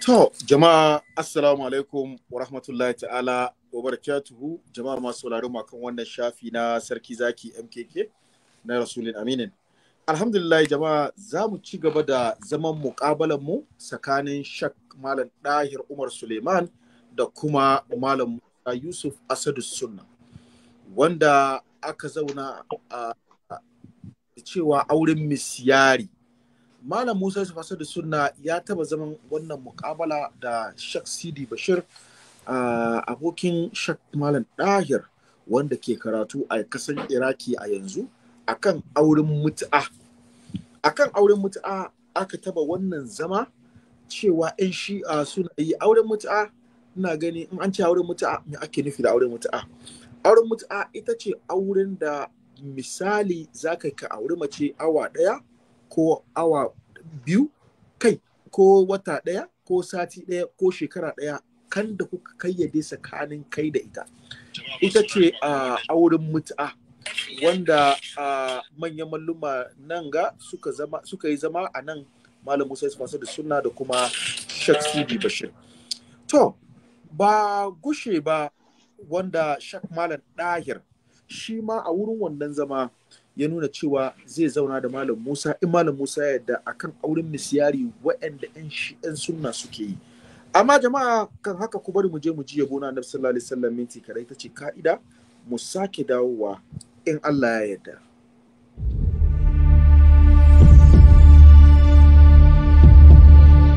To, jama'a assalamu alaikum wa rahmatullahi ta'ala wa barakatuhu jama'a masu sauraron makon wannan shafi na sarki zaki MKK na Rasulun Aminin. Alhamdulillah jama'a za mu ci gaba da zaman muƙabalan mu tsakanin Shak Malam Dahir Umar Suleiman da kuma Malam Yusuf Asadu Sunna wanda aka zauna a cewa auren misyari Malam Musa Yusuf Asadu Sunna ya taba zaman wannan mukabala da Shak Sidi Bashir abokin Shak Malam Dahir wanda ke karatu a kasar Iraki a yanzu akan auren mutu'a. Akan auren mutu'a aka taba wannan zama cewa 'yan shi'a suna yi auren mutu'a ina gani in an ce auren mutu'a me ake nufi da auren mutu'a. Auren mutu'a ita ce auren da misali zaka ka auri mace awa ɗaya ko awa biyu kai ko wata ɗaya ko sati ɗaya ko shekara ɗaya kan da kuka kayyade tsakanin kai da ita ita ce a auren mut'a wanda a manyan malluma nan ga suka yi zama a nan malam musa isfasa da suna da kuma shak sidi bashir to ba gushe ba wanda shak malam ɗahir shi ma a wurin wannan zama ya nuna cewa zai zauna da malam musa in malam musa ya yadda akan auren misiyari waɗanda 'yan sunna suke yi amma jama'a kan haka ku bari mu je mu ji yabo na annabi alaihi minti kadai ita ce ka'ida mu sake dawowa in Allah ya yarda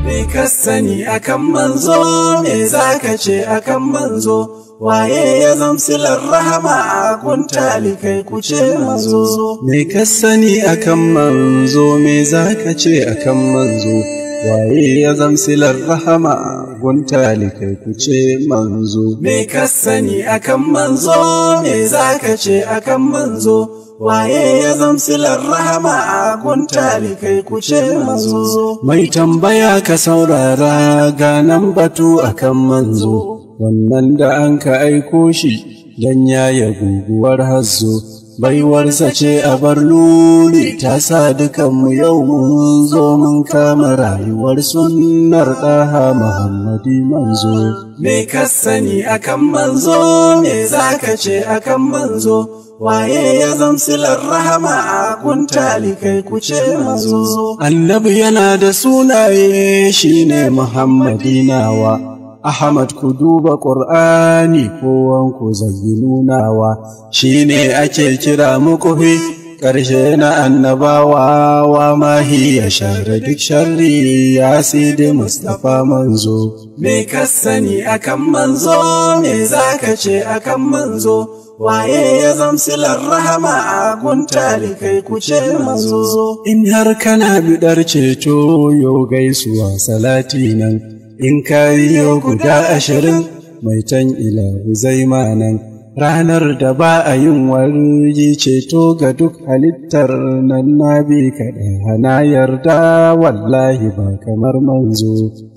Me ka sani akan manzo, me za ce akan manzo, waye ya zamsilar rahama a kuntali kai kuce manzo. Me ka sani akan manzo, me za ce akan manzo. waye ya zamsilar rahama gunta likai ku ce manzo me ka sani akan manzo me zaka ce akan manzo waye ya zamsilar rahama gunta likai ku ce manzo mai tambaya ka saurara ganan batu akan manzo wannan da an ka aiko shi dan ya guguwar hazo baiwarsa ce a bar luli ta sa dukan mu yau mun zo mun kama rayuwar sunnar ɗaha muhammadi manzo me ka sani akan manzo me za ka ce akan manzo waye ya zamsilar rahama a kuntali kai kuce manzo annabi yana da sunaye shine muhammadi nawa Ahmad ku duba ƙur'ani kowanku zayyinunawa shi ne ake kira mukufi ƙarshe na annabawa wa mahi ya share duk sharri ya sidi Mustapha manzo. Me ka sani akan manzo, me za ka ce akan manzo, waye ya zamsilar rahama a kuntali kai kuce manzo. In har kana biɗar ceto yo gaisuwa salati nan. in ka guda ashirin mai can ilahu zai manan ranar da ba a yin wari ceto ga duk halittar nan na bi kaɗa hana yarda wallahi ba kamar manzo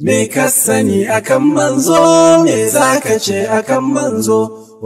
me ka sani akan manzo me za ka ce akan manzo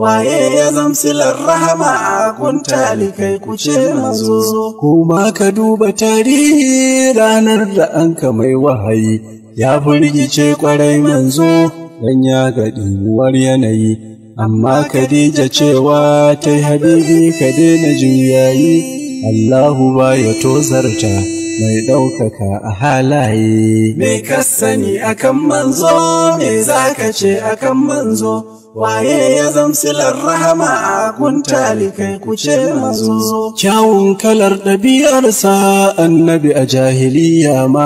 waye ya silar rahama a talikai kai ce manzo kuma ka duba tarihi ranar da an ka mai wahayi ya firgice ƙwarai manzo don ya ga ɗinguwar yanayi amma Khadija cewa ta habibi ka daina juyayi Allahu ba ya tozarta mai ɗaukaka a halaye mai kasani sani akan manzo mai za ka ce akan manzo waye ya zamsilar rahama a kuntali kai kuce manzo kyawun kalar ɗabi'arsa annabi a jahiliya ma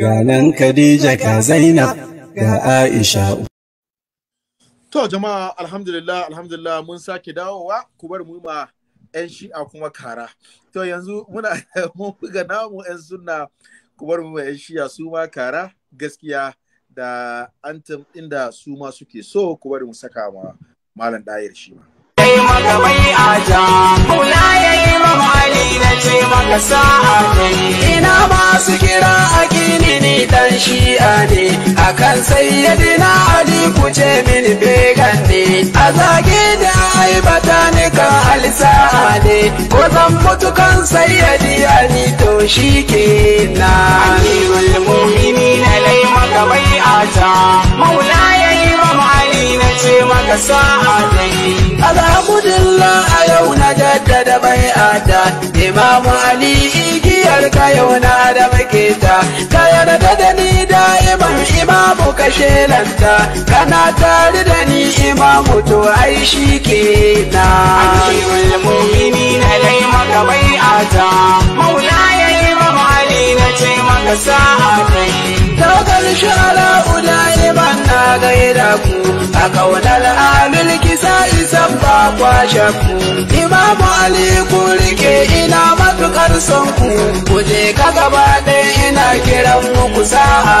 ga nan Khadija ga Zainab ga Aisha. To jama'a alhamdulillah alhamdulillah mun sake dawowa ku bar mu ma 'yan shi'a kuma kara. To yanzu muna mun buga namu 'yan sunna ku bar mu 'yan shi'a su ma kara gaskiya da antum inda su ma suke so ku bar mu saka ma malam dayar shi ma. ce maka bai aja maula ya maka sa'a kai ina masu kira a gini ni dan shi'a ne akan sayyidina ali kuce ce mini began ne a zage da aibata ne kan alisa'a ne ko zan mutu kan sayyadi ani to shi ke na amirul mu'minin alai maka bai aja maula ya yi mama ali na ce maka sa'a kai Abdullah a yau na jaddada bai'ata Imam'u Ali igiyar ka yau na da maketa Ka yarda da ni da'iman imamu ka shelanta Kana tare da ni imamu to ai shi ke na Amirul mu'minin alai maka bai'ata Maulaya Imam Ali na ce maka sa'a kai tawagar shara udaiman na gaida ku a kaunar amil kisa isan ba kwashe ku imamu ali ku rike ina matukar son ku ku je ka gaba ɗaya ina kiran muku sa'a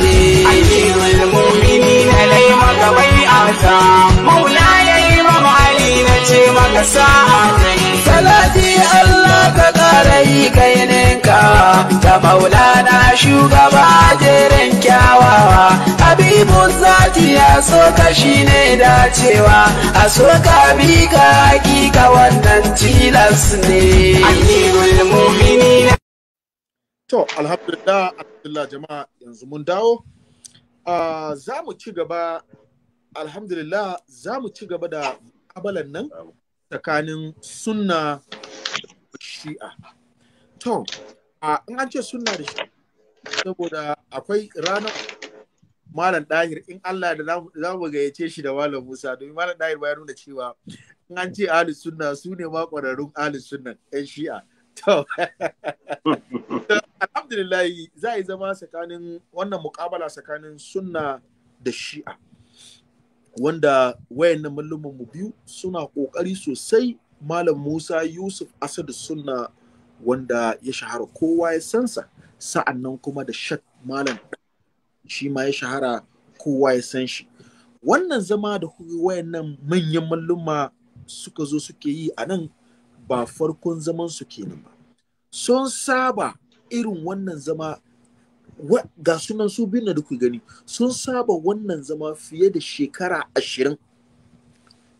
ne ayyuhal mu'minina lai maka bai'ata maulaya na ce maka sa'a salati Allah ka ƙara yi kai ninka ta maulana shugaba jeren kyawawa habibu zati ya so ka shi ne dacewa a so ka bi ka hakika wannan tilas ne to alhamdulillah alhamdulillah jama'a yanzu mun dawo ah, za mu ci gaba alhamdulillah za mu ci gaba da mukabalan nan tsakanin sunna da shi'a to a in an ce sunna da shi'a saboda akwai ranar malam dahir in Allah da za mu gayyace shi da malam Musa domin malam dahir ya nuna cewa in an ce Ali sunna su ne ma ƙwararrun ahlus sunna ɗan shi'a to alhamdulillah za a yi zama tsakanin wannan muƙabala tsakanin sunna da shi'a wanda wayannan malluman mu biyu suna kokari sosai malam Musa Yusuf Asadu Sunna wanda ya shahara kowa ya sansa sa'annan kuma da shak malam shi ma ya shahara kowa ya san shi wannan zama da wayannan manyan malluma suka zo suke yi a nan ba farkon zaman su kenan ba sun saba irin wannan zama ga sunan su biyun da kuke gani sun saba wannan zama fiye da shekara ashirin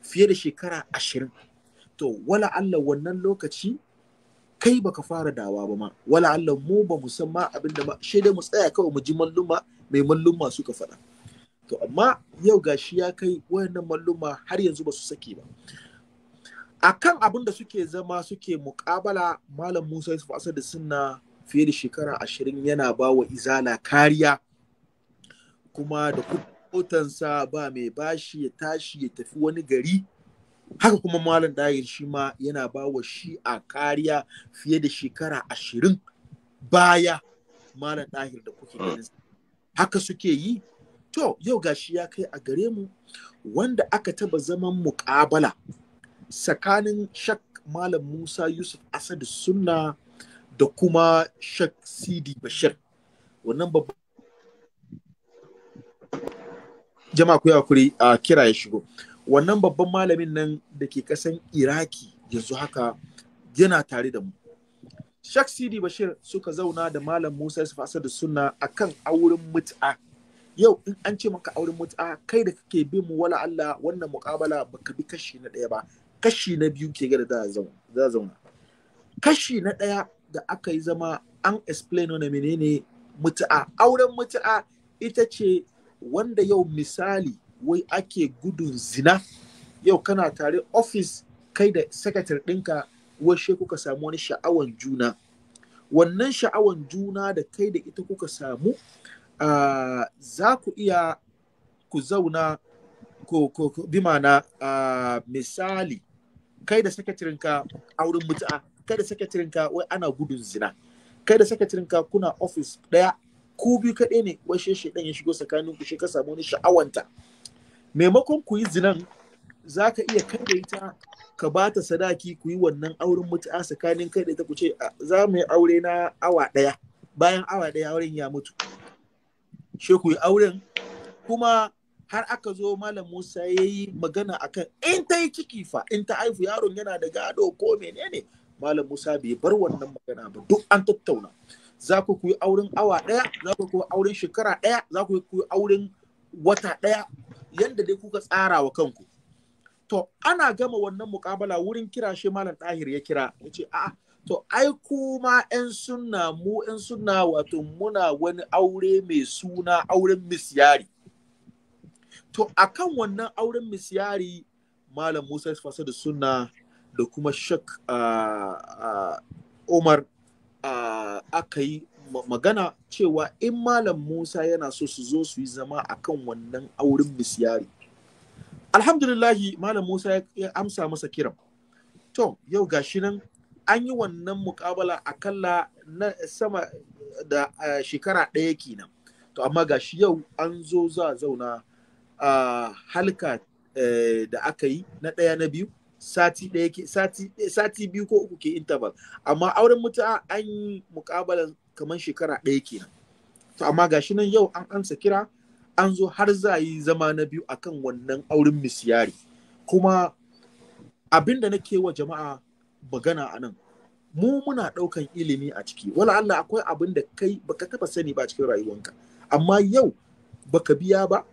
fiye da shekara ashirin to wala Allah wannan lokaci kai baka fara dawa ba ma wala Allah mu ba mu san ma abin da shi dai mu tsaya kawai mu ji malluma mai malluma suka faɗa to amma yau gashi ya kai wayannan malluma har yanzu ba su saki ba akan abin da suke zama suke muƙabala malam Musa Yusuf Asad da sunna fiye da shekara ashirin yana ba wa izala kariya kuma da kuɗinsa ba mai bashi ya tashi ya tafi wani gari haka kuma malam dahir shi ma yana ba wa shi a kariya fiye da shekara ashirin baya malam dahir da kuke ganin haka suke yi to yau gashi ya kai a gare mu wanda aka taba zaman muƙabala tsakanin shak malam musa yusuf asadu sunna da kuma shak Sidi Bashir. Wannan babban jama'a ku yakuri a kira ya shigo. Wannan babban malamin nan da ke kasan Iraki yanzu haka yana tare da mu. shak Sidi Bashir suka zauna da Malam Musa Yusuf da Sunna akan auren mut'a. Yau in an ce maka auren mut'a kai da kake bin mu wala Allah wannan muƙabala baka bi kashi na ɗaya ba. Kashi na biyu ke da za zauna. Kashi na ɗaya da aka yi zama an explain wani menene mutu'a auren mutu'a ita ce wanda yau misali wai ake gudun zina yau kana tare ofis kai da sakatar ɗinka washe kuka samu wani sha'awan juna wannan sha'awan juna da kai da ita kuka samu uh, za ku iya ku zauna ko bi mana uh, misali kai da sakatarinka auren mutu'a kai da sakatirinka wai ana gudun zina kai da sakatirinka kuna office daya ku biyu kaɗai ne wai shi dan ya shigo tsakanin ku shi ka samu wani sha'awanta maimakon ku yi zinan za ka iya kai da ita ka ba ta sadaki ku yi wannan auren mutu'a tsakanin kai da ita ku ce za mu yi aure na awa ɗaya bayan awa ɗaya auren ya mutu she ku yi auren kuma har aka zo malam Musa ya yi magana akan in ta yi ciki fa in ta haifu yaron yana da gado ko menene malam musa bai bar wannan magana ba duk an tattauna za ku yi auren awa ɗaya za ku yi auren shekara ɗaya za ku yi auren wata ɗaya yanda dai kuka tsara wa kanku to ana gama wannan mukabala wurin kira shi malam ɗahir ya kira ya ce a'a to ai kuma 'yan sunna mu 'yan sunna wato muna wani aure mai suna auren misyari to akan wannan auren misyari malam musa ya fasa da sunna da kuma shak umar aka yi magana cewa in malam musa yana so su zo su yi zama akan wannan auren misyari alhamdulillahi malam musa ya amsa masa kiran to yau gashi nan an yi wannan mukabala akalla na sama da shekara ɗaya kenan to amma gashi yau an zo za zauna a halka eh, da aka yi na ɗaya na biyu sati ɗaya ke sati sati biyu ko uku ke interval amma auren mutu'a an yi muƙabalan kamar shekara ɗaya kenan to amma gashi nan yau an ansa kira an zo har za yi zama na biyu akan wannan auren misiyari kuma abin da nake wa jama'a magana a nan mu muna ɗaukan ilimi a ciki wala Allah akwai abin da kai baka taba sani ba cikin rayuwanka amma yau baka biya ba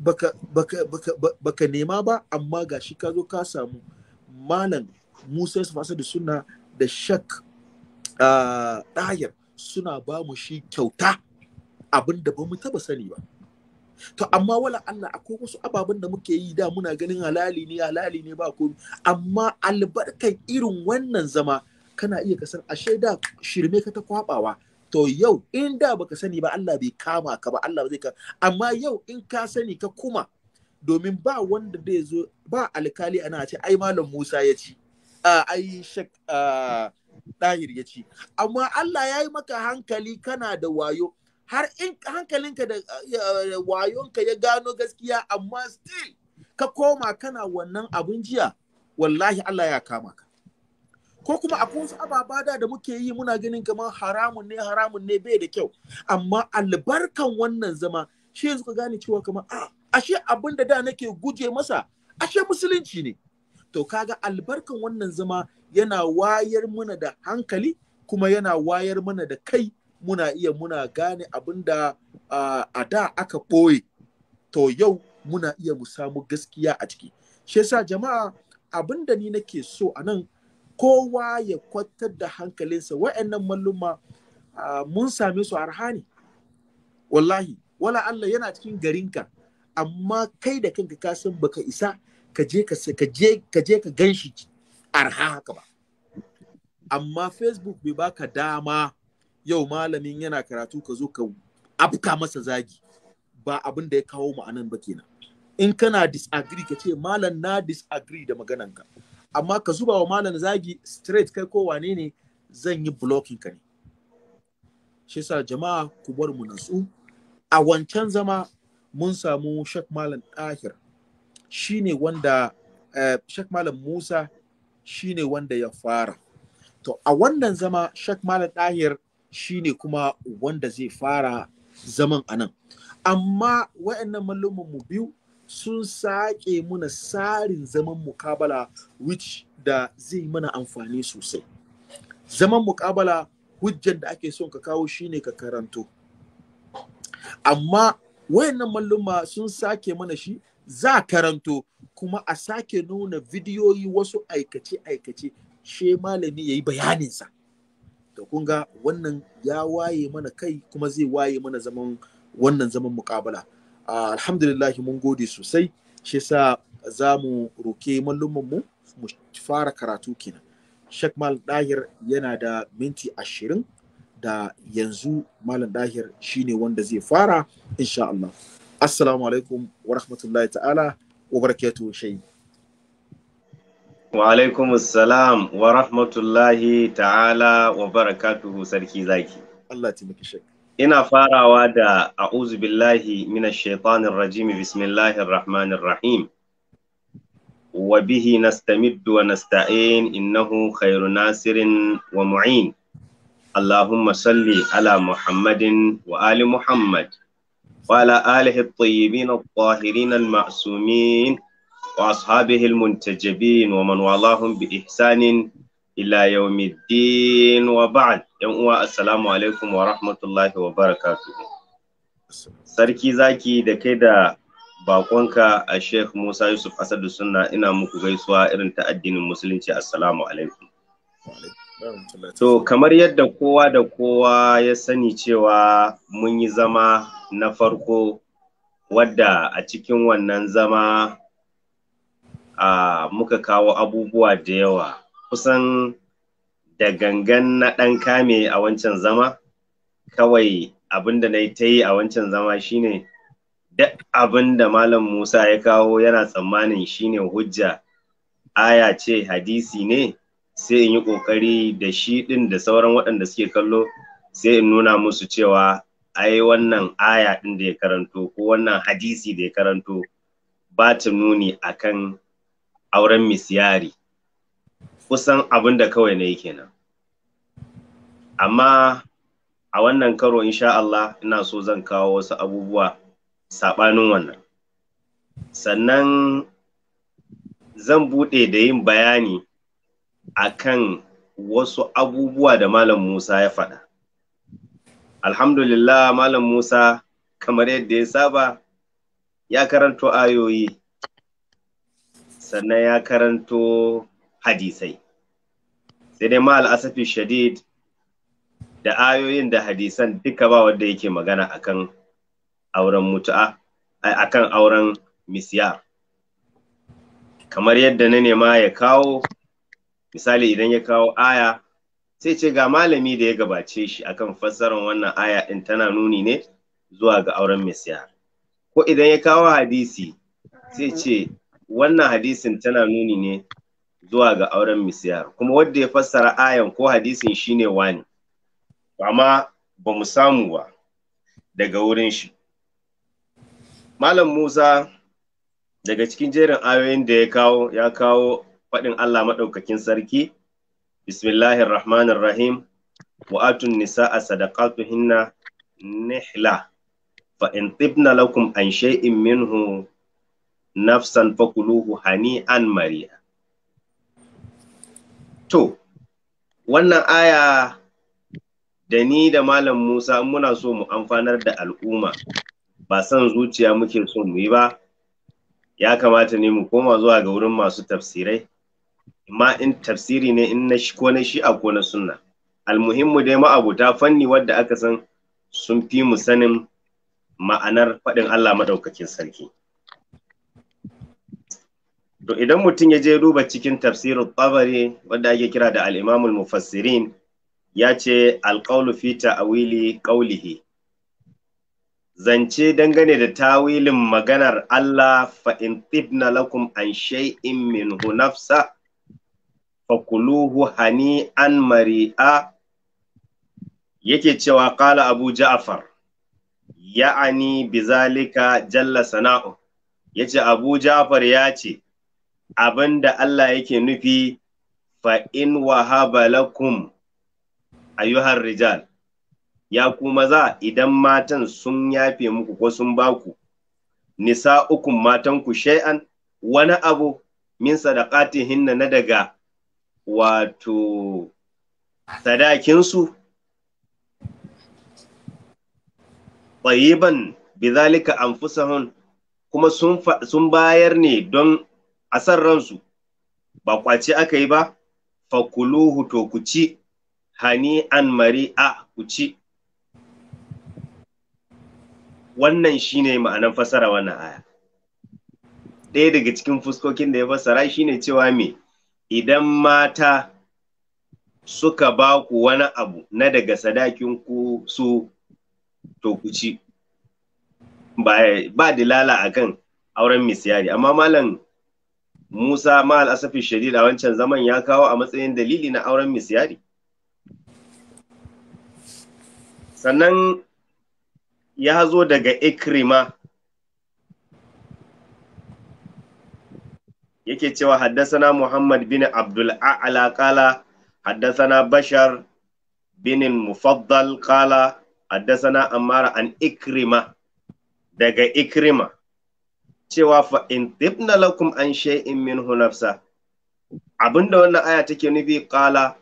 baka, baka, baka, baka nema ba amma ga shi ka zo ka samu malam musa ya fasa da suna da shak ɗayar ah, suna ba mu shi kyauta abin da ba mu taba sani ba to amma wala Allah akwai wasu ababen da muke yi da muna ganin halali ne halali ne ba komi amma albarkan irin wannan zama kana iya kasan ashe da shirme ka ta kwabawa to yau in da baka sani ba Allah bai kama ka ba Allah zai ka amma yau in ka sani ka kuma domin ba wanda zai zo ba alkali ana ce ai malam Musa ya ci ai shak Dahir ya ci amma Allah ya yi maka hankali kana da wayo har in hankalinka da wayonka ya gano gaskiya amma still ka koma kana wannan abun jiya wallahi Allah ya kama ka ko kuma akwai wasu ababa da da muke yi muna ganin kamar haramun ne haramun ne bai da kyau amma albarkan wannan zama shi yanzu ka gane cewa kamar a ah, ashe abin da da nake guje masa ashe musulunci ne to kaga albarkan wannan zama yana wayar muna da hankali kuma yana wayar mana da kai muna iya muna gane abin da a da aka ɓoye to yau muna iya mu samu gaskiya a ciki shi yasa jama'a abin da ni nake so a nan kowa ya kwantar da hankalinsa wa'annan malluma mun same su arha ne wallahi wala Allah yana cikin garinka amma kai da kanka ka san baka isa ka je ka ka je ka arha haka ba amma facebook bai baka dama yau malamin yana karatu ka zo ka afka masa zagi ba abin da ya kawo ma'anan ba kenan in kana disagree ka ce malam na disagree da magananka amma ka zuba wa malam zagi straight kai ko wane ne zan yi blocking ka ne shi yasa jama'a ku bar mu natsu a wancan zama mun samu Sheikh Malam Tahir shine wanda eh, Malam Musa shine wanda ya fara to a wannan zama Sheikh Malam Tahir shine kuma wanda zai fara zaman anan amma wa'annan mallumin mu biyu sun sake mana tsarin zaman mukabala which da zai mana amfani sosai zaman mukabala hujjan da ake son ka kawo shine ka karanto amma wayannan malluma sun sake mana shi za karanto kuma a sake nuna bidiyoyi wasu aikace-aikace she malami ya yi bayaninsa da kun ga wannan ya waye mana kai kuma zai waye mana zaman wannan zaman mukabala Ah, alhamdulillah mun gode sosai shi sa za mu roke mallum'in mu mu fara karatu kenan Sheikh Malam Dahir yana da minti ashirin da yanzu Malam Dahir shine wanda zai fara insha Allah. Assalamu alaikum wa rahmatullahi ta'ala wa barakatuhu shayi. Wa alaikum assalam wa rahmatullahi ta'ala wa barakatuhu sarki zaki. Allah taimaki Sheikh. ina farawa da a'udhu billahi minash shaitanir rajim bismillahir rahmanir rahim wa bihi nastamiddu wa nasta'in innahu khairu nasirin wa mu'in Allahumma salli ala Muhammadin wa ali Muhammad wa ala alihi at-tayyibin at-tahirin al-ma'sumin wa ashabihi al-muntajibin wa man walahum bi ihsanin ila yawmiddin wa ba'd yan uwa assalamu alaikum wa rahmatullahi wa barakatuh sarki zaki da kai da bakonka a Sheikh Musa Yusuf Asadu Sunna ina muku gaisuwa irin ta addinin musulunci assalamu alaikum to kamar yadda kowa da kowa ya sani cewa mun yi zama na farko wadda a cikin wannan zama a muka kawo abubuwa da yawa kusan da gangan na ɗan kame a wancan zama kawai abin da na ta yi a wancan zama shine duk abin da malam musa ya kawo yana tsammanin shine hujja aya ce hadisi ne sai in yi ƙoƙari da shi ɗin da sauran waɗanda suke kallo sai in nuna musu cewa ai wannan aya ɗin da ya karanto ko wannan hadisi da ya karanto ba ta nuni akan auren misiyari. kusan abin da kawai na yi kenan amma a wannan karo insha Allah ina so zan kawo wasu abubuwa saɓanin wannan sannan zan buɗe da yin bayani a kan wasu abubuwa da Malam Musa ya faɗa. Alhamdulillah Malam Musa kamar yadda ya saba ya karanto ayoyi sannan ya karanto hadisai sai dai ma al'asafi shadid da ayoyin da hadisan duka ba wanda yake magana akan auren mutu'a akan auren misyar kamar yadda na nema ya kawo misali idan ya kawo aya sai ce ga malami da ya gabace shi akan fassarar wannan aya din tana nuni ne zuwa ga auren misiya ko idan ya kawo hadisi sai ce wannan hadisin tana nuni ne zuwa ga auren misiyar kuma wanda ya fassara ayan ko hadisin shine wani amma ba mu samu ba daga wurin shi malam musa daga cikin jerin ayoyin da ya kawo ya kawo faɗin allah maɗaukakin sarki bismillahir rahmanir rahim nisa a sadakatu hinna nihla fa in tibna lakum an shay'in minhu nafsan fakuluhu an mariya To, wannan aya da ni da Malam Musa muna so mu amfanar da al'umma ba san zuciya muke so mu yi ba, ya kamata ne mu koma zuwa ga wurin masu tafsirai, ma in tafsiri ne in na shi ko na shi a ko na sunna. Almuhimmu dai ma'abuta fanni wadda aka san sun fi mu sanin ma'anar faɗin Allah maɗaukakin sarki. to idan mutum ya je duba cikin tafsirin tabari wanda ake kira da alimamul mufassirin ya ce alƙaulu fi ta'awili ƙaulihi zance dangane da tawilin maganar Allah fa’in tibna lakum an shay'in min nafsa fa hani an mari'a yake cewa ƙala Abu ja'afar ya'ani bizalika jalla sana'u yace Abu Ja'far ya ce abin da Allah yake nufi fa'in in wahaba lakum ayyuhar rijal ya kuma za idan matan sun yafe muku ko sun baku nisa'ukum matanku shay'an wani abu min hinna na daga wato sadakinsu tsayiban bizalika anfusahun kuma sun bayar ne don a san ransu ba kwace aka yi ba fakuluhu to ku ci hani an mari a ku ci wannan shine ma'anar fasara wannan aya ɗaya daga cikin fuskokin da ya fasara shine cewa me idan mata suka ba ku wani abu na daga sadakin ku su to ku ci ba, ba dilala akan auren misyari amma malam Musa ma al'asafi shadida wancan zaman ya kawo a matsayin dalili na auren misyari. Sannan ya zo daga Ikrima yake cewa haddasana Muhammad bin Abdul A'la qala haddasana Bashar bin Mufaddal qala haddasana Ammar an Ikrima daga Ikrima cewa fa in tibna lakum an shay'in min hunafsa abinda wannan aya take nufi qala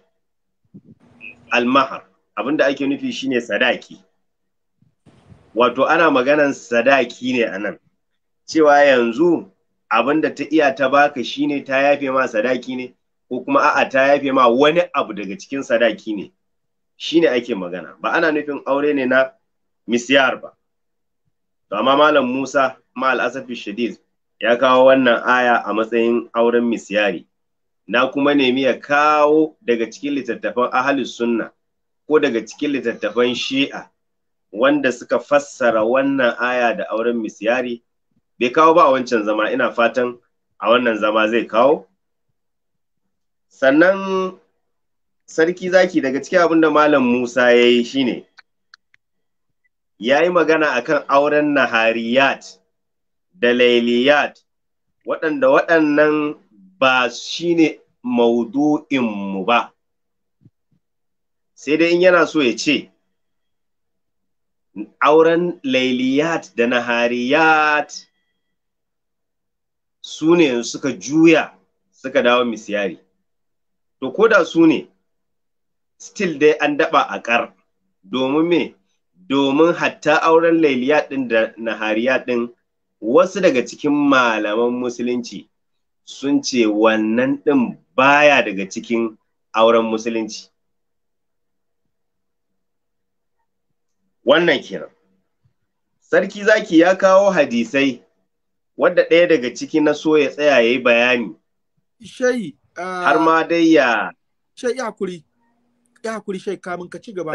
almahar abinda ake nufi shine sadaki wato ana maganan sadaki ne anan cewa yanzu abinda ta iya ta baka shine ta yafe ma sadaki ne ko kuma a'a ta yafe ma wani abu daga cikin sadaki ne shine ake magana ba ana nufin aure ne na misyar ba to amma malam Musa ma'al asafi shadid ya kawo wannan aya a matsayin auren misyari na kuma nemi ya kawo daga cikin littattafan ahalus sunna ko daga cikin littattafan shi'a wanda suka fassara wannan aya da auren misyari bai kawo ba a wancan zama ina fatan a wannan zama zai kawo sannan sarki zaki daga cikin abin da malam musa ya yi shine ya yi magana akan auren nahariyat da lailiyat waɗanda waɗannan ba shi ne mu ba sai dai in yana so ya ce auren lailiyat da nahariyat su ne suka juya suka dawo misiyari to ko da su ne still dai an daɓa a ƙar domin me domin hatta auren lailiyat ɗin da nahariyat ɗin wasu daga cikin malaman musulunci sun ce wannan ɗin baya daga cikin auren musulunci wannan kira sarki zaki ya kawo hadisai wadda ɗaya daga ciki na so ya tsaya ya yi bayani shai har ma dai ya shai ya kuri ya kuri shai kamun ka ci gaba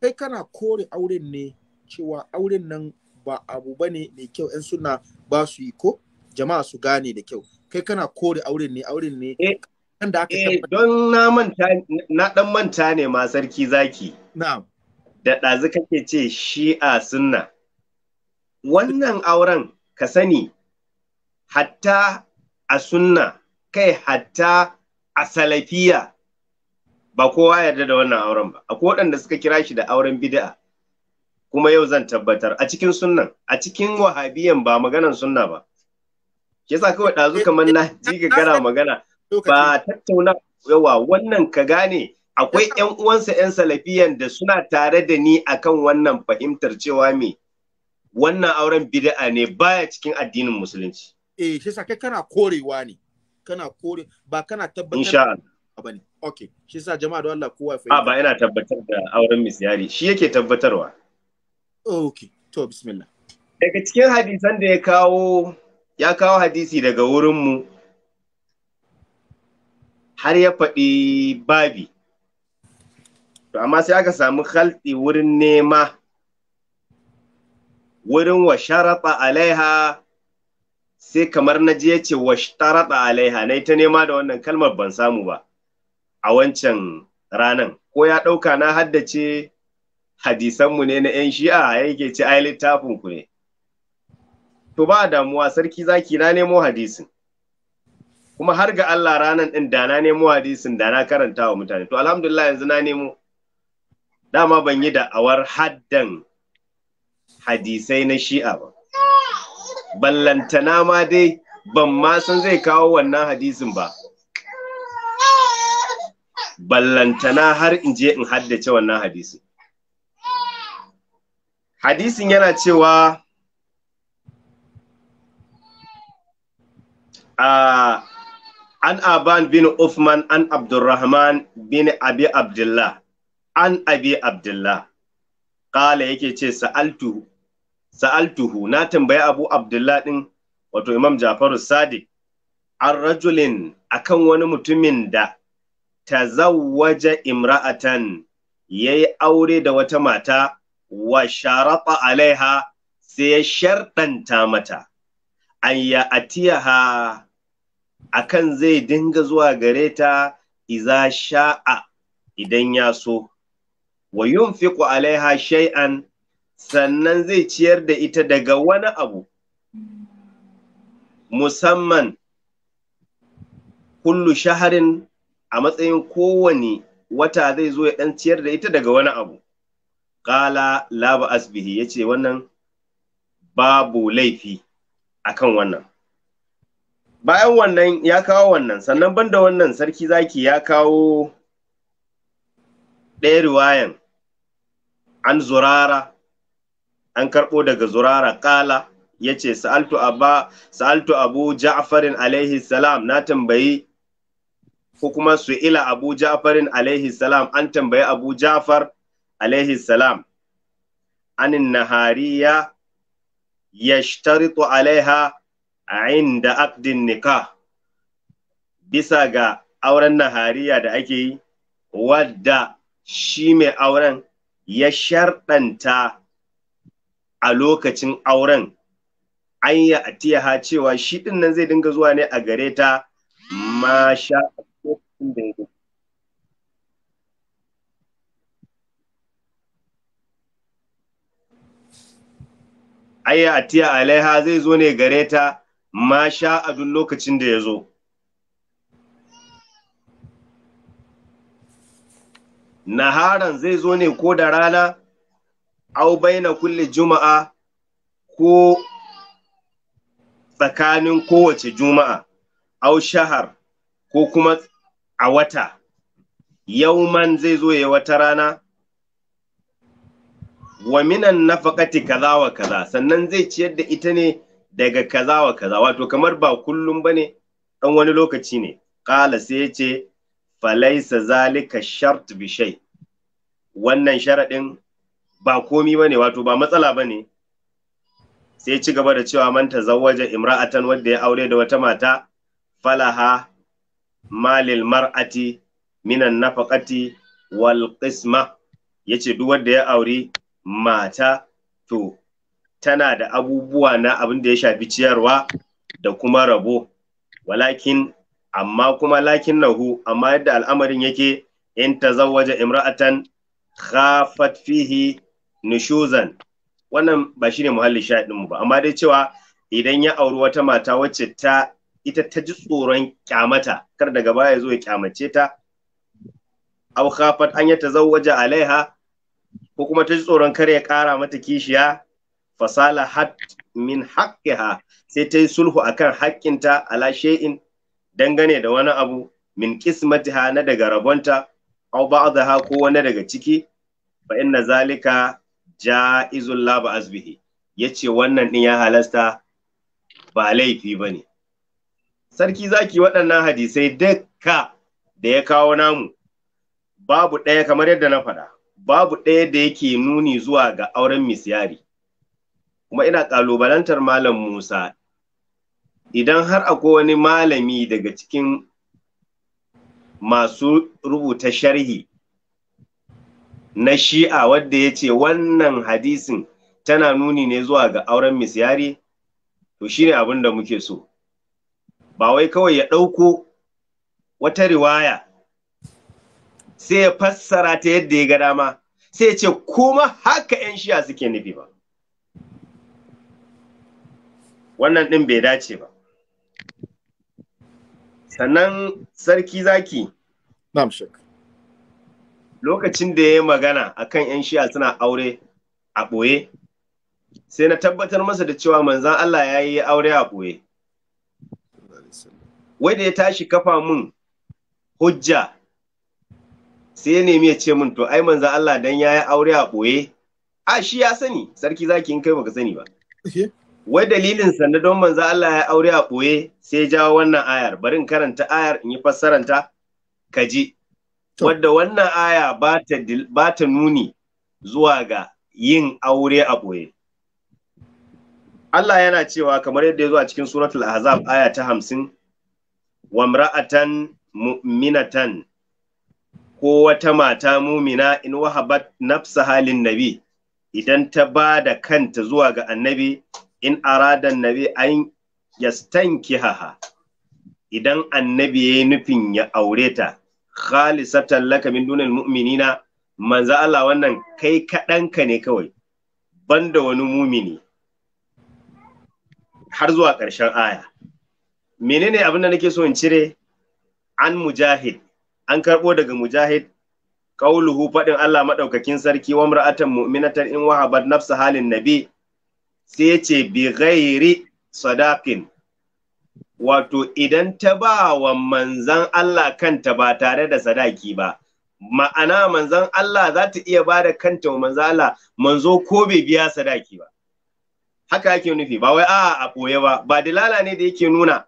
kai kana kore auren ne cewa auren nan ba abu ba ne mai kyau yan suna ba su yi ko jama'a su gane da kyau kai kana kore auren ne auren ne eh, kan aka eh, don na manta na dan manta ne ma sarki zaki na'am da ɗazu kake ce shi'a sunna wannan auren ka sani hatta a sunna kai hatta a salafiya ba kowa yarda da wannan auren ba akwai waɗanda suka kira shi da auren bid'a kuma yau zan tabbatar a cikin sunnan a cikin wahabiyan ba maganan sunna ba ke sa kawai ɗazu kamar na ji gara magana ba tattauna yawa wannan ka gane akwai ƴan uwansa 'yan salafiyan da suna tare da ni akan wannan fahimtar cewa me wannan auren bid'a ne baya cikin addinin musulunci eh shi sa kai kana korewa ne kana kore ba kana tabbatar insha Allah bane okay shi sa jama'a don Allah kowa ya fahimta ba ina tabbatar da auren misyari shi yake tabbatarwa okay to bismillah daga cikin hadisan da ya kawo ya kawo hadisi daga wurinmu har ya faɗi babi to amma sai aka samu khalɗi wurin nema wurin wa sharaɗa alaiha sai kamar na je ce wa sharaɗa alaiha na ta nema da wannan kalmar ban samu ba a wancan ranan ko ya ɗauka na haddace hadisanmu ne na 'yan shi'a Ya yake ci ai littafin ku ne to ba damuwa sarki zaki na nemo hadisin kuma har ga Allah ranan ɗin da na nemo hadisin da na karanta wa mutane to alhamdulillah yanzu na nemo dama ban yi da awar haddan hadisai na shi'a ba ballantana ma dai ban ma san zai kawo wannan hadisin ba ballantana har in je in haddace wannan hadisin hadisin yana cewa ah, an aban bin Uthman an Abdurrahman bin Abi Abdullah an Abi Abdullah kala yake ce sa'altuhu na tambayi Abu Abdullah din wato Imam Jafaru Sadiq an rajulin akan wani mutumin da zawaje imra'atan ya yi aure da wata mata wa sharata alaiha sai ya sharɗanta mata an ya a kan zai dinga zuwa gare ta iza sha'a idan ya so wa fiƙo alaiha shai'an, sannan zai ciyar da ita daga wani abu musamman kullu shaharin a matsayin kowane wata zai zo ya ɗan ciyar da ita daga wani abu Ƙala laba asbihi ya ce wannan babu laifi a kan wannan. Bayan wannan ya kawo wannan, sannan banda wannan sarki zaki ya kawo ɗaya riwayan an zurara, an karɓo daga zurara ƙala ya ce sa'altu abu ja'farin alaihi salam na tambayi ko kuma ila abu ja'farin alaihi salam an tambayi abu ja'far alaihi salam anin nahariya yashtaritu alaiha inda aqdin nikah bisa ga auren nahariya da ake yi wadda shi mai auren ya sharɗanta a lokacin auren an yi a ha cewa shi ɗin nan zai dinga zuwa ne a gare ta ma sha a lokacin da ya ayya atiya alaiha zai zo ne gare ta ma sha a duk lokacin da ya zo naharan zai zo ne ko da rana au baina kulle juma'a ko tsakanin kowace juma'a au shahar ko kuma a wata yau man zai zo ya wata rana wa minan nafaqati kaza wa kaza sannan zai ciyar da ita ne daga kaza wa kaza wato kamar ba kullum ba ne ɗan wani lokaci ne ƙala sai ya ce falaisa zalika shart bishai. wannan sharaɗin ba komi ba ne, wato ba matsala ba ne. sai ci gaba da cewa man tazawwaja imra'atan wadda ya aure da wata mata falaha malil mar'ati minan nafaqati wal qisma yace duk wanda ya aure mata to tana da abubuwa na abin da ya shafi ciyarwa da kuma rabo walakin amma kuma lakin nahu amma yadda al'amarin yake in tazawwaja imra'atan khafat fihi nushuzan wannan ba shine muhalli sha'idin mu ba amma dai cewa idan ya auri wata mata wacce ta ita ta ji tsoron kyamata kar daga baya zo ya kyamace ta aw khafat an ya tazawwaja alaiha ko kuma ta ji tsoron kar ya ƙara mata kishiya fasala hat min haqqiha sai ta yi sulhu akan haƙƙinta ala shay'in dangane da wani abu min qismatiha na daga rabonta aw ba'daha ko wani daga ciki fa inna zalika ja'izul la ba'az yace wannan din ya halasta ba laifi bane sarki zaki waɗannan hadisai dukka da ya kawo namu babu ɗaya kamar yadda na faɗa babu ɗaya da yake nuni zuwa ga auren misyari kuma ina ƙalubalantar malam musa idan har akwai wani malami daga cikin masu rubuta sharhi na shi'a wadda ya ce wannan hadisin tana nuni ne zuwa ga auren misyari to shi ne abin da muke so ba wai kawai ya ɗauko wata riwaya sai ya fassara ta yadda ya ga dama sai ya ce kuma haka 'yan shiya suke nufi ba wannan ɗin bai dace ba sannan sarki zaki lokacin da ya yi magana akan 'yan shiya suna aure a ɓoye sai na tabbatar masa da cewa manzan Allah ya yi aure a ɓoye wai da ya tashi kafa mun hujja sai ya nemi ya ce min to ai manzo Allah dan yayi aure a boye a shi ya sani sarki zaki in kai baka sani ba wai dalilin sanda don manzo Allah ya aure a boye sai ya jawo wannan ayar bari in karanta ayar in yi fassaranta ka ji wadda wannan aya ba ta nuni zuwa ga yin aure a boye Allah yana cewa kamar yadda ya zo a cikin suratul ahzab aya ta hamsin wa mu'minatan ko wata mata mumina in wahabat nafsa halin nabi idan ta ba da kanta zuwa ga annabi in aradan nabi an haha, idan annabi ya yi nufin ya aure ta khalisatan laka min dunal mu'minina manzo Allah wannan kai kaɗanka ne kawai banda wani mumini har zuwa ƙarshen aya menene abin da nake so in cire an mujahid an karɓo daga mujahid qauluhu faɗin Allah maɗaukakin sarki wa mar'atan mu'minatan in wahabat nafsa halin nabi sai ya ce bi ghairi sadaqin wato idan ta ba wa manzan Allah kanta ba tare da sadaki ba ma'ana manzan Allah za ta iya ba da kanta wa manzan Allah manzo ko bai biya sadaki ba haka yake nufi ba wai a'a a ɓoye ba ba dilala ne da yake nuna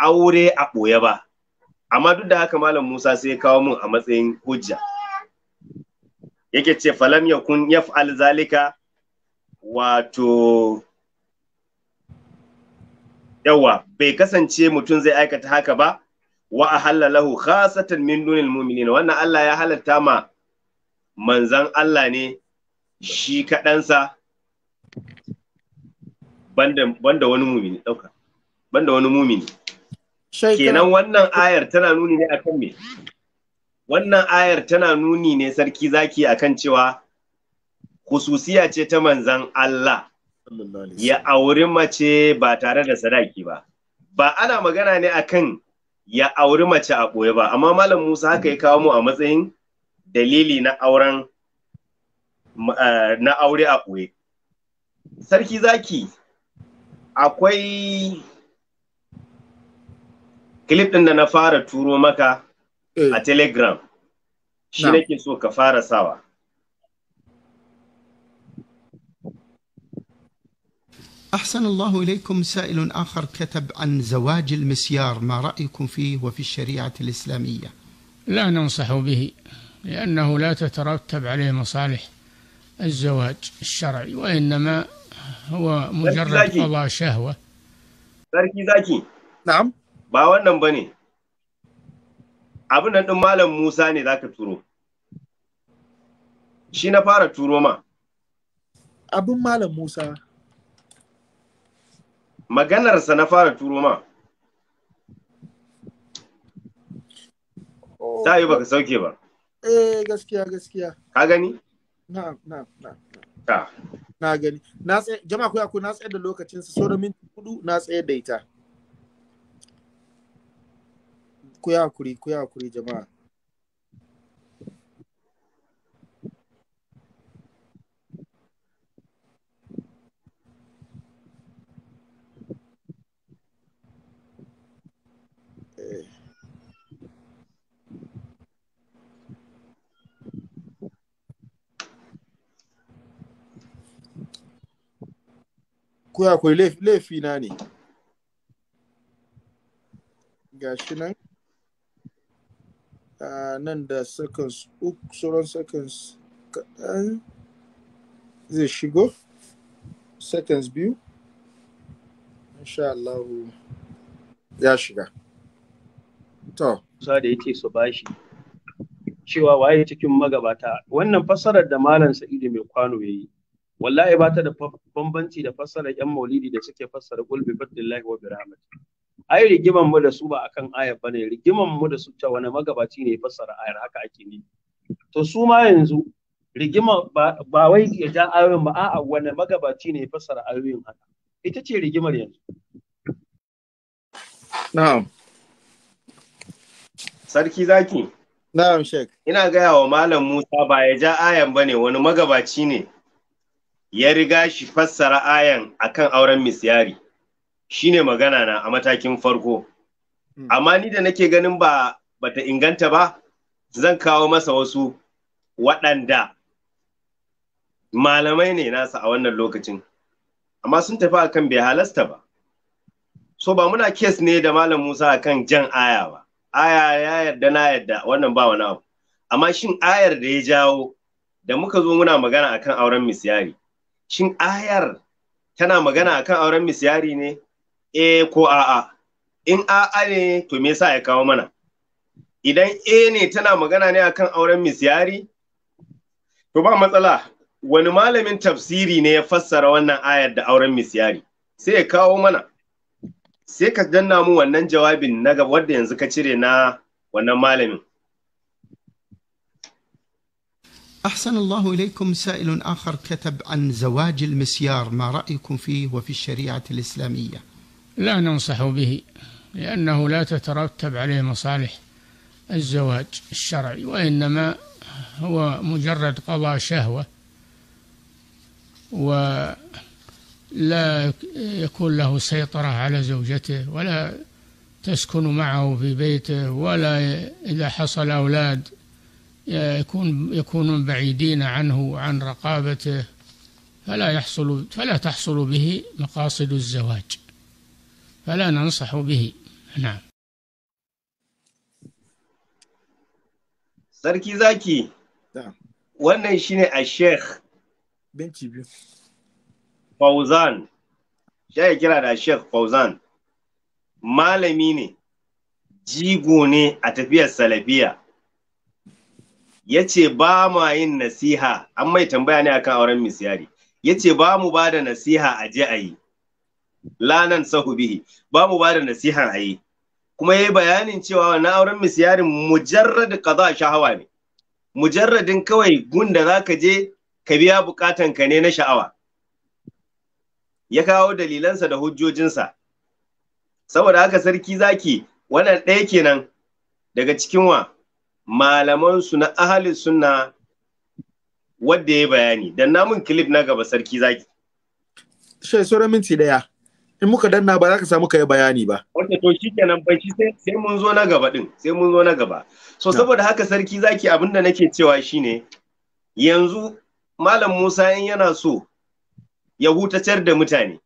aure a ɓoye ba amma duk da haka malam Musa sai ya kawo mun a matsayin hujja yake ce falam yakun yaf'al zalika wato yawa bai kasance mutum zai aikata haka ba wa ahalla khasatan min dunil mu'minin wannan Allah ya halatta ma manzan Allah ne shi kaɗansa banda wani mumini ɗauka banda wani mumini kenan wannan ayar tana nuni ne akan me wannan ayar tana nuni ne sarki zaki akan cewa Kususiya ce ta manzan Allah ya auri mace ba tare da sadaki ba ba ana magana ne akan ya auri mace a ɓoye ba amma malam Musa haka ya kawo mu a matsayin dalili na auren eh, na aure a ɓoye sarki zaki akwai clip din da na fara turo maka a eh. telegram shi nake so ka fara sawa أحسن الله إليكم سائل آخر كتب عن زواج المسيار ما رأيكم فيه وفي الشريعة الإسلامية لا ننصح به لأنه لا تترتب عليه مصالح الزواج الشرعي وإنما هو مجرد قضاء شهوة نعم ba wannan ba ne abin nan ɗin malam musa ne za ka turo shi na fara turo ma abin malam musa maganarsa na fara turo ma oh. ta yi ka sauke ba eh gaskiya gaskiya ka gani na na na na gani na tsaye jama'a ku na tsaye da lokacinsa sauran minti hudu na tsaye da ita ku yi hakuri ku yi hakuri jama'a eh. ne ga shi nan nan da seconds uku sauran seconds kaɗan zai shigo seconds biyu insha Allah ya shiga to sa da yake su bashi cewa waye cikin magabata wannan fassarar da malam sa'idu mai kwano yayi wallahi ba ta da bambanci da fassarar yan maulidi da suke fassara qul bi fadlillahi wa bi ai rigiman mu da su ba akan ayar bane rigiman mu da su ta wani magabaci ne ya fassara ayar haka ake ne to su ma yanzu rigima ba wai ya ja ayoyin ba a'a wani magabaci ne ya fassara ayoyin haka ita ce rigimar yanzu na'am sarki zaki na'am shek ina gaya wa malam Musa ba ya ja ayan bane wani magabaci ne ya riga shi fassara ayan akan auren misyari shine magana na a matakin farko hmm. amma ni da nake ganin ba bata inganta ba zan kawo masa wasu waɗanda malamai ne nasa a wannan lokacin amma sun tafi akan bai halasta ba so ba muna kes ne da malam musa akan jan aya ba aya ya yarda na yarda wannan ba wani abu amma shin ayar da ya jawo da muka zo muna magana akan auren misyari shin ayar tana magana akan auren misyari ne eh ko a'a in a'a ne to me yasa ya kawo mana idan eh ne tana magana ne akan auren misyari to ba matsala wani malamin tafsiri ne ya fassara wannan ayar da auren misyari sai ya kawo mana sai ka danna mu wannan jawabin na ga wanda yanzu ka cire na wannan malamin أحسن الله إليكم سائل آخر كتب عن زواج المسيار ما رأيكم فيه وفي الشريعة الإسلامية لا ننصح به لأنه لا تترتب عليه مصالح الزواج الشرعي وإنما هو مجرد قضاء شهوة ولا يكون له سيطرة على زوجته ولا تسكن معه في بيته ولا إذا حصل أولاد يكون يكونون بعيدين عنه وعن رقابته فلا يحصل فلا تحصل به مقاصد الزواج فلا ننصح به نعم sarki zaki wannan shine a sheikh binci fauzan ya kira da sheikh fauzan malami ne jigo ne a tafiyar salafiya ya ce ba yin nasiha an mai tambaya ne akan auren misyari ya ce ba mu ba da nasiha a je a yi lanan sahu bihi ba mu ba da nasihan a yi kuma yayi bayanin cewa wannan auren misyarin mujarrad qada shahawa ne mujarradin kawai gun gunda zaka je ka biya bukatan ka ne na sha'awa ya kawo dalilansa da hujjojinsa saboda haka sarki zaki wannan ɗaya kenan daga cikin wa malaman su na ahli sunna wadda ya bayani dan namun clip na gaba sarki zaki shai sura minti daya in muka danna ba za ka samu ka yi bayani ba. Wanda to shi kenan ba shi sai mun zo na gaba din sai mun zo na gaba. So saboda haka sarki zaki abin da nake cewa shine yanzu Malam Musa in yana so ya hutacar da mutane.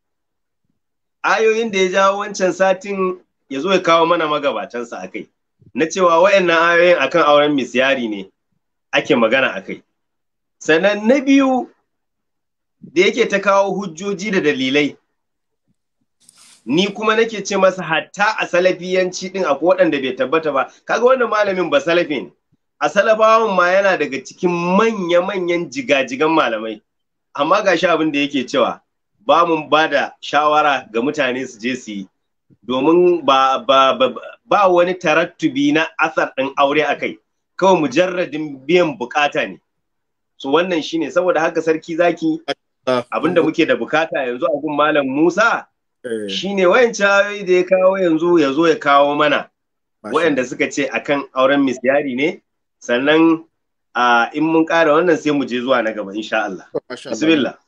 Ayoyin da ya jawo wancan satin ya zo ya kawo mana magabatansa a kai. Na cewa wa'annan ayoyin akan auren misyari ne ake magana a kai. Sannan na biyu da yake ta kawo hujjoji da dalilai ni kuma nake ce masa hatta a salafiyanci din akwai waɗanda bai tabbata ba kaga wannan malamin ba salafi ne a salafawan ma yana daga cikin manya-manyan jigajigan malamai amma ga shi abin da yake cewa ba mu ba da shawara ga mutane su je su yi domin ba, ba, ba, ba wani tarattubi na asar ɗin aure a kai kawai mujarradin biyan bukata ne so wannan shine saboda haka sarki zaki abinda muke da bukata yanzu a gun malam musa Eh. shi wayancan ayoyi da ya kawo yanzu ya zo ya kawo mana wayanda suka ce akan auren misyari ne sannan in mun ƙara wannan sai mu je zuwa na gaba insha Allah bismillah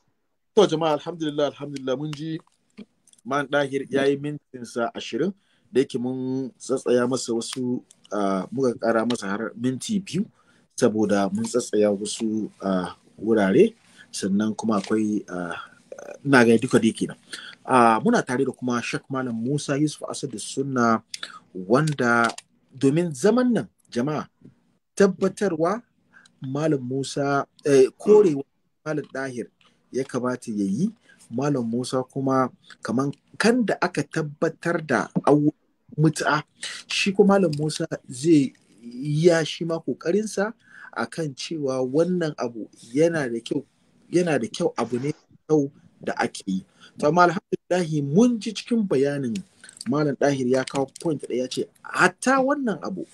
to jama'a alhamdulillah alhamdulillah mun ji man dahir yayi mintin sa 20 da yake mun tsatsaya masa wasu muka ƙara masa har minti biyu saboda mun tsatsaya wasu wurare sannan kuma akwai ina ga duka da yake nan Ah, muna tare da kuma Shak Malam Musa Yusuf Asadu suna wanda domin zaman nan jama'a tabbatarwa Malam Musa eh, korewa Malam Dahir ya kamata ya yi Malam Musa kuma kaman kan da aka tabbatar da mutu'a shi kuma Malam Musa zai ya shi ma kokarinsa kan cewa wannan abu yana da kyau yana da kyau abu ne kyau da ake yi to amma alhamdulillahi mun ji cikin bayanin malam dahir ya kawo point da ce hatta wannan abu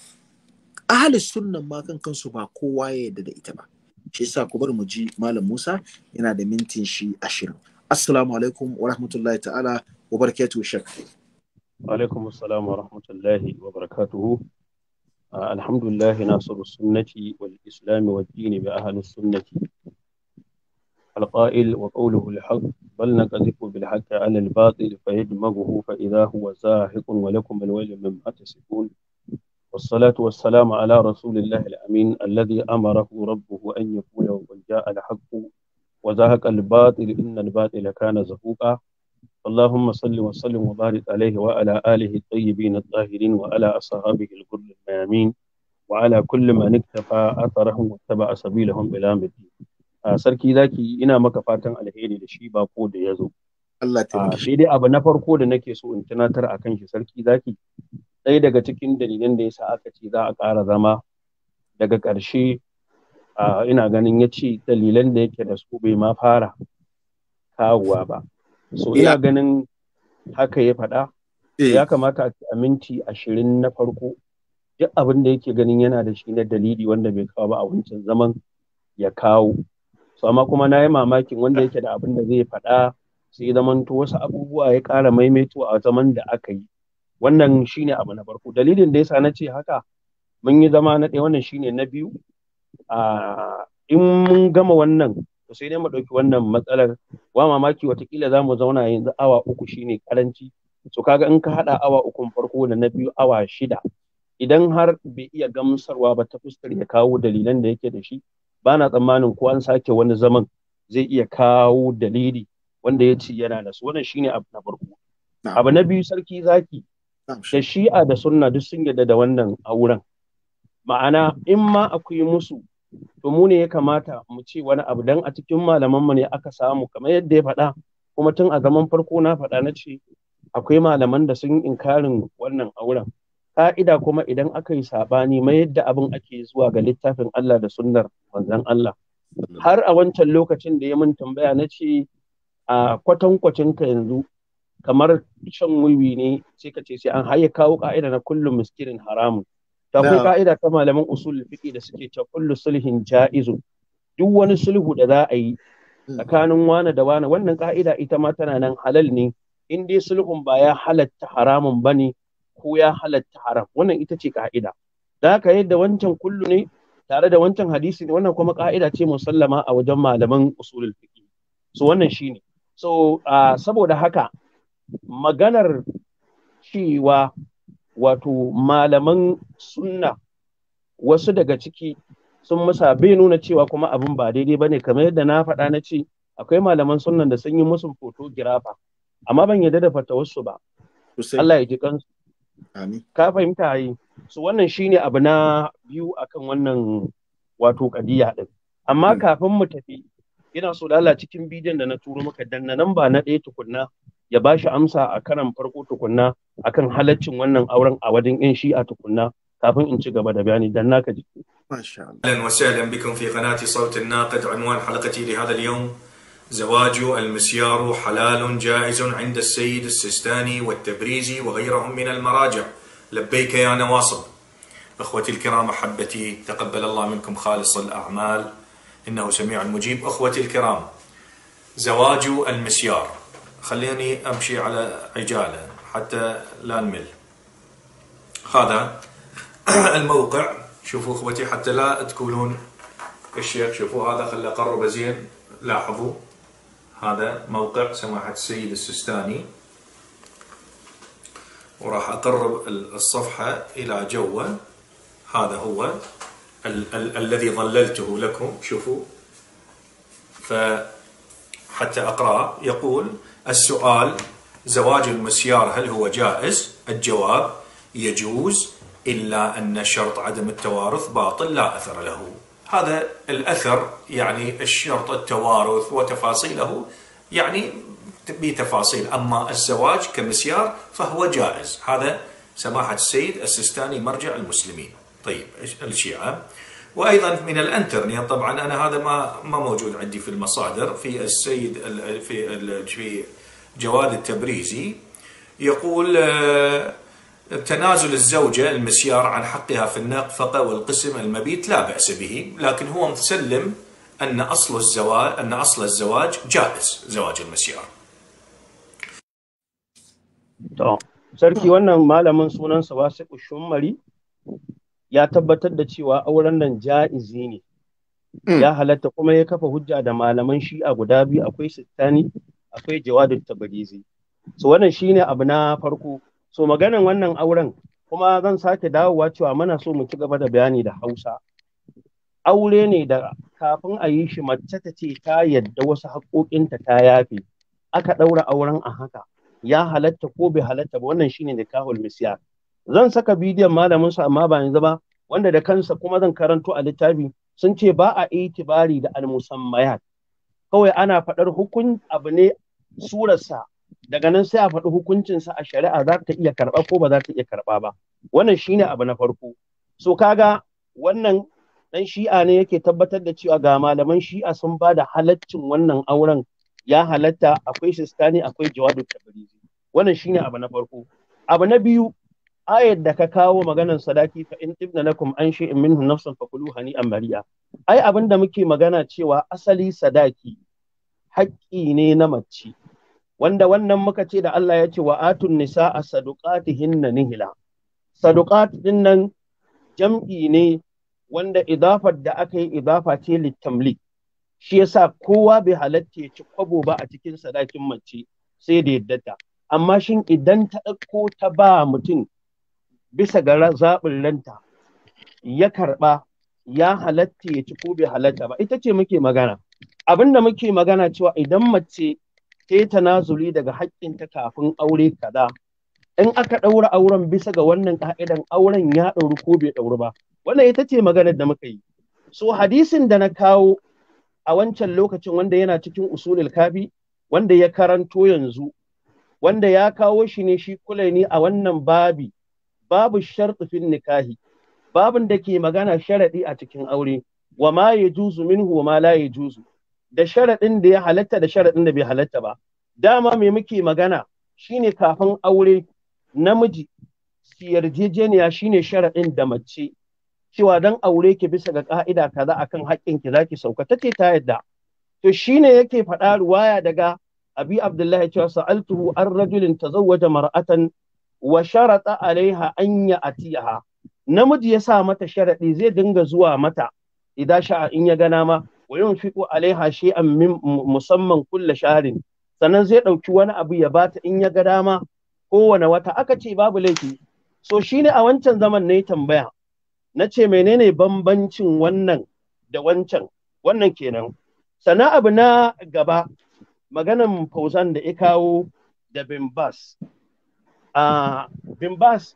ahli sunnan ma kan kansu ba kowa ya yarda da ita ba shi sa ku bar mu ji malam Musa yana da mintin shi ashirin assalamu alaikum wa rahmatullahi ta'ala wa barakatuhu shak. wa alaikum assalam wa rahmatullahi wa barakatuhu alhamdulillah nasiru sunnati wal islami wad dini bi ahli sunnati القائل وقوله الحق بل نكذب بالحق على الباطل فيدمغه فإذا هو زاهق ولكم الويل مما تسكون والصلاة والسلام على رسول الله الأمين الذي أمره ربه أن يقول وجاء جاء الحق وزهق الباطل إن الباطل كان زهوقا اللهم صل وسلم وبارك عليه وعلى آله الطيبين الطاهرين وعلى أصحابه الغر الميامين وعلى كل من اكتفى أثرهم واتبع سبيلهم إلى مدينه Ah, sarki zaki ina maka fatan alheri da shi ba ko da ya zo. Allah ah, shi. dai abu na farko da nake so in tunatar a kan shi sarki zaki ɗaya daga cikin dalilan da yasa aka ce za a ƙara zama daga ƙarshe ah, ina ganin ya ce dalilan da yake da su bai ma fara kawuwa ba. So ina ganin haka ya faɗa eh. ya kamata a minti ashirin na farko duk abin da yake ganin yana da shi na dalili wanda bai kawo ba a wancan zaman ya kawo so amma kuma na yi mamakin wanda yake da abin da zai faɗa sai zamanto wasu abubuwa ya ƙara maimaito a zaman da aka yi wannan shine abu na farko dalilin da yasa na ce haka mun yi zama na ɗaya wannan shine na biyu in mun gama wannan to sai dai mu ɗauki wannan matsalar wa mamaki watakila za mu zauna yanzu awa uku shine karanci so kaga in ka haɗa awa ukun farko da na biyu awa shida idan har bai iya gamsarwa ba ta fuskar ya kawo dalilan da yake da shi Bana tsammanin ko an sake wani zaman zai iya kawo dalili wanda ya ce yana da su wannan shine abu na farko abu na biyu sarki zaki da shi'a da sunna duk sun yarda da wannan auren ma'ana in ma akwai musu to mu ne ya kamata mu ce wani abu dan a cikin malaman mu ne aka samu kamar yadda ya faɗa kuma tun a zaman farko na faɗa na ce akwai malaman da sun inkarin wannan auren ka'ida kuma idan aka yi saɓani mai yadda abin ake zuwa ga littafin Allah da sunnar wanzan Allah har a wancan lokacin da ya mun tambaya na ce a kwatankwacin ka yanzu kamar shan wiwi ne sai ka ce sai an haye kawo ka'ida na kullum miskirin haramun ta akwai ka'ida ta malaman usul fiƙi da suke ta kullu sulhin ja'izu duk wani sulhu da za a yi tsakanin wane da wane wannan ka'ida ita ma tana nan halal ne in dai sulhun ba ya halatta haramun ne. ko ya halatta haram wannan ita ce ka'ida da haka yadda wancan kullu ne tare da wancan hadisi ne wannan kuma ka'ida ce musallama a wajen malaman usulul fiqh so wannan shine so saboda haka maganar cewa wato malaman sunna wasu daga ciki sun musa bai nuna cewa kuma abin ba daidai ba ne kamar yadda na faɗa na ce akwai malaman sunnan da sun yi musu fotogirafa amma ban yarda da fatawarsu ba Allah ya ji kansu Ka fahimta yi. So wannan shi ne abu na biyu akan wannan wato kadiya ɗin. Amma hmm. kafin mu tafi yana so lala cikin bidiyon da na turo maka danna nan ba na ɗaya tukunna ya ba shi amsa a karan farko tukunna akan halaccin wannan auren a wajen shi a tukunna kafin in ci gaba da bayani dan naka jiki. Masha Allah. Ahlan fi Sautin da unwan halaqati da hadha زواج المسيار حلال جائز عند السيد السستاني والتبريزي وغيرهم من المراجع لبيك يا نواصب أخوتي الكرام أحبتي تقبل الله منكم خالص الأعمال إنه سميع مجيب أخوتي الكرام زواج المسيار خليني أمشي على عجالة حتى لا نمل هذا الموقع شوفوا أخوتي حتى لا تقولون الشيخ شوفوا هذا خلي أقرب زين لاحظوا هذا موقع سماحة السيد السستاني وراح أقرب الصفحة إلى جوه هذا هو ال ال الذي ظللته لكم شوفوا حتى أقرأ يقول السؤال زواج المسيار هل هو جائز؟ الجواب يجوز إلا أن شرط عدم التوارث باطل لا أثر له هذا الأثر يعني الشرط التوارث وتفاصيله يعني بتفاصيل أما الزواج كمسيار فهو جائز هذا سماحة السيد السيستاني مرجع المسلمين طيب الشيعة وايضا من الانترنت طبعا انا هذا ما ما موجود عندي في المصادر في السيد في في جواد التبريزي يقول آه، تنازل الزوجة المسيار عن حقها في النفقة والقسم المبيت لا بأس به لكن هو مسلم أن أصل الزواج أن أصل الزواج جائز زواج المسيار sarki wannan malamin sunansa wasiƙu shummari ya tabbatar da cewa auren nan ja'izi ne ya halatta kuma ya kafa hujja da malaman shi'a guda biyu akwai sittani akwai jawadu tabarizi so wannan shine abu na farko so maganan wannan auren kuma zan sake dawowa cewa muna so mu ci gaba da bayani da hausa aure ne da kafin a yi shi mace ta ce ta yadda wasu haƙoƙinta ta yafe aka ɗaura auren a haka ya halatta ko bai halatta ba wannan shine da kahul misya zan saka bidiyon malamin su amma ba yanzu wanda da kansa kuma zan karanto a littafi sun ce ba a itibari da almusammayat kawai ana faɗar hukun abu ne surarsa daga nan sai a faɗi hukuncinsa a shari'a za ta iya karɓa ko ba za ta iya karɓa ba wannan shine abu na farko so kaga wannan dan shi'a ne yake tabbatar da cewa ga malaman shi'a sun ba da halaccin wannan auren ya halatta akwai shistani akwai jawadu tabrizi wannan shine abu na farko abu na biyu ayar da ka kawo maganar sadaki fa in na lakum an shay'in minhu nafsan fakulu hani'an mariya. ai abin da muke magana cewa asali sadaki haƙƙi ne na mace wanda wannan muka ce da Allah ya ce wa atun nisa a hinna nihila saduqat nan jam'i ne wanda idafar da aka yi idafa ce littamlik shi yasa kowa bai halatta ya ci kwabo ba a cikin sadakin mace sai da yaddata amma shin idan ta ɗauko ta ba mutum bisa ga zaɓin ranta ya karɓa ya halatta ya ci ko bai halatta ba ita ce muke magana abin muke magana cewa idan mace sai tanazuli daga haƙƙinta kafin aure kaza in aka ɗaura auren bisa ga wannan ka'idan auren ya ɗauri ko bai ɗauri ba wannan ita ce maganar da muka yi so hadisin da na kawo a wancan lokacin wanda yana cikin usulul kabi, wanda ya karanto yanzu wanda ya kawo shi ne shi kulaini a wannan babi babu sharɗufin nikahi babin da ke magana sharaɗi a cikin aure wa ma ya juzu minhu wa ma la ya juzu da sharaɗin da ya halatta da sharaɗin da bai halatta ba dama mai muke magana shine kafin aure namiji yarjejeniya shine sharaɗin da mace cewa don aure ki bisa ga ka'ida kaza akan haƙƙin ki zaki sauka ce ta yadda to shine yake faɗa ruwaya daga abi abdullahi cewa sa'altuhu an rajulin tazawwaja mar'atan wa sharata alaiha an atiha namiji ya sa mata sharaɗi zai dinga zuwa mata idan sha'a in ya gana ma wa yunfiqu alaiha shay'an min musamman kulla sharin? sannan zai ɗauki wani abu ya bata in ya ga dama kowane wata aka ce babu laifi so shine a wancan zaman ne tambaya na ce menene bambancin wannan da wancan wannan kenan sannan abu na gaba maganan fausan da ya kawo da bimbas a bimbas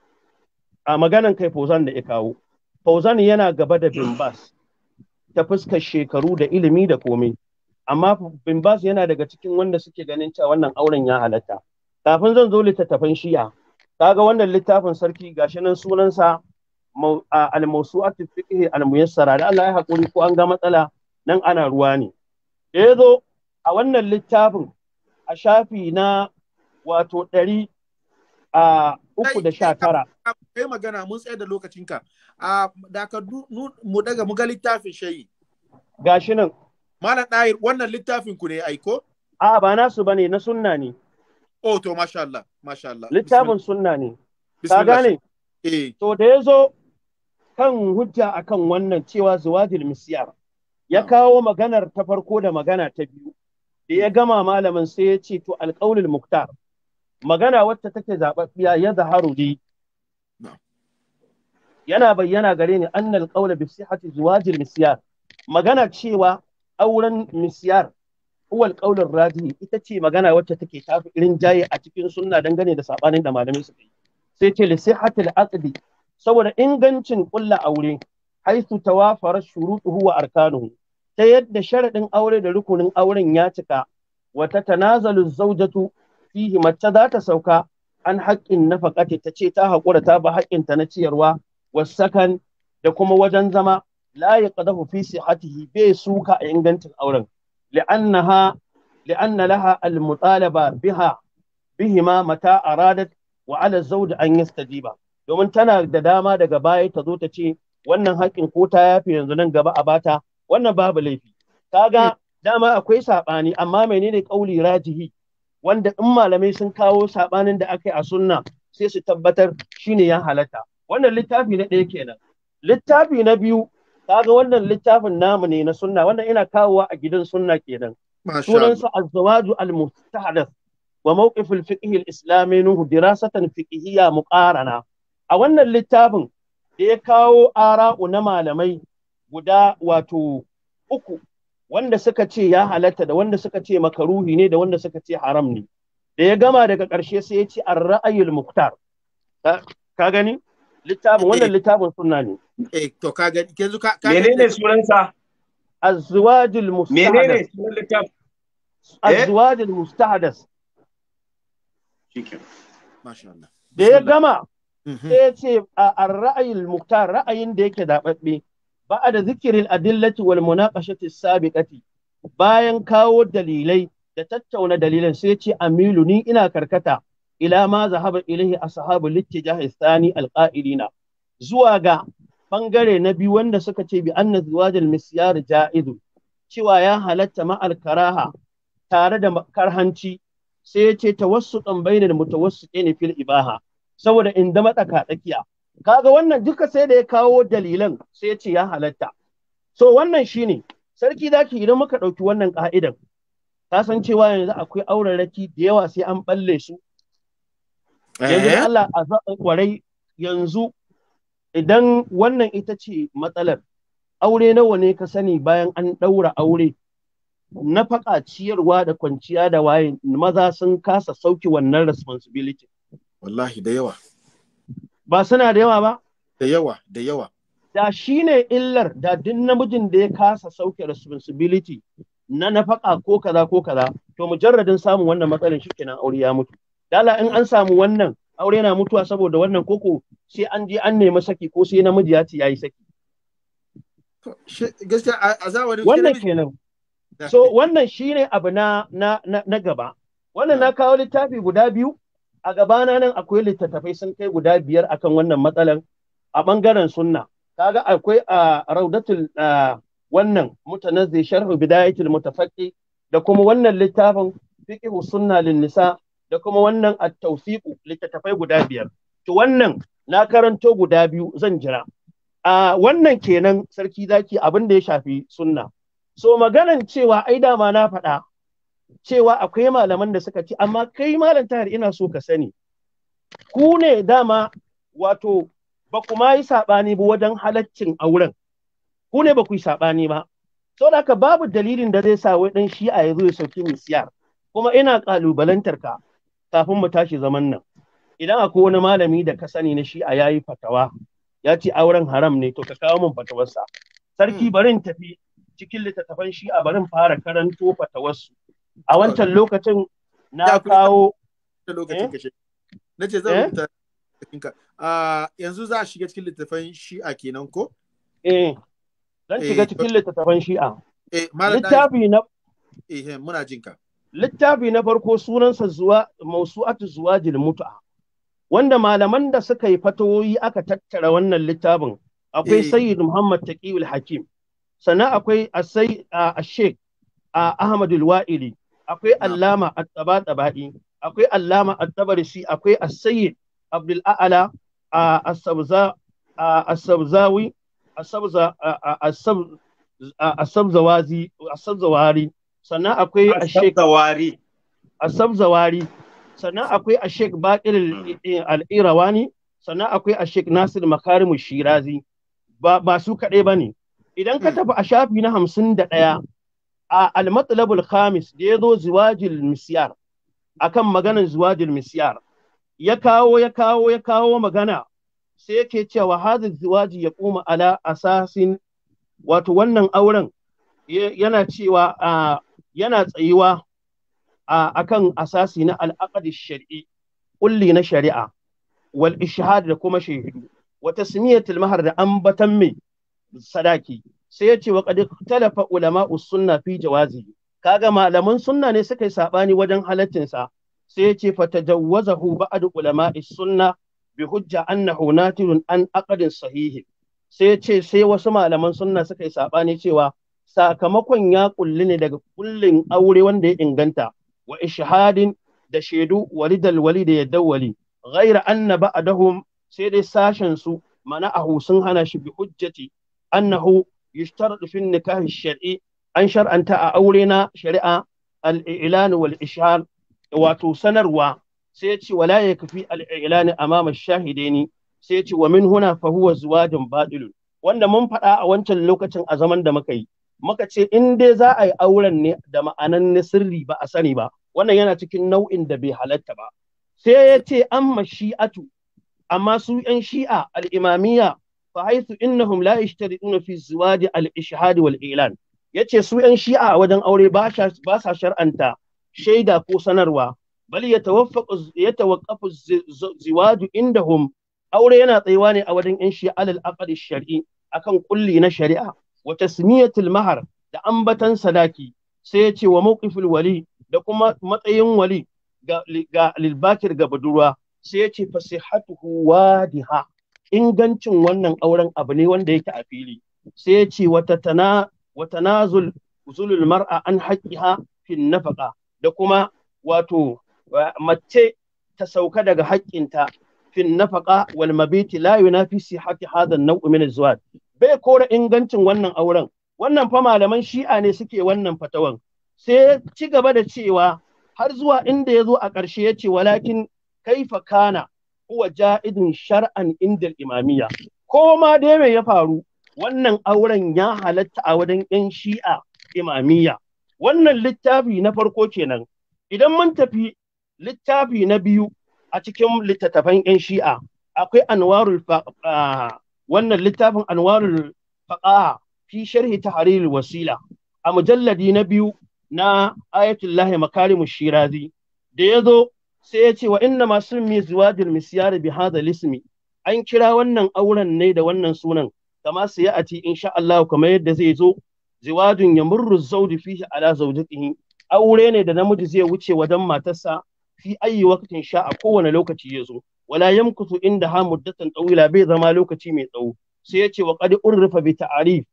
a maganan kai fauzan da ya kawo fauzan yana gaba da bimbas ta fuskar shekaru da ilimi da komai amma bin basu yana daga cikin wanda suke ganin cewa wannan auren ya halatta kafin zan zo littattafan shi'a kaga wannan littafin sarki gashi nan sunansa al-mawsu'atu fiqhi al da Allah ya hakuri ko an ga matsala nan ana ruwa ne da yazo a wannan littafin a shafi na wato ɗari a uku da sha tara kai magana mun tsaye da lokacinka a da ka mu daga mu ga littafin shayi gashi nan malam ɗayir wannan littafin ku ne aiko a ba nasu bane na sunna ne oh to masha Allah masha Allah littafin sunna ne ka gane eh to da yazo kan hujja akan wannan cewa zuwadil misyar ya kawo maganar ta farko da magana ta biyu da ya gama malamin sai ya ce to alƙaulul muktar magana wacce take zababbiya ya zaharu dai yana bayyana gare ni annal qawla bi sihhati zuwajil misyar magana cewa auren misyar huwa al radihi ita ce magana wacce take tafi irin jaye a cikin sunna dangane da sabanin da malamai su sai ce li al aqdi saboda ingancin kulla aure haisu tawafara shurutuhu wa arkanuhu ta yadda sharadin aure da rukunin auren ya cika wata tanazalu zawjatu fihi mace za ta sauka an haƙƙin nafaqati ta ce ta haƙura ta ba haƙƙinta na ciyarwa wasakan da kuma wajen zama la yaqdahu fi sihhatihi bai suka a ingancin auren li'annaha li'anna laha al-mutalaba biha bihima mata aradat wa ala zawj an yastajiba domin tana da dama daga baya ta zo ta ce wannan haƙin ko ta yafi yanzu nan gaba a bata wannan babu laifi kaga hmm. dama akwai saɓani amma menene ƙauli rajihi wanda in malamai sun kawo saɓanin da aka yi a sunna sai su tabbatar shine ya halatta wannan littafi na ɗaya kenan littafi na biyu kaga wannan littafin namu ne na sunna wannan ina kawowa a gidan sunna kenan su azwaju al-mustahdath wa mawqif al-fiqh al-islami nuhu dirasatan fiqhiyya muqarana a wannan littafin da ya kawo ara'u na malamai guda wato uku wanda suka ce ya halatta da wanda suka ce makaruhi ne da wanda suka ce haram ne da ya gama daga ƙarshe sai ya ce ar-ra'ayul muqtar ka gani littafin wannan eh. littafin suna ne eh, to ka ga yanzu ka menene sunansa azwajul Mustahadas. menene sunan littafin eh? azwajul Mustahadas. shikenan da ya gama mm-hmm. sai ya ce a ra'ayin muktar ra'ayin da yake zaɓaɓɓe ba da zikirin adillati wal munaqashati sabiqati bayan kawo dalilai da tattauna dalilan sai ce amilu ni ina karkata ila ma zahaba ilaihi ashabu littijah thani alqa'ilina zuwa ga bangare na biyu wanda suka ce bi anna zuwajal misyar ja'izu cewa ya halatta ma alkaraha tare da karhanci sai ya ce tawassutan bainal mutawassitin fil ibaha saboda inda matsaka tsakiya kaga wannan duka sai da ya kawo dalilan sai ya ce ya halatta so wannan shine sarki zaki idan muka ɗauki wannan ka'idan ka san cewa yanzu akwai auraraki da yawa sai an balle su yanzu eh? Allah a kwarai yanzu idan wannan ita ce matsalar aure nawa ne ka sani bayan an ɗaura aure na faƙa ciyarwa da kwanciya da waye maza sun kasa sauki wannan responsibility wallahi da yawa ba suna da yawa ba da yawa da yawa da shi ne illar da duk namijin da ya kasa sauke responsibility na nafaka ko kaza ko kaza to mujarradin samun wannan matsalin shikenan aure ya mutu dala in an samu wannan aure yana mutuwa saboda wannan koko sai an je an nemi saki ko sai namiji ya ce yayi saki wannan kenan so wannan shine abu na na gaba wannan na kawo littafi guda biyu a gabana nan akwai littattafai sun kai guda biyar akan wannan matsalan a bangaren sunna kaga akwai a raudatul wannan mutanazzi sharhu bidayatul mutafaqqi da kuma wannan littafin fiqhu sunna lin nisa da kuma wannan a tausiku littattafai guda biyar to wannan na karanto guda biyu zan jira a wannan kenan sarki zaki abin da ya shafi sunna so maganan cewa ai dama na faɗa cewa akwai malaman da suka ci amma kai malam tahir ina so ka sani ku ne dama wato ba ku ma yi saɓani ba wajen halaccin auren ku ne ba ku yi saɓani ba da haka babu dalilin da zai sa wai ɗan shi'a ya zo ya sauki misiyar kuma ina ƙalubalantar ka kafin mu tashi zaman nan idan akwai wani malami da ka sani na shi'a yayi fatawa ya ce auren haram ne to ka kawo min fatawarsa sarki hmm. bari in tafi cikin littattafan shi'a barin fara karanto fatawarsu a wancan lokacin na kawo eh? na ce zan eh? rubuta ah, yanzu za a shiga cikin littattafan shi'a kenan ko eh zan shiga eh, cikin littattafan shi'a littafi na eh muna jinka littafi na farko sunansa zuwa mausu'atu zuwajil mutu'a wanda malaman da suka yi fatawoyi aka tattara wannan littafin akwai eh. sayyid muhammad taqiyul hakim sannan akwai asai a ahmad ahmadul akwai allama at-tabatabai akwai allama at akwai as abdul a'la as-sabza sabzawari sannan akwai a sheik A asab sannan akwai a shek baqil al hmm. sannan akwai a shek nasir makarimu shirazi ba su kaɗai ba ne idan ka hmm. tafi a shafi na hamsin da ɗaya a al khamis da ya zo ziwajil misyar akan maganar ziwajil misyar ya kawo ya kawo ya kawo magana sai yake cewa hadha ziwaji ya kuma ala asasin wato wannan auren yana cewa a ah, yana tsayuwa a akan asasi na al'aqd shari'i, kulli na shari'a wal ishhad da kuma shahidu wa tasmiyatul mahar da ambatan mai sadaki sai ya ce wa qad talafa ulama sunna fi jawazi kaga malaman sunna ne suka yi sabani wajen halattin sa sai ya ce fatajawwazahu ba'd ulama sunna bi hujja annahu natirun an aqdin sahihi sai ya ce sai wasu malaman sunna suka yi sabani cewa sakamakon ya kulli ne daga kullin aure wanda ya inganta wa ishhadin da shaidu walidal wali da yadda wali ghaira anna ba'dahum sai dai sashen su mana'ahu sun hana shi bi hujjati annahu yushtaradu fi nikahi shar'i an shar'anta a aure na shari'a al-i'lan wal ishhar wato sanarwa sai ya ce wala yakfi al-i'lan amama shahidaini sai ce wa min huna fa huwa zuwajun batilun wanda mun faɗa a wancan lokacin a zaman da muka yi muka ce in dai za a yi auren ne da ma'anan na sirri ba a sani ba wannan yana cikin nau'in da bai halatta ba sai ya ce amma shi'atu amma su yan shi'a Al'imamiya, fa haithu innahum la yashtariduna fi ziwaji al-ishhad wal ilan yace su yan shi'a a wajen aure ba sa shar'anta shaida ko sanarwa bal yatawaffaqu yatawaqqafu ziwaju indahum aure yana tsayuwa ne a wajen yan shi'a al-aqd shar'i akan kulli na shari'a wa tasmiyatul mahar da ambatan sadaki sai ya ce wa mawqifil wali da kuma matsayin wali ga, lilbakir ga budurwa sai ya ce fasihatuhu wadiha ingancin wannan auren abu ne wanda yake a fili sai ya ce wa tanazul zulul mar'a an haqqiha fi nafaqa da kuma wato mace ta sauka daga haƙƙinta fin nafaka wal mabiti la yunafi sihhati hadha an-naw' min az bai kora ingancin wannan auren wannan fa malaman shi'a ne suke wannan fatawan sai ci gaba da cewa har zuwa inda ya zo a ƙarshe yace ce walakin kaifa kana huwa ja'idun shar'an indal imamiya. ko ma dai me ya faru wannan auren ya halatta a wajen yan shi'a imamiyya wannan littafi na farko kenan idan mun tafi littafi na biyu a cikin littattafan yan shi'a akwai anwarul ah, wannan littafin anwarul faqaha fi sharhi tahrir wasila a mujalladi na biyu na ayatullahi makarimu shirazi da ya zo sai ya ce wa inna masu mizwajin misyar bi hadha lismi an kira wannan auren ne da wannan sunan kama sai ya ati insha Allah kamar yadda zai zo ziwajin ya murru zaudi fihi ala zawjihi aure ne da namiji zai wuce wajen matarsa fi ayi waqtin sha a kowane lokaci ya zo wala yamkutu inda ha muddatan tsawila bai zama lokaci mai tsawo sai ya ce wa qad urrifa bi ta'arif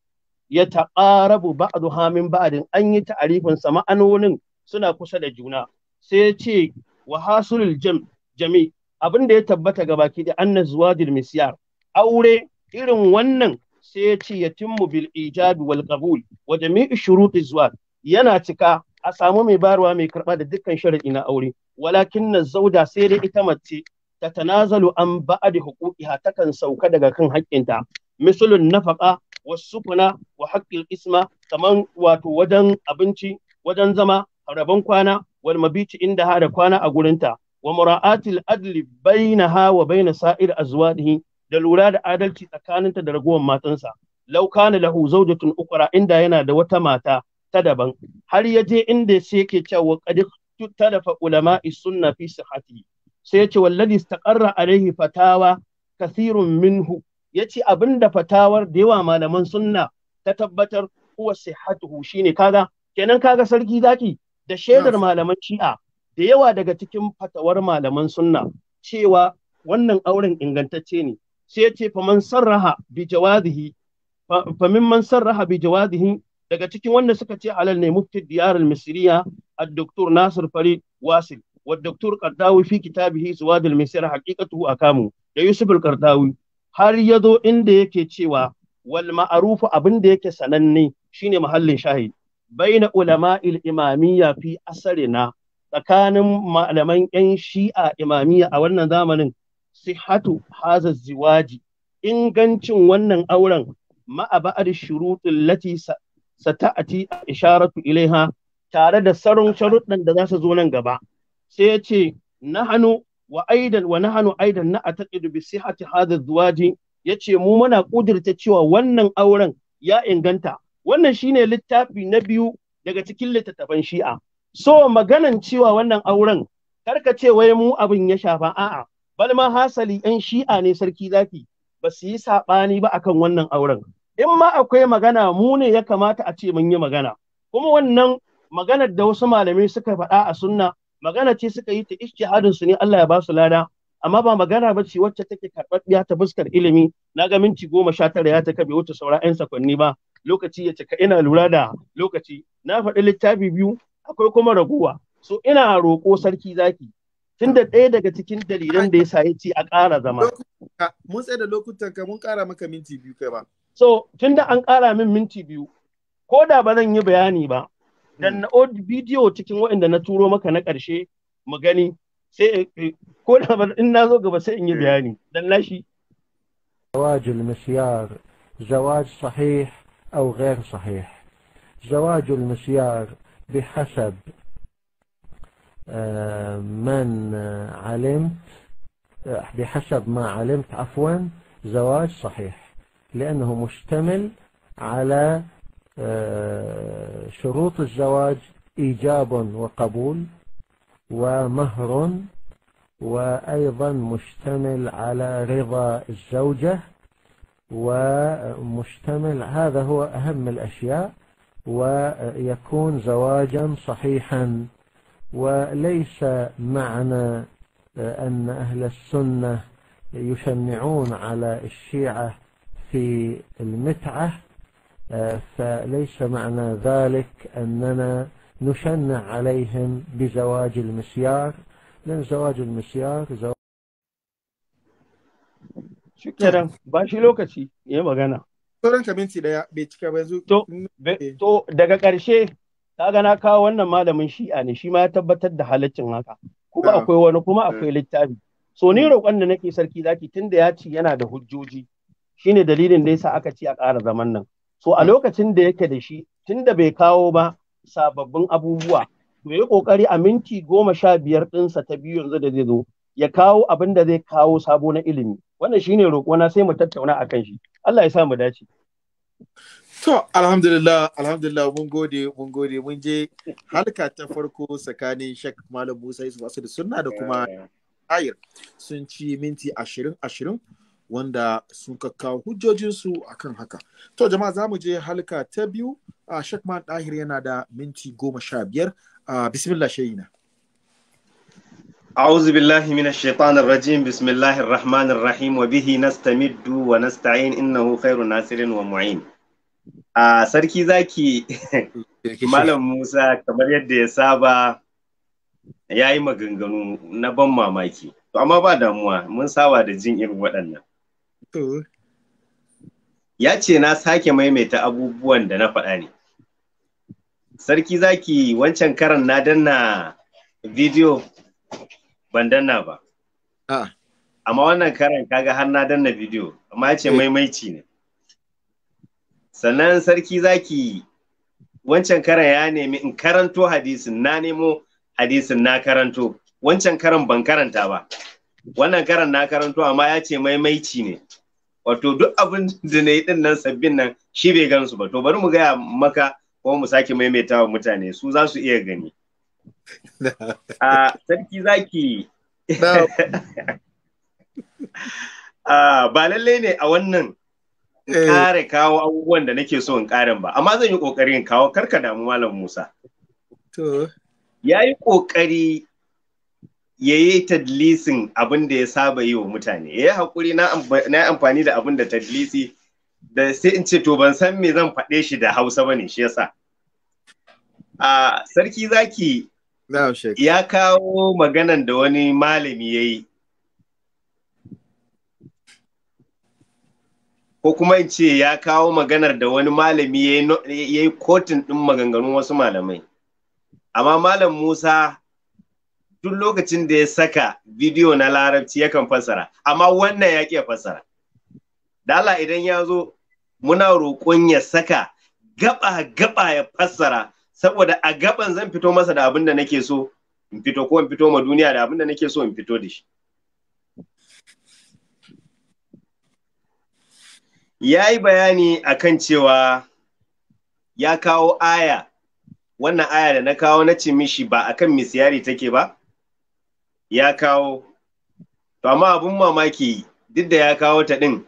ya taqarabu ba'du ha min ba'din an yi ta'arifin sa ma'anonin suna kusa da juna sai ya ce wa hasulul jam jami abin da ya tabbata ga baki da anna zuwadil misyar aure irin wannan sai ya ce yatimmu bil ijabi wal qabul wa jami'u shuruti zuwad yana cika a samu mai barwa mai karba da dukkan sharadi na aure walakin na zauda sai dai ita mace tatanazalu an ba'di huquqiha takan sauka daga kan haƙƙinta misalun nafaqa wasukuna wa haqqil isma kamar wato wajen abinci wajen zama rabon kwana wal mabici inda ha kwana a gurin ta. wa mura'atil adli bainaha wa baina sa'ir azwadihi da lura da adalci tsakaninta da ragowar matansa law kana lahu zawjatun ukra inda yana da wata mata ta daban har ya je inda sai yake cewa qad tadafa ulama'i sunna fi sihhati sai yace wallazi istaqarra alaihi fatawa kathirun minhu yace abinda fatawar da yawa malaman sunna ta tabbatar huwa sihhatuhu shine kaga kenan kaga sarki zaki da shaidar malaman shi'a da yawa daga cikin fatawar malaman sunna cewa wannan auren ingantacce ne sai yace faman sarraha bi jawazihi man sarraha bi jawazihi daga cikin wanda suka ce alal ne mufti diyar al-misriya ad-doktor Nasir Farid Wasil والدكتور قرطاوي في كتابه سواد المسير حقيقته أكامو da Yusuf al har ya zo inda yake cewa wal ma'arufu abin da yake sananne shine muhallin shahid baina ulama'il imamiyya fi na tsakanin malaman yan shi'a imamiya a wannan zamanin sihatu haza ziwaji ingancin wannan auren ma'aba'ar shuruɗin lati sata'ati isharatu ilaiha tare da sarun sharuɗan da za su zo nan gaba sai ya ce nahanu wa aidan wa nahanu aidan na ataqidu bi sihhati hadha ya yace mu muna kudirta cewa wannan auren ya inganta wannan shine littafi na biyu daga cikin littattafan shi'a so maganan cewa wannan auren karka ce wai mu abin ya shafa a'a bal ma hasali yan shi'a ne sarki zaki ba su yi saɓani ba akan wannan auren in ma akwai magana mu ne ya kamata a ce mun yi magana kuma wannan maganar da wasu malamai suka faɗa a sunna magana ce suka yi ta ijtihadin su ne Allah ya ba su lada amma ba magana ba ce wacce take karɓaɗɗiya ta fuskar ilimi na ga minti goma sha tara ya ta kabe wuce saura 'yan sakwanni ba lokaci ya cika ina lura da lokaci na faɗi littafi biyu akwai kuma raguwa so ina roƙo sarki zaki tunda ɗaya daga cikin dalilan da ya sa ya a ƙara zama. Mun tsaye da lokutan ka mun ƙara maka minti biyu kai ba. So tunda an ƙara min minti biyu ko da ba zan yi bayani ba dan na old video cikin waɗanda na turo maka na ƙarshe mu gani sai ko da in na zo gaba sai in yi bayani dan lashi زواج المسيار زواج صحيح أو غير صحيح زواج المسيار بحسب من علمت بحسب ما علمت عفوا زواج صحيح لأنه مشتمل على آه، شروط الزواج إيجاب وقبول ومهر وأيضا مشتمل على رضا الزوجة ومشتمل هذا هو أهم الأشياء ويكون زواجا صحيحا وليس معنى آه، أن أهل السنة يشنعون على الشيعة في المتعة آه، فليس معنى ذلك أننا نشنع عليهم بزواج المسيار لأن زواج المسيار زواج شكرا باشي لوكتي يا إيه مغانا سوران كبنتي ديا بيتك بزو إيه. تو دقا كارشي كاغانا كاوانا مالا منشي يعني شي ما تبتد ده جنغاكا كوبا آه. أكوي وانو كوما آه. أكوي لتابي سونيرو كان نكي سركي ذاكي تندياتي ينا ده شيني دليل نيسا أكتي أكار زماننا so a lokacin da yake da shi tunda bai kawo ba sababbin abubuwa to yi kokari a minti goma sha biyar ɗinsa ta biyu yanzu da zai zo ya kawo abin da zai kawo sabo na ilimi wannan shine roƙona sai mu tattauna a kan shi Allah ya sa mu dace to alhamdulillah alhamdulillah mun gode mun gode mun je halka ta farko tsakanin shek Malam Musa Yusuf da Sunna da kuma eh. Ayir sun ci minti ashirin ashirin wanda sun kakkawo hujjojinsu a kan haka. To jama'a za mu je halka ta biyu a Shekman Ɗahir yana da minti goma sha biyar a bismillah shayina. أعوذ بالله من الشيطان الرجيم بسم wa الرحمن الرحيم وبه نستمد ونستعين إنه nasirin wa ومعين a sarki zaki malam musa kamar yadda ya saba ya yi maganganu na ban mamaki to amma ba damuwa mun saba da jin irin waɗannan Ya ce na sake maimaita abubuwan da na faɗa ne. Sarki zaki wancan karan na danna bidiyo ban danna ba. Amma wannan karan kaga har na danna bidiyo, amma ya ce eh. maimaici ne. Sannan sarki zaki wancan karan ya nemi in karanto hadisin na nemo hadisin na karanto wancan karan ban karanta ba wannan karan na karanto amma ya ce maimaici ne wato duk abin da na yi din nan sabbin nan shi bai gan su ba to bari mu gaya maka kuma mu sake maimaita wa mutane su za su iya gani a ah, sarki zaki ah, ba lallai ne a wannan kare eh. kawo abubuwan da nake so in karin ba amma zan yi kokarin kawo karka damu malam Musa to ya yi kokari ya yi tadlisin abin da ya saba yi wa mutane ya yi haƙuri na amfani da abin da tadlisi da sai in ce to ban san me zan faɗe shi da hausa ba ne shi yasa a sarki zaki ya kawo maganan da wani malami ya yi ko kuma in ce ya kawo maganar da wani malami ya yi kotun ɗin maganganun wasu malamai amma malam musa duk lokacin da ya saka bidiyo na larabci yakan fassara amma wannan ya ke fassara Dala idan ya zo muna roƙon ya saka gaba gaba ya fassara saboda a gaban zan fito masa da abin da nake so in fito ko in fito ma duniya da abin da nake so in fito da shi ya yi bayani a kan cewa ya kawo aya wannan aya da na kawo na ce mishi ba akan misiyari take ba ya kawo to amma abun mamaki duk da ya kawo ta din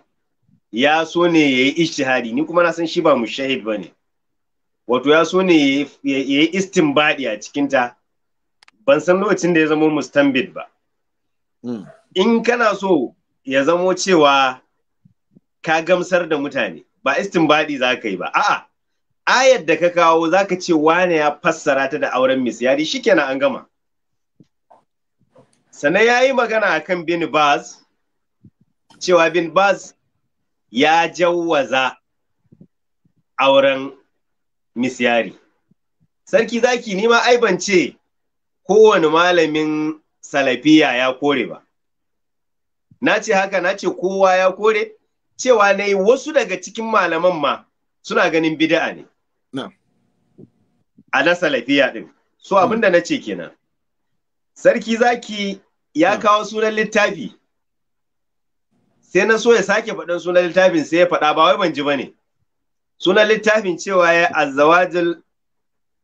ya so ne ya yi ishtihadi ni kuma na san shi ba mushahid ba ne wato ya so ne ya yi istinbadi a cikinta ban san lokacin da ya zama mustambid ba hmm. in kana so ya zamo cewa ka gamsar da mutane ba istinbadi za ka yi ba a'a ayar da ka kawo za ka ce wane ya fassara ta da auren misyari shikenan an gama sannan ya yi magana a kan bin baz cewa bin bas ya jawaza auren misyari sarki zaki nima ai ban ce kowane malamin salafiya ya kore ba na ce haka na ce kowa ya kore cewa na yi wasu daga cikin malaman ma suna ganin bida'a ne a na salafiya ɗin so abinda na ce kenan sarki zaki ya ah. kawo sunan littafi sai na so ya sake faɗin sunan littafin sai ya faɗa ba wai ban ji ba ne sunan littafin cewa ya azawajil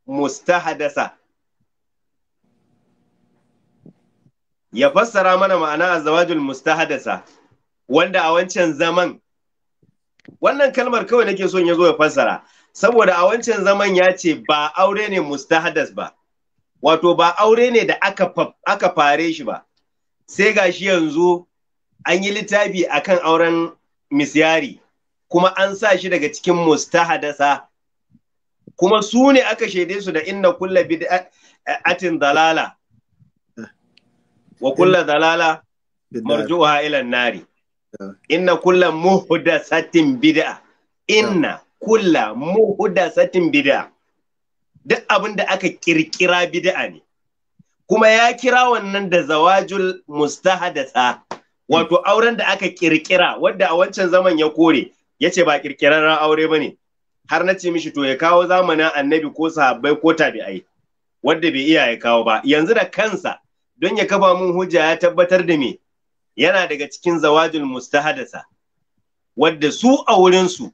mustahadasa ya fassara mana ma'ana azawajil mustahadasa wanda a wancan zaman wannan kalmar kawai nake son ya zo ya fassara saboda a wancan zaman ya ce ba aure ne mustahadas ba wato ba aure ne da aka fare shi ba sai gashi yanzu an yi littafi akan auren misyari kuma an sa shi daga cikin mustahadasa kuma su ne aka shaide su da inna kulla bid'atin dalala wa kulla dalala marjuha ila nari inna kulla muhdasatin bid'a inna kulla muhdasatin bid'a duk abin da aka kirkira bid'a ne kuma ya kira wannan da zawajul mustahadasa wato hmm. auren da aka kirkira wadda a wancan zaman ya kore ya ce ba kirkirarren aure ba ne har na ce mishi to ya kawo zamanin annabi ko sahabbai ko tabi'ai wadda bai iya ya kawo ba yanzu da kansa don ya kafa mun hujja ya tabbatar da me yana daga cikin zawajul mustahadasa wadda su a wurinsu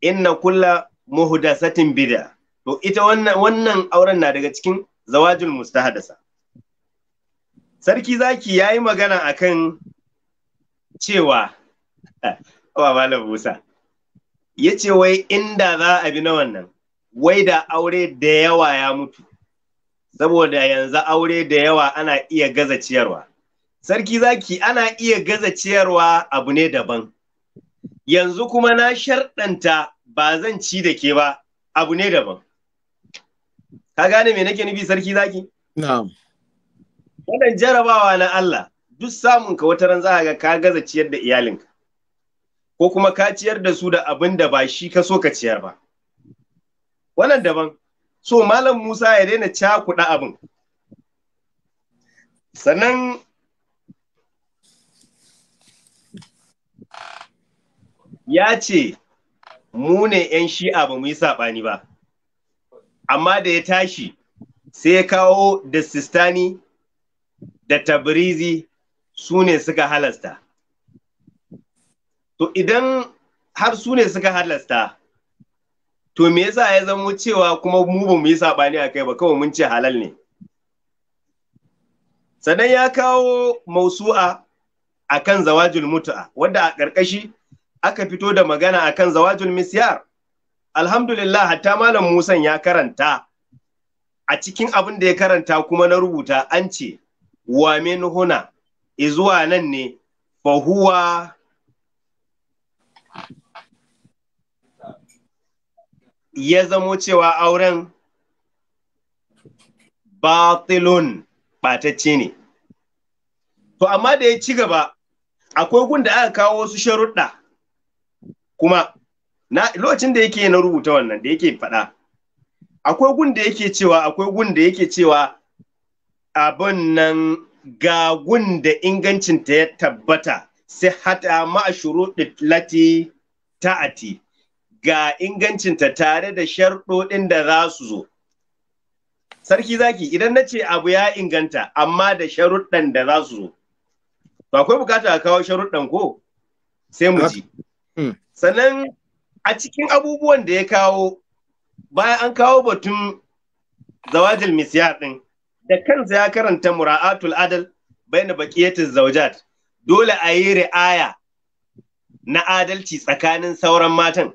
inna kulla muhdasatin bid'a to ita wannan wannan auren na daga cikin Zawajin mustahdasa sarki zaki yayi magana akan cewa ba eh, malam Musa yace wai inda za a bi na wannan wai da aure da yawa ya mutu saboda yanzu aure da yawa ana iya gaza ciyarwa sarki zaki ana iya gaza ciyarwa abu ne daban yanzu kuma na sharɗanta ba zan ci da ke ba abu ne daban ka gane me nake nufi sarki zaki na'am wannan jarabawa na Allah duk samun ka wata ran za ga ka gaza ciyar da iyalinka ko kuma ka ciyar da su da abin da ba shi ka so ka ciyar ba wannan daban so malam Musa ya daina cakuɗa abin sannan ya ce mu ne 'yan shi'a ba mu yi saɓani ba amma da ya tashi sai ya kawo da sistani da tabrizi su ne suka halasta to idan har su ne suka halasta to me yasa ya zama cewa kuma mu ba mu yi saɓani a kai ba kawai mun ce halal ne sannan ya kawo mausu'a a kan zawajul mutu'a wadda a ƙarƙashi aka fito da magana a kan zawajul misyar alhamdulillah hatta malam musan ya karanta a cikin abin da ya karanta kuma na rubuta an ce wa min huna izuwa nan ne fahuwa ya zamo cewa auren batilun batacce ne to amma da ya ci gaba akwai gun da aka kawo wasu sharuɗa kuma na lokacin da yake na rubuta wannan da yake faɗa akwai gun da yake cewa akwai gun da yake cewa abin nan ga gun da ingancin ta ya tabbata sai hata ma shuruɗi lati ta'ati ga ingancinta tare da sharɗoɗin da za su zo sarki zaki idan na ce abu ya inganta amma da sharuɗɗan da za su zo to akwai bukata a kawo sharuɗɗan ko sai mu ji hmm. sannan a cikin abubuwan da ya kawo bayan an kawo batun zawajil misyar ɗin da kansa ya karanta mura'atul adal bai na baqiyatul zaujat dole a yi ri'aya na adalci tsakanin sauran matan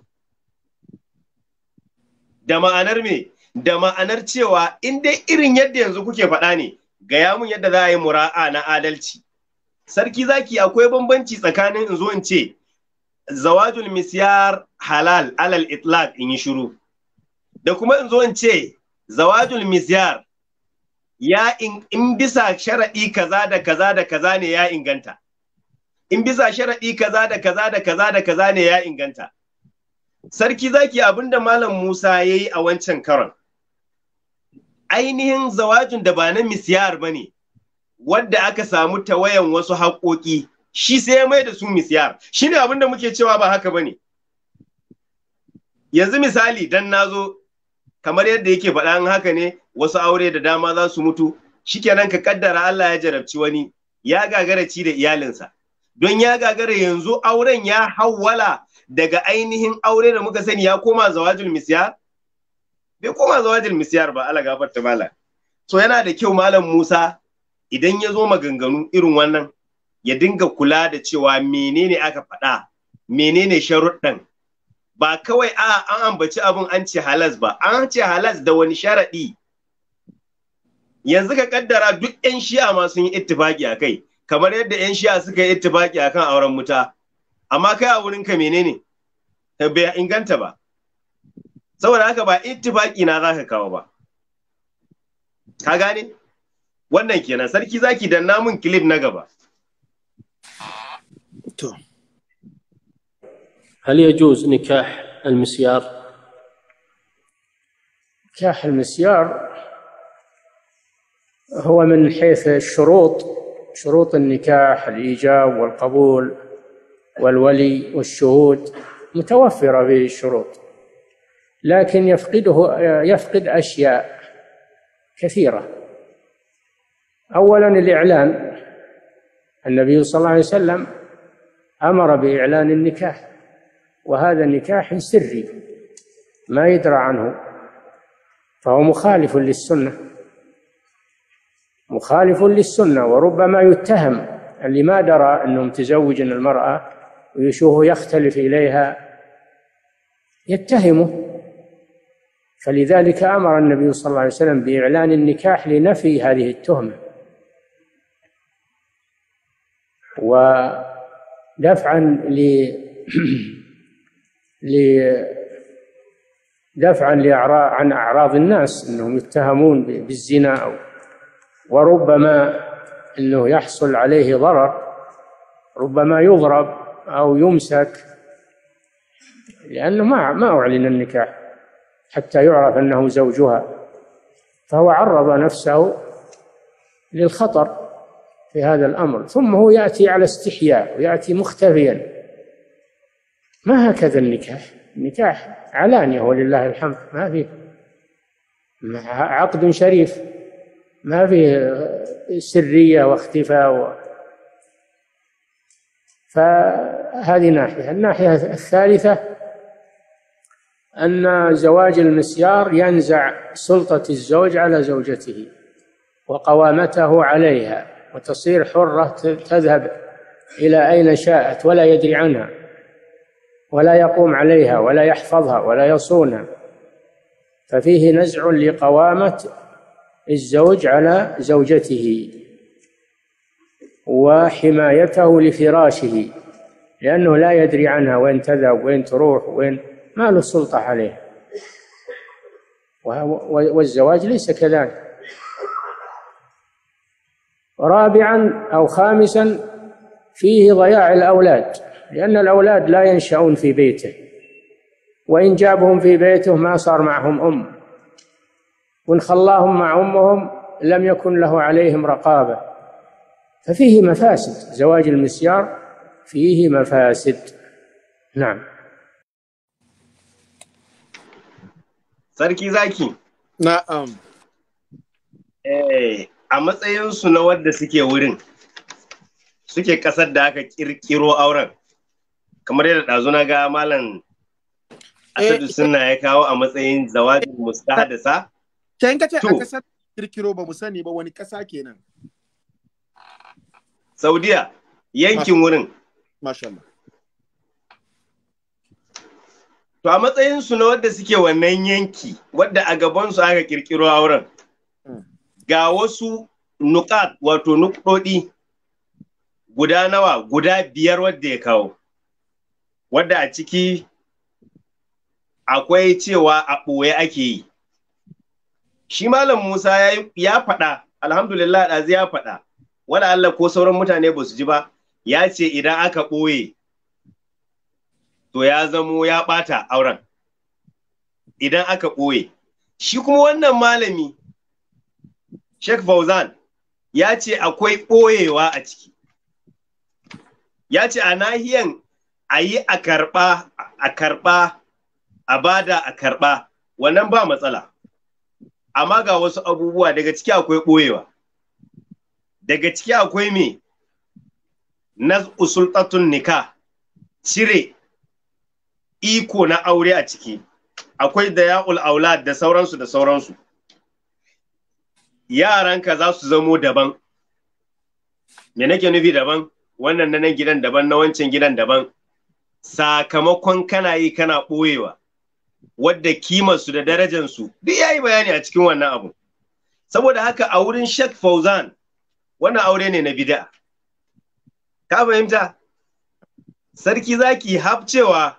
da ma'anar me da ma'anar cewa in dai irin yadda yanzu kuke faɗa ne gaya mun yadda za a yi mura'a na adalci sarki zaki akwai bambanci tsakanin in zo in ce zawajul misyar halal alal itlaq in yi shiru da kuma in zo in ce zawajul misyar ya in, in bisa sharaɗi kaza da kaza da kaza ne ya inganta in bisa sharaɗi kaza da kaza da kaza da kaza ne ya inganta sarki zaki abinda malam Musa ya yi a wancan karon ainihin zawajin da ba na misyar ba ne wadda aka samu tawayan wasu haƙoƙi shi sai ya mai da su Shi shi abin da muke cewa ba haka ba ne. yanzu misali dan nazo kamar yadda yake faɗa an haka ne wasu aure da dama za su mutu shi nan ka kaddara Allah ya jarabci wani ya gagara ci da iyalinsa don ya gagara yanzu auren ya hawwala daga ainihin aure da muka sani ya koma zawajul bai koma zawajin misiyar ba gafarta mala so yana da kyau malam musa idan ya zo maganganu irin wannan ya dinga kula da cewa menene aka faɗa menene sharuɗan ba kawai a an ambaci abin an ce halas ba an ce halas da wani sharaɗi yanzu ka kaddara duk 'yan shi'a ma sun yi ittifaki a kai kamar yadda 'yan shi'a suka yi ittifaki a kan auren muta. amma kai a wurin ka menene eh, bai inganta ba saboda haka ba ittifaki na zaka kawo ba ka gane wannan kenan sarki zaki danna mun clip na gaba نكحته هل يجوز نكاح المسيار نكاح المسيار هو من حيث الشروط شروط النكاح الإيجاب والقبول والولي والشهود متوفرة به الشروط لكن يفقده يفقد أشياء كثيرة أولا الإعلان النبي صلى الله عليه وسلم امر باعلان النكاح وهذا النكاح سري ما يدرى عنه فهو مخالف للسنه مخالف للسنه وربما يتهم اللي ما درى انهم تزوجن المراه ويشوه يختلف اليها يتهمه فلذلك امر النبي صلى الله عليه وسلم باعلان النكاح لنفي هذه التهمه و دفعا ل ل دفعا لأعراض عن أعراض الناس أنهم يتهمون بالزنا أو وربما أنه يحصل عليه ضرر ربما يضرب أو يمسك لأنه ما ما أعلن النكاح حتى يعرف أنه زوجها فهو عرض نفسه للخطر في هذا الأمر ثم هو يأتي على استحياء ويأتي مختفيا ما هكذا النكاح النكاح علانية ولله الحمد ما فيه عقد شريف ما فيه سرية واختفاء و... فهذه ناحية الناحية الثالثة أن زواج المسيار ينزع سلطة الزوج على زوجته وقوامته عليها وتصير حرة تذهب إلى أين شاءت ولا يدري عنها ولا يقوم عليها ولا يحفظها ولا يصونها ففيه نزع لقوامة الزوج على زوجته وحمايته لفراشه لأنه لا يدري عنها وين تذهب وين تروح وين ما له سلطة عليها والزواج ليس كذلك رابعا أو خامسا فيه ضياع الأولاد لأن الأولاد لا ينشأون في بيته وإن جابهم في بيته ما صار معهم أم وإن خلاهم مع أمهم لم يكن له عليهم رقابة ففيه مفاسد زواج المسيار فيه مفاسد نعم سركي زاكي نعم Eh, a matsayinsu na wadda suke wurin suke kasar da aka kirkiro auren kamar yadda ɗazu na ga malam asadu eh, suna ya kawo a matsayin zawajin mustahadasa can kace a kasar kirkiro ba mu sani ba wani kasa kenan saudiya yankin wurin to a matsayinsu na wadda suke wannan yanki wadda a gabansu aka kirkiro auren ga wasu nukat wato nukdodi guda nawa guda biyar wadda ya kawo wadda a ciki akwai cewa a ɓoye ake yi shi malam musa ya faɗa alhamdulillah ɗazi ya faɗa wala Allah ko sauran mutane ba su ji ba ya ce idan aka ɓoye to ya zamo ya ɓata auren idan aka ɓoye shi kuma wannan malami Sheikh Fauzan ya ce akwai ɓoyewa a ciki. Ya ce a nahiyan a yi a karɓa, a karɓa, a bada a karɓa, wannan ba matsala. Amma ga wasu abubuwa daga ciki akwai ɓoyewa. Daga ciki akwai me? Na usultatun nika, cire iko na aure a ciki. Akwai da ya'ul aulad da sauransu da sauransu. yaranka za su zamo daban me nake nufi daban wannan na nan gidan daban na wancan gidan daban sakamakon kana yi kana ɓoyewa wadda kimarsu da darajansu duk yayi bayani a cikin wannan abu saboda haka a wurin Sheikh Fauzan wannan aure ne na bid'a ka fahimta sarki zaki hafcewa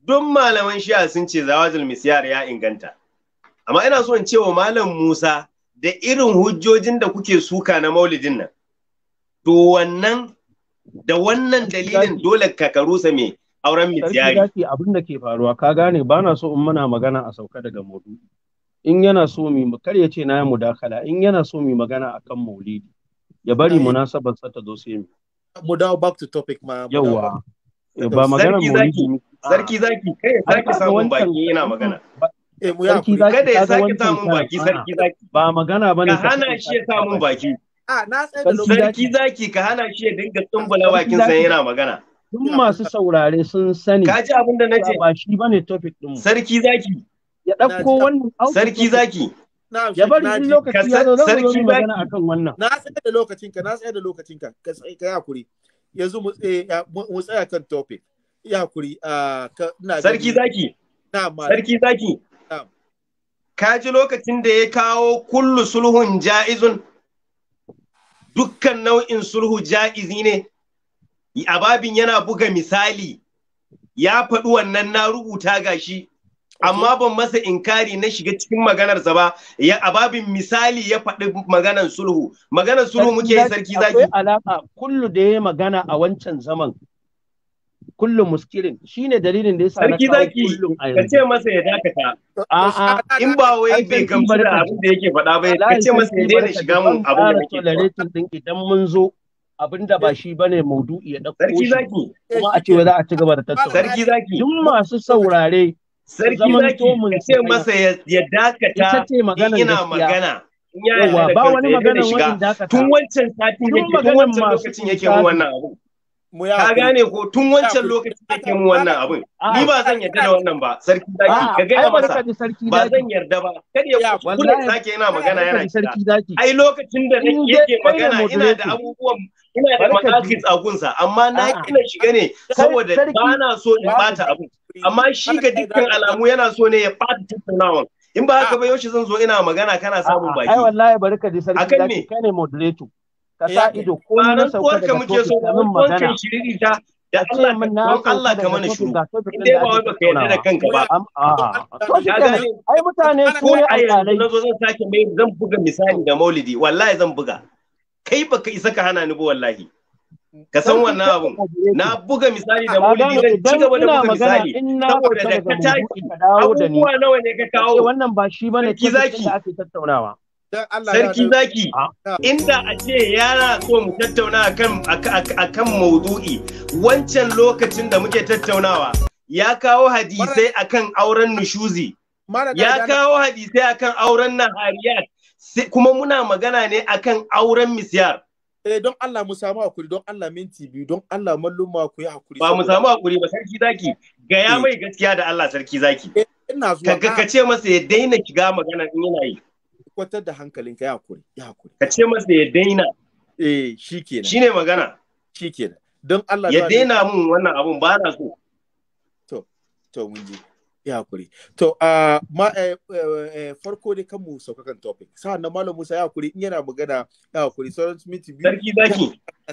duk malaman shi'a sun ce zawajul misyar ya inganta amma ina so in ce wa malam Musa da irin hujjojin da kuke suka na maulidin nan to wannan da wannan dalilin dole ka karusa me auren mitiyari abin da ke faruwa ka gane ba na so in muna magana a sauka daga maudu in yana so mu kar ya ce na ya mudakala in yana so mu magana akan maulidi ya bari munasabar sa ta zo sai mi. mu dawo back to topic ma yawa eh, ba magana maulidi sarki zaki kai zaki samu baki yana magana Eh, sarki zaki kada ya sake samun baki sarki zaki ba magana bane ka hana shi ya samun baki a na sarki zaki ka hana shi ya dinga tsumbula bakin sa yana magana duk masu saurare sun sani ka ji abin da nace ba shi bane topic din sarki zaki ya dauko wannan sarki zaki ya bari shi lokaci ya zo sarki magana akan wannan na tsaya da lokacin na tsaya da lokacin ka ka tsaya yanzu eh, mu tsaya kan topic ya hakuri ah, sarki zaki sarki zaki ka ji lokacin da ya kawo kullu sulhun ja'izun dukkan nau'in sulhu ja'izi ne a yana buga misali ya faɗi wannan na rubuta ga shi, amma ban masa inkari na shiga cikin maganar ba ya a misali ya faɗi maganar sulhu maganar sulhu muke yi sarki zaki alaka kullu da ya magana a wancan zaman kullum muskirin shine dalilin da yasa sarki zaki ka ce masa ya dakata a'a in ba wai bai gamsu da abin da yake faɗa ba ka ce masa ya daina shiga mun abin da muke faɗa din idan mun zo abin da ba shi bane maudu'i ya dauko sarki zaki kuma a ce za a ci gaba da tattauna sarki zaki duk masu saurare sarki zaki ka ce masa ya dakata ina magana yawa ba wani magana wani dakata tun wancan sati tun wancan lokacin yake wannan abu ka gane ko tun wancan lokaci yake mu wannan abin ni ba zan yarda da wannan ba sarki zaki ka gaya masa ba zan yarda ba kada ya kula sake yana magana yana zaki ai lokacin da yake magana ina da abubuwan ina da makakis a gunsa amma na kina shiga ne saboda ba na so in bata abu. amma shi ga dukkan alamu yana so ne ya bata tattaunawan in ba haka ba yaushe zan zo ina magana kana samun baki ai wallahi barka da sarki zaki kai ne moderator ka sa ido ko na sauka daga muke so mun magana da Allah mun na Allah ka mana shiru indai ba wai baka yarda da kanka ba to shi kenan ai mutane su ne alƙalai nazo zan sake mai zan buga misali da Maulidi wallahi zan buga kai baka isa ka hana ni ba wallahi ka san wannan abun na buga misali da Maulidi zan ci gaba da buga misali saboda da ka taki abubuwa nawa ne ka kawo wannan ba shi bane ke da ake tattaunawa sarki zaki ah. inda a ce yana so mu tattauna akan maudu'i wancan lokacin da muke tattaunawa ya kawo hadisai akan auren nushuzi ya kawo hadisai akan auren nahariyat kuma muna magana ne akan auren misyar eh don Allah mu samu hakuri don Allah minti biyu don Allah malluma ku yi hakuri ba mu samu hakuri ba sarki zaki ga ya eh. mai gaskiya da Allah sarki zaki eh, ina zuwa ka ce masa ya daina shiga magana in yana yi kwatar da hankalinka ya kuri ya kuri ka ce masa ya daina eh shikenan shine magana shikenan don Allah ya daina mun wannan abun ba na so to to mun ji ya kuri to a ma eh, eh, eh, farko dai kan mu saukakan topic sa'annan malam Musa ya kuri in yana magana ya hakuri sauran minti biyu sarki zaki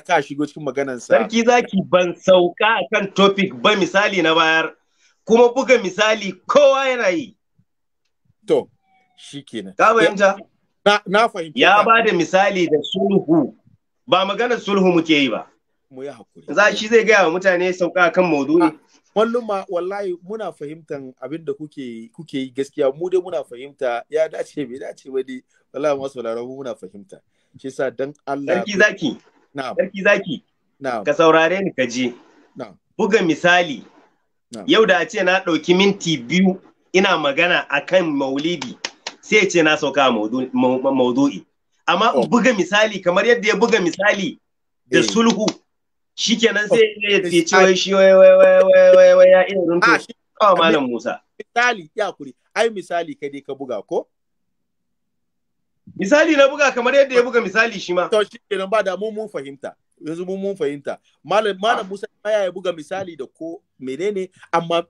ka shigo cikin maganar sa sarki zaki ban sauka kan topic ba misali na bayar kuma buga misali kowa yana yi to shikenan ka fahimta na na fahimta ya ba da misali da sulhu ba magana sulhu muke yi ba mu yi haƙuri. za shi zai gaya wa mutane sauka kan maudu'i wallon ma wallahi muna fahimtan abin da kuke kuke yi gaskiya mu dai muna fahimta ya dace bai dace ba dai wallahi masu mu muna fahimta shi yasa dan Allah sarki zaki na'am sarki zaki na'am ka saurare ni ka je na'am buga misali yau da a ce na ɗauki minti biyu ina magana akan maulidi sai ce na sauka maudu'i amma in oh. buga misali kamar yadda ya buga misali da eh. sulhu shikenan sai oh. ya ce shi wai wai wai wai wai ya iya runto ah, Kawai malam Musa misali ya kuri ai misali kai dai ka buga ko misali na buga kamar yadda ya buga misali shi ma to shikenan ba da mun mun fahimta yanzu mun mun fahimta malam malam Musa ya buga misali da ko menene amma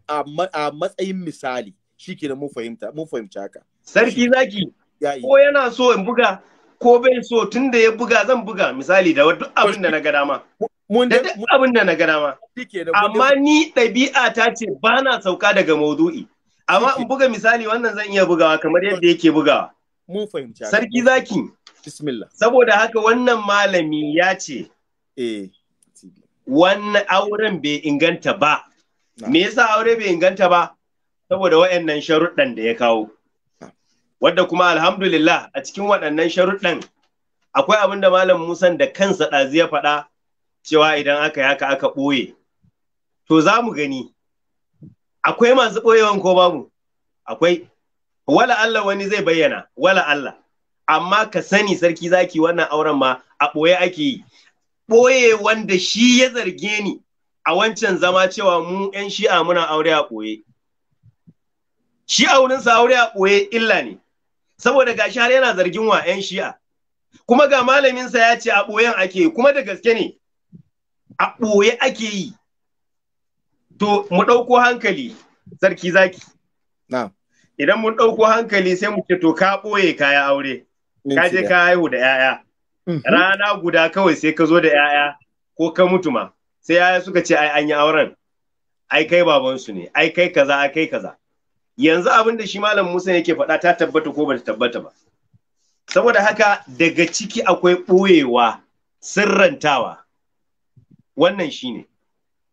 a matsayin misali shikenan mun fahimta mun fahimci haka sarki zaki ko yana so in buga ko bai so tun da ya buga zan buga misali da duk abin da na ga dama da duk abin da na ga dama amma ni ɗabi'a ta ce ba na sauka daga maudu'i amma in buga misali wannan zan iya bugawa kamar yadda yake bugawa sarki zaki saboda haka wannan malami ya ce eh, wannan auren bai inganta ba me yasa aure bai inganta ba saboda waɗannan sharuɗan da ya kawo wadda kuma alhamdulillah a cikin waɗannan sharuɗan akwai abin da malam musan da kansa ɗazi ya faɗa cewa idan aka yaka aka ɓoye to za mu gani akwai masu ɓoyewan ko babu akwai wala Allah wani zai bayyana wala Allah amma ka sani sarki zaki wannan auren ma a ɓoye ake yi ɓoye wanda shi ya zarge ni a wancan zama cewa mu 'yan shi'a muna aure a ɓoye shi a aurinsa aure a ɓoye illa ne saboda gashi har yana zargin wa 'yan shi'a kuma ga malaminsa ya ce a ɓoyen ake kuma da gaske ne a ɓoye ake yi to mu ɗauko hankali sarki zaki idan mun ɗauko hankali sai mu ce to ka ɓoye kaya aure ka je ka haihu da 'ya'ya mhm. rana guda kawai sai ka zo da 'ya'ya ko ka mutu ma sai 'ya'ya suka ce ai an yi auren ai kai babansu ne ai kai kaza ai kai kaza yanzu abin da shi malam Musa yake faɗa ta tabbata ko bata tabbata ba saboda haka daga ciki akwai ɓoyewa sirrantawa wannan shine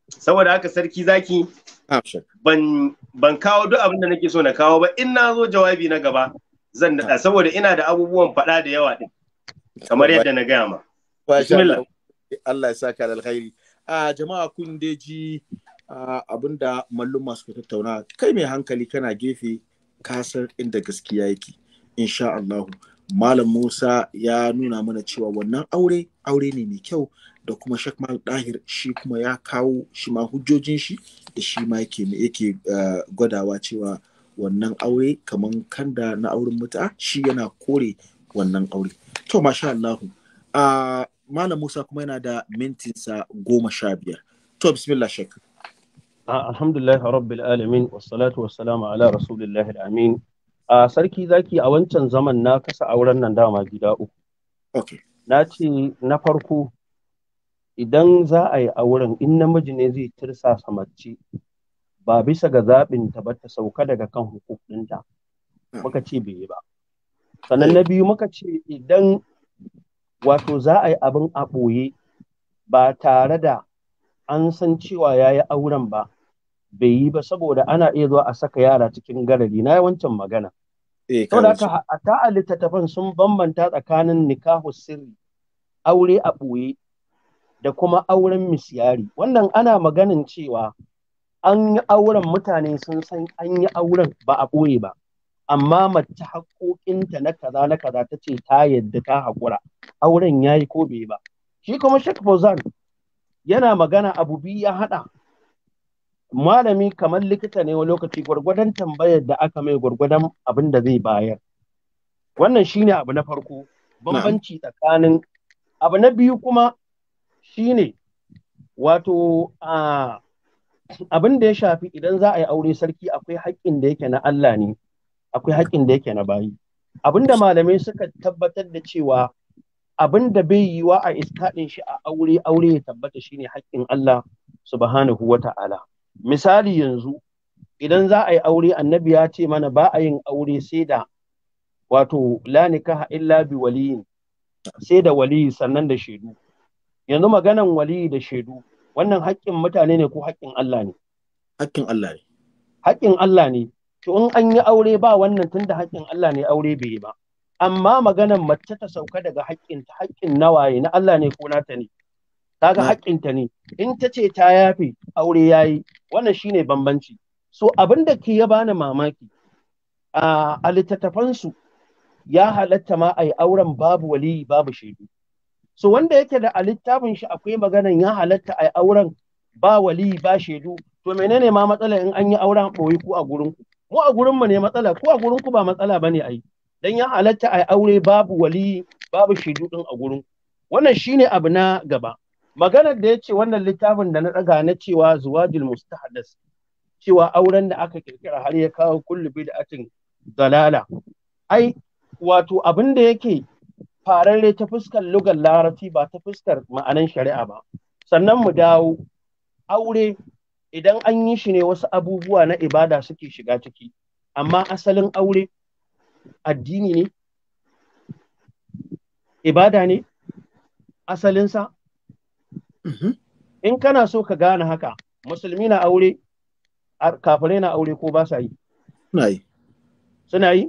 saboda haka sarki zaki ban ban kawo duk abin da nake so na kawo ba in na zo jawabi na gaba zan daɗa saboda ina da abubuwan faɗa da yawa ɗin kamar yadda na gaya ma Allah ya saka alkhairi a ah, jama'a kun dai ji abin da malluma suka tattauna kai mai hankali kana gefe kasar inda gaskiya yake insha Allahu Malam Musa ya nuna mana cewa wannan aure aure ne mai kyau da kuma Sheikh Dahir shi kuma ya kawo shi ma hujjojin shi da shi ma yake yake gwadawa cewa wannan aure kamar kanda na auren muta shi yana kore wannan aure. To masha Allahu Malam Musa kuma yana da mintinsa goma sha biyar. To bismillah Ah, alhamdulillah rabbil alamin wassalatu wassalamu ala rasulillahi alamin. A ah, sarki zaki a wancan zaman na kasa auren nan dama gida uku. Okay. Na ce na farko idan za a yi auren in namiji ne zai sa mace ba bisa ga zaɓin ta ba ta sauka daga kan hukukinta. Hmm. Muka ce bai yi ba. Sannan na biyu muka ce idan wato za a yi abin a ɓoye ba tare da an san cewa ya yi auren ba bai yi ba saboda ana iya zuwa a saka yara cikin garari na yawancin magana eh, saboda haka hatta a littattafan sun bambanta tsakanin nikahu sirri aure a ɓoye da kuma auren misiyari. wannan ana maganin cewa an yi auren mutane sun san an yi auren ba a ɓoye ba amma mace haƙoƙinta na kaza na kaza ta ce ta yadda ta haƙura auren ya yi ko bai ba shi kuma Sheikh Fauzan yana magana abu biyu ya haɗa malami kamar likita ne wani lokaci gwargwadon tambayar da aka mai gwargwadon abin da zai bayar wannan shine abu na farko bambanci tsakanin abu na biyu kuma shine wato abin da ya shafi idan za a yi aure sarki akwai haƙƙin da yake na Allah ne akwai haƙƙin da yake na bayi abin da malamai suka tabbatar da cewa abin da bai yiwa a iskaɗin shi a aure aure ya tabbata shine haƙƙin Allah subhanahu wa ta'ala misali yanzu idan za a yi aure annabi ya ce mana ba a yin aure sai da wato la nikaha illa bi waliyin sai da waliyi sannan da shaidu yanzu maganan waliyi da shaidu wannan haƙƙin mutane ne ko haƙƙin Allah ne haƙƙin Allah ne haƙƙin Allah ne to in an yi aure ba wannan tunda haƙƙin Allah ne aure bai yi ba amma maganan mace ta sauka daga haƙƙin ta haƙƙin nawaye na Allah ne ko nata ne kaga haƙƙin ta ne in ta ce ta yafe aure yayi wannan shine bambanci so abin da ke ya bani mamaki a littattafansu ya halatta ma a auren babu waliyi babu shaidu so wanda yake da a littafin shi akwai maganan ya halatta a auren ba waliyi ba shaidu to menene ma matsala in an yi auren ɓoyi ko a gurin ku mu a gurin mu ne matsala ko a gurin ku ba matsala bane ai dan ya halatta a aure babu waliyi babu shaidu din a gurin wannan shine abu na gaba maganar da ya ce wannan littafin da na daga na cewa zuwajil mustahdas cewa auren da aka kirkira har ya kawo kullu bid'atin dalala ai wato abin da yake fararre ta fuskar lugar larabci ba ta fuskar ma'anan shari'a ba sannan mu dawo aure idan an yi shi ne wasu abubuwa na ibada suke shiga ciki amma asalin aure addini ne ibada ne asalinsa Mm-hmm. in kana so ka gane haka musulmi na aure kafire na aure ko ba sa yi suna yi suna yi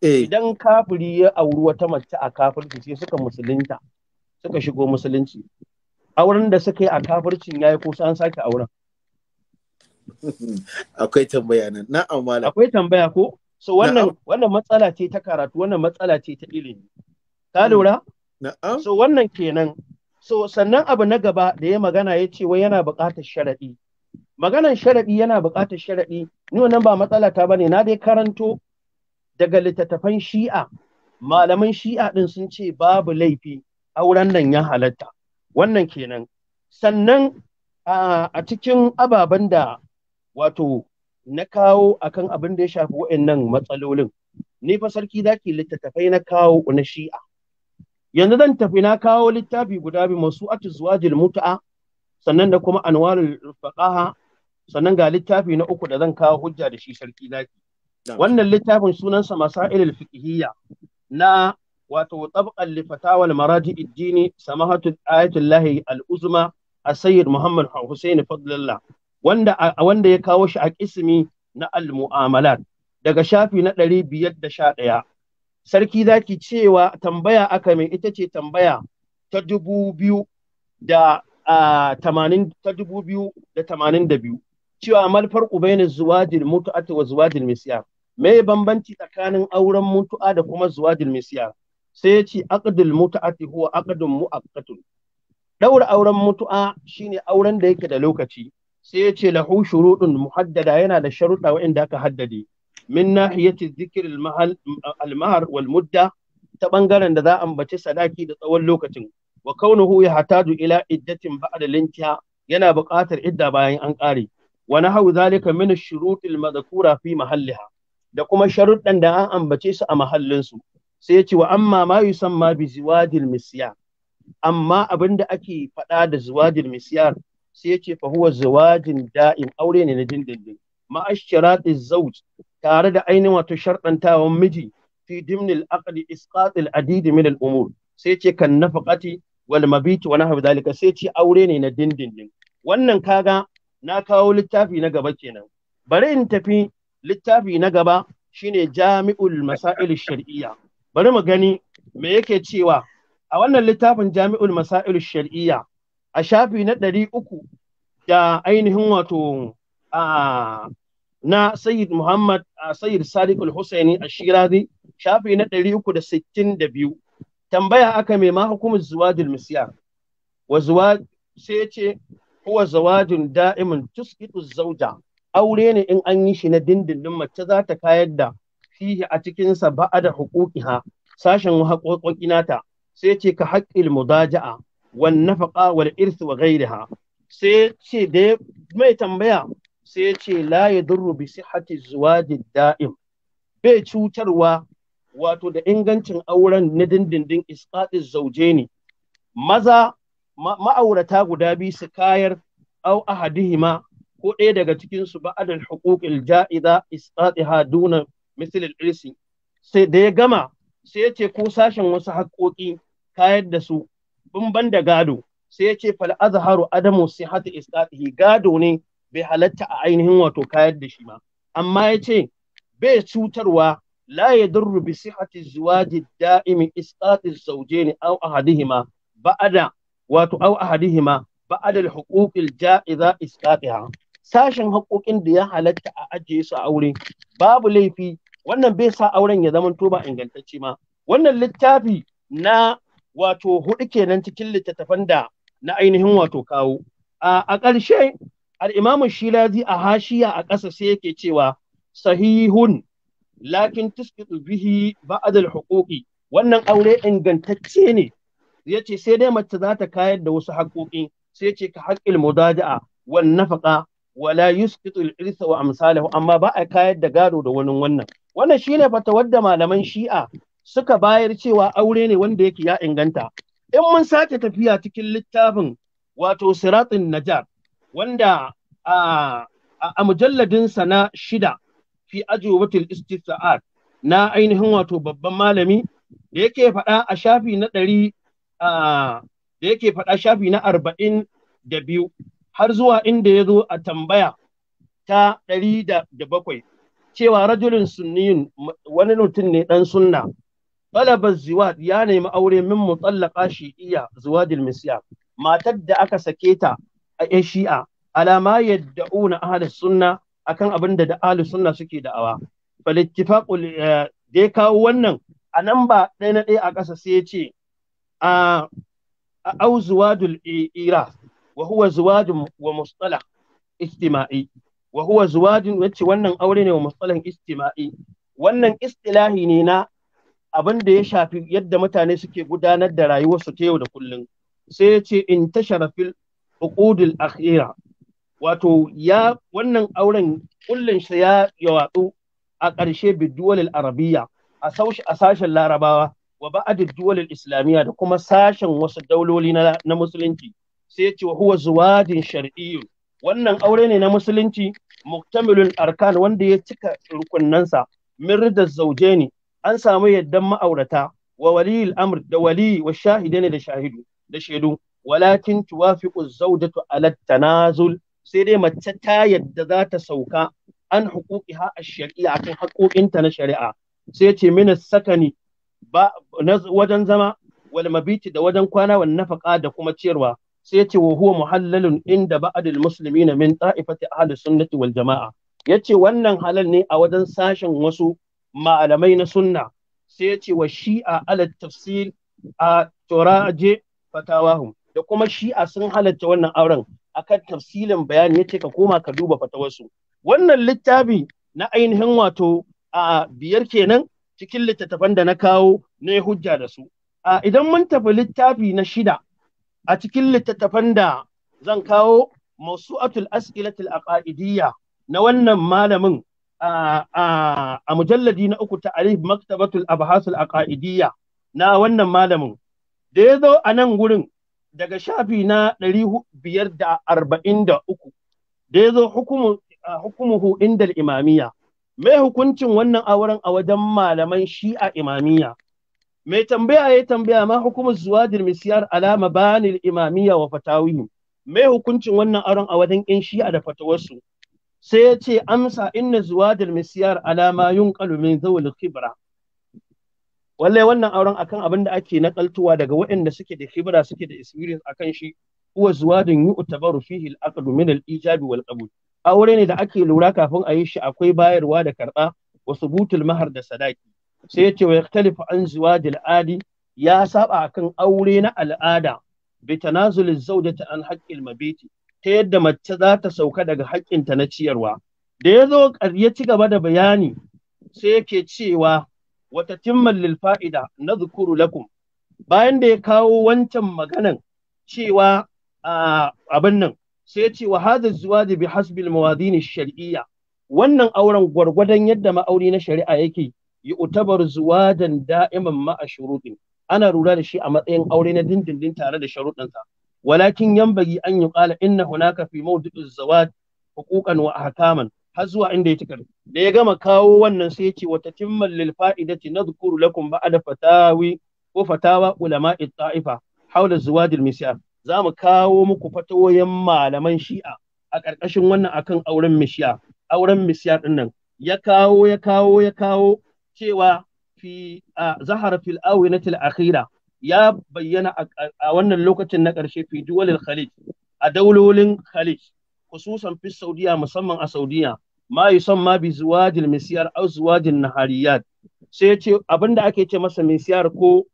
eh. idan kafiri ya auri wata mace a kafirci sai suka musulunta suka shigo musulunci auren da suka yi a kafircin ya yi ko an sake auren akwai tambaya nan na amala akwai tambaya ko so wannan wannan matsala ce ta karatu wannan matsala ce ta ilimi ka lura na'am so wannan kenan So sannan abu na gaba da ya magana ya ce wai yana buƙatar sharaɗi. Maganan sharaɗi yana buƙatar sharaɗi, ni wannan ba matsala ta ba bane na dai karanto daga littattafan shi'a, malaman shi'a ɗin sun ce babu laifi auren nan ya halatta. Wannan kenan. Sannan a cikin ababen da wato na kawo akan abin da ya shafi wa'annan matsalolin. Ni fa sarki zaki littattafai na kawo na shi'a. yanzu zan tafi na kawo littafi guda biyu masu atu zuwajil mutu'a, sannan da kuma anwarul faqaha sannan ga littafi na uku da zan kawo hujja da shi sarki zaki wannan littafin sunansa masailul fiqhiyya na wato tabqan li fatawal maraji'id dini samahatu ayatullahi al-uzma السيد Muhammad حسين فضل الله wanda wanda ya kawo shi a kismi na al-mu'amalat daga shafi na ɗari biyar da sha ɗaya sarki zaki cewa tambaya aka mai ita ce tambaya ta dubu biyu da tamanin ta dubu biyu da tamanin da biyu cewa malfar farqu baina zuwadil mutu'ati wa zuwadil misyar me bambanci tsakanin auren mutu'a da kuma zuwadil misyar sai ya ce aqdul mutu'ati huwa aqdun mu'aqqatun daura auren mutu'a shine auren da yake da lokaci sai ya ce lahu shurudun muhaddada yana da sharuɗa wa'inda aka haddade min nahiyati dhikr al-mahar wal mudda ta ɓangaren da za a ambaci sadaki da tsawon lokacin wa kaunuhu ya hataju ila iddatin ba'da yana buƙatar idda bayan an ƙare wa nahawu zalika min shuruɗin shurutil madhkura fi mahalliha da kuma sharuɗan da an ambace su a mahallin su sai yace wa amma ma yusamma bi ziwadil misyar amma abin da ake faɗa da ziwadil misyar sai yace fa huwa zawajin da'im aure ne na dindindin ma'ashirati zauj tare da ainihin wato sharɗantawan miji fi dimnil aqli isqatil adidi min al umur sai ce kan nafaqati wal mabit wa nahwa dalika sai ce aure ne na dindindin wannan kaga na kawo littafi na gaba kenan bari in tafi littafi na gaba shine jami'ul masail shar'iyya bari mu gani me yake cewa a wannan littafin jami'ul masail shar'iyya a shafi na ɗari uku da ainihin wato a na Sayyid Muhammad a Sayyid Sadiq al-Husaini al-Shirazi shafi na 362 tambaya aka mai ma hukumar zuwajul misya wa zuwa sai ya ce huwa zawajun da'imun tusqitu zauja aure ne in an yi shi na dindindin mace za ta kayar da fihi a cikin sa ba'ada huquqiha sashen haƙoƙoƙi nata sai ce ka haƙƙil mudaja'a wan nafaqa wal irth wa ghayriha sai ce da mai tambaya sai ya ce la yadurru bi sihhati da'im bai cutarwa wato da ingancin auren na dindindin isqati zauje ne maza ma'aurata guda biyu su kayar au ahadihima ko ɗaya daga cikin su ba'adal huquqil ja'iza isqatiha duna misl al-irsi sai da ya gama sai ya ce ko sashen wasu haƙoƙi kayar da su bumban da gado sai ya ce fal azharu adamu sihhati isqatihi gado ne bai halatta a ainihin wato kayar da shi ba amma ya ce bai cutarwa la yadurru bi sihhati zuwaji da'imi isqati zawjaini aw ahadihima ba'ada wato aw ahadihima ba'ada al jaiza isqatiha sashen haƙoƙin da ya halatta a ajiye su aure babu laifi wannan bai sa auren ya zama to ba ingantacce ma wannan littafi na wato hudu kenan cikin littattafan da na ainihin wato kawo a ƙarshe al Shilaji a hashiya a ƙasa sai yake cewa sahihun lakin tusqitu bihi ba'd wannan aure ingantacce ne yace sai dai mace za ta kayar da wasu haƙoƙi sai ce ka haƙƙil mudada'a wan nafaqa wala yusqitu al-irth wa amsalahu amma ba a kayar da gado da wani wannan wannan shine fatawar da malaman shi'a suka bayar cewa aure ne wanda yake ya inganta in mun sake tafiya cikin littafin wato siratin Najar. wanda a mujalladinsa na shida fi ajubatul istisa'ad na ainihin wato babban malami da yake faɗa a shafi na ɗari da yake faɗa shafi na arba'in da biyu har zuwa inda ya zo a tambaya ta ɗari da bakwai cewa rajulin sunniyun wani mutum ne ɗan sunna Ɗalabar ziwad ya nemi aure min mutallaka shi'iya zuwadil misya matar da aka sake ta a yan shi'a alama yadda'una ahlus sunna akan abin da da ahlus sunna suke da'awa bal ittifaqul eh, da ya kawo wannan a nan ba ɗaya na ɗaya a ƙasa sai ya ce a au zuwadul ira wa huwa zuwadun wa mustala istima'i wa huwa zuwadun wacce wannan aure ne wa mustalah istima'i wannan istilahi ne na abin da ya shafi yadda mutane suke gudanar da rayuwarsu ta yau da kullum sai ya ce in tashara fil uqudul akhira wato ya wannan auren kullun shi ya yawatsu a ƙarshe biduwalil arabiya a a sashen larabawa wa ba'adid duwalil islamiyya da kuma sashen wasu dauloli na, na musulunci sai ce wa huwa zuwadin shar'iyyu wannan aure ne na musulunci muktamilul arkan wanda ya cika rukunnansa min zauje ne an samu yaddan ma'aurata wa waliyil amr da wali wa shahide ne da shahidu da shaidu walakin tuwafiqu zawjatu ala tanazul sai dai mace ta yarda za ta sauka an huquqiha ha'a shari'a akan haƙoƙinta na shari'a sai ce min sakani ba wajen zama wal mabiti da wajen kwana wal nafaqa da kuma ciyarwa sai ce wa huwa muhallalun inda musulmi na min ta'ifati ahli sunnati waljama'a. jama'a yace wannan halal ne a wajen sashen wasu malamai na sunna sai ce wa shi'a ala tafsir a turaje da kuma shi'a sun halatta wannan auren a kan tafsilin bayani yace ka koma ka duba fatawarsu wannan littafi na ainihin wato a biyar kenan cikin littattafan da na kawo na hujja da su a idan mun tafi littafi na shida a cikin littattafan da zan kawo masu'atul as'ilatul aqaidiyya na wannan malamin a mujalladi na uku ta'arif maktabatul abhasul aqaidiyya na wannan malamin da ya zo a nan gurin daga shafi na ɗari biyar da arba'in da uku da ya zo hukumuhu indal imamiya mai hukuncin wannan auren a wajen malaman shi'a imamiya mai tambaya ya tambaya ma hukumar zuwa misiyar alama banil imamiya wa fatawihi mai hukuncin wannan auren a wajen yan shi'a da fatawarsu sai ya ce amsa inna zuwa misiyar alama yun min zawul Wallai wannan auren akan abin da ake nakaltuwa daga waɗanda suke da khibra suke da experience akan shi huwa zuwadun yu'tabaru fihi al-aqdu min al-ijabi wal qabul aure ne da ake lura kafin a yi shi akwai bayarwa da karɓa wa subutul mahar da sadaki sai yace wa yaktalifu an zuwadil adi ya saba akan aure na al'ada bi tanazulil zawjati an haqqil mabiti ta yadda mace za ta sauka daga haƙƙinta na ciyarwa da ya zo ya ci gaba da bayani sai yake cewa wata timman lilfa'ida fa'ida nadhkuru lakum bayan da ya kawo wancan maganan cewa abin nan sai ya ce wa hadha zuwaji bi hasbil mawadin shar'iyya wannan auren gwargwadon yadda ma'auri na shari'a yake yi utabar da da'iman ma'a shuruɗin ana lura da shi a matsayin aure na dindindin tare da sharuɗinsa walakin yanbaghi an yi yuqala inna hunaka fi mawdi'iz zawaj huquqan wa ahkaman har zuwa inda ya tikar da ya gama kawo wannan sai ya ce wata timmal lil fa'idati nadhkuru lakum ba'da fatawi ko fatawa ulama'i ta'ifa haula zuwadil misya za mu kawo muku fatawoyin malaman shi'a a ƙarƙashin wannan akan auren misya auren misya din nan ya kawo ya kawo ya kawo cewa fi zahara fil awinatil akhira ya bayyana a wannan lokacin na ƙarshe fi duwalil khalid a daulolin khalid khususan fi saudiya musamman a saudiya ma yusamma bi zuwajil misyar aw zuwajin nahariyat sai ya ce abinda ake ce masa misyar ko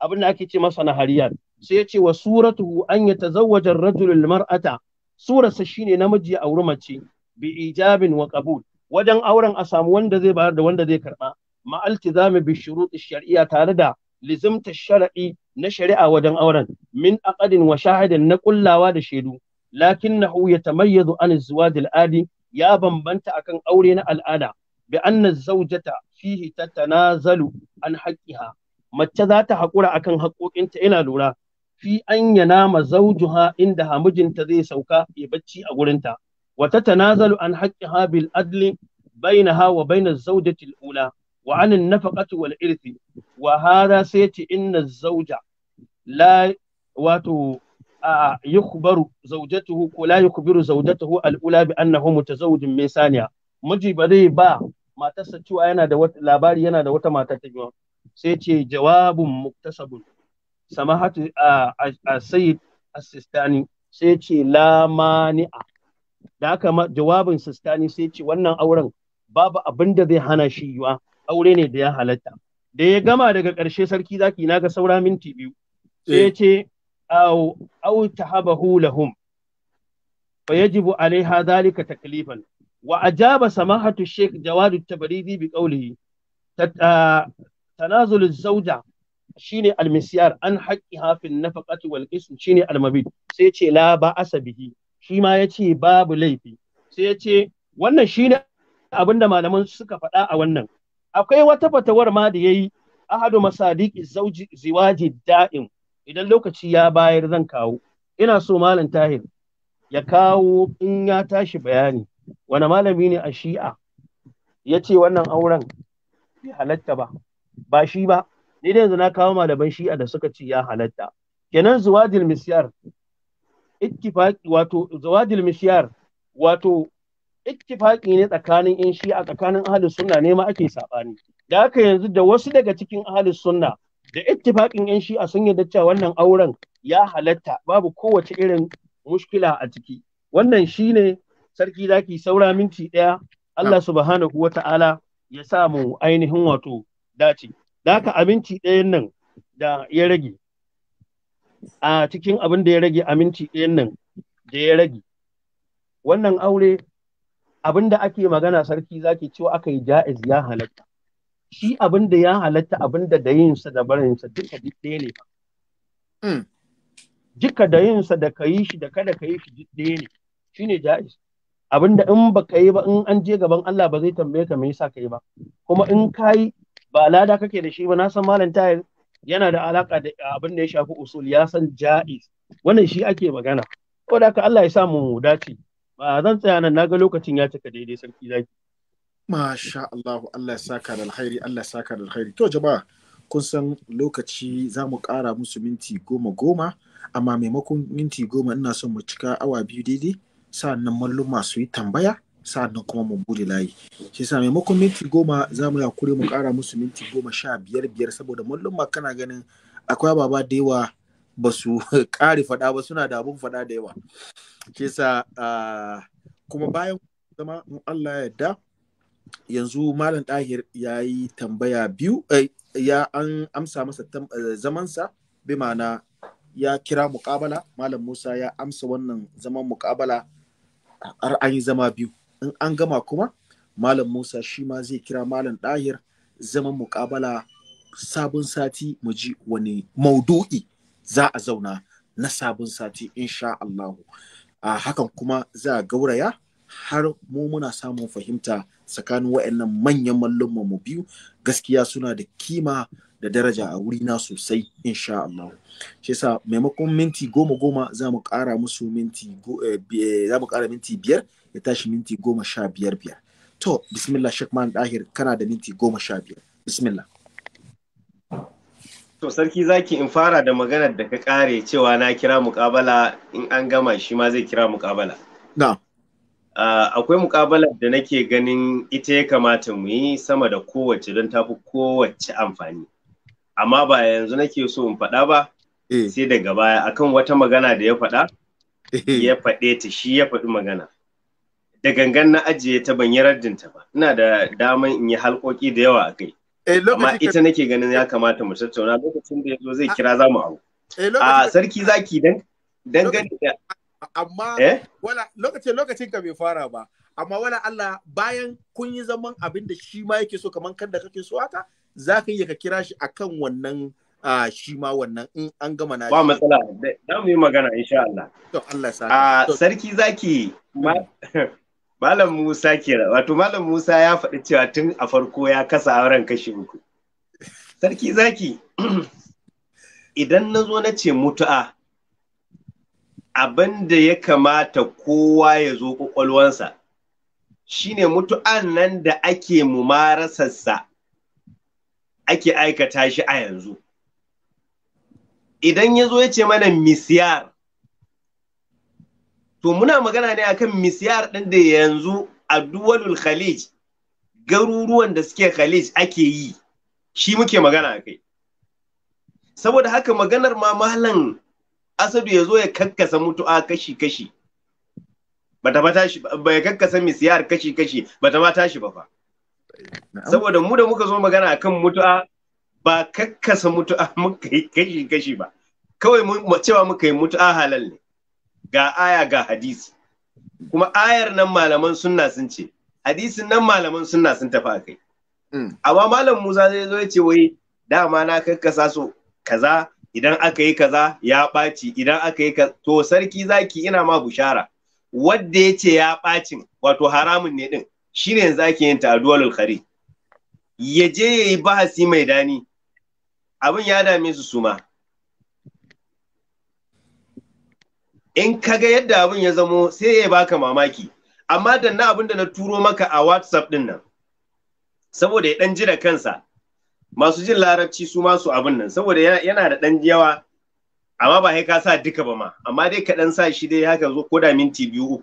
abinda ake ce masa nahariyat sai ya ce wa suratuhu an yatazawwaja ar-rajul al-mar'ata surarsa shine namiji a wurin mace bi ijabin wa qabul wajen auren a samu wanda zai bayar da wanda zai karba ma altizami bi shurut shari'a tare da lizimta shar'i na shari'a wajen auren min aqadin wa shahidin na kullawa da shaidu lakinnahu yatamayyazu an zuwaj al-adi ya bambanta akan aure na al'ada bi anna zawjata fihi tatanazalu an haqqiha mace za ta haƙura akan haƙoƙinta ina lura fi an ma zaujuha inda hamijinta mijinta zai sauka ya bacci a gurinta wa tatanazalu an haqqiha bil adli bainaha wa baina az al-ula wa anan an-nafaqati wal irthi wa sai sayati inna az la wato yukhbaru zawjatuhu ko la yukhbiru zawjatuhu al-ula bi annahu mutazawwijun min saniya miji ba zai ba matarsa cewa yana da wata labari yana da wata mata ta biyu sai ce jawabun muktasabun samahatu a sayyid as-sistani sai ce la mani'a da haka jawabin sistani sai ce wannan auren babu abin da zai hana shi yiwa aure ne da ya halatta da ya gama daga ƙarshe sarki zaki na ga saura minti biyu sai ya ce أو أو تهبه لهم فيجب عليها ذلك تكليفا وأجاب سماحة الشيخ جواد التبريدي بقوله تنازل الزوجة شيني المسيار أن حقها في النفقة والقسم شيني المبيد سيتي لا بأس به شيما يتي باب ليفي سيتي wannan shine abin da malaman suka faɗa a wannan akwai wata fatawar ma da yayi ahadu masadiki zauji ziwaji da'in idan lokaci ya bayar zan kawo ina so malam tahir ya kawo in ya tashi bayani wani malami ne a shi'a ya ce wannan auren ya halatta ba ba shi ba ni da yanzu na kawo malaman shi'a da suka ce ya halatta kenan zuwadil misyar ittifaqi wato zuwadil misyar wato ittifaqi ne tsakanin in shi'a tsakanin ahlus sunna ne ma ake saɓani. da haka yanzu da wasu daga cikin ahlus sunna da ittifaƙin yan shi'a sun yarda cewa wannan auren ya halatta babu kowace irin mushkila a ciki wannan shine sarki zaki saura minti ɗaya Allah subhanahu wa ta'ala ya sa mu ainihin wato dace da haka aminci ɗayan nan da ya rage a cikin abin da ya rage aminci ɗayan nan da ya rage wannan aure abin da ake magana sarki zaki cewa aka yi ja'iz ya halatta shi abin da ya halatta abin da da yinsa da barinsa duka duk ɗaya ne hmm. Duka da yinsa da ka yi shi da kada ka yi shi duk ɗaya ne Shine ja'iz. Abin da in ba ka yi ba in an je gaban Allah ba zai tambaye ka me yasa ka yi ba. Kuma in ka yi ba lada kake da shi ba na san malam tayar yana da alaka da abin da ya shafi usul ya san ja'iz. Wannan shi ake magana. Ko da ka Allah ya sa mu dace. Ba zan tsaya nan na ga lokacin ya cika daidai sarki zaki. Masha Allahu Allah saka da alkhairi Allah saka da alkhairi to jama'a kun san lokaci za mu ƙara musu minti goma goma amma maimakon minti goma ina son mu cika awa biyu daidai nan mallum masu yi tambaya nan kuma mu bude layi shi sa maimakon minti goma za mu yakure mu ƙara musu minti goma sha biyar biyar saboda malluma kana ganin akwai baba da yawa ba su ƙari faɗa ba suna da abun faɗa da yawa shi sa ah, kuma bayan zama in Allah ya yarda yanzu malam ɗahir ya yi tambaya biyu eh, ya an amsa masa eh, zamansa bi ma'ana ya kira muƙabala malam musa ya amsa wannan zaman muƙabala har an yi zama biyu in an gama kuma malam musa shi ma zai kira malam ɗahir zaman muƙabala sabon sati mu ji wani maudu'i za a zauna na sabon sati insha Allahu. hakan kuma za a gauraya har mu muna samun fahimta tsakanin waɗannan manyan mallon mu biyu gaskiya suna da kima da daraja a wurina sosai insha Allah shi yasa maimakon minti goma goma za mu ƙara musu minti eh, eh, za mu ƙara minti biyar ya tashi minti goma sha biyar biyar to bismillah Man dahir kana da minti goma sha biyar bismillah To sarki zaki in fara da maganar da ka kare cewa na kira mukabala in an gama shi ma zai kira mukabala. Na'am. Ah, akwai mukabalar da nake ganin ita ya kamata mu yi sama da kowace don tafi kowace amfani amma ba yanzu nake so in faɗa ba eh. sai daga baya akan wata magana da ya faɗa eh. ya faɗe ta shi ya faɗi magana da gangan na ajiye ta ban yi raddinta ba ina da daman in yi halkoki da yawa a kai eh, amma ita nake ganin ya kamata mu tattauna lokacin da ya zo zai ah. kira za mu hau ah, a sarki zaki dan gani da amma eh? wala lokacin lokacin ka bai fara ba amma wala Allah bayan kun yi zaman abin da shi ma yake so kamar kan da kake so haka za ka iya ka kira shi akan wannan shi ma wannan in an gama na ba matsala da mu yi magana insha Allah to Allah ya sa sarki zaki Malam Musa ke wato Malam Musa ya faɗi cewa tun a farko ya kasa auren kashi uku. Sarki zaki idan na zo na ce mutu'a abin da ya kamata kowa ya zo ƙwaƙwalwansa shine mutu'an nan da ake mumarasarsa ake aikata shi a yanzu idan ya zo ya ce mana misiyar to muna magana ne akan misiyar ɗin da yanzu a duwalul khalij garuruwan da suke khalij ake yi shi muke magana a kai saboda haka maganar ma malam asadu ya zo ya kakkasa mutu'a kashi-kashi bata ba tashi ba ya kakkasa misiyar kashi-kashi bata ma tashi ba fa saboda mu da muka zo magana akan mutu'a ba kakkasa mutu'a muka yi kashi-kashi ba kawai cewa muka yi mutu'a halal ne ga aya ga hadisi kuma ayar nan malaman sunna sun ce hadisin nan malaman sunna sun tafi a kai mm. amma malam Musa zai zo ya ce wai dama na kakkasa su kaza idan aka yi kaza ya ɓaci idan aka yi kaza to sarki zaki ina ma bushara wadda ya ce ya ɓacin wato haramun ne ɗin shi ne yanzu ake yin ta'adduwalul khari ya je ya yi bahasi mai dani abin ya dame su suma in ka ga yadda abin ya zamo sai ya baka mamaki amma danna abin da na turo maka a whatsapp ɗin nan saboda ya ɗan ji da kansa masu jin larabci su ma su abin nan saboda yana da dan jiyawa amma ba sai ka sa duka ba ma amma dai ka dan sa shi dai haka zo koda minti biyu uku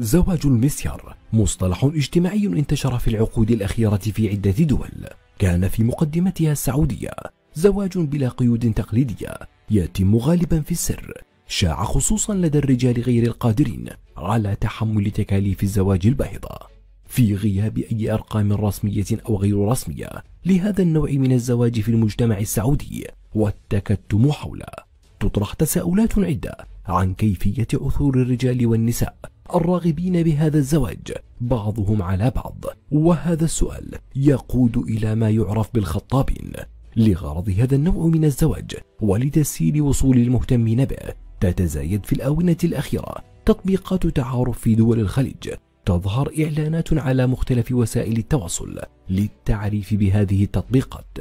زواج المسيار مصطلح اجتماعي انتشر في العقود الأخيرة في عدة دول كان في مقدمتها السعودية زواج بلا قيود تقليدية يتم غالبا في السر شاع خصوصا لدى الرجال غير القادرين على تحمل تكاليف الزواج الباهظة في غياب أي أرقام رسمية أو غير رسمية لهذا النوع من الزواج في المجتمع السعودي والتكتم حوله تطرح تساؤلات عدة عن كيفية عثور الرجال والنساء الراغبين بهذا الزواج بعضهم على بعض وهذا السؤال يقود إلى ما يعرف بالخطابين لغرض هذا النوع من الزواج ولتسهيل وصول المهتمين به تتزايد في الآونة الأخيرة تطبيقات تعارف في دول الخليج تظهر إعلانات على مختلف وسائل التواصل للتعريف بهذه التطبيقات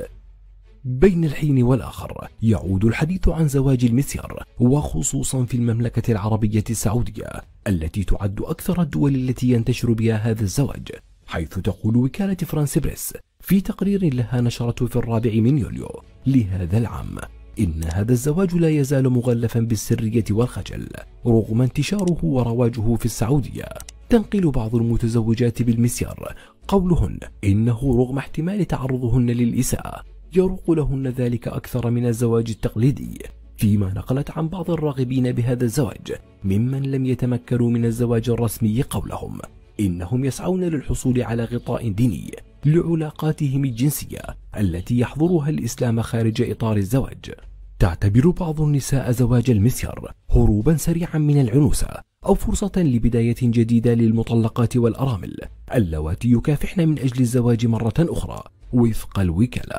بين الحين والآخر يعود الحديث عن زواج المسيار وخصوصا في المملكة العربية السعودية التي تعد أكثر الدول التي ينتشر بها هذا الزواج حيث تقول وكالة فرانس بريس في تقرير لها نشرته في الرابع من يوليو لهذا العام إن هذا الزواج لا يزال مغلفا بالسرية والخجل رغم انتشاره ورواجه في السعودية تنقل بعض المتزوجات بالمسيار قولهن إنه رغم احتمال تعرضهن للإساءة يروق لهن ذلك أكثر من الزواج التقليدي فيما نقلت عن بعض الراغبين بهذا الزواج ممن لم يتمكنوا من الزواج الرسمي قولهم إنهم يسعون للحصول على غطاء ديني لعلاقاتهم الجنسية التي يحظرها الإسلام خارج إطار الزواج تعتبر بعض النساء زواج المسير هروبا سريعا من العنوسة أو فرصة لبداية جديدة للمطلقات والأرامل اللواتي يكافحن من أجل الزواج مرة أخرى وفق الوكالة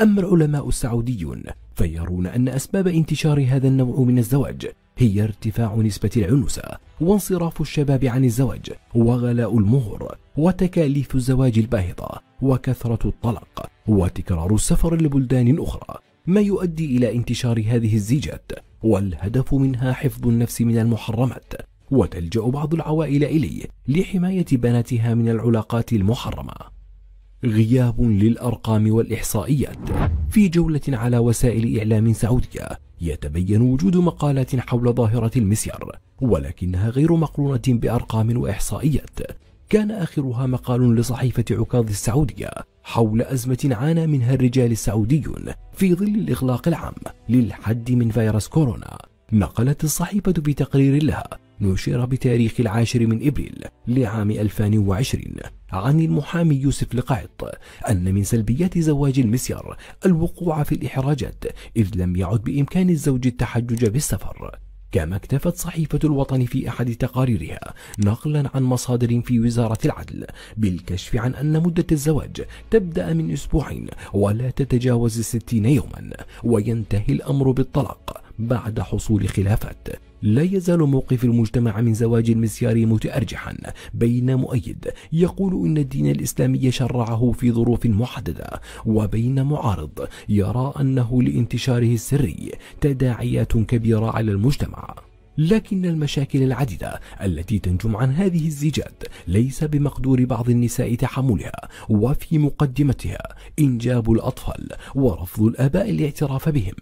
أما العلماء السعوديون فيرون أن أسباب انتشار هذا النوع من الزواج هي ارتفاع نسبة العنوسة وانصراف الشباب عن الزواج وغلاء المهر وتكاليف الزواج الباهظة وكثرة الطلاق وتكرار السفر لبلدان أخرى ما يؤدي إلى انتشار هذه الزيجات والهدف منها حفظ النفس من المحرمات وتلجأ بعض العوائل إليه لحماية بناتها من العلاقات المحرمة غياب للأرقام والإحصائيات في جولة على وسائل إعلام سعودية يتبين وجود مقالات حول ظاهرة المسير ولكنها غير مقرونة بأرقام وإحصائيات كان آخرها مقال لصحيفة عكاظ السعودية حول أزمة عانى منها الرجال السعوديون في ظل الإغلاق العام للحد من فيروس كورونا نقلت الصحيفة بتقرير لها نشر بتاريخ العاشر من إبريل لعام 2020 عن المحامي يوسف لقعط أن من سلبيات زواج المسير الوقوع في الإحراجات إذ لم يعد بإمكان الزوج التحجج بالسفر كما اكتفت صحيفة الوطن في أحد تقاريرها نقلا عن مصادر في وزارة العدل بالكشف عن أن مدة الزواج تبدأ من أسبوعين ولا تتجاوز ستين يوما وينتهي الأمر بالطلاق بعد حصول خلافات لا يزال موقف المجتمع من زواج المسياري متأرجحا بين مؤيد يقول إن الدين الإسلامي شرعه في ظروف محددة وبين معارض يرى أنه لانتشاره السري تداعيات كبيرة على المجتمع لكن المشاكل العديدة التي تنجم عن هذه الزيجات ليس بمقدور بعض النساء تحملها وفي مقدمتها إنجاب الأطفال ورفض الآباء الاعتراف بهم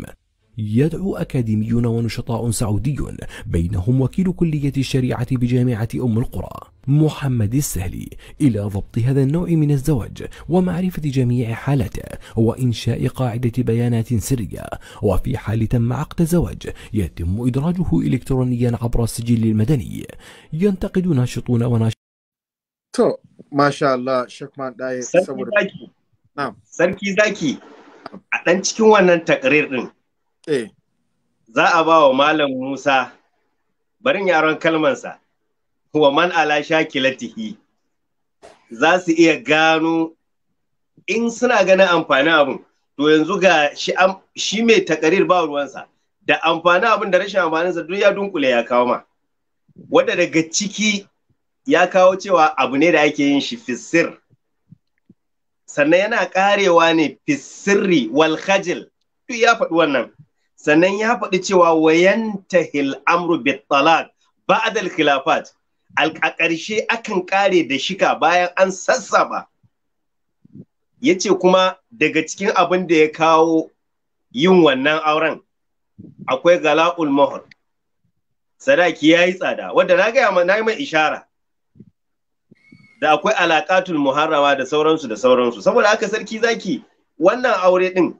يدعو أكاديميون ونشطاء سعوديون بينهم وكيل كلية الشريعة بجامعة أم القرى محمد السهلي إلى ضبط هذا النوع من الزواج ومعرفة جميع حالاته وإنشاء قاعدة بيانات سرية وفي حال تم عقد زواج يتم إدراجه إلكترونيا عبر السجل المدني ينتقد ناشطون وناشطون ما شاء الله شكرا Daye, saboda. زاكي zaki. Na'am. Sarki Eh. za a ba wa Malam Musa barin yaron kalmansa wa man ala shakilatihi za su iya gano in suna ganin amfani abin to yanzu ga shi mai takarir ba ruwansa da amfanin abin da rashin amfaninsa duk ya dunkule ya kawo ma wadda daga ciki ya kawo cewa abu ne da ake yin shi fisir sannan yana karewa ne fisirri wal khajil duk ya faɗi wannan sannan ya faɗi cewa wayanta amru bit talaq al khilafat al ƙarshe akan ƙare da shika bayan an sassaba yace kuma daga cikin abin da ya kawo yin wannan auren akwai gala'ul mahar sadaki ya yi tsada wadda na gaya ma na mai ishara da akwai alaƙatul muharrama da sauransu da sauransu saboda haka sarki zaki wannan aure ɗin.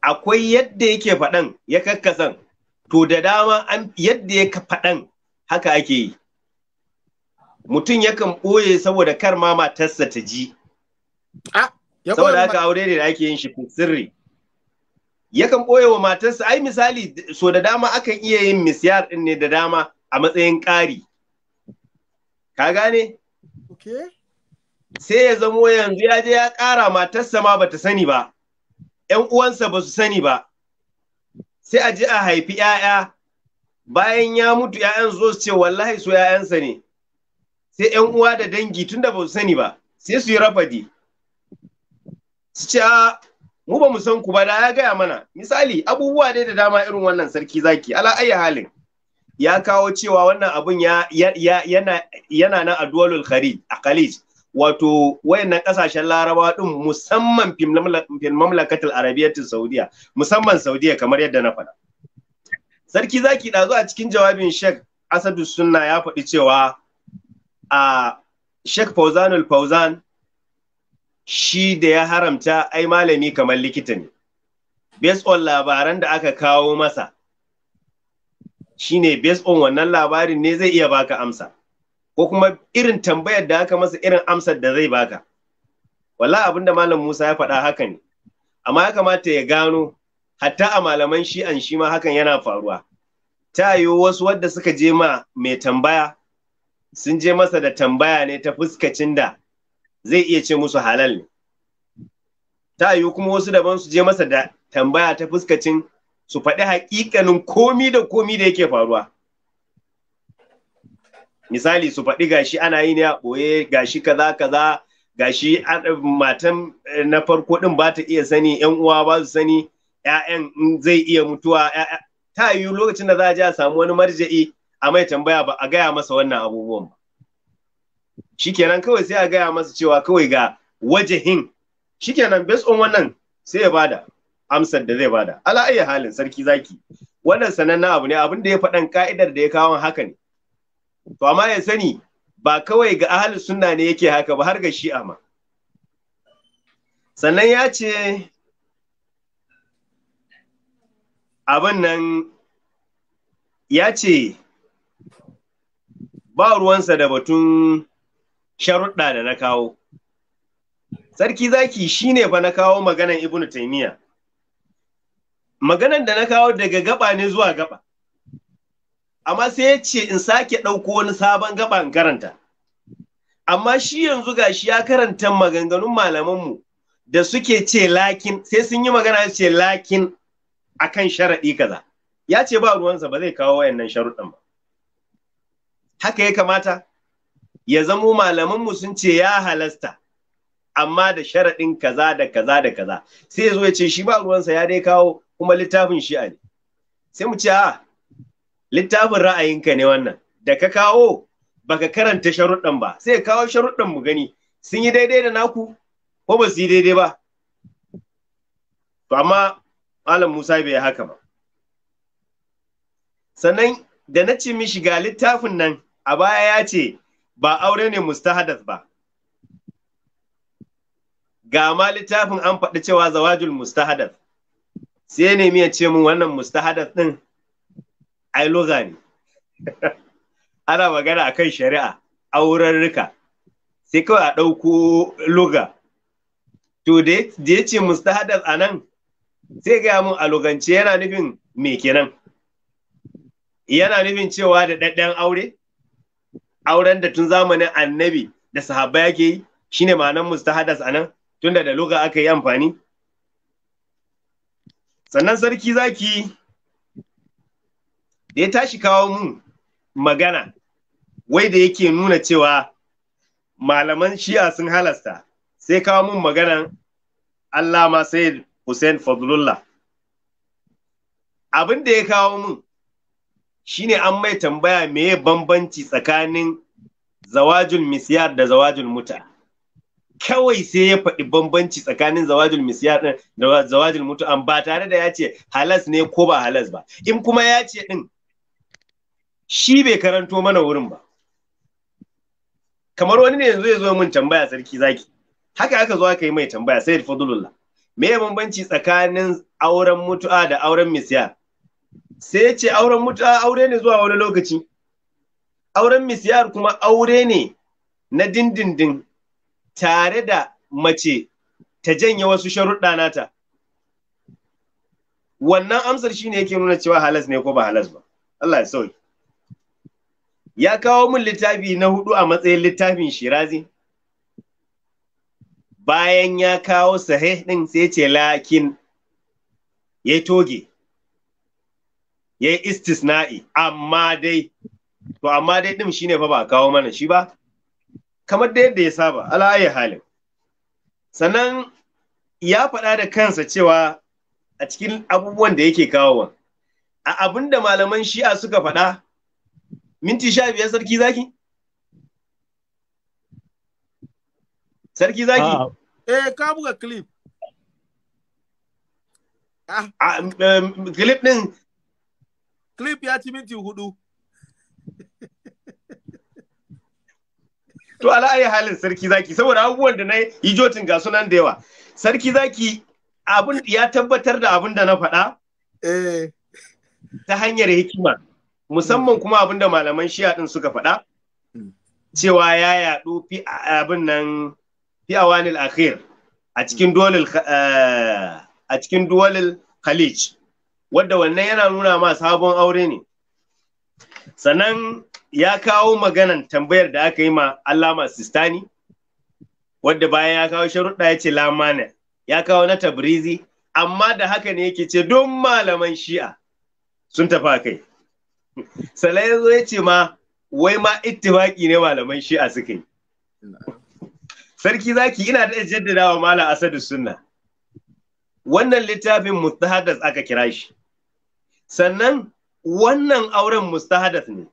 akwai yadda yake faɗan ya kakkasan to da dama yadda ya faɗan haka ake yi mutum yakan ɓoye saboda kar ma matarsa ta ji ah, saboda haka aure ne da ake yin shi ko sirri yakan ɓoye wa matarsa ai misali so da dama akan iya yin misyar ɗin ne da dama a matsayin ƙari ka gane sai ya zamo yanzu ya je ya ƙara matarsa ma bata sani ba ‘yan uwansa ba su sani ba, sai a ji a haifi ‘ya'ya bayan ya mutu ‘ya'yan zo su ce wallahi su ‘ya'yansa ne, sai ‘yan uwa da dangi tun da ba su sani ba, sai su yi rafadi. Su ce, mu ba mu san ku ba da ya gaya mana, misali abubuwa dai da dama irin wannan sarki zaki, ala ayya halin. Ya kawo cewa wannan abun yana nan a duwalul Khalid, a khalij, wato wayannan kasashen larabawa din musamman fil mamlakatul arabiyyatul saudiya musamman saudiya kamar yadda na faɗa sarki zaki ɗazu a cikin jawabin shek asadu sunna ya faɗi cewa a shek fauzanul fauzan shi da ya haramta ai malami kamar likita ne based on labaran da aka kawo masa shine based on wannan labarin ne zai iya baka amsa ko kuma irin tambayar da aka masa irin amsar da zai baka Walla abin da malam Musa ya faɗa haka ne amma ya kamata ya gano hatta a malaman shi'an shi ma hakan yana faruwa ta yiwu wasu wadda suka je ma mai tambaya sun je masa da tambaya ne ta fuskacin da zai iya ce musu halal ne ta yiwu kuma wasu daban su je masa da tambaya ta fuskacin su faɗi haƙiƙanin komi da komi da yake faruwa misali su faɗi gashi ana yi ne a ɓoye gashi kaza kaza gashi eh, matan eh, na farko ɗin ba ta iya sani yan uwa ba su sani ƴaƴan zai iya mutuwa ta yi lokacin da za a je a samu wani marja'i a mai tambaya ba a gaya masa wannan abubuwan ba shikenan kawai sai a gaya masa cewa kawai ga wajahin shikenan based on wannan sai ya bada amsar da zai bada ala halin sarki zaki wannan sanannen abu ne abin da ya faɗan ka'idar da ya kawo haka ne to amma ya sani ba kawai ga ahli sunna ne yake haka ba har ga shi'a ma sannan ya ce abin nan ya ce ba ruwansa da batun sharuɗa da na kawo sarki zaki shine fa na kawo maganan ibnu taimiya maganan da na kawo daga gaba ne zuwa gaba amma sai ya ce in sake ɗauko wani sabon gaban in karanta amma shi yanzu ga shi ya karanta maganganun malamanmu da suke ce lakin sai sun yi magana ce lakin akan sharaɗi kaza ya ce ba ruwansa ba zai kawo wayannan sharuɗin ba haka ya kamata ya zamo malamanmu sun ce ya halasta amma da sharaɗin kaza da kaza da kaza sai ya zo ya ce shi ba ruwansa ya dai kawo kuma littafin shi a ne sai mu ce a littafin ra'ayinka ne wannan da ka kawo baka karanta sharuɗan ba sai kawo sharuɗan mu gani sun yi daidai da naku ko ba su yi daidai ba to amma malam Musa bai haka ba sannan da na ce mishi ga littafin nan a baya ya ce ba aure ne mustahadath ba ga ma littafin an faɗi cewa zawajul mustahadath sai ne nemi ya ce min wannan mustahadath din ai loza ne ana magana akan shari'a auren rika sai kawai a ɗauko loga to da ya ce mustahadas a nan sai gaya mun a logance yana nufin me kenan yana nufin cewa da ɗaɗɗen aure auren da tun zamanin annabi da sahabba yake yi shine ma'anan mustahadas a nan tunda da loga aka yi amfani sannan sarki zaki da ya tashi kawo mun magana wai da yake nuna cewa malaman shi'a sun halasta sai kawo mun maganan Allah ma sai Hussein Fadlullah abin da ya kawo mun shine an mai tambaya meye bambanci tsakanin zawajul misiyar da zawajul muta kawai sai ya faɗi bambanci tsakanin zawajul misiyar da zawajul muta ba tare da ya ce halas ne ko ba halas ba in kuma ya ce din shi bai karanto mana wurin ba kamar wani ne yanzu ya zo min tambaya sarki zaki haka aka zo aka yi mai tambaya sai fadlullah me ya bambanci tsakanin auren mutu'a da auren misya sai ya ce auren mutu'a aure ne zuwa wani lokaci auren misiyar kuma aure ne na dindindin tare da mace ta janye wasu sharuɗa nata wannan amsar shine yake nuna cewa halas ne ko ba halas ba Allah ya sauki. ya kawo min littafi na hudu a matsayin littafin shirazi bayan ya kawo sahih din sai ce lakin ya toge ya yi istisna'i amma dai to amma dai din shine fa ba kawo mana shi ba kamar da yadda ya saba ala ayi halin sannan ya faɗa da kansa cewa a cikin abubuwan da yake kawowa a abin da malaman shi'a suka faɗa minti sha biyar sarki zaki sarki zaki ah. eh ka buga clip ah. Ah, clip din clip ya ci minti hudu to ala ayi halin sarki zaki saboda abubuwan da na yi jotin ga sunan da yawa sarki zaki abin ya tabbatar da abin da na faɗa eh. ta hanyar hikima musamman mm. kuma abin da malaman shiya din suka faɗa mm. cewa ya yaɗu fi abin nan fi awanil akhir a cikin mm. duwalil eh, a cikin khalij wadda wannan yana nuna ma sabon aure ne sannan ya kawo maganan tambayar da aka yi ma Allama Sistani wadda bayan ya kawo sharuɗa ya ce lamana ya kawo na tabrizi amma da haka ne yake ce don malaman shi'a sun tafi kai Sala ya zo ya ce ma wai ma ittifaki ne malaman shi suka yi. Sarki zaki ina da jaddada wa Malam Asadu Sunna. Wannan littafin mustahadas aka kira shi. Sannan wannan auren mustahadas ne.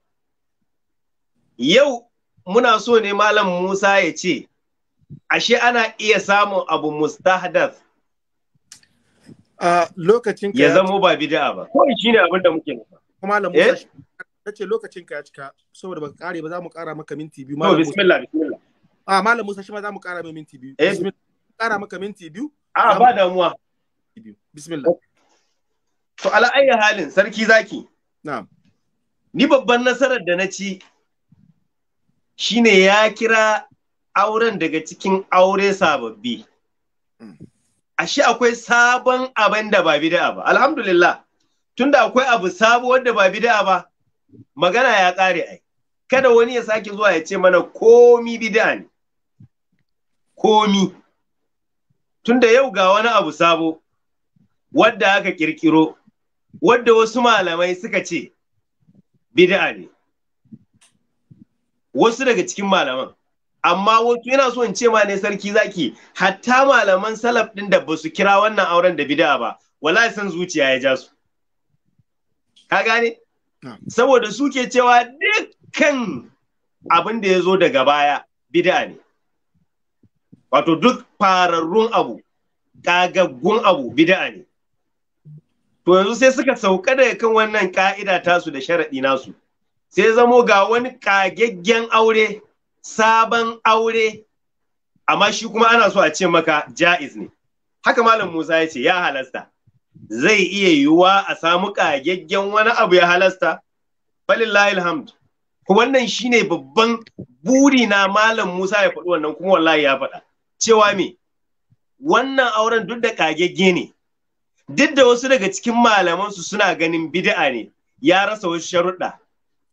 Yau muna so ne Malam Musa ya ce, ashe ana iya samun abu mustahadas a lokacin ya zamo ba bid'a ba. Kawai shine abin da muke nufa. kuma malam Musa eh? ce ya cika saboda kare ba za mu kara maka minti biyu bismillah bismillah ah, a ma za mu kara minti biyu eh? bismillah kara maka minti biyu ah, a ba damuwa bismillah to ala ayyi halin sarki zaki na'am ni babban nasarar da na ci shine ya kira auren daga cikin aure sababbi mm. ashe akwai sabon abin da ba bid'a ba alhamdulillah tunda akwai abu sabo wanda ba bid'a ba magana ya ƙare ai kada wani ya sake zuwa ya ce mana komi bid'a ne komi tunda yau ga wani abu sabo wadda aka kirkiro wadda wasu malamai suka ce bid'a ne wasu daga cikin malaman amma wasu yana so in ce ma ne sarki zaki hatta malaman salaf din da basu kira wannan auren da bid'a ba wallahi san zuciya ya ja su ka gane saboda suke cewa dukkan abin da ya zo daga baya bid'a ne wato duk fararrun abu kagaggun abu bid'a ne to yanzu sai suka sauka daga kan wannan ka'ida tasu da sharaɗi nasu sai zamo ga wani kagaggen aure sabon aure amma shi kuma ana so a ce maka ja'iz ne haka malam Musa ya ce ya halasta zai iya yiwuwa a samu ƙagaggen wani abu ya halasta falillahi alhamd wannan shine babban buri na malam Musa ya faɗi wannan kuma wallahi ya faɗa cewa me wannan auren duk da ƙagagge ne duk da wasu daga cikin malamansu suna ganin bid'a ne ya rasa wasu sharuɗa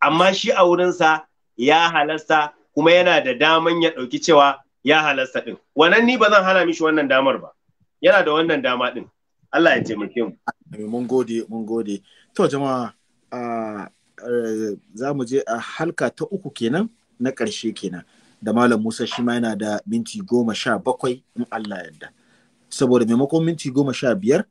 amma shi a wurinsa ya halasta kuma yana da daman ya ɗauki cewa ya halasta ɗin wannan ni ba zan hana mishi wannan damar ba yana da wannan dama ɗin Allah ya taimake mu mun gode mun gode to jama'a eh, za mu je a halka ta uku kenan na ƙarshe kenan da malam musa shi ma yana da minti goma sha bakwai in allah yadda saboda maimakon minti goma sha biyar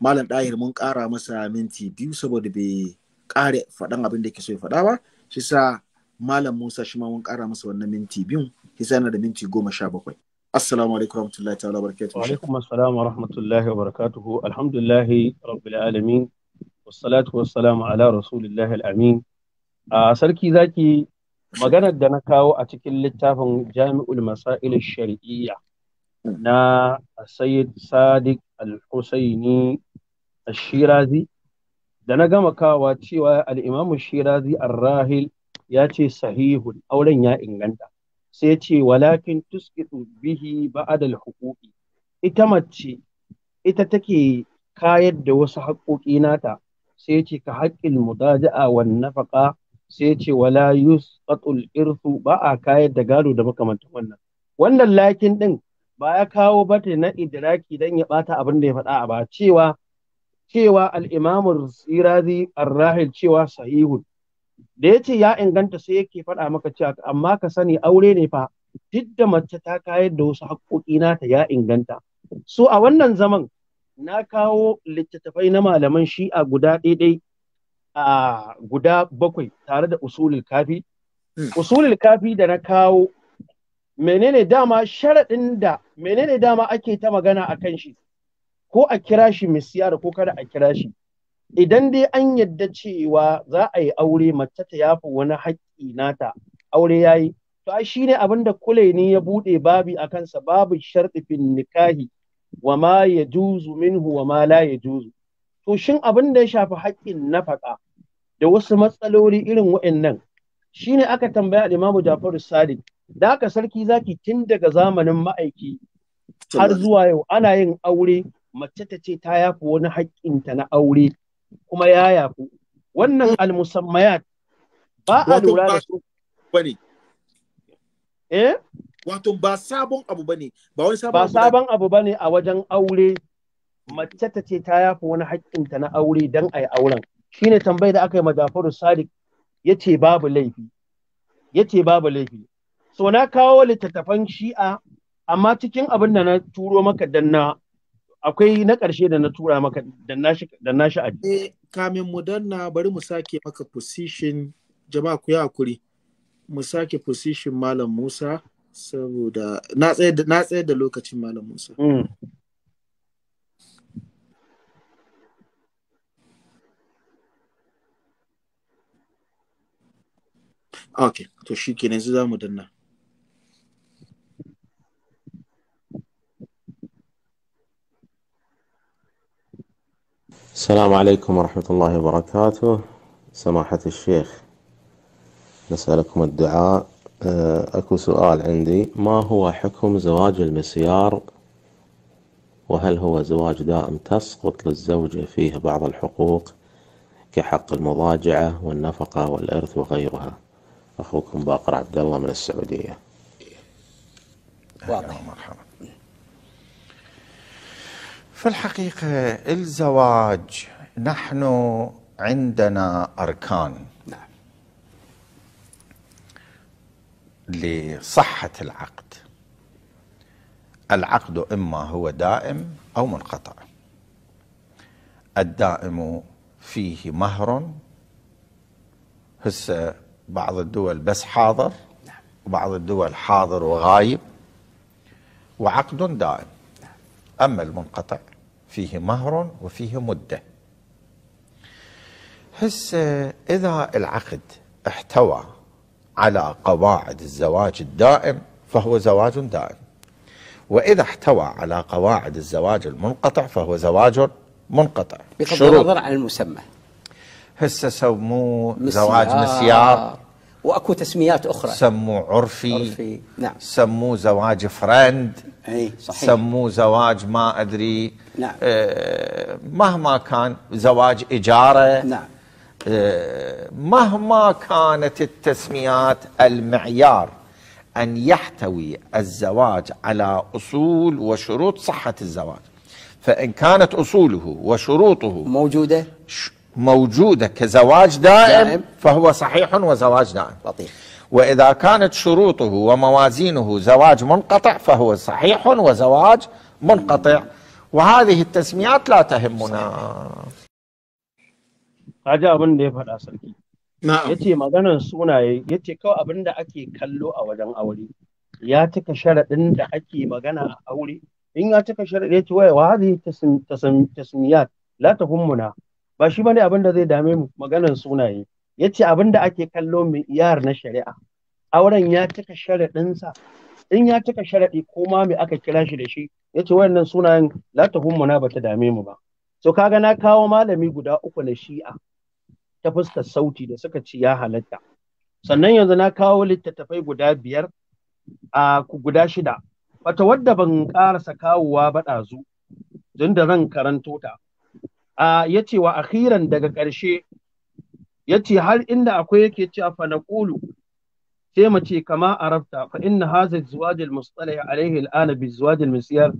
malam ɗahir mun ƙara masa minti biyu saboda bai ƙare faɗan abin da ke so ya faɗa ba shi sa malam musa shi ma mun ƙara masa wannan minti biyun shi sa yana da minti goma sha bakwai assalamu alaikum warahmatullahi ta'ala barakatuhu wa alaikum wa assalamu warahmatullahi wabarakatuhu alhamdulillahi rabbil alamin wassalatu wassalamu ala rasulillahi al-amin a sarki zaki maganar da na kawo a cikin littafin jami'ul masail shari'iyya na sayyid sadiq al-husaini al-shirazi da na gama kawa cewa al-imam shirazi ar-rahil ya ce sahihun auren ya inganta sai ya ce walakin tuskitu bihi ba'adal al ita mace ita take kayar da wasu haƙoƙi nata sai ya ce ka haƙƙin mudaja'a wan nafaqa sai ce wala yusqatul irthu ba a kayar da gado da makamantan wannan wannan lakin din ba ya kawo ba ta na idraki dan ya bata abin da ya faɗa a ba cewa cewa al-imamu sirazi ar-rahil cewa sahihun da ya ce ya inganta sai yake faɗa maka cewa amma ka sani aure ne fa duk da mace ta kayar da wasu haƙoƙi nata ya inganta so a wannan zaman na kawo littattafai na malaman shi'a guda ɗaiɗai a guda bakwai tare da usulul kafi hmm. usulul kafi da na kawo menene dama sharaɗin da menene dama ake ta magana a kan shi ko a kira shi misiyar ko kada a kira shi idan dai an yadda cewa za a yi aure mace ta yafi wani haƙƙi nata aure yayi. to ai shi ne abin da kule ne ya buɗe babi a kansa babu sharɗifin nikahi wa ma ya juzu minhu wa ma la ya juzu to shin abin da ya shafi haƙƙin nafaka da wasu matsaloli irin waɗannan shine aka tambaya imamu jafaru sadiq da haka sarki zaki tun daga zamanin ma'aiki har zuwa yau ana yin aure mace ta ce ta yafi wani haƙƙinta na aure kuma ya yafu wannan hmm. almusammayat ba a lura da su bane eh wato ba sabon abu bane ba wani sabon ba sabon abu bane a wajen aure mace ta ce ta yafi wani haƙƙinta na aure dan ai auren shine tambayar da aka yi majafaru sadiq yace babu laifi yace babu laifi so na kawo littattafan shi'a amma cikin abin da na turo maka dan na akwai na ƙarshe da na tura maka da nashi da nashi a eh, kamin mu danna bari mu sake maka position jama'a ku yi hakuri mu sake position malam Musa saboda na tsayar da na da lokacin malam Musa mm. Okay, to shi kenan za mu danna. السلام عليكم ورحمة الله وبركاته سماحة الشيخ نسألكم الدعاء آه، أكو سؤال عندي ما هو حكم زواج المسيار وهل هو زواج دائم تسقط للزوجة فيه بعض الحقوق كحق المضاجعة والنفقة والإرث وغيرها أخوكم باقر عبد الله من السعودية واضح مرحبا في الحقيقة الزواج نحن عندنا أركان نعم. لصحة العقد العقد إما هو دائم أو منقطع الدائم فيه مهر هسه بعض الدول بس حاضر نعم. وبعض الدول حاضر وغايب وعقد دائم نعم. أما المنقطع فيه مهر وفيه مدة هسه إذا العقد احتوى على قواعد الزواج الدائم فهو زواج دائم وإذا احتوى على قواعد الزواج المنقطع فهو زواج منقطع بغض النظر عن المسمى هسه سموه زواج مسيار واكو تسميات اخرى سموه عرفي, عرفي. نعم سموه زواج فرند اي صحيح سموه زواج ما ادري نعم آه مهما كان زواج اجاره نعم آه مهما كانت التسميات المعيار ان يحتوي الزواج على اصول وشروط صحه الزواج فان كانت اصوله وشروطه موجوده موجودة كزواج دائم, دائم فهو صحيح وزواج دائم لطيف وإذا كانت شروطه وموازينه زواج منقطع فهو صحيح وزواج منقطع وهذه التسميات لا تهمنا kaji abin da ya faɗa sarki ya ce maganar sunaye ya ce kawai abin da ake kallo a wajen aure ya cika sharaɗin da ake magana a aure in ya cika sharaɗin ya ce waya wa hadhihi tasmiyat la tahummuna ba shi bane abin da zai dame mu maganar sunaye yace abin da ake kallo mai iyar na shari'a auren ya cika sharaɗinsa in ya cika sharaɗi ko ma me aka kira shi da shi yace wayannan sunayen la ba ta dame mu ba so kaga na kawo malami guda uku na shi'a ta fuskar sauti da suka ci ya halatta sannan yanzu na kawo littattafai guda biyar a ku guda shida wata wadda ban karasa kawowa ba ɗazu don da zan karanto ta a ya ce wa akhiran daga ƙarshe ya ce har inda akwai yake cewa a naqulu sai mu ce kama arabta fa inna hadha az-zawaj al-mustalih bi zawaj al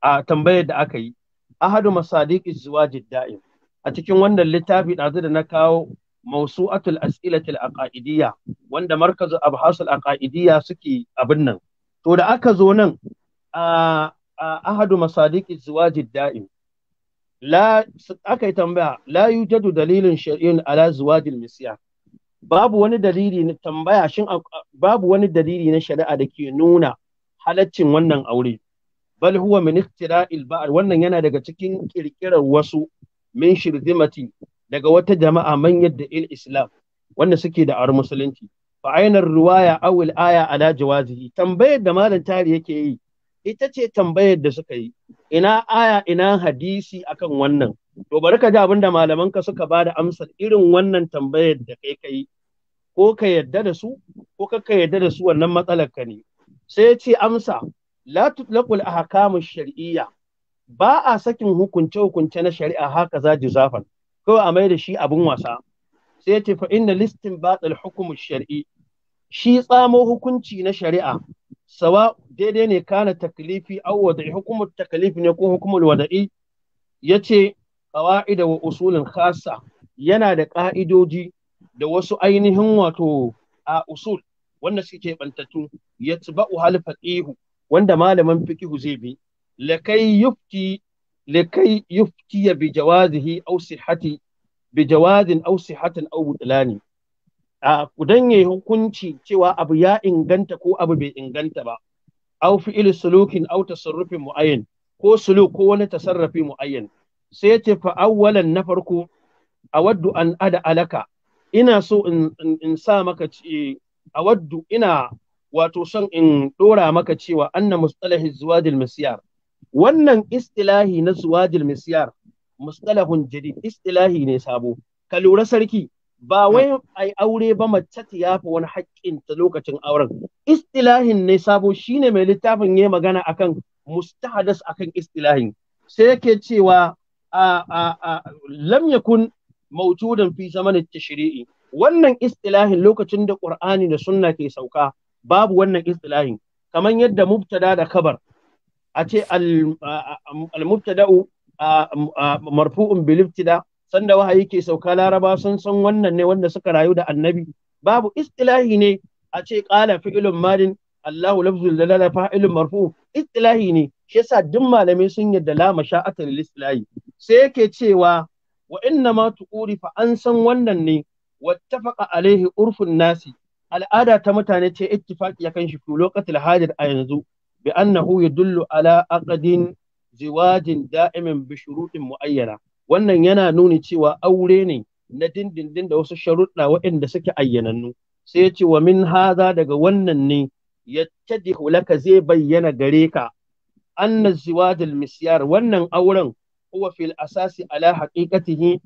a tambayar da aka yi ahadu masadiq az daim a cikin wannan littafi ɗazu da na kawo mawsu'atul as'ilatul aqaidiyya wanda markazu abhasul aqaidiyya suke abin nan to da aka zo nan a ahadu masadiq az daim la aka yi tambaya la yujadu dalilin shari'in ala zuwadil babu wani dalili na shari'a da ke nuna halaccin wannan aure bal huwa min iftira'il wannan yana daga cikin ƙirƙirar wasu min shirdimati daga wata jama'a man da islam wanda suke da ar musulunci Fa'ainar Ruwaya riwaya aya ala tambayar da malam tari yake yi ita ce tambayar da suka yi ina aya ina hadisi akan wannan to bari ka ji abin da malaman ka suka da amsar irin wannan tambayar da kai kai ko ka yadda da su ko ka ka yadda da su wannan matsalar ka ne sai ce amsa la tutlaqul ahkamu shar'iyya ba a sakin hukunce hukunce na shari'a haka za jizafan kawai a mai da shi abin wasa sai ce fa inna listin batil hukumu shar'i shi tsamo hukunci na shari'a sawa daidai ne kana taklifi aw wada'i hukumar taklifi ne ko hukumar wada'i yace qawaida wa usulin khassa yana da ka'idoji da wasu ainihin wato a usul wanda suke bantattu yatba'u hal faqihu wanda malaman fiqihu zai bi lakai yufti lakai bi jawazihi bi jawazin aw au aw butlani dan yayi hukunci cewa abu ya inganta ko abu bai inganta ba aw fi'il sulukin aw tasarrufin mu'ayyan ko suluk ko wani tasarrafi mu'ayyan sai yace fa awwalan na farko awaddu an ada alaka ina so in, sa maka eh, awaddu ina wato son in dora maka cewa anna mustalahi zuwadil misyar wannan istilahi na zuwadil misyar mustalahun jadid istilahi ne sabo ka lura sarki ba wai ai aure ba mace ta yafa wani haƙƙin ta lokacin auren istilahin ne sabo shine mai littafin yayi magana akan mustahadas akan istilahin sai yake cewa a a a lam yakun mawjudan fi zamanin tashri'i wannan istilahin lokacin da qur'ani da sunna ke sauka babu wannan istilahin kamar yadda mubtada da kabar a ce al mubtada'u marfu'un bil ibtida sanda wahayi ke sauka laraba sun san wannan ne wanda suka rayu da annabi babu istilahi ne a ce qala fi'ilun madin Allahu lafzul dalala fa'ilun marfu istilahi ne shi yasa duk malamai sun yadda la masha'ata lil istilahi sai yake cewa wa inna ma tuquri fa an san wannan ne wattafaqa alaihi urfun nasi al'ada ta mutane ce ittifaqi ya kan shi fi lokacin hajar a yanzu bi annahu yadullu ala aqdin ziwajin da'imin bi shurutin muayyana wannan yana nuni cewa aure ne na dindindin da wasu sharuɗa waɗanda suke ayyanannu sai ya ce wa min haza daga wannan ne ya tadihu hulaka zai bayyana gare ka anna ziwadul misyar wannan auren huwa fil asasi ala haqiqatihi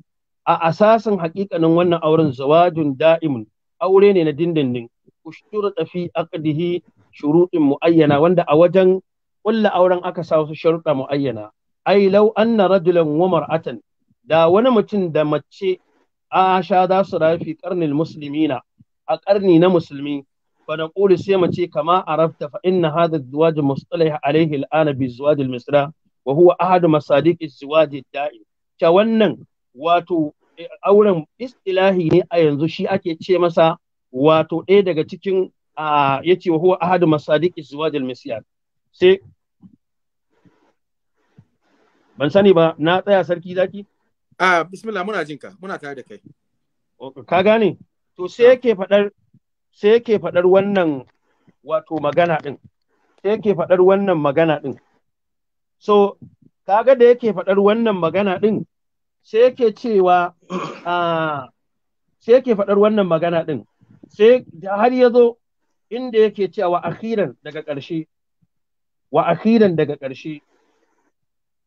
a asasin haƙiƙanin wannan auren zawajun da'imun aure ne na dindindin ushturata tafi aqdihi shuruɗin muayyana wanda a wajen ƙulla auren aka sa wasu sharuɗa muayyana ai law anna rajulan wa mar'atan da wani mutum da mace sha za su rafi musulmi na a karni na musulmi fa na ƙuri sai mace kama rafta. fa inna hada az-zawaj mustalih alayhi al-ana bi zuwajin al-misra wa huwa ahadu masadiq az da'i ta wannan wato eh, auren istilahi ne a yanzu shi ake ce masa wato ɗaya daga cikin ce wa huwa ahadu masadiq az-zawaj al-misra sai ban sani ba na tsaya sarki zaki a bismillah muna jinka muna tare da kai ka gane to sai yake faɗar sai yake faɗar wannan wato magana ɗin sai yake faɗar wannan magana ɗin so kaga da yake faɗar wannan magana ɗin sai yake cewa sai yake faɗar wannan magana ɗin sai har ya zo inda yake cewa wa akhiran daga ƙarshe wa akhiran daga ƙarshe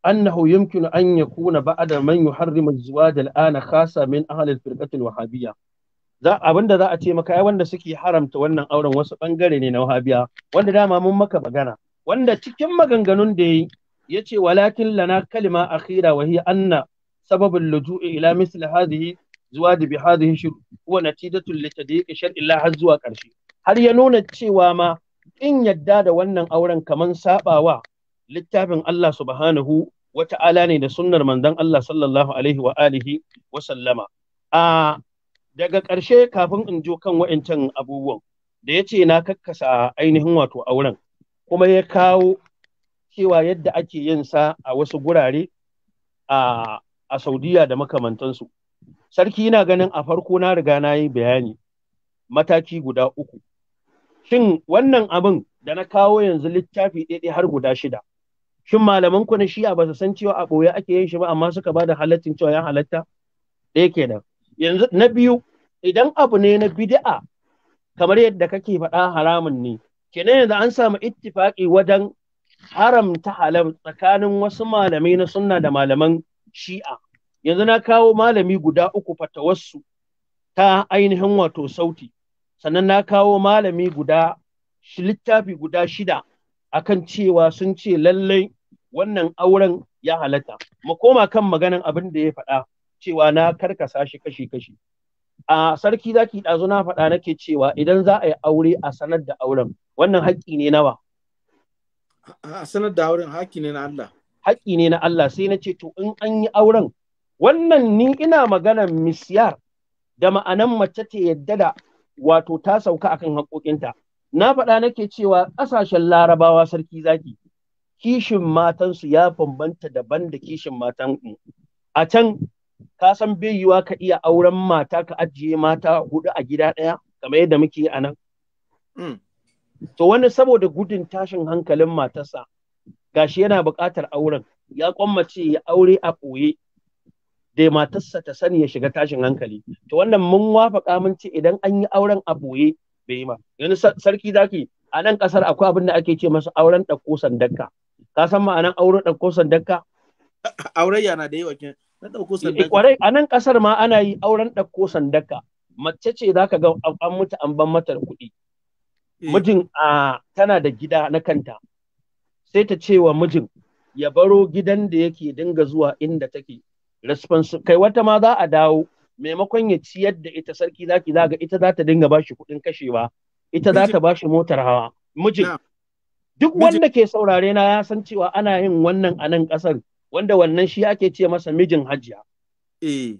أنه يمكن أن يكون بعد من يحرم الزواج الآن خاصة من أهل الفرقة الوهابية za abin da za a ce maka ai wanda suke haramta wannan auren wasu bangare ne na wahabiya wanda dama mun maka magana wanda cikin maganganun da yi ya ce walakin lana kalima akhira wa hiya anna sababul luju'i ila misl hadhihi zuwa da bi hadhihi shuru wa natijatul li tadiqi shar'i Allah har zuwa karshe har ya nuna cewa ma in yadda da wannan auren kaman sabawa littafin Allah subhanahu Wata ala ne da sunnar manzon Allah sallallahu alaihi wa alihi wa sallama a daga ƙarshe kafin in jo kan wa'incan abubuwan da ya ce na kakkasa ainihin wato auren kuma ya kawo cewa yadda ake yin sa a wasu gurare a a Saudiya da makamantansu sarki na ganin a farko na riga na yi bayani mataki guda uku shin wannan abin da na kawo yanzu littafi ɗaya har guda shida shin malaman ku na shi'a ba su san cewa a ɓoye ake yin shi ba amma suka ba da halattin cewa ya halatta ɗaya kenan yanzu na biyu idan abu ne na bid'a kamar yadda kake faɗa haramun ne kenan yanzu an samu ittifaki wajen haramta halal tsakanin wasu malamai na sunna da malaman shi'a yanzu na kawo malami guda uku fatawarsu ta ainihin wato sauti sannan na kawo malami guda littafi guda shida akan cewa sun ce lallai wannan auren ya halatta mu koma kan maganan abin da ya faɗa cewa na karkasa shi kashi kashi a sarki zaki ɗazu na faɗa nake cewa idan za a yi aure a sanar da auren wannan haƙƙi ne nawa a sanar da auren haƙƙi ne na Allah haƙƙi ne na Allah sai na ce to in an yi auren wannan ni ina maganan misyar da ma'anan mace ta yadda da wato ta sauka akan haƙoƙinta na faɗa nake cewa ƙasashen larabawa sarki zaki kishin matansu ya bambanta daban da kishin matan mu a can ka san bai ka iya auren mata ka ajiye mata hudu a gida ɗaya kamar yadda muke a nan hmm. to wani saboda gudun tashin hankalin matarsa gashi yana buƙatar auren ya kwammace ya aure a ɓoye dai matarsa ta sani ya shiga tashin hankali to wannan mun wafaka mun ce idan an yi auren a ɓoye bai yi ma yanzu sarki zaki a nan ƙasar akwai abin da ake ce masa auren ɗauko sandanka Ka san ma'anan aure ɗauko sandakka? ya na da yawa ke Na ɗauko eh, Kwarai a nan ƙasar ma ana yi auren ɗauko sandaka. Mace ce za ka ga an mutu an ban mata kuɗi. Eh. Mijin a tana da gida na kanta. Sai ta ce wa mijin ya baro gidan da yake dinga zuwa inda take. Responsi kai wata ma za a dawo maimakon ya ciyar da ita sarki zaki zaga ita za ta dinga bashi kuɗin kashewa ita za ta bashi motar hawa mijin duk wanda ke saurare na ya san cewa ana yin wannan a nan ƙasar wanda wannan shi ake ce masa mijin hajiya. Eh,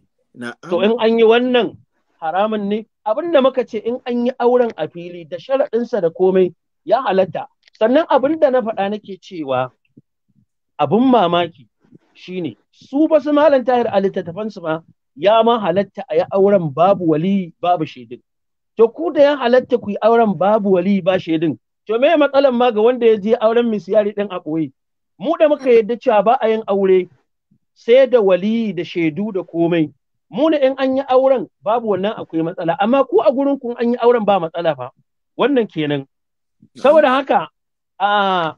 to in an yi wannan haramun ne, abin da muka ce in an yi auren a fili da sharaɗinsa da komai ya halatta. Sannan abin da na faɗa nake cewa abin mamaki shine su ba su malam tahir a littattafansu ma ya ma halatta a yi auren babu wali babu shaidin. To ku da ya halatta ku yi auren babu wali ba shaidun? To me matsalan ma ga wanda ya je auren misiyari ɗin a ɓoye? Mu da muka yadda cewa ba a yin aure sai da wali da shaidu da komai. Mu ne in an yi auren babu wannan akwai matsala, amma ko a gurin kun an yi auren ba matsala fa. Wannan kenan. Saboda haka a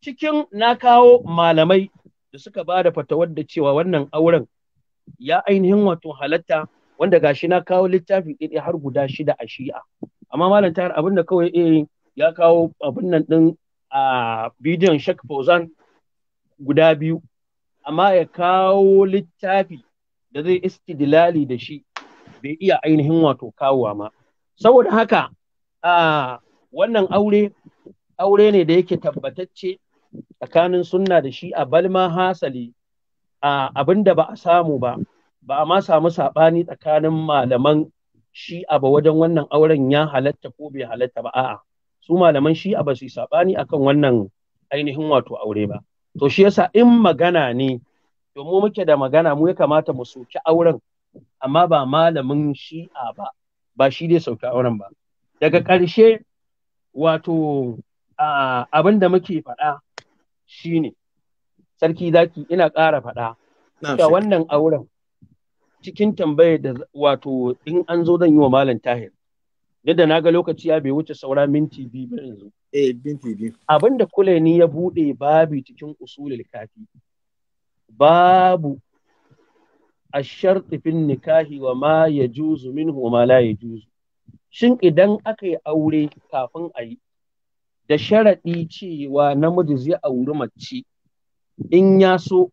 cikin na kawo malamai da suka ba da fatawar da cewa wannan auren ya ainihin wato halatta wanda gashi na kawo littafi ɗin har guda shida a shi'a. Amma malam tayar abin da kawai eh ya kawo abin nan ɗin a bidiyon shek Fauzan guda biyu amma ya kawo littafi da zai dilali da shi bai iya ainihin wato kawowa ma saboda haka a wannan aure aure ne da yake tabbatacce tsakanin sunna da shi a balma hasali a abin ba a samu ba ba a ma samu saɓani tsakanin malaman shi a ba wajen wannan auren ya halatta ko bai halatta ba a'a su malaman shi'a ba basu yi saɓani akan wannan ainihin wato aure ba to shi yasa in magana ne to mu muke da magana mu ya kamata mu soki auren amma ba malamin shi'a ba ba shi dai sauki auren ba daga ƙarshe wato abin da muke faɗa shine sarki zaki ina ƙara faɗa da wannan auren cikin tambayar da wato in an zo zan yi wa malam tahir yadda na ga lokaci ya bai wuce saura minti biyu ba yanzu. Eh, minti biyu. Abin da Kuleni ya buɗe babu cikin usulul kafi. Babu a fin nikahi wa ma ya juzu min wa ma la ya juzu. Shin idan aka yi aure kafin a yi, da sharaɗi cewa namiji zai auri mace in ya so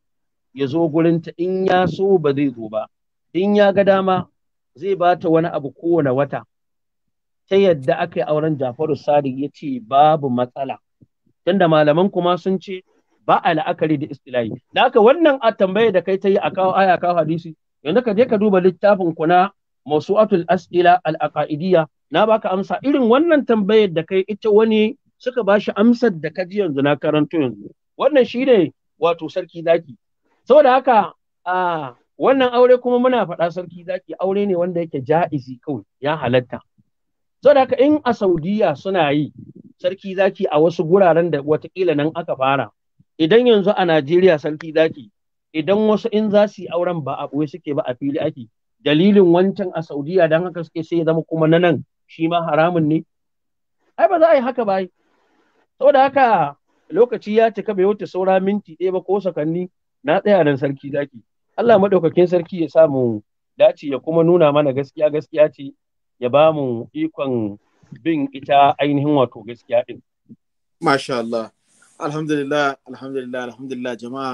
ya zo gurinta in ya so ba zai zo ba, in ya ga dama zai bata wani abu kowane wata. ta yadda aka yi auren Jafaru Sadiq ya ce babu matsala. Tunda malaman kuma sun ce ba a la'akari da istilahi. Da aka wannan a tambaye da kai ta yi a kawo aya kawo hadisi yanzu ka je ka duba littafin ku na Mawsu'atul As'ila al-Aqaidiyya na baka amsa irin wannan tambayar da kai ita wani suka ba shi amsar da ka ji yanzu na karanto yanzu. Wannan shi ne wato sarki zaki. Saboda haka a wannan aure kuma muna faɗa sarki zaki aure ne wanda yake ja'izi kawai ya halatta. saboda haka in a saudiya suna yi sarki zaki a wasu guraren da watakila nan aka fara idan yanzu a najeriya sarki zaki idan wasu in za su yi auren ba a ɓoye suke ba a fili ake dalilin wancan a saudiya dan haka suke sai zama kuma na nan shi ma haramun ne ai ba za a yi haka ba saboda haka lokaci ya cika bai wuce saura minti ɗaya ba ko sakanni na tsaya nan sarki zaki Allah maɗaukakin sarki ya samu dace ya kuma nuna mana gaskiya gaskiya ce ya ba mu ikon bin ita ainihin wato gaskiya din. Masha Allah. Alhamdulillah, alhamdulillah, alhamdulillah jama'a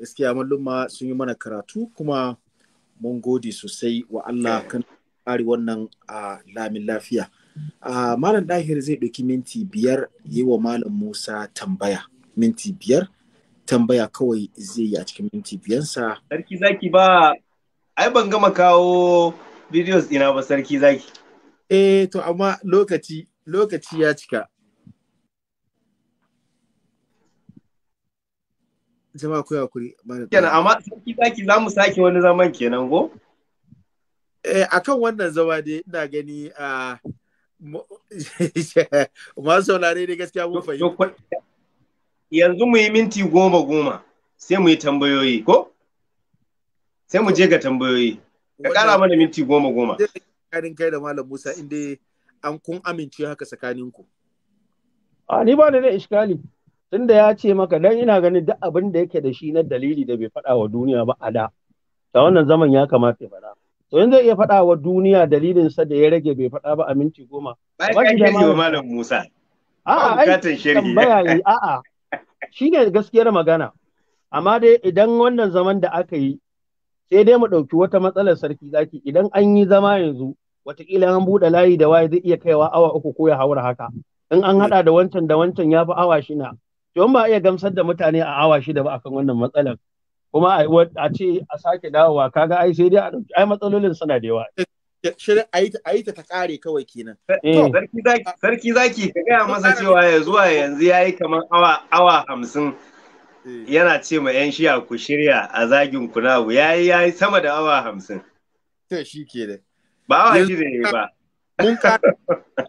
gaskiya malluma sun yi mana karatu kuma mun gode sosai wa Allah kan ƙari wannan a lamin lafiya. Malam ɗahir zai ɗauki minti biyar yi wa Malam Musa tambaya. Minti biyar tambaya kawai zai yi a cikin minti biyansa. Sarki zaki ba, ai ban gama kawo videos ina ba sarki zaki. Eh to amma lokaci lokaci ya cika. Jama'a ku kuri. Kenan amma sarki zaki za mu sake wani zaman kenan go? Eh akan wannan zama dai ina gani a masu saurare ne gaskiya mun fahimta. Yanzu mu yi minti goma goma sai mu yi tambayoyi ko? Sai mu je ga tambayoyi. ka kara mana minti goma goma tsakanin kai da malam Musa inda an kun amince haka tsakanin ku a ni ba da da iskali tunda ya ce maka dan ina ganin duk abin da yake da shi na dalili da bai faɗa wa duniya ba a da ta wannan zaman ya kamata ya faɗa to yanzu zai iya faɗa wa duniya dalilinsa da ya rage bai faɗa ba a minti goma ba ka kiri wa malam Musa a'a ai tambaya a'a shi ne gaskiyar magana amma dai idan wannan zaman da aka yi sai dai mu ɗauki wata matsalar sarki zaki idan an yi zama yanzu watakila an buɗe layi da waye zai iya kaiwa awa uku ko ya haura haka in an haɗa da wancan da wancan ya fi awa na, to ba iya gamsar da mutane a awa shida ba akan wannan matsalar kuma a ce a sake dawowa kaga ai sai dai a ɗauki ai matsalolin suna da yawa shirin a yi ta ta kare kawai kenan. Eh. Sarki zaki ka gaya masa cewa ya zuwa yanzu ya yi kamar awa hamsin Eh. yana ce ma 'yan shiya ku shirya a zagin abu ya yi ya yi sama da awa hamsin. Ta shi ke da. Ba awa shi ne ba.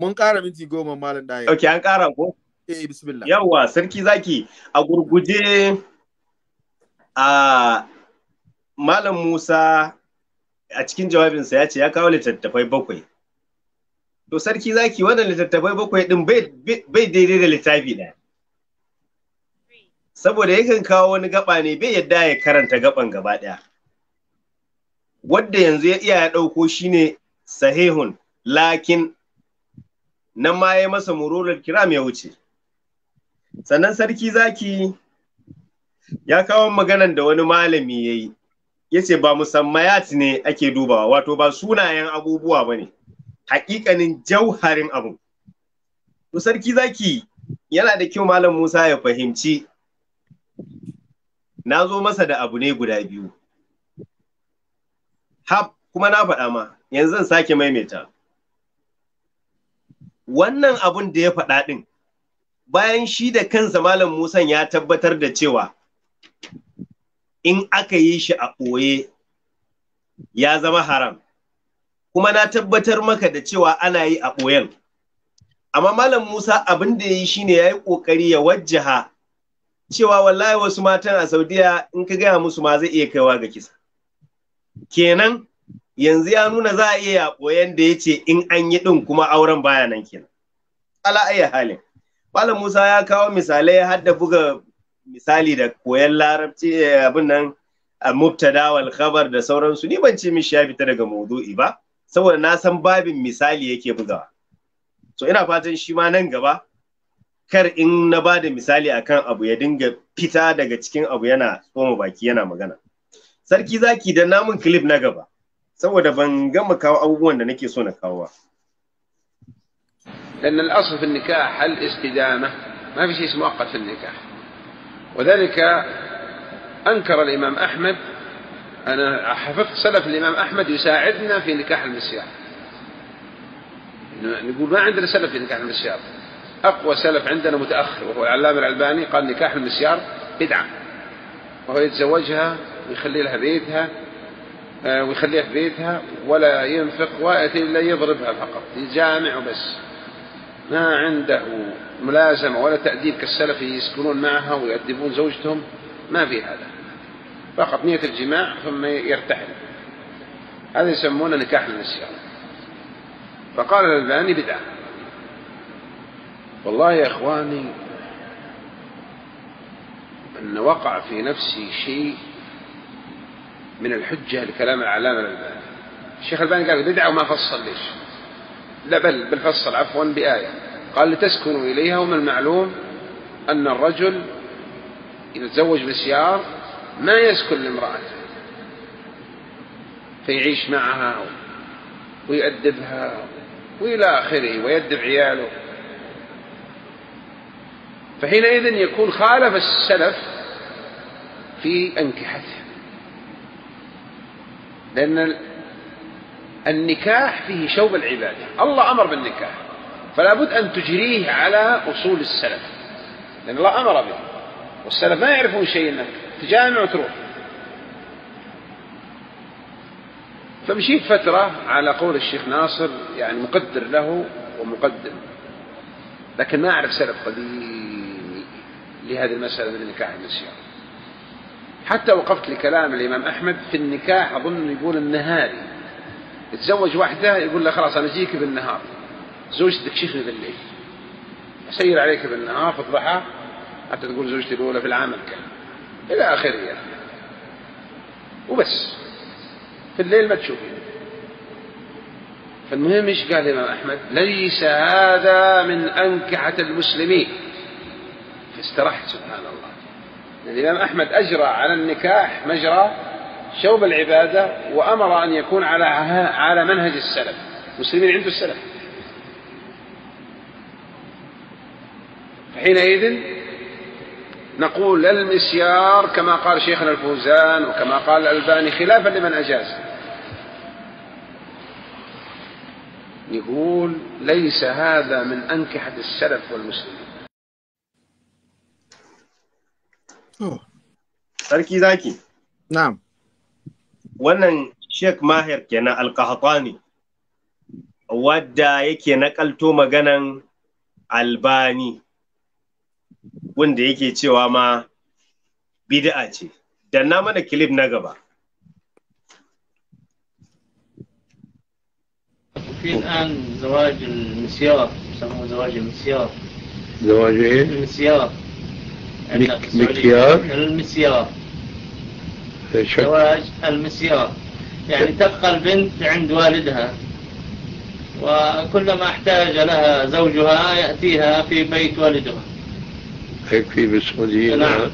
Mun ƙara minti goma malam ɗaya. Ok, an ƙara ko? Eh, bismillah. Yawwa, sarki zaki a gurguje a Malam Musa a cikin jawabinsa ya ce ya kawo littattafai bakwai. To sarki zaki wannan littattafai bakwai ɗin bai daidai da littafi ɗaya. saboda yakan kawo wani gaba ne bai yadda ya karanta gaban gaba ɗaya wadda yanzu ya iya ya ɗauko shine sahihun lakin nan ma ya masa mururar kiram ya wuce sannan sarki zaki ya kawo maganan da wani malami ya yi ya ce ba musammayat ne ake dubawa wato ba sunayen abubuwa ba ne hakikanin jauharin abu to sarki zaki yana da kyau malam musa ya fahimci na zo masa da abu ne guda biyu hab kuma na faɗa ma yanzu zan sake maimaita wannan abun da ya faɗa ɗin bayan shi da kansa malam musan ya tabbatar da cewa in aka yi shi a ɓoye ya zama haram kuma na tabbatar maka da cewa ana yi a ɓoyen amma malam musa abin da ya yi shine ya yi ƙoƙari ya wajjaha cewa wallahi wasu matan a Saudiya in ka gaya musu ma zai iya kaiwa ga kisa. Kenan yanzu ya nuna za a iya koyan da ya ce in an yi ɗin kuma auren baya nan kenan. Ala ayya halin. Malam Musa ya kawo misalai har da buga misali da koyan larabci eh, abin nan a mubtada wal khabar da sauransu ni ban ce mishi ya fita daga maudu'i ba saboda na san babin misali yake bugawa. So ina fatan shi ma nan gaba kar in na ba da misali akan abu ya dinga fita daga cikin abu yana tsoma baki yana magana sarki zaki dan namun clip na gaba saboda ban gama kawo abubuwan da nake so na kawo ba لأن الأصل في النكاح الاستدامة ما في شيء اسمه مؤقت في النكاح وذلك أنكر الإمام أحمد أنا حفظت سلف الإمام أحمد يساعدنا في نكاح المسيار نقول ما عندنا سلف في نكاح المسيار أقوى سلف عندنا متأخر وهو العلامة الألباني قال نكاح المسيار بدعة وهو يتزوجها ويخلي لها بيتها آه، ويخليها في بيتها ولا ينفق وقت إلا يضربها فقط يجامع وبس ما عنده ملازمة ولا تأديب كالسلف يسكنون معها ويؤدبون زوجتهم ما في هذا فقط نية الجماع ثم يرتحل هذا يسمونه نكاح المسيار فقال الألباني بدعة والله يا اخواني ان وقع في نفسي شيء من الحجه لكلام العلامه الالباني الشيخ الباني قال بدعه وما فصل ليش لا بل بل فصل عفوا بايه قال لتسكنوا اليها ومن المعلوم ان الرجل اذا تزوج بسيار ما يسكن لامراته فيعيش معها ويؤدبها والى اخره ويدب عياله فحينئذ يكون خالف السلف في أنكحته لأن النكاح فيه شوب العبادة الله أمر بالنكاح فلا بد أن تجريه على أصول السلف لأن الله أمر به والسلف ما يعرفون شيء أنك تجامع وتروح فمشيت فترة على قول الشيخ ناصر يعني مقدر له ومقدم لكن ما أعرف سلف قديم لهذه المسألة من النكاح والنسيان حتى وقفت لكلام الإمام أحمد في النكاح أظن يقول النهاري يتزوج واحدة يقول لها خلاص أنا أجيك بالنهار زوجتي تكشفني بالليل أسير عليك بالنهار في الضحى حتى تقول زوجتي الأولى في العام كان إلى آخره يعني. وبس في الليل ما تشوفين فالمهم ايش قال الإمام أحمد ليس هذا من أنكحة المسلمين استرحت سبحان الله يعني الإمام أحمد أجرى على النكاح مجرى شوب العبادة وأمر أن يكون على على منهج السلف المسلمين عنده السلف حينئذ نقول المسيار كما قال شيخنا الفوزان وكما قال الألباني خلافا لمن أجاز يقول ليس هذا من أنكحة السلف والمسلمين Sarki zaki. Na'am. Wannan Sheikh Mahir kenan alkahatani wadda yake nakalto maganan albani wanda yake cewa ma bid'a ce. Danna mana kilif na gaba. Fi'an zawajin زواج المسيرة zawajin زواج Zawajin? زواج إيه؟ المسيرة مكياج المسيار زواج المسيار يعني تبقى البنت عند والدها وكلما احتاج لها زوجها يأتيها في بيت والدها هيك في مسؤولية نعم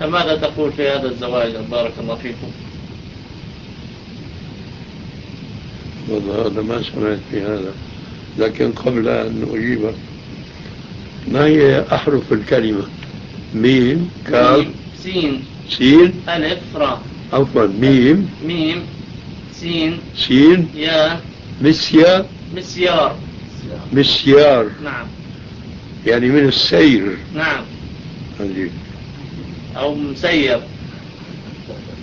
فماذا تقول في هذا الزواج بارك الله فيكم والله هذا ما سمعت في هذا لكن قبل أن أجيبك ما هي أحرف الكلمة ميم كاف سين سين ألف را عفوا ميم ميم سين سين يا مسيا مسيار مسيار نعم يعني من السير نعم عندي. أو مسير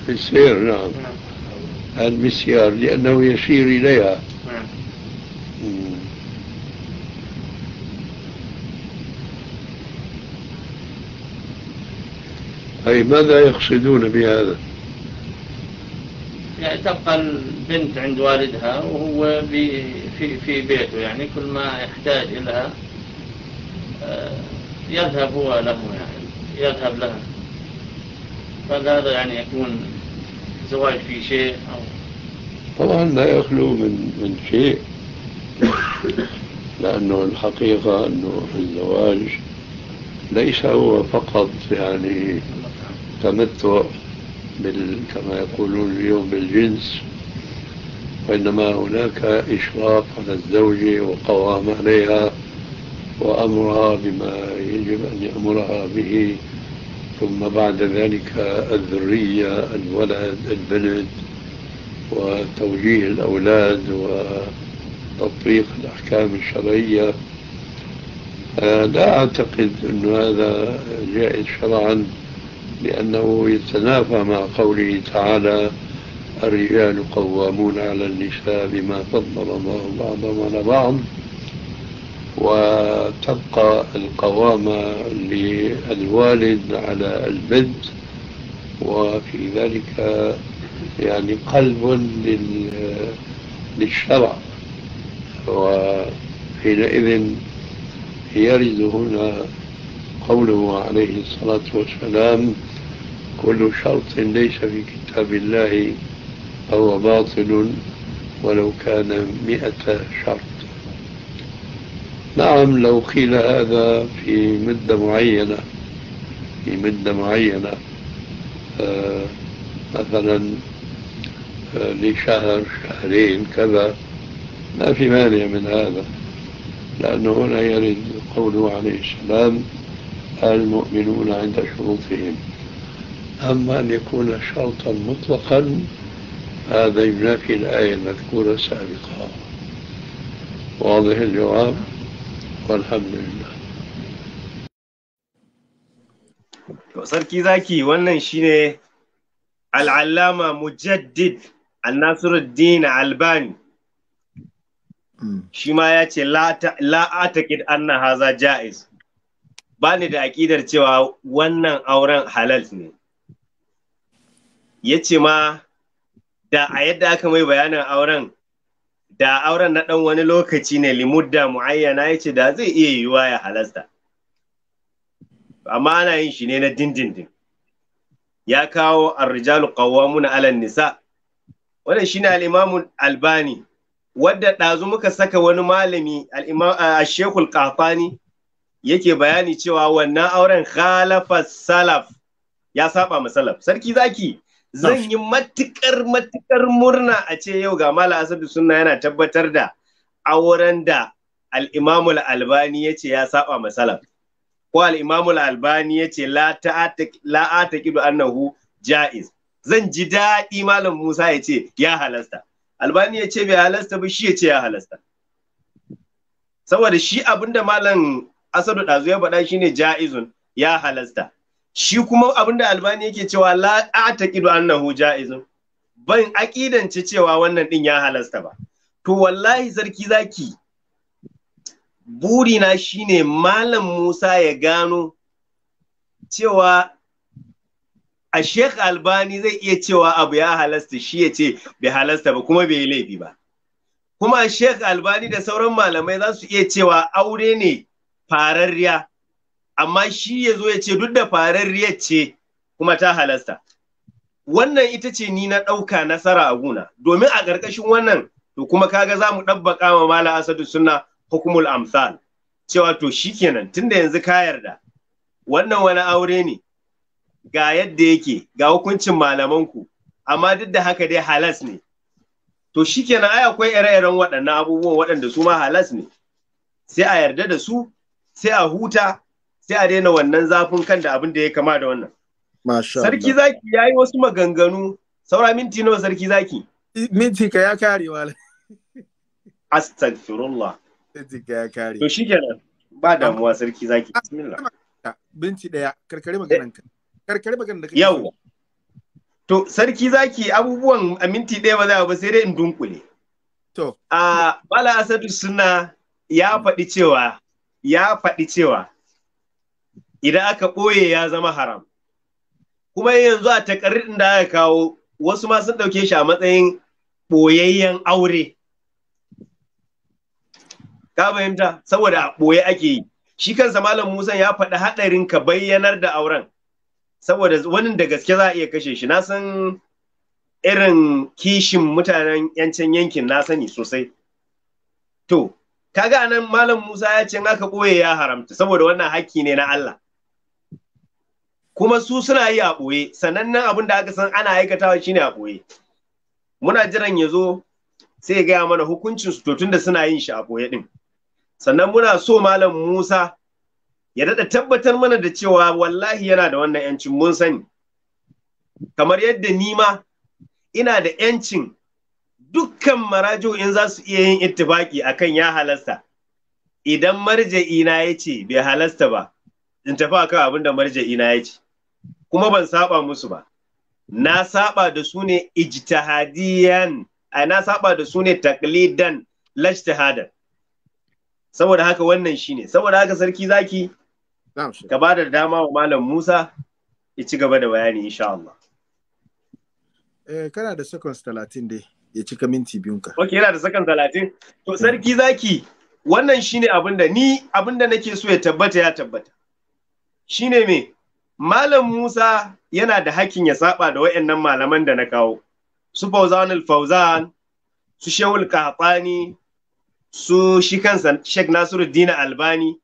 السير نعم, نعم. المسيار لأنه يسير إليها نعم أي ماذا يقصدون بهذا يعني تبقى البنت عند والدها وهو في, في بيته يعني كل ما يحتاج لها آه، يذهب هو له يعني يذهب لها فهذا يعني يكون زواج في شيء أو طبعا لا يخلو من من شيء لأنه الحقيقة أنه في الزواج ليس هو فقط يعني التمتع بال كما يقولون اليوم بالجنس وإنما هناك إشراف على الزوجة وقوام عليها وأمرها بما يجب أن يأمرها به ثم بعد ذلك الذرية الولد البنت وتوجيه الأولاد وتطبيق الأحكام الشرعية آه، لا أعتقد أن هذا جائز شرعا لأنه يتنافى مع قوله تعالى الرجال قوامون على النساء بما فضل الله بعضهم على بعض وتبقى القوامة للوالد على البنت وفي ذلك يعني قلب للشرع وحينئذ يرد هنا قوله عليه الصلاة والسلام كل شرط ليس في كتاب الله فهو باطل ولو كان مئة شرط نعم لو قيل هذا في مدة معينة في مدة معينة آه، مثلا آه، لشهر شهرين كذا ما في مانع من هذا لأنه هنا يرد قوله عليه السلام المؤمنون عند شروطهم أما أن يكون شرطا مطلقا هذا ينافي الآية المذكورة سابقا واضح الجواب والحمد لله sarki zaki wannan shine al'allama mujaddid al-nasiruddin albani shi ma ya ce la'atakid anna haza ja'iz ba ni da aƙidar cewa wannan auren halal ne ya ce ma da a yadda aka mai bayanin auren da auren na ɗan wani lokaci ne limudda mu'ayyana ya ce da zai iya yiwuwa ya halasta amma ana yin shi ne na dindindin ya kawo arrijalu qawwamuna 'alan nisa wannan shine al-imamu albani wadda ɗazu muka saka wani malami al-shekul kafani yake bayani cewa wannan auren khalafa salaf ya saba ma sarki zaki zan yi matukar matukar murna a ce yau ga mala asadu sunna yana tabbatar da auren da al'imamul albani ya ce ya saba masalam ko al'imamul albani ya ce la'ata kidu annahu ja'iz zan ji daɗi malam musa ya ce ya halasta albani ya ce bai halasta ba shi ya ce ya halasta saboda shi abinda malam asadu ɗazu ya faɗa shine ja'izun ya halasta shi kuma abinda albani yake cewa la ataqidu annahu ja'izun ban aƙidance cewa wannan din ya halasta ba. To wallahi sarki zaki burina shine Malam Musa ya gano cewa a Sheikh Albani zai iya cewa abu ya halasta shi ya ce bai halasta ba kuma bai laifi ba. Kuma Sheikh Albani da sauran malamai za su iya cewa aure ne fararriya amma shi ya zo ya ce duk da fararriyar ce kuma ta halasta wannan ita ce ni na ɗauka nasara a guna domin a ƙarƙashin wannan to kuma kaga za mu ɗabbaƙa ma mala asadu suna hukumul amsal cewa to shi shikenan tunda yanzu ka yarda wannan wani aure ne ga yadda yake ga hukuncin malamanku amma duk da haka dai halas ne to shi kenan ai akwai ire-iren waɗannan abubuwan waɗanda su ma halas ne sai a yarda da su sai a huta sai a daina wannan zafin kan da abin da ya kama da wannan sarki zaki ya yi wasu maganganu saura minti nawa sarki zaki minti ka ya kare wala astagfirullah minti ka ya kare to shikenan ba damuwa sarki zaki ah, bismillah binci daya karkare maganan ka karkare maganan da kake to sarki zaki abubuwan a minti ɗaya ba za ba sai dai in dunkule to a ah, bala asadu suna ya faɗi cewa ya faɗi cewa idan aka ɓoye ya zama haram kuma yanzu a takaririn da aka kawo wasu ma sun ɗauke shi a matsayin ɓoyayyen aure ka fahimta saboda a ɓoye ake yi shi kansa malam Musa ya faɗi haɗarin ka bayyanar da auren saboda wani da gaske za a iya kashe shi na san irin kishin mutanen yancin yankin na sani sosai to kaga nan, malam musa ya ce aka ɓoye ya haramta saboda wannan haƙƙi ne na allah kuma su suna yi a ɓoye sanannen abin da aka san ana aikatawa shine a ɓoye muna jiran ya zo sai ya gaya mana hukuncin su tun da suna yin shi a ɓoye ɗin sannan muna so malam musa ya daɗa tabbatar mana da cewa wallahi yana da wannan yancin mun sani kamar yadda ni ma ina da yancin dukkan marajo in za su iya yin ittifaki akan ya halasta idan marja'ina ya ce bai halasta ba in tafi akan abin da marja'ina ya ce kuma ban saba musu ba na saba da su ne ijtihadiyan ai na saba da su ne taqlidan lajtihadan saboda haka wannan shine saboda haka sarki zaki ka ba da dama wa malam Musa ya ci gaba da bayani insha Allah eh kana da seconds 30 dai ya cika minti biyun ka okay yana da seconds 30 to sarki zaki wannan shine abinda ni abinda nake so ya tabbata ya tabbata shine me Malam Musa yana da hakkin ya saba da wayannan malaman da na kawo. Su Fauzan al-Fauzan, su Shehul Kafani, su shi kansa Sheikh Nasiruddin Albani.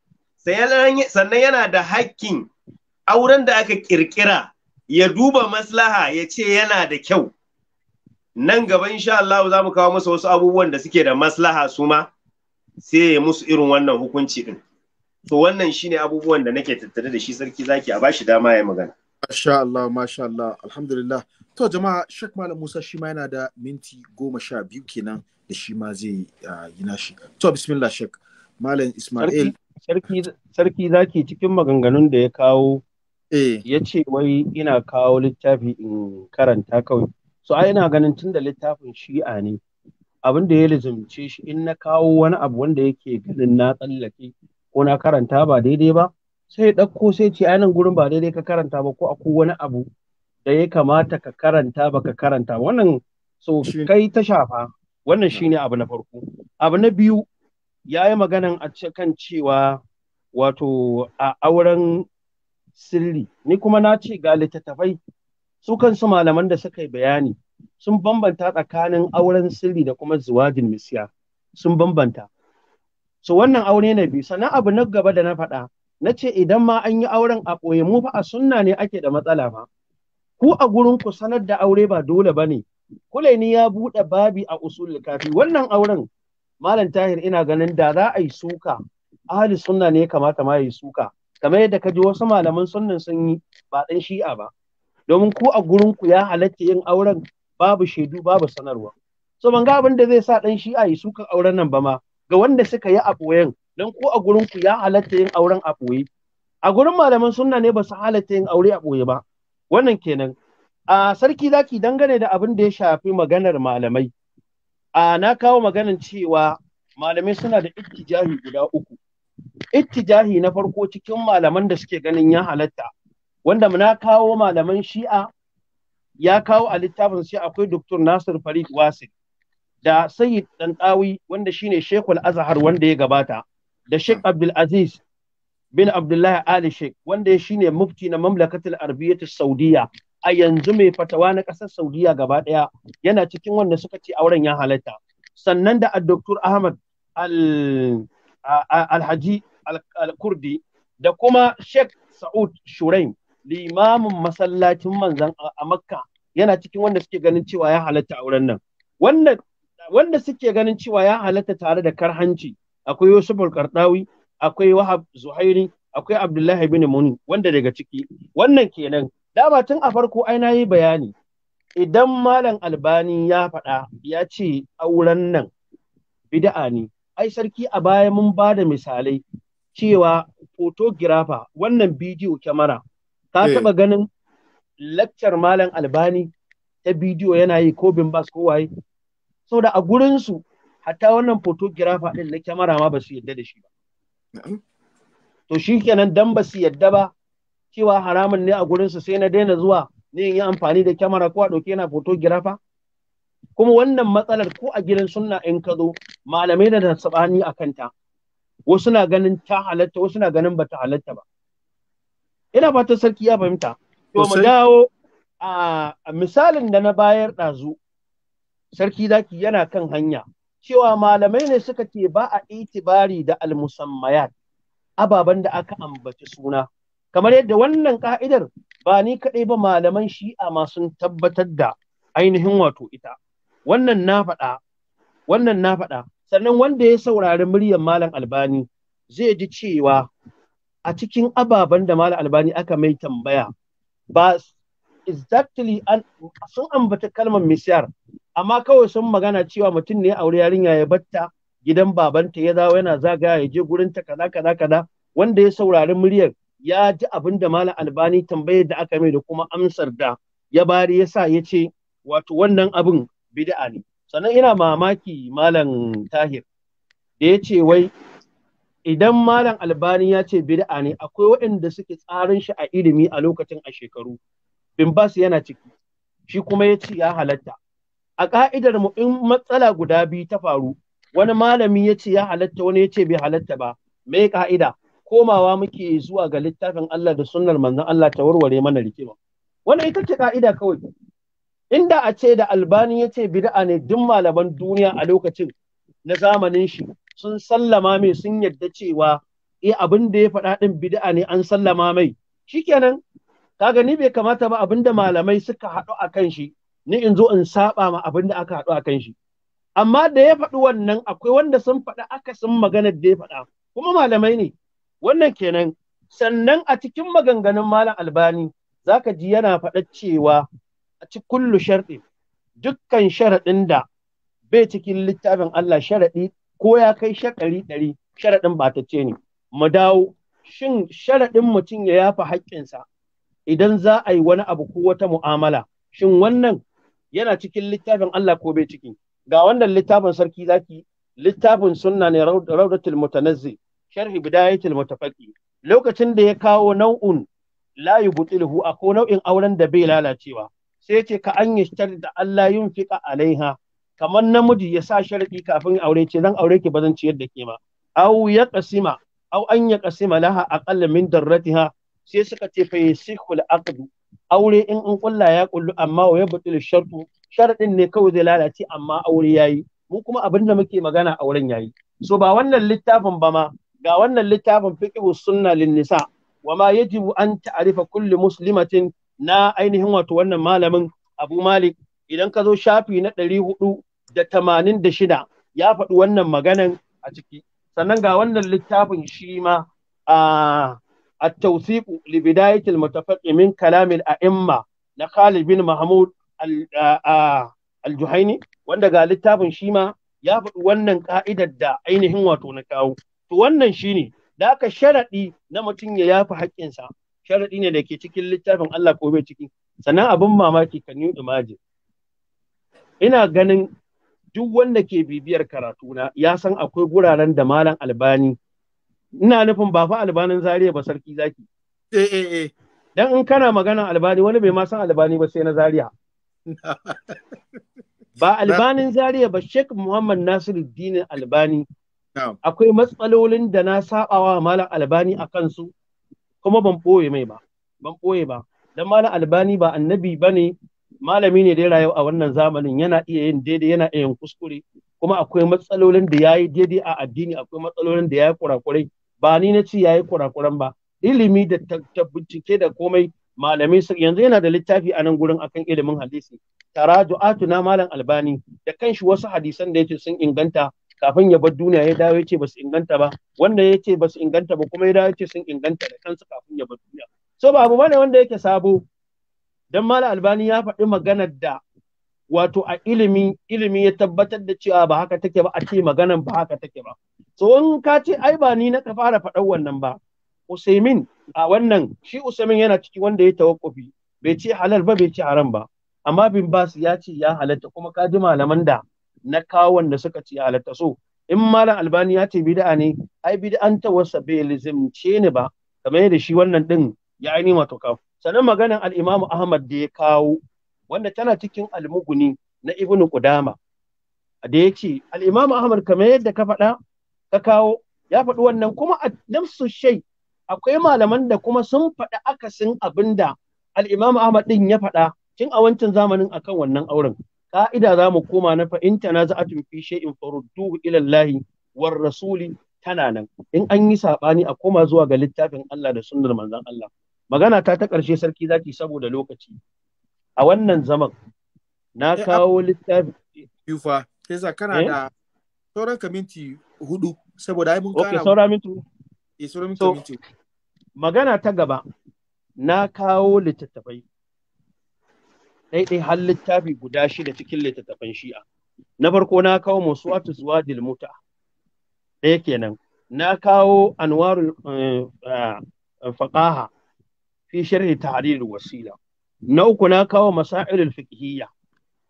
Sannan yana da hakkin auren da aka kirkira ya duba maslaha ya ce yana da kyau. Nan gaba insha Allah za mu kawo masa wasu abubuwan da suke da maslaha su ma sai ya musu irin wannan hukunci din. to wannan shine abubuwan da nake tattare da shi sarki zaki a bashi dama ya magana masha Allah masha Allah alhamdulillah to jama'a Sheikh Malam Musa shi ma yana da minti goma sha biyu kenan da shi ma zai ah, yi nashi to bismillah Sheikh Malam Ismail sarki zaki cikin maganganun da ya kawo eh. ya ce wai ina kawo littafi in karanta kawai so ai ina ganin tun da littafin shi'a ne abin da ya lizumce shi in na kawo wani abu wanda yake ganin na tsallake ko na karanta ba daidai ba sai ɗauko sai ce ainihin gurin ba daidai ka karanta ba ko akwai wani abu da ya kamata ka karanta ba ka karanta wannan so kai ta shafa wannan shine abu na farko abu na biyu ya yi maganan a kan cewa wato a auren sirri ni kuma na ce ga littattafai su kansu malaman da suka yi bayani sun bambanta tsakanin auren sirri da kuma zuwajin misiya sun bambanta so wannan aure na biyu sannan abu na gaba da na faɗa na ce idan ma an yi auren a ɓoye mu fa a sunna ne ake da matsala ma ku a gurin ku sanar da aure ba dole ba ne kulaini ya buɗe babi a usul kafi wannan auren malam tahir ina ganin da za a yi suka ahli sunna ne ya kamata ma yi suka kamar yadda ka ji wasu malaman sunnan sun yi ba ɗan shi'a ba domin ku a gurin ku ya halatta yin auren babu shaidu babu sanarwa so ban ga abin da zai sa ɗan shi'a yi suka auren nan ba ma ga wanda suka yi a don ko a gurin ku ya halatta yin auren a ɓoye a gurin malaman sunna ne ba su halatta yin aure a ɓoye ba wannan kenan a sarki zaki dangane da abin da ya shafi maganar malamai a na kawo maganar cewa malamai suna da ittijahi guda uku ittijahi na farko cikin malaman da suke ganin ya halatta wanda na kawo malaman shi'a ya kawo a littafin sai akwai Dr. Nasir Farid Wasik. da sayyid dantawi wanda shine shekul azhar wanda ya gabata da sheikh ah. abdul aziz bin abdullahi ali sheikh wanda shine mufti na mamlakatul Arbiyyatu saudiya a yanzu mai fatawa na kasar saudiya gaba daya yana cikin wanda suka ce auren ya halatta sannan da dr ahmad alhaji al-kurdi da kuma sheikh sa'ud shuraim limamin masallacin manzan a makka yana cikin wanda suke ganin cewa ya halatta auren nan wannan wanda suke ganin cewa ya halatta tare da karhanci akwai Yusuf al-Qardawi akwai Wahab Zuhairi akwai Abdullahi bin Muni wanda daga ciki wannan kenan dama tun a farko ai na yi bayani idan malam albani ya faɗa ya ce auren nan bid'a ne ai sarki a baya mun ba da misalai cewa photographer wannan bidiyo kyamara ka eh. taɓa ganin lakcar malam albani ta bidiyo yana yi ko bas ko waye da a gurinsu hatta wannan photographer din na kyamara ma ba su yadda da shi ba to shi kenan dan ba su yadda ba cewa haramun ne a gurinsu sai na daina zuwa ne yi amfani da kyamara ko a ɗauke na photographer kuma wannan matsalar ko a gidan sunna in ka zo malamai da sabani a kanta wasu na ganin ta halatta wasu na ganin bata halatta ba ina fatan sarki ya fahimta to mu dawo a misalin da na bayar ɗazu sarki zaki yana kan hanya cewa malamai ne suka ce ba a itibari da al-musammayat ababen da aka ambaci suna kamar yadda wannan ka'idar ba ni kaɗai ba malaman shi'a ma sun tabbatar da ainihin wato ita wannan na faɗa wannan na faɗa sannan wanda ya saurari muryar malam albani zai ji cewa a cikin ababen da malam albani aka mai tambaya ba exactly an, sun ambata kalmar misyar amma kawai sun magana cewa mutum ne aure yarinya ya batta gidan babanta ya dawo yana zagaya ya je gurin ta kaza kaza kaza wanda ya saurari muryar ya ji abin da malam albani tambayar da aka mai da kuma amsar da ya bari ya sa ya ce wato wannan abin bid'a ne sannan ina mamaki malam tahir da ya ce wai idan malam albani ya ce bid'a ne akwai waɗanda suke tsarin shi a ilimi a lokacin a shekaru bin yana ciki shi kuma ya ce ya halatta a ka'idar mu in matsala guda biyu ta faru wani malami ya ce ya halatta wani ya ce bai halatta ba me ka'ida komawa muke zuwa ga littafin Allah da sunnar manzon Allah ta warware mana rikima Wani ita ce ka'ida kawai inda a ce da albani ya ce bid'a ne duk malaman duniya a lokacin na zamanin shi sun sallama mai sun yadda cewa eh abin da ya faɗa ɗin bid'a ne an sallama mai shikenan kaga gani bai kamata ba abin da malamai suka haɗu a kan shi ni in zo in saba ma abin da aka haɗu a kan shi amma da ya faɗi wannan akwai wanda sun aka sun magana da ya faɗa kuma malamai ne wannan kenan sannan a cikin maganganun malam albani zaka ji yana faɗa cewa a cikin kullu sharɗi dukkan sharaɗin da bai cikin littafin Allah sharaɗi ko ya kai shakari ɗari sharaɗin ce ne mu dawo shin sharaɗin mutum ya yafa haƙƙinsa idan za a yi wani abu ko wata mu'amala shin wannan yana cikin littafin Allah ko bai ciki ga wannan littafin sarki zaki littafin sunna ne raudatul mutanazzi sharhi bidayatul mutafaqi lokacin da ya kawo nau'un la yubtiluhu akwai nau'in auren da bai lalacewa sai ce ka an yashtar da Allah yunfiqa alaiha kamar namiji ya sa sharadi kafin aure ce zan aure ki bazan ciyar da ke ma Au ya qasima an ya qasima laha aqall min darratiha sai suka ce fa yasikhul aqdu aure in an kulla ya kullu amma wa yabtul shartu sharadin ne kawai zai lalace amma aure yayi mu kuma abin da muke magana auren yayi so ba wannan littafin ba ma ga wannan littafin fiqhu sunna lin nisa wa ma yajibu an ta'rifa kulli muslimatin na ainihin wato wannan malamin Abu Malik idan ka zo shafi na ɗari hudu da tamanin da shida ya faɗi wannan maganan a ciki sannan ga wannan littafin shi ma a ah, التوثيق لبداية المتفق من كلام na لخالد بن محمود الجهيني wanda ga littafin shi ma ya faɗi wannan ka'idar da ainihin wato na kawo to wannan shine da aka sharaɗi na mutum ya yafi haƙƙinsa sharaɗi ne da ke cikin littafin Allah ko bai ciki sannan abin mamaki kan yi imagine ina ganin duk wanda ke bibiyar karatuna ya san akwai guraren da malam albani ina nufin ba fa albanin zariya ba sarki zaki eh eh eh dan in kana magana albani wani bai ma san albani ba sai na zariya ba albanin zariya ba Sheikh Muhammad Nasiruddin Albani akwai matsalolin da na sabawa malam albani a kansu kuma ban ɓoye mai ba ban ɓoye ba dan malam albani ba annabi bane malami ne da ya rayu a wannan zamanin yana iya yin daidai yana iya yin kuskure kuma akwai matsalolin da ya yi daidai a addini akwai matsalolin da ya yi kurakurai ba ni na ce yayi kurakuran ba ilimi da ta bincike da komai malamai su yanzu yana da littafi a nan gurin akan ilimin hadisi taraju'atu na malam albani da kanshi wasu hadisan da yace sun inganta kafin ya bar duniya ya dawo yace basu inganta ba wanda yace basu inganta ba kuma ya dawo yace sun inganta da kansu kafin ya bar duniya so ba abu bane wanda yake sabo dan malam albani ya faɗi maganar da wato a ilimi ilimi ya tabbatar da cewa ba haka take ba a ce maganan ba haka take ba tsohon ka ce ai ba ni na ka fara faɗar wannan ba usaimin a wannan shi usaimin yana ciki wanda ya tawakkufi bai ce halal ba bai ce haram ba amma bin bas ya ce ya halatta kuma ka ji malaman da na kawo wanda suka ce ya halatta so in malam albani ya ce bid'a ne ai bid'an ta wasa bai lizimce ni ba kamar yadda shi wannan din ya aini wato kafu sannan maganan al-imamu ahmad da ya kawo wanda tana cikin almuguni na ibnu qudama da ya ce Alimamu ahmad kamar yadda ka faɗa ka kawo ya faɗi wannan kuma a nafsu shai akwai malaman da kuma sun faɗi akasin abin da al'imam Ahmad ɗin ya faɗa cin a wancan zamanin akan wannan auren ka'ida za mu koma na fa in tanaza'atun fi in faru duhu, ilallahi, war rasuli tana nan in an yi saɓani a koma zuwa ga littafin Allah da sunnar manzon Allah magana ta ta ƙarshe sarki zaki saboda lokaci a wannan zaman na eh, kawo littafin yufa sai kana eh? da sauran kaminti hudu saboda ai mun kara okay saura minti eh saura mintu mintu. magana ta gaba na kawo littattafai ɗaiɗai har littafi guda shida cikin littattafan shi'a na farko na kawo musuwatu zuwadil muta ɗaya kenan na kawo anwaru eh, eh, faqaha fi sharhi tahrir wasila na uku na kawo masailul fiqhiyya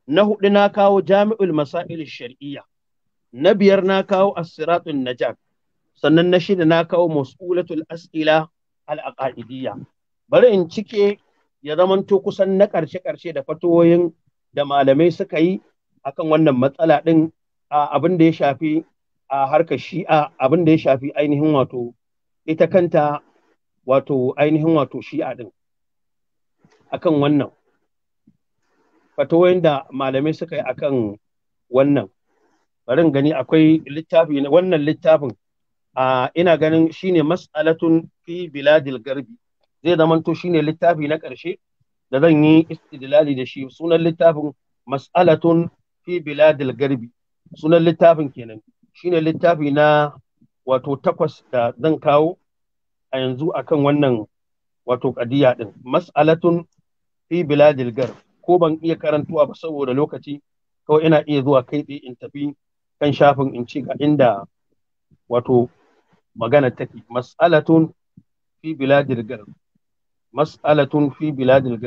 na hudu na kawo jami'ul masail shar'iyya na biyar na kawo Asiratun siratun sannan na shida na kawo mas'ulatul as'ila al-aqaidiyya bari in cike ya zamanto kusan na ƙarshe ƙarshe da fatoyin da malamai suka yi akan wannan matsala din abin da ya shafi a harkar shi'a abin da ya shafi ainihin wato ita kanta wato ainihin wato shi'a din akan wannan fatoyin da malamai suka yi akan wannan Barin gani akwai littafi wannan littafin a ina ganin shine mas'alatun fi biladil garbi zai zamanto shine littafi na ƙarshe da zan yi istidlali da shi sunan littafin mas'alatun fi biladil garbi sunan littafin kenan shine littafi na wato takwas da zan kawo a yanzu akan wannan wato kadiya din mas'alatun fi biladil garbi ko ban iya karantuwa ba saboda lokaci kawai ina iya zuwa kai tsaye in tafi kan shafin in ci ga inda wato magana take mas'alatun fi biladil mas'alatun fi biladil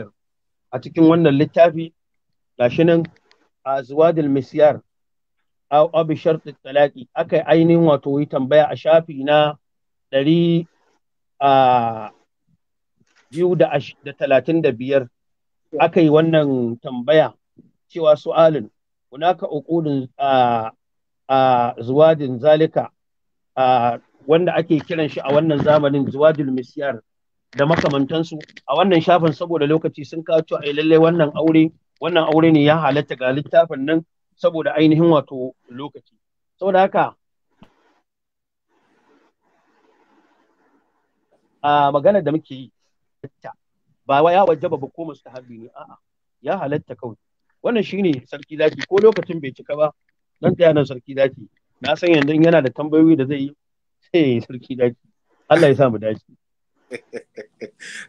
a cikin wannan littafi gashi nan a zuwadil misyar aw abi shartit talaqi akai ainihin wato yi tambaya a shafi na ɗari a biyu da talatin da biyar aka yi wannan tambaya cewa su'alin Kuna ka a a zuwadin zalika a wanda ake kiran shi a wannan zamanin Zuwajin misiyar da makamantansu a wannan shafin saboda lokaci sun kawo cewa ai lalle wannan aure wannan aure ne ya halatta ga littafin nan saboda ainihin wato lokaci saboda haka a magana da muke yi ba wa ya wajaba ba ko mustahabi ne a'a ya halatta kawai wannan shine sarki zaki ko lokacin bai cika ba dan tsaya nan sarki dace na san yanzu yana da tambayoyi da zai yi sai sarki dace Allah ya sa mu dace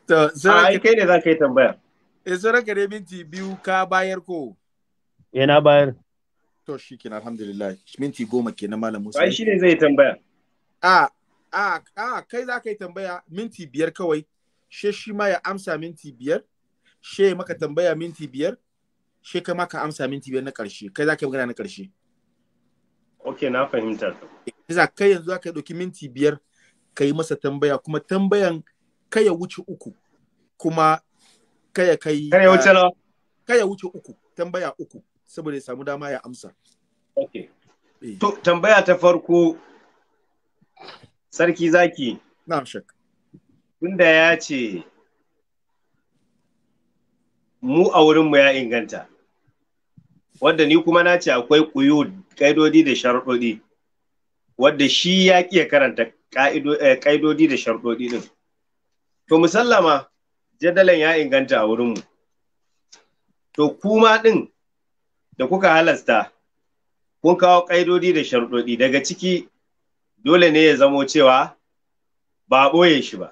to sai kai ne zaka yi tambaya eh saraka ne minti biyu ka bayar ko eh na bayar to shi kenan alhamdulillah minti goma kenan malam Musa ai shine zai tambaya a a a kai zaka yi tambaya minti biyar kawai she shi ma ya amsa minti biyar she maka tambaya minti biyar she ka maka amsa minti biyar na karshe kai zaka yi magana na karshe Ok, na fahimta. Yasa kai yanzu za ka ɗauki minti biyar ka yi masa tambaya kuma tambayan kaya wuce uku kuma kaya kai kaya wuce eh, nawa kaya wuce uku tambaya uku saboda ya samu dama ya amsa. Ok. Eh. To tambaya ta farko sarki zaki. Na shak Tunda ya ce mu a wurinmu ya inganta. wadda ni kuma na ce akwai ƙuyu, ƙaidodi da sharɗoɗi wadda shi ya ƙi ya karanta eh, ƙaidodi da sharɗoɗi din to musallama jadalan ya inganta a wurinmu to kuma ɗin da kuka halasta kun kawo ƙaidodi da sharɗoɗi daga ciki dole ne ya zamo cewa ba a ɓoye shi ba.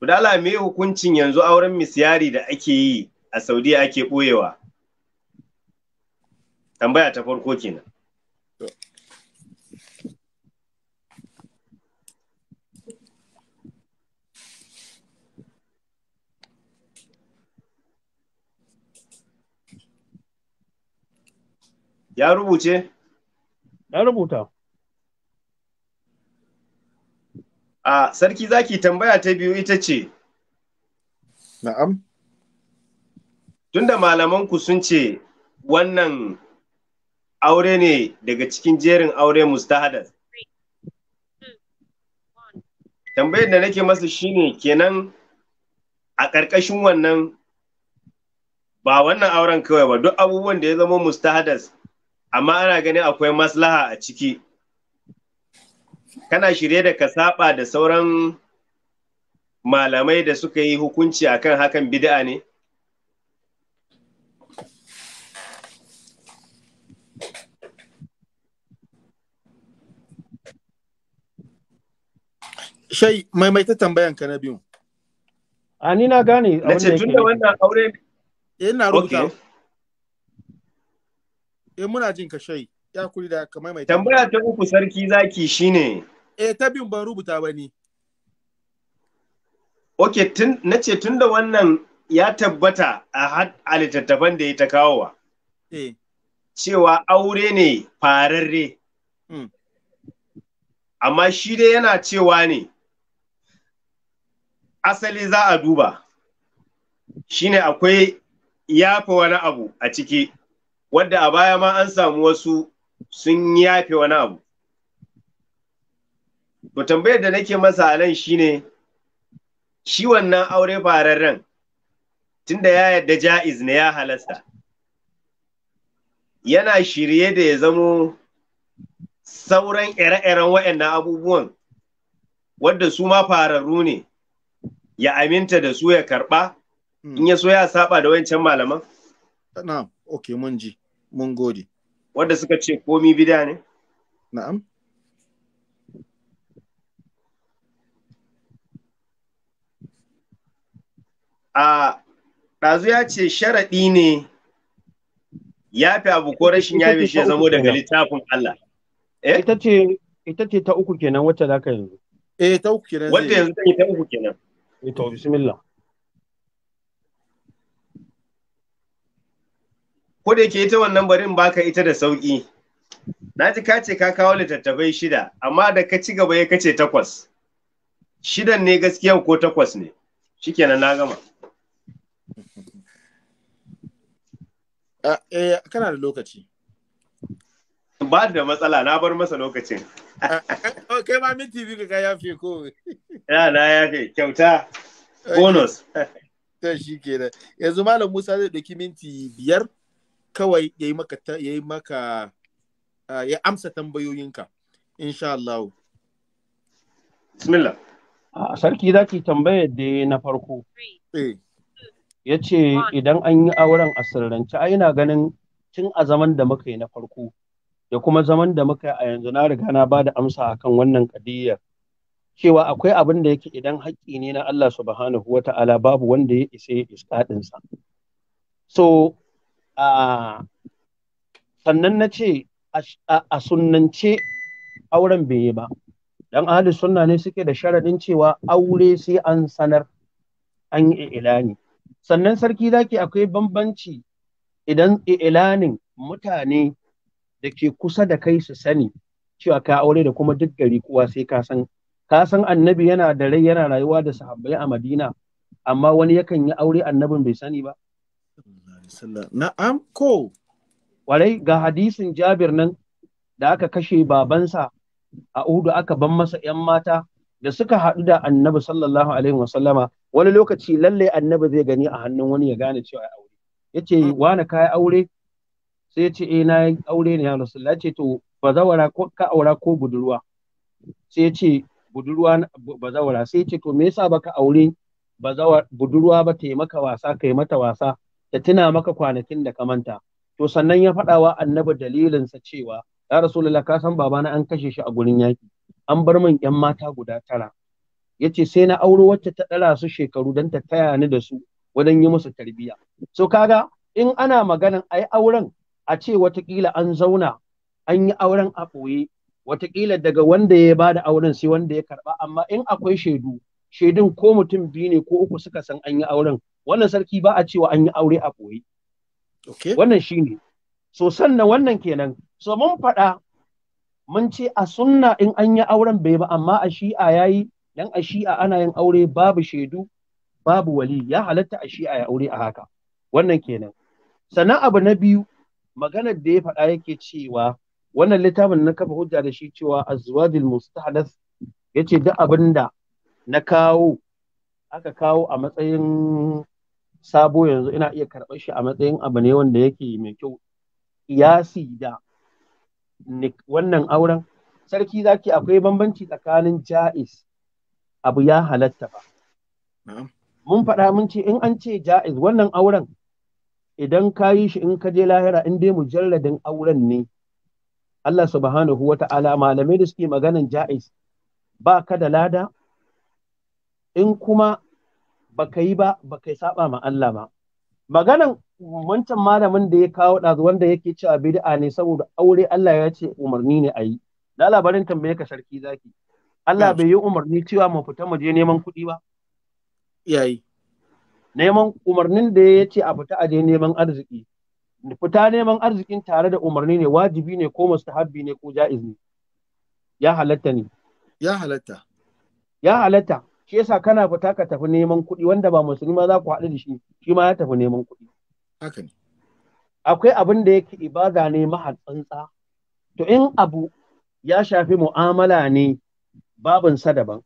Kudala me hukuncin yanzu auren misyari da ake yi a Saudiya ake ɓoyewa, tambaya ta farko kenan Ya rubuce? Ya rubuta. A sarki zaki tambaya ta biyu ita ce. Na'am. Tunda malamanku sun ce wannan aure ne daga cikin jerin aure mustahadas tambayar da nake masa shine kenan a ƙarƙashin wannan ba wannan auren kawai ba duk abubuwan da ya zama mustahadas amma ana ganin akwai maslaha a ciki kana shirye da ka saba da sauran malamai da suka yi hukunci akan hakan bid'a ne? shai maimaita tambayan ka na biyu a ni na gane na ce tun da wannan aure eh, ina rubuta eh muna jin ka shai ya kuri da ka maimaita tambaya ta uku sarki zaki shine eh ta biyun ban rubuta ba ni Ok, na ce tun da wannan ya tabbata a littattafan da ya ta kawowa. Eh. Cewa aure ne fararre. Hmm. Amma shi dai yana cewa ne, asali za a duba shine akwai yafe wani abu a ciki wadda a baya ma an samu wasu sun yafe wani abu to tambayar da nake masa a nan shine shi wannan aure fararren tunda ya yadda ja'iz ne ya halasta yana shirye da ya zamo sauran ire-iren waɗannan abubuwan wadda su ma fararru ne ya aminta da su ya karɓa hmm. in ya so ya saba da wancan malaman? Na'am, ok, mun ji, mun gode. Wanda suka ce komi bida ne? Na'am. A ɗazu ya ce sharaɗi ne ya fi abu ko rashin ya fi shi zamo daga littafin Allah. Eh? Ita ce ta uku kenan wacce za ka yanzu. Eh, ta uku kenan. Wacce yanzu ta uku kenan. to bismillah ko da yake ita wannan barin baka ita da sauki na ji ka ce ka kawo littattafai shida amma da ka ci gaba ya kace takwas shidan ne gaskiya ko takwas ne shikenan na gama ah, eh, kana da lokaci ba da matsala na bar masa lokacin ok oh, ma minti biyu ka yafe ko ya na yafe kyauta bonus ta shi kenan yanzu malam musa zai ɗauki minti biyar kawai ya yi maka ya yi maka ya amsa tambayoyinka insha Allah bismillah sarki zaki tambayar da na farko eh. ya ce idan an yi auren a sirrance ai na ganin tun a zaman da muka yi na farko da kuma zaman da muka yi a yanzu na riga na ba da amsa akan wannan kadiyar cewa akwai abin da yake idan haƙƙi ne na Allah subhanahu wa ta'ala babu wanda ya isa ya iskaɗinsa. So, sannan na ce a sunnance auren bai yi ba, don ahalin sunna ne suke da sharadin cewa aure sai an sanar an yi ilani. Sannan sarki zaki akwai bambanci idan ilanin mutane da ke kusa da kai su sani cewa ka aure da kuma duk gari kowa sai ka san ka san annabi yana da rai yana rayuwa da sahabbai a Madina amma wani yakan yi aure annabin bai sani ba na'am ko warai ga hadisin Jabir nan da aka kashe babansa a Uhudu aka ban masa ‘yan mata da suka haɗu da annabi sallallahu alaihi wasallama wani lokaci lalle annabi zai gani a hannun wani ya gane cewa ya aure ya hmm. wani kai aure sai ya ce eh na yi aure ne ya rasulullah ya ce to ba bazawara ko ka aura ko budurwa sai ya ce budurwa bazawara sai ya ce to me yasa baka aure budurwa ba ta yi maka wasa kai mata wasa ta tuna maka kwanakin da ka manta to sannan ya faɗawa annabi dalilinsa cewa ya rasulullah ka san babana an kashe shi a gurin yaki an bar min yan mata guda tara yace sai na auro wacce ta ɗara su shekaru don ta taya ni da su wajen yi musu tarbiyya so kaga in ana maganan ai auren a ce watakila an zauna an yi auren a ɓoye watakila daga wanda ya ba da auren sai wanda ya karba amma in akwai shaidu shaidun ko mutum biyu ne ko uku suka san an yi auren wannan sarki ba a cewa an yi aure a ɓoye wannan shi ne. so sannan wannan kenan so mun faɗa mun ce a sunna in an yi auren bai ba amma a shi'a yayi dan a shi'a ana yin aure babu shaidu babu wali ya halatta a shi'a ya aure a haka wannan kenan sannan abu na biyu maganar da ya faɗa yake cewa wannan littafin na kafa hujja da shi cewa azwadil mustahdath yace duk abin da na kawo aka kawo a matsayin sabo yanzu ina iya karɓar shi a matsayin abu ne wanda yake mai kyau iyasi da wannan auren sarki zaki akwai bambanci tsakanin ja'iz abu ya halatta ba mun faɗa mun ce in an ce ja'iz wannan auren idan ka yi shi in ka je lahira in dai mujalladin auren ne Allah subhanahu wa ta'ala malamai da suke maganan ja'iz ba ka da lada in kuma baka yi ba baka saba ma Allah ba maganan wancan malamin da ya kawo ɗazu wanda yake cewa bid'a ne saboda aure Allah ya ce umarni ne a yi da labarin tambaye ka sarki zaki Allah bai yi umarni cewa mu fita mu je neman kuɗi ba yayi neman umarnin da ya ce a fita a je neman arziki fita neman arzikin tare da umarni ne wajibi ne ko mustahabbi ne ko ja'iz ne ya halatta ne ya halatta ya halatta shi yasa kana fita ka tafi neman kuɗi wanda ba musulmi ma za ku haɗu da shi shi ma ya tafi neman kuɗi haka ne akwai abin da yake ibada ne tsantsa. to in abu ya shafi mu'amala ne babin sa daban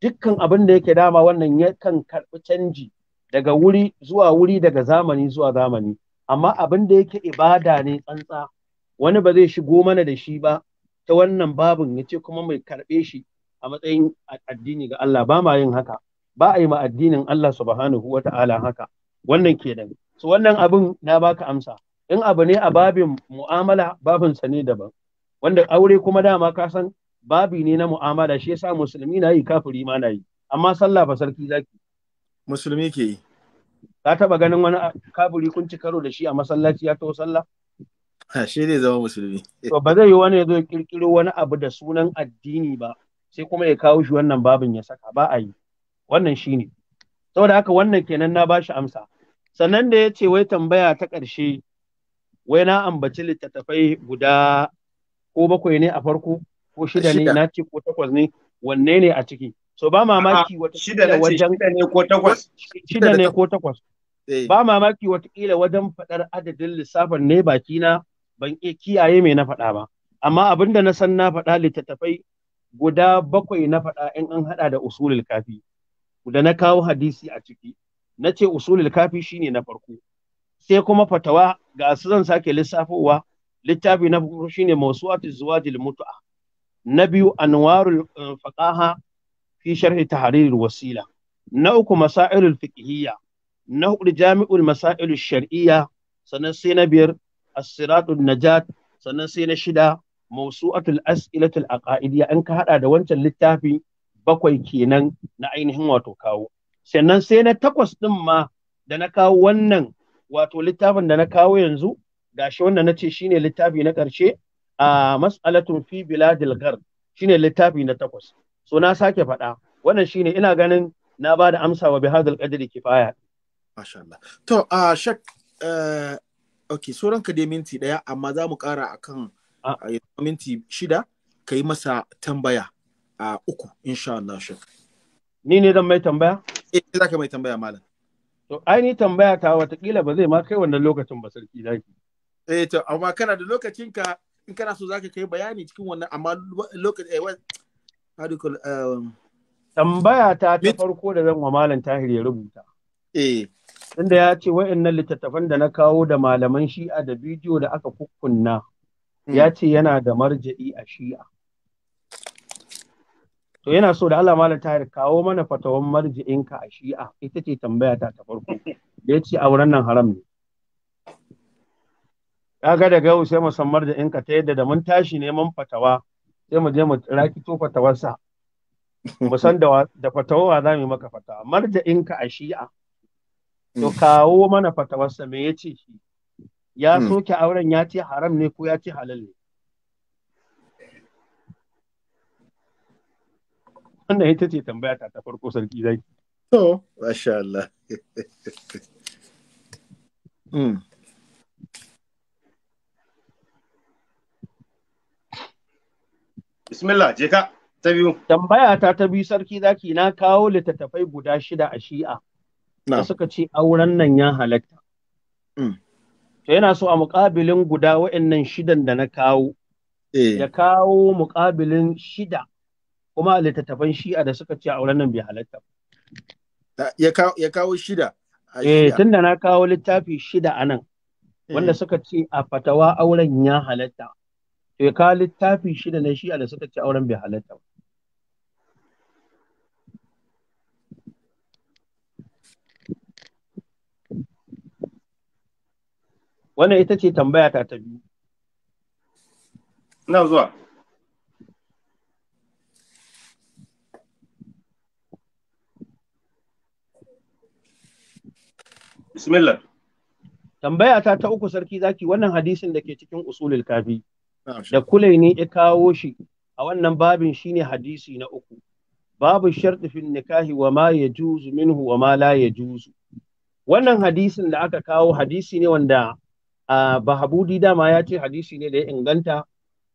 dukkan abin da yake dama wannan yakan karɓi canji daga wuri zuwa wuri daga zamani zuwa zamani amma abin da yake ibada ne tsantsa wani ba zai shigo mana da shi ba ta wannan babin ya ce kuma mai karɓe shi a matsayin addini ga Allah ba ma yin haka ba a yi ma addinin Allah subhanahu wa ta'ala haka wannan ke nan. so wannan abin na baka amsa in abu ne a babin mu'amala babin sa ne daban wanda aure kuma dama ka san babi ne na mu'amala shi yasa musulmi na yi kafiri ma na yi amma sallah ba sarki zaki musulmi ke yi ka taba ganin wani kaburi kun ci karo da shi a masallaci ya taho sallah shi ne zama musulmi to ba zai yi wani ya zo kirkiro wani abu da sunan addini ba sai kuma ya kawo shi wannan babin ya saka ba a yi wannan shine saboda haka wannan kenan na bashi amsa sannan da ya ce wai tambaya ta ƙarshe wai na ambaci littattafai guda ko bakwai ne a farko ko shida ne na ce ko takwas ne wanne ne a ciki so ba mamaki wata shida ne ko takwas shida ne ko takwas eh. ba mamaki watakila wajen faɗar adadin lissafin ne bakina ban iya kiyaye mai na faɗa ba amma abin da na san na faɗa littattafai guda bakwai na faɗa in an haɗa da usulul kafi da na kawo hadisi a ciki na ce usulul kafi shine na farko sai kuma fatawa ga su zan sake lissafowa littafi na farko shine mawsuatul zuwadil mutu'a na biyu anwarul eh, faqaha fi sharhi tahrir wasila na uku masailul fiqhiyya na hudu jami'ul masailul shar'iyya sannan sai na biyar as-siratul najat sannan sai na shida mawsu'atul as'ilatul aqaidiyya an ka hada da wancan littafi bakwai kenan na ainihin wato kawo sannan sai na takwas din ma da na kawo wannan wato littafin da na kawo yanzu gashi wanda na ce shine littafi na ƙarshe a mas'alatun fi biladil gard shine littafi na takwas so na sake faɗa wannan shine ina ganin na ba da amsa wa bihadul qadri kifaya masha Allah to a uh, okay so ranka dai minti daya amma za mu ƙara akan ah. minti shida ka yi masa tambaya a uku insha Allah shek. ni ne zan mai tambaya eh za ka mai tambaya malam to ai ni tambaya ta watakila ba zai ma kai wannan lokacin ba sarki zaki eh to amma kana da lokacinka in kana so zaka kai bayani cikin wannan amma lokacin eh, Um, tambaya ta ta farko da zan wa malam tahir ya rubuta eh inda ya ce wa'annan littattafan da na kawo da malaman shi'a da bidiyo da aka kukkunna hmm. ya ce yana da marja'i a shi'a to yana so da Allah malam tahir kawo mana fatawan marji'inka a shi'a ita ce tambaya ta ta farko da ya ce auren nan haram ne kaga daga sai musammar da inka ta yadda da mun tashi neman fatawa sai mu je mu tofa fatawarsa mu san da da fatawa za mu maka fatawa marja'in ka a shi'a to hmm. kawo mana fatawarsa me yace shi ya hmm. soke auren ya ce haram ne ko ya ce halal ne wannan ita ce tambaya ta ta farko sarki zai to masha Allah hmm. Bismillah, je ka ta biyu. Tambaya ta ta biyu sarki zaki na kawo littattafai guda shida a shi'a. Na suka ce auren nan ya halatta. Mm. To yana so a muƙabilin guda wa'annan shidan da na kawo. Eh. Ya kawo muƙabilin shida kuma littattafan shi'a da suka ce auren nan bai halatta. Ya kawo shida. Eh, tun da na kawo littafi shida a nan, wanda eh. suka ce a fatawa auren ya halatta. ya ka littafi shida na shi'a da suka ci auren bai halatta ba wannan ita ce tambaya ta ta biyu na zuwa bismillah tambaya ta ta uku sarki zaki wannan hadisin da ke cikin usulul kafi da ne ya kawo shi a wannan babin shine hadisi na uku babu sharti nikahi wa ma yajuzu minhu wa ma la yajuzu wannan hadisin da aka kawo hadisi ne wanda bahabudi dama ya ce hadisi ne da ya inganta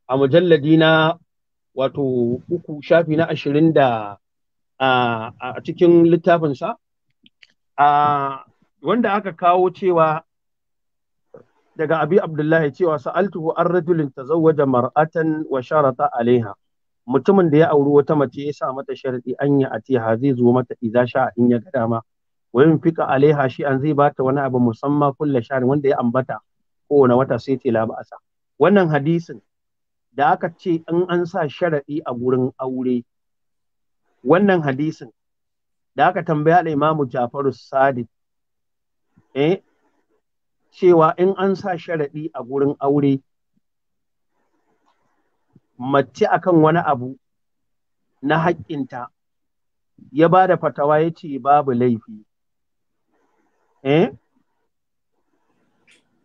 a mujalladi na wato uku shafi na ashirin da a cikin littafinsa wanda aka kawo cewa daga abi abdullahi cewa sa'altuhu an rajulin tazawwaja mar'atan wa sharata alaiha mutumin da ya auri wata mace ya sa mata sharadi an yi atiha zai zo mata idza sha in ya ga dama wa yunfika alaiha shi an zai bata wani abu musamman kullu shahrin wanda ya ambata kowane wata sai ce la ba'asa wannan hadisin da aka ce in an sa sharadi a gurin aure wannan hadisin da aka tambaya da imamu Jafaru Sadiq eh cewa in an sa sharaɗi a gurin aure mace akan wani abu na haƙƙinta ya ba da fatawa ya ce babu laifi. Eh?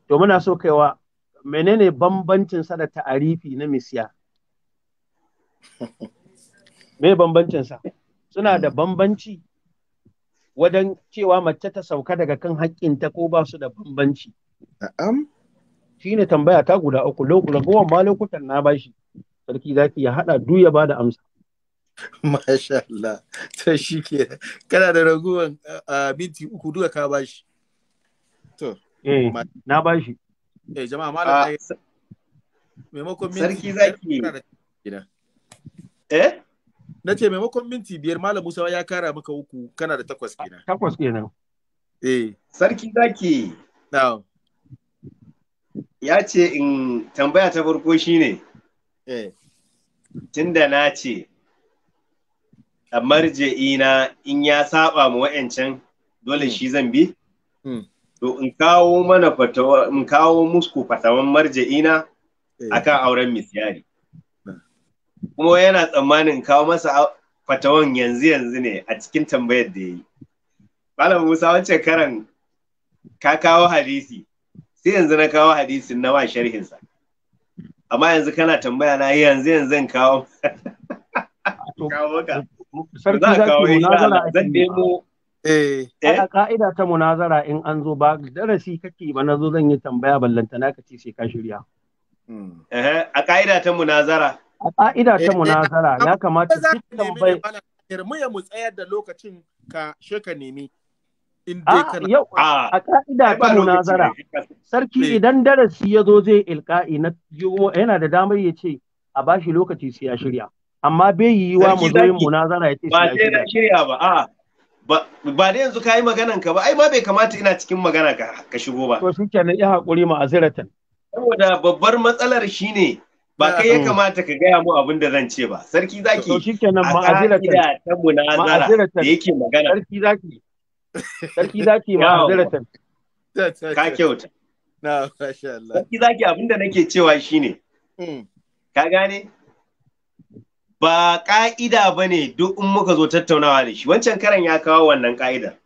To muna so kaiwa menene bambancin sa da ta'arifi na misiya? Me bambancin sa? Suna da bambanci? wajen cewa mace ta sauka daga kan haƙƙinta ko ba su da bambanci. Na'am. Shi ne tambaya ta guda uku, ragowar ma lokutan na bashi, sarki zaki ya haɗa du ya ba da amsa. Masha Allah, ta shi ke kana da ragowar minti uku duka ka bashi. To, eh, na bashi. Eh, jama'a malam ah, maimakon minti. Sarki zaki. Eh? Na ce maimakon minti biyar Malam Musa ya kara maka uku kana da takwas kenan. Takwas kenan. Eh. Sarki zaki. Ya ce in tambaya ta farko shine. Eh. Tunda na ce ina in ya saba mu wa'ancan dole hmm. shi zan bi? Hmm. To in kawo mana fatawa in kawo musku fatawan marja'ina eh. akan auren misyari. kuma yana tsammanin kawo masa fatawan yanzu yanzu ne a cikin tambayar da ya yi malam musa wancan karan ka kawo hadisi sai yanzu na kawo hadisin na wa sharhinsa amma yanzu kana tambaya na yanzu yanzu zan kawo sarki eh. a ka'ida ta munazara in an zo ba darasi kake ba na zo zan yi tambaya ballantana ka ce sai ka shirya a ka'ida ta munazara a ƙa'ida ta eh, eh, munazara ya kamata dukkan bai mu ya mu tsayar da lokacin ka she ka nemi yau a ƙa'ida ta munazara sarki eh. idan darasi ya zo zai ilka'i na yana da damar ya ce a bashi lokaci sai ya shirya amma bai yi wa mu zo yin munazara ya ce ba sai shirya ba a ba da yanzu ka yi maganan ka ba ai ma bai kamata ina cikin magana ka shigo ba to kenan ya haƙuri ma aziratan saboda babbar matsalar shine ba kai ya mm. kamata ka gaya mu abin da zan ce ba sarki zaki to shikenan ma'azira ta ta munazara da yake magana sarki zaki sarki zaki ma'azira ta ka kyauta na masha Allah sarki zaki abin da nake cewa shine mm. ka gane ba ka'ida ba ne duk in muka zo tattaunawa da shi wancan karan ya kawo wannan ka'idar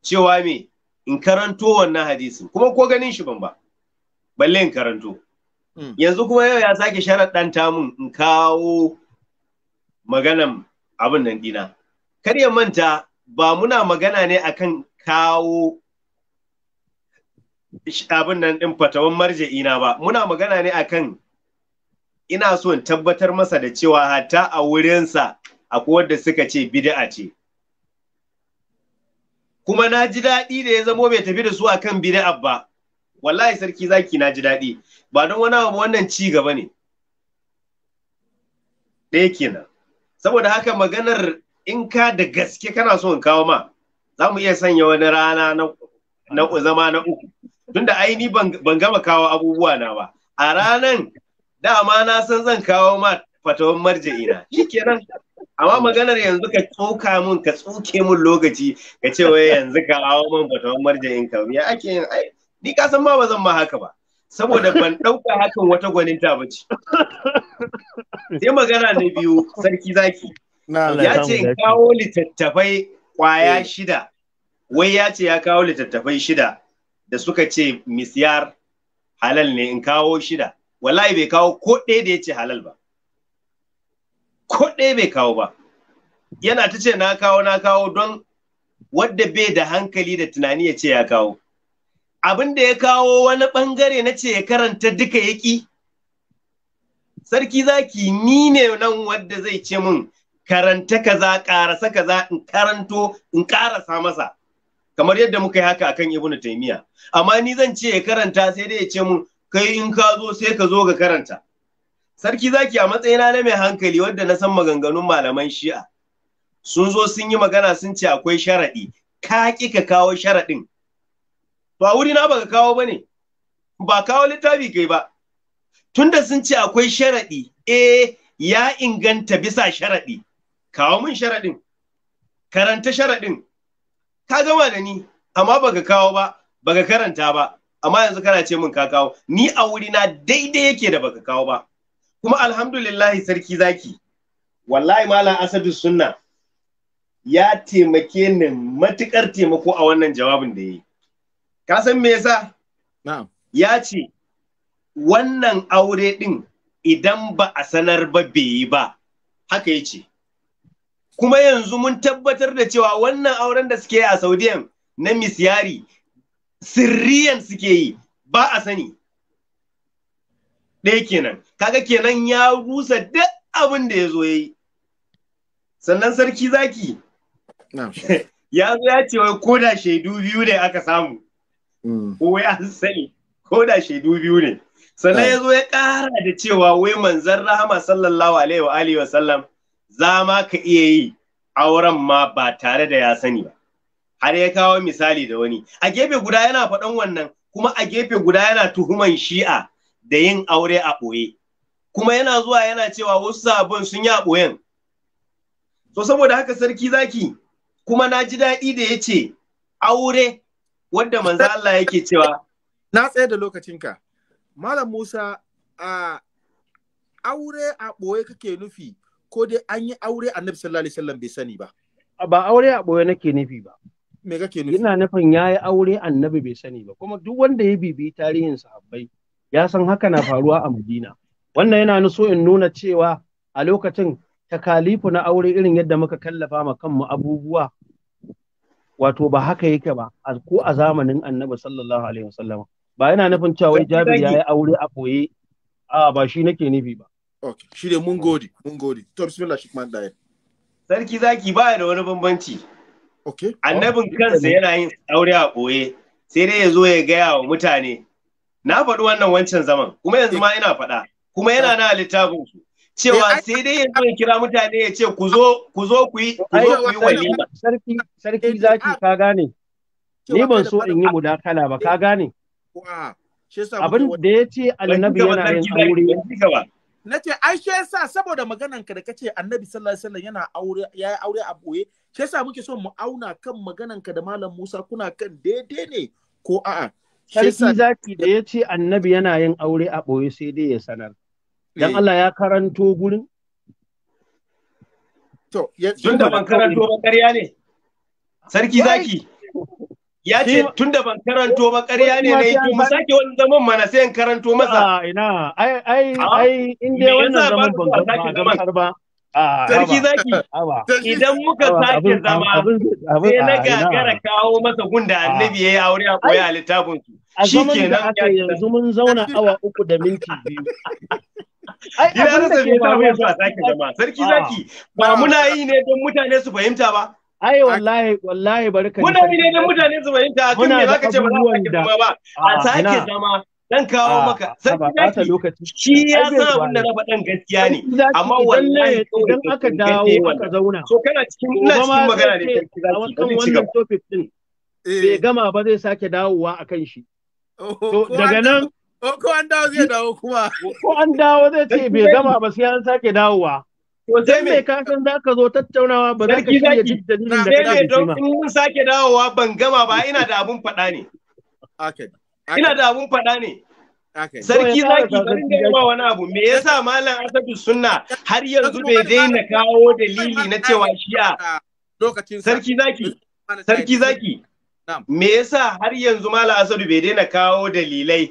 cewa me in karanto wannan hadisin kuma ko ganin shi ban ba balle in karanto Mm. Yanzu kuma yau ya sake ɗanta mun in kawo maganan abin nan dina. Kar ya manta ba muna magana ne akan kawo abin nan ɗin fatawan marja'ina ba. Muna magana ne akan ina so in tabbatar masa da cewa hatta a wurinsa akwai wadda suka ce bid'a ce. Kuma na ji daɗi da ya zamo bai tafi da su akan bid'a ba. wallahi sarki zaki na ji daɗi ba don wani abu wannan ci gaba ne ɗaya kenan saboda haka maganar in ka da gaske kana so in kawo ma za mu iya sanya wani rana na zama na uku tunda aini ban gama kawo abubuwa na ba a ranan dama na san zan kawo ma fatawan marja'ina shikenan amma maganar yanzu ka tsoka mun ka tsoke mun lokaci ka ce wai yanzu ka kawo mun fatawan marja'in ka ya ake yin ai ni ka san ma ba zan ma haka ba saboda ban ɗauka hakan wata gwaninta ba ce sai magana na biyu sarki zaki ya ce in kawo littattafai kwaya eh. shida wai ya ce ya kawo littattafai shida da suka ce misyar halal ne in kawo shida wallahi bai kawo ko ɗaya da ya ce halal ba ko ɗaya bai kawo ba yana ta ce na kawo na kawo don wadda bai da hankali da tunani ya ce ya kawo abin da ya kawo wani ɓangare na ce ya karanta duka yaƙi sarki zaki ni ne nan wadda zai ce mun karanta kaza karasa kaza in karanto in karasa masa kamar yadda muka yi haka akan ibnu taymiya amma ni zan ce ya karanta sai dai ya ce mun kai in ka zo sai ka zo ga karanta sarki zaki a matsayina na mai hankali wadda na san maganganun malaman shi'a sun zo sun yi magana sun ce akwai sharaɗi ka ki ka kawo sharaɗin ba wuri na baka kawo bane ba kawo littafi kai ba tunda sun ce akwai sharaɗi eh ya inganta bisa sharaɗi kawo min sharaɗin karanta sharaɗin ka gama da ni amma baka kawo ba baka karanta ba amma yanzu kana ce min ka kawo ni a wuri na daidai yake da baka kawo ba kuma alhamdulillahi sarki zaki wallahi malam asadu sunna ya taimake ni matukar taimako a wannan jawabin da ya Kasan me yasa? Na'am. Ya ce wannan aure din idan ba a sanar ba bai yi ba. Haka ya ce. Kuma yanzu mun tabbatar da cewa wannan auren da suke a Saudiyan na misyari sirriyan suke yi ba a sani. Ɗaya kenan, kaga kenan ya rusa duk abin da ya zo ya yi. Sannan sarki zaki, ya zo ya ce wai koda shaidu biyu da aka samu. Mm. ko an sani ko da shaidu biyu ne sannan ya zo ya ƙara da cewa wai manzan rahama sallallahu alaihi wa alihi wa sallam za ma ka iya yi auren ma ba tare da ya sani ba har ya kawo misali da wani a gefe guda yana faɗan wannan kuma a gefe guda yana tuhuman shi'a da yin aure a ɓoye kuma yana zuwa yana cewa wasu sabon sun yi a ɓoyen to saboda haka sarki zaki kuma na ji daɗi da ya ce aure wanda manzo Allah yake cewa na tsaye da lokacinka malam Musa a aure a boye kake nufi ko dai an yi aure annabi sallallahu alaihi wasallam bai sani ba ba aure a boye nake nufi ba me kake nufi ina nufin yayi aure annabi bai sani ba kuma duk wanda ya bibi tarihin sahabbai ya san haka na faruwa a Madina wannan yana nuso in nuna cewa a lokacin takalifu na aure irin yadda muka kallafa ma kanmu abubuwa wato ba haka yake ba ko a zamanin annabi sallallahu alaihi wasallam ba yana nufin cewa wai jabir ya yi aure a koye a ba shi nake nufi ba okay shi ne mun gode mun gode to bismillah shi kuma dai sarki zaki ba da wani bambanci okay annabin oh, kansa yana yin aure a koye sai dai ya zo ya gaya wa mutane na faɗi wannan wancan zaman kuma yanzu eh. ma ina faɗa kuma yana eh. na littafin su cewa eh, sai dai ya zo ya kira mutane ya ce ku zo ku zo ku yi ku zo ku yi walima sarki sarki eh, zaki ah, ka gane ni ban so in yi mudakala ba ka gane abin da ya ce annabi yana yin aure na ce ai shi yasa saboda maganan ka da kace annabi sallallahu alaihi wasallam yana aure ya yi aure a boye shi yasa muke so mu auna kan maganan ka da malam Musa kuna kan daidai ne ko a'a sarki zaki da ya ce annabi yana yin aure a boye sai dai ya sanar Dan eh. Allah ya karanto gurin? To, tun da ban karanto ba ƙarya ne. Sarki zaki. Ya ce tun da ban karanto ba ƙarya ne na yi mu sake wani zaman mana sai in karanto masa. Ah, ina, ai, ai, ah, ai, Inda ya wannan zaman ban karanto ba. Ah, Sarki zaki, idan muka sake zama sai na gagara kawo masa gunda annabi ya yi aure a koya a littafinsu. A zaman da aka yanzu mun zauna awa uku da minti biyu. Gida na zabe ta mai zuwa sake zama. Sarki zaki ba muna yi ne don mutane su fahimta ba. Ai wallahi wallahi barka. Muna yi ne don mutane su fahimta tun me zaka ce ba za sake zama ba. A zama dan kawo maka sarki shi ya sa abin da na gaskiya ne amma wallahi idan aka dawo aka zauna so kana cikin ina cikin magana ne kan wannan topic din eh. bai gama ba zai sake dawowa akan shi oh, to daga nan Ko an dawo zai dawo kuma. Ko an dawo zai ce bai gama ba sai an sake dawowa. To sai me ka san za ka zo tattaunawa ba za ka shirya jin dalilin da kake da ma. In sake dawowa ban gama ba ina da abun faɗa ne. Ina da abun faɗa ne. Sarki zaki bari da wani abu me yasa malam Asadu Sunna har yanzu bai daina kawo dalili na cewa shi'a. Sarki zaki. Sarki zaki. Me yasa har yanzu malam Asadu bai daina kawo dalilai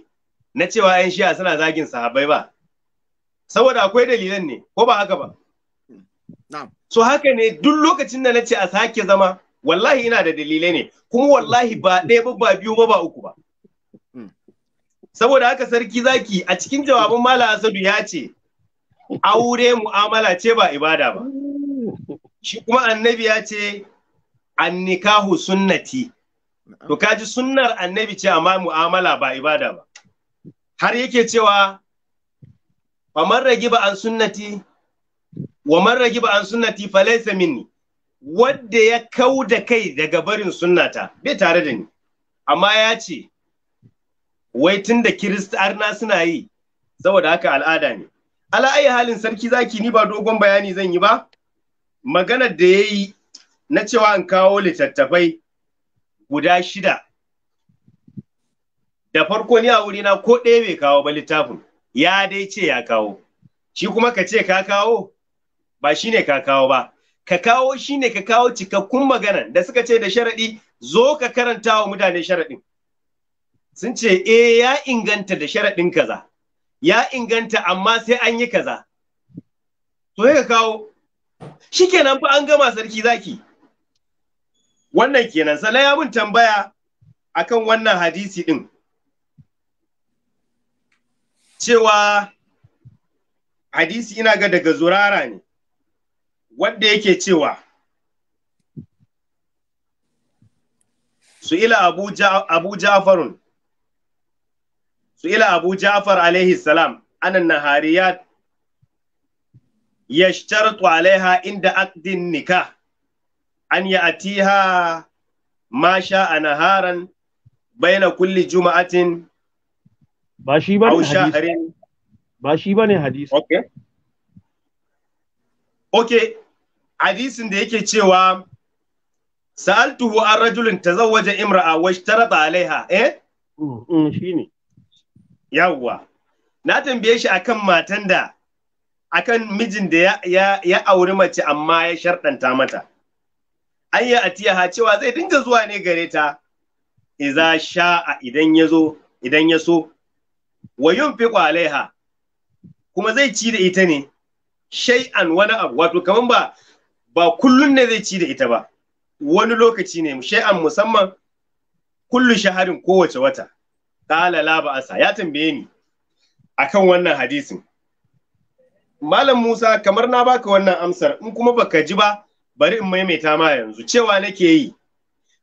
na cewa 'yan shi'a suna zagin sahabbai ba saboda akwai dalilan ne ko ba haka ba so haka ne duk lokacin da na ce a sake zama wallahi ina da dalilai ne kuma wallahi ba ɗaya ba ba biyu ba ba uku ba hmm. saboda haka sarki zaki a cikin jawabin mala asadu ya ce aure mu'amala ce ba ibada ba shi kuma annabi ya ce annikahu sunnati to kaji sunnar annabi ce amma mu'amala ba ibada ba har yake cewa marragi ba an sunnati wa marragi ba an sunnati laysa minni wanda ya kau da kai daga barin sunnata bai tare da ni amma ya ce wai tun da kirista arna suna yi saboda haka al'ada ne ala ayi halin sarki zaki ni ba dogon bayani zan yi ba maganar da ya yi na cewa an kawo littattafai guda shida da farko ni a wurina ko ɗaya bai kawo ba littafin ya dai ce ya kawo shi kuma ka ce ka kawo ba shi ne ka kawo ba ka kawo shi ne ka kawo cikakkun magana da suka ce da sharaɗi zo ka karanta wa mutane sharaɗin sun ce e ya inganta da sharaɗin kaza ya inganta amma sai an yi kaza to ka kawo kenan fa an gama sarki zaki wannan kenan sala ya mun tambaya akan wannan hadisi din cewa hadisi ina ga daga zurara ne wanda yake cewa su ila abu ja'farun su ila abu ja'far alaihi salam anan nahariyat yashtartu alaiha inda aqdin nikah an ya'tiha ma a naharan baina kulli juma'atin ba shi ba ne ba shi ba ne hadisi okay okay hadisin da yake cewa sa'altuhu an rajulin tazawwaja imra'a wa alaiha eh mm, mm ne. yawwa na tambaye shi akan matan da akan mijin da ya, auri mace amma ya sharɗanta mata. An yi ha cewa zai dinga zuwa ne gare ta, iza sha'a idan ya zo, idan ya so, wayun fi alaiha kuma zai ci da ita ne an wani abu wato kaman ba ba kullun ne zai ci da ita ba wani lokaci ne an musamman kullu shaharin kowace wata kala la asa. ya tambaye ni akan wannan hadisin malam Musa kamar na baka wannan amsar in kuma baka ji ba bari in maimaita ma yanzu cewa nake yi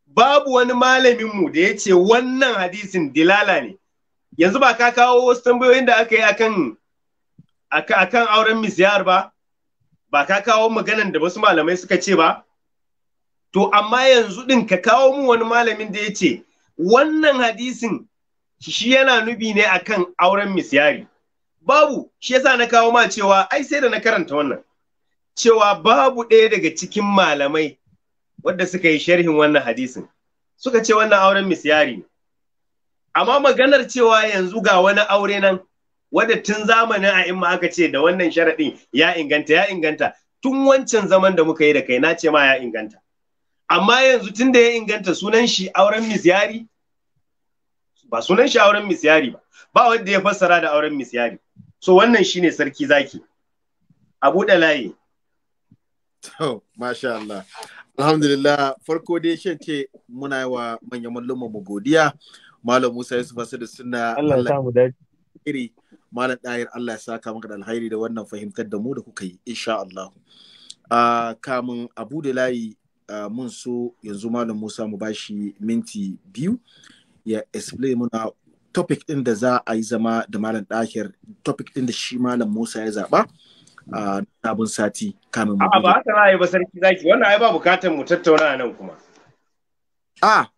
babu wani malamin mu da ya ce wannan hadisin dilala ne yanzu ba ka kawo wasu tambayoyin da aka yi akan akan auren misyar ba ba ka kawo maganan da wasu malamai suka ce ba to amma yanzu din ka kawo mu wani malamin da ya ce wannan hadisin shi yana nubi ne akan auren misyari babu shi yasa na kawo ma cewa ai sai da na karanta wannan cewa babu ɗaya daga cikin malamai wadda suka yi sharhin wannan hadisin suka ce wannan auren misiyari ne amma maganar cewa yanzu ga wani aure nan wadda tun zamanin a imma aka ce da wannan sharaɗin ya inganta ya inganta tun wancan zaman da muka yi da kai na ce ma ya inganta amma yanzu tun da ya inganta sunan shi auren misyari ba sunan shi auren misyari ba ba wanda ya fassara da auren misyari so wannan shine sarki zaki a buɗe layi to masha Allah alhamdulillah farko dai shan ce muna yi wa manyan mu godiya Malam Musa Yusuf Asadu suna Allah ya mu dace. Iri Malam Dahir Allah ya saka maka da alhairi da wannan fahimtar da mu da kuka yi insha Allah. Ah, kamun Abu da layi ah, mun so yanzu Malam Musa mu bashi minti biyu ya explain muna topic din da za a yi zama da Malam Dahir topic din da shi Malam Musa ya zaba. a ah, sabon sati kamun mu. A ba haka yi ba sarki zaki wannan ai ba bukatar mu tattauna nan kuma. A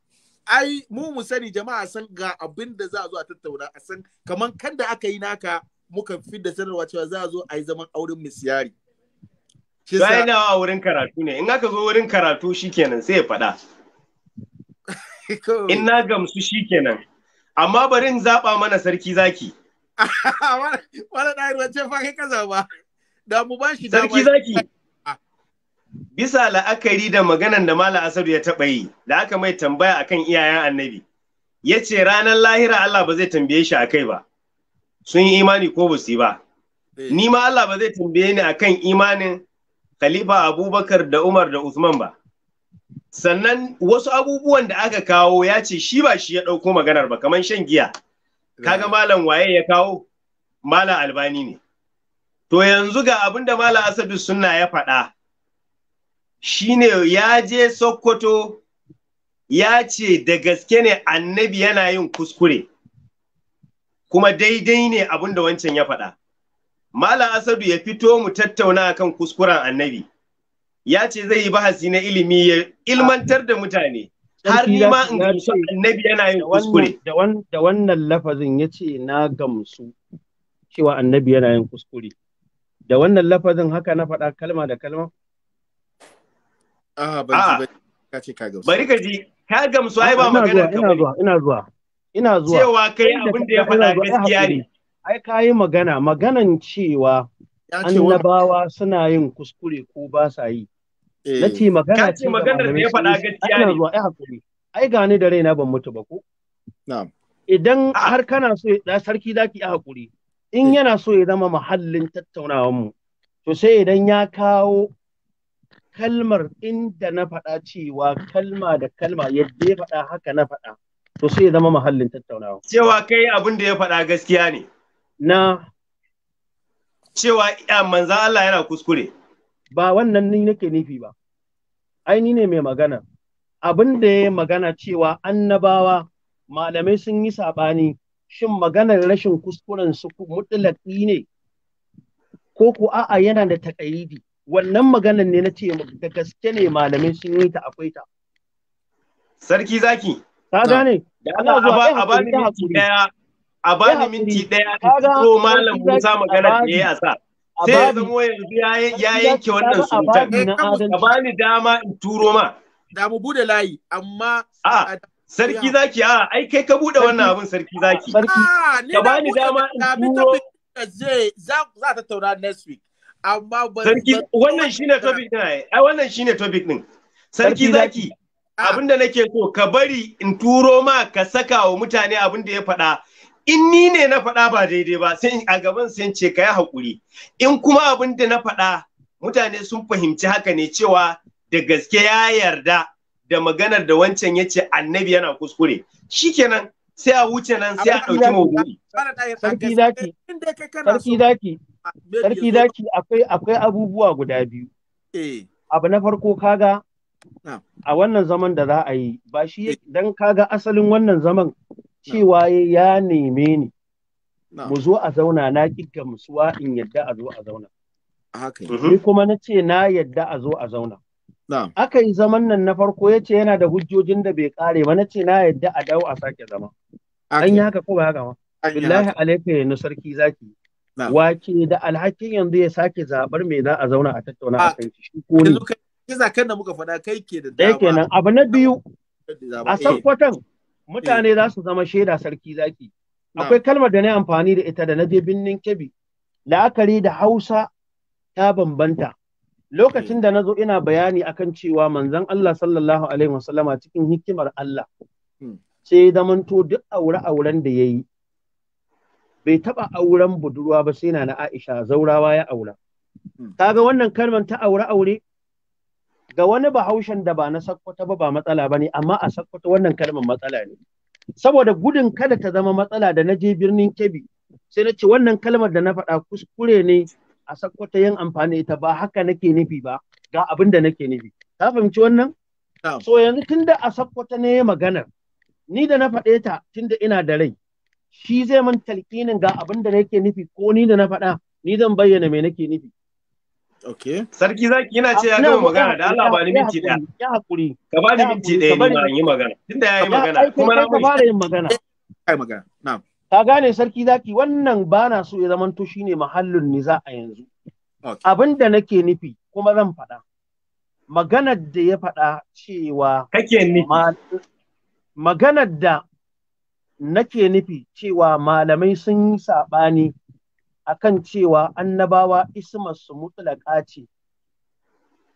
ai mu mu sani jama'a san ga abin da za a zo a tattauna a san kaman kan da aka yi naka muka fi da sanarwa cewa za a zo a yi zaman auren misiyari. Bayan wa wurin karatu ne, in aka zo wurin karatu shikenan sai ya faɗa. In na gamsu shikenan. Amma bari in zaɓa mana sarki zaki. Wani ɗayar wacce fa kai kaza ba. Da mu ba shi Sarki zaki. bisa la'akari da maganan da Malam Asadu ya taɓa yi, da aka mai tambaya akan iyayen annabi, ya ce ranar lahira Allah ba zai tambaye shi a kai ba, sun yi imani ko ba su ba. Eh. Ni ma Allah ba zai tambaye ni akan imanin Khalifa Abubakar da Umar da Usman ba. Sannan wasu abubuwan da aka kawo ya ce shi ba shi ya ɗauko maganar ba, kamar shan giya. Kaga Malam waye ya kawo? Malam Albani ne. To yanzu ga abin da Malam Asadu Sunna ya faɗa. shine ya je Sokoto ya ce da gaske ne annabi yana yin kuskure kuma daidai ne abin da wancan ya faɗa. Malam Asadu ya fito mu tattauna kan kuskuren annabi. Ya ce zai yi bahasi na ilimi ya ilmantar da mutane. Har ni ma in gamsu annabi yana yin kuskure. Da wannan lafazin ya ce na gamsu cewa annabi yana yin kuskure. Da wannan lafazin haka na faɗa kalma da kalma? Ah, ban ka ce ka gamsu. Bari ka ji, ka gamsu ai ba magana ka Ina zuwa, ina zuwa. Ina zuwa. Cewa kai abin da ya faɗa gaskiya ne. Ai ka yi magana, maganan cewa annabawa suna yin kuskure ko ba sa yi. Na ce eh. magana ce maganar da ya faɗa gaskiya ne. Zuwa ai hakuri. Ai gane da raina ban mutu ba ko? Na'am. Idan ah. har kana so ya sarki zaki yi hakuri. In eh. yana so ya zama mahallin tattaunawanmu, to sai idan ya kawo kalmar inda na faɗa cewa kalma da kalma yadda ya faɗa haka na faɗa to sai ya zama mahallin tattaunawa. Cewa kai abin da ya faɗa gaskiya ne. Na. Cewa manzan Allah yana kuskure. Ba wannan ni nake nufi ba. Aini ne mai magana. Abin da ya magana cewa annabawa malamai sun yi saɓani shin maganar rashin kuskuren su mutlaƙi ne ko ku a'a yana da takayidi wannan maganar ne na ce da gaske ne malamin sun yi ta akwai ta sarki zaki ka gane da Allah a ba ni minti daya a ba ni minti daya ko malam Musa maganar ne ya sa sai ya zamo yanzu ya yanke wannan ta. Eh, a ba ni dama in turo ma da mu bude layi amma ah, a sarki zaki a ah, ai kai ka bude wannan abin sarki zaki ah, ka ba ni dama in turo za ta taura next week amma ba sarki wannan shine topic din ai wannan shine topic din sarki zaki ah. abinda nake so ka bari in turo ma ka saka wa mutane abin da ya faɗa in ni ne na faɗa ba daidai ba sai a gaban sai ce ka yi hakuri. in kuma abin da na faɗa mutane sun fahimci haka ne cewa da gaske ya yarda da maganar da wancan ya ce annabi yana kuskure shikenan sai a wuce nan sai a ɗauki maudu'i sarki zaki sarki zaki Sarki daki akwai akwai abubuwa guda biyu. Eh. Abu na farko kaga a wannan zaman da za a yi ba shi eh. dan kaga asalin wannan zaman cewa ya neme ni. Mu zo a zauna na kika musuwa in yadda a zo a zauna. Mhm. Ni kuma na ce na yadda a zo a zauna. Aka yi zaman nan na farko ya ce yana da hujjojin da bai kare ba na ce na yadda a dawo a sake zama. An yi haka ko ba haka ma? Billahi alaika ya sarki zaki. Wace da alhakin yanzu ya sake zaɓar me za a zauna a tattauna a kan shi ko ne. Yanzu da muka faɗa kai ke da dama. kenan abu na biyu a eh. sakkwatan mutane eh. za su zama shaida sarki zaki. Akwai kalmar da na amfani da ita da na je binnin kebi. La'akari da Hausa ta bambanta. Lokacin eh. da na zo ina bayani akan cewa manzon Allah sallallahu alaihi wasallama cikin hikimar Allah. Hmm. Sai zamanto duk aure-auren da yayi bai taɓa auren budurwa ba sai na na Aisha zaurawa ya aura. Hmm. Kaga wannan kalmar ta aure aure ga wani bahaushen da ba na sakkwata ba ba matsala bane amma a sakkwata wannan kalmar matsala ne. Saboda gudun kada ta zama matsala da na je birnin Kebbi sai na ce wannan kalmar da na faɗa kuskure ne a sakkwata yin amfani ita ba haka nake nufi ba ga abin da nake nufi. Ka fahimci wannan? So yanzu tunda a sakkwata ne maganar ni da na faɗe ta tunda ina da rai shi zai man talqinin ga abin da nake nufi ko ni da na faɗa ni zan bayyana me nake nufi Okay. Sarki zaki yana ce ya gama magana da Allah ba ni minti ɗaya. Ya hakuri. Ka ba ni minti ɗaya ne ba yi magana. Tunda ya yi magana kuma na mai. Ka fara yin magana. Kai magana. Na'am. Ka gane sarki zaki wannan ba na so ya to shine mahallin za a yanzu. Abin da nake nufi kuma zan faɗa. Maganar da ya faɗa cewa. Kake nufi. Maganar da nake nufi cewa malamai sun yi saɓani A kan cewa annabawa ismarsu mutulaka ce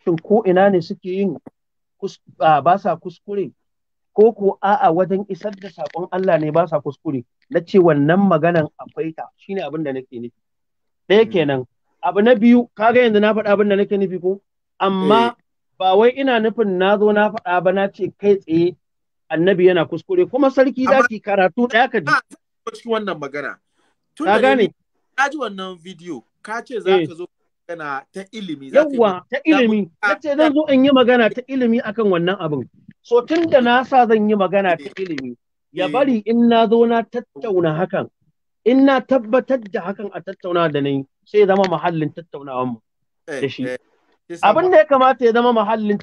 shin ko ina ne suke yin ba sa kuskure ko ko a'a wajen isar da saƙon Allah ne ba sa kuskure na ce wannan maganan akwai ta shine abin da nake nufi ɗaya hmm. kenan abu na biyu kaga yanzu na faɗa abin da nake nufi ko amma eh. ba wai ina nufin na zo na faɗa ba na ce kai tsaye annabi yana kuskure kuma sarki zaki karatu ɗaya ka ji. cikin wannan magana. Ka gane. Ka ji wannan bidiyo ka ce za ka eh. zo magana ta ilimi. Yawwa ta ilimi. Ka ce zan zo in yi magana ta ilimi akan wannan abin. So tun da na sa zan yi magana ta eh. ilimi. Ya eh. bari in na zo na tattauna hakan. In na tabbatar da hakan a tattauna da ni sai zama mahallin mu da shi. Abin da ya kamata ya zama mahallin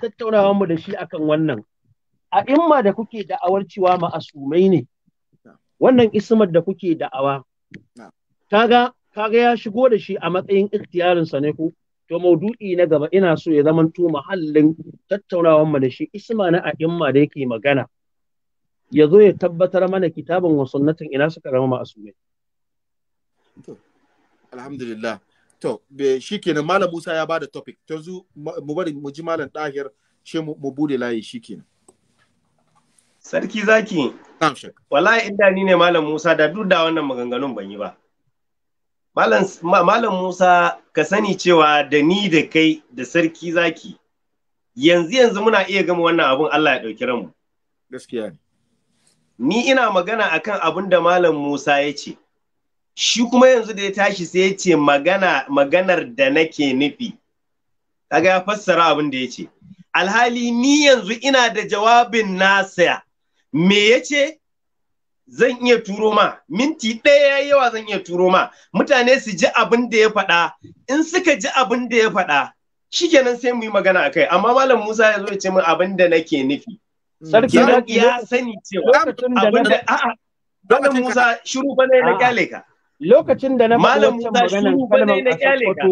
mu da shi akan wannan. a imma da kuke da'awar cewa ma'asumai ne wannan ismar da kuke da'awa kaga kaga ya shigo da shi a matsayin ikhtiyarin sa ne ku to maudu'i na gaba ina so ya zama to mahallin tattaunawar mu da shi isma na a imma da yake magana ya zo ya tabbatar mana kitabin wa sunnatin ina suka zama ma'asumai to alhamdulillah to shikenan malam Musa ya bada topic to mu bari mu ji malam Dahir shi mu bude layi shikenan Sarki zaki. Wallahi inda ni ne Malam Musa da duk da wannan maganganun ban yi ba. Malam Musa ka sani cewa da ni da kai da sarki zaki yanzu yanzu muna iya gama wannan abun Allah ya ɗauki ranmu. Gaskiya ne. Ni ina magana akan abun da Malam Musa ya ce. Shi kuma yanzu da ya tashi sai ya ce magana maganar da nake nufi. Kaga ya fassara abun da ya ce. Alhali ni yanzu ina da jawabin nasa me ya ce zan iya turo ma minti ɗaya yawa zan iya turo ma mutane su ji abin da ya faɗa in suka ji abin da ya faɗa shikenan sai mu yi magana akai amma malam Musa ya zo ya ce min abin da nake nufi sarki ya sani cewa abin da a'a malam Musa shiru ba ne na kyale ka lokacin da na malam Musa shiru ba ne na kyale ka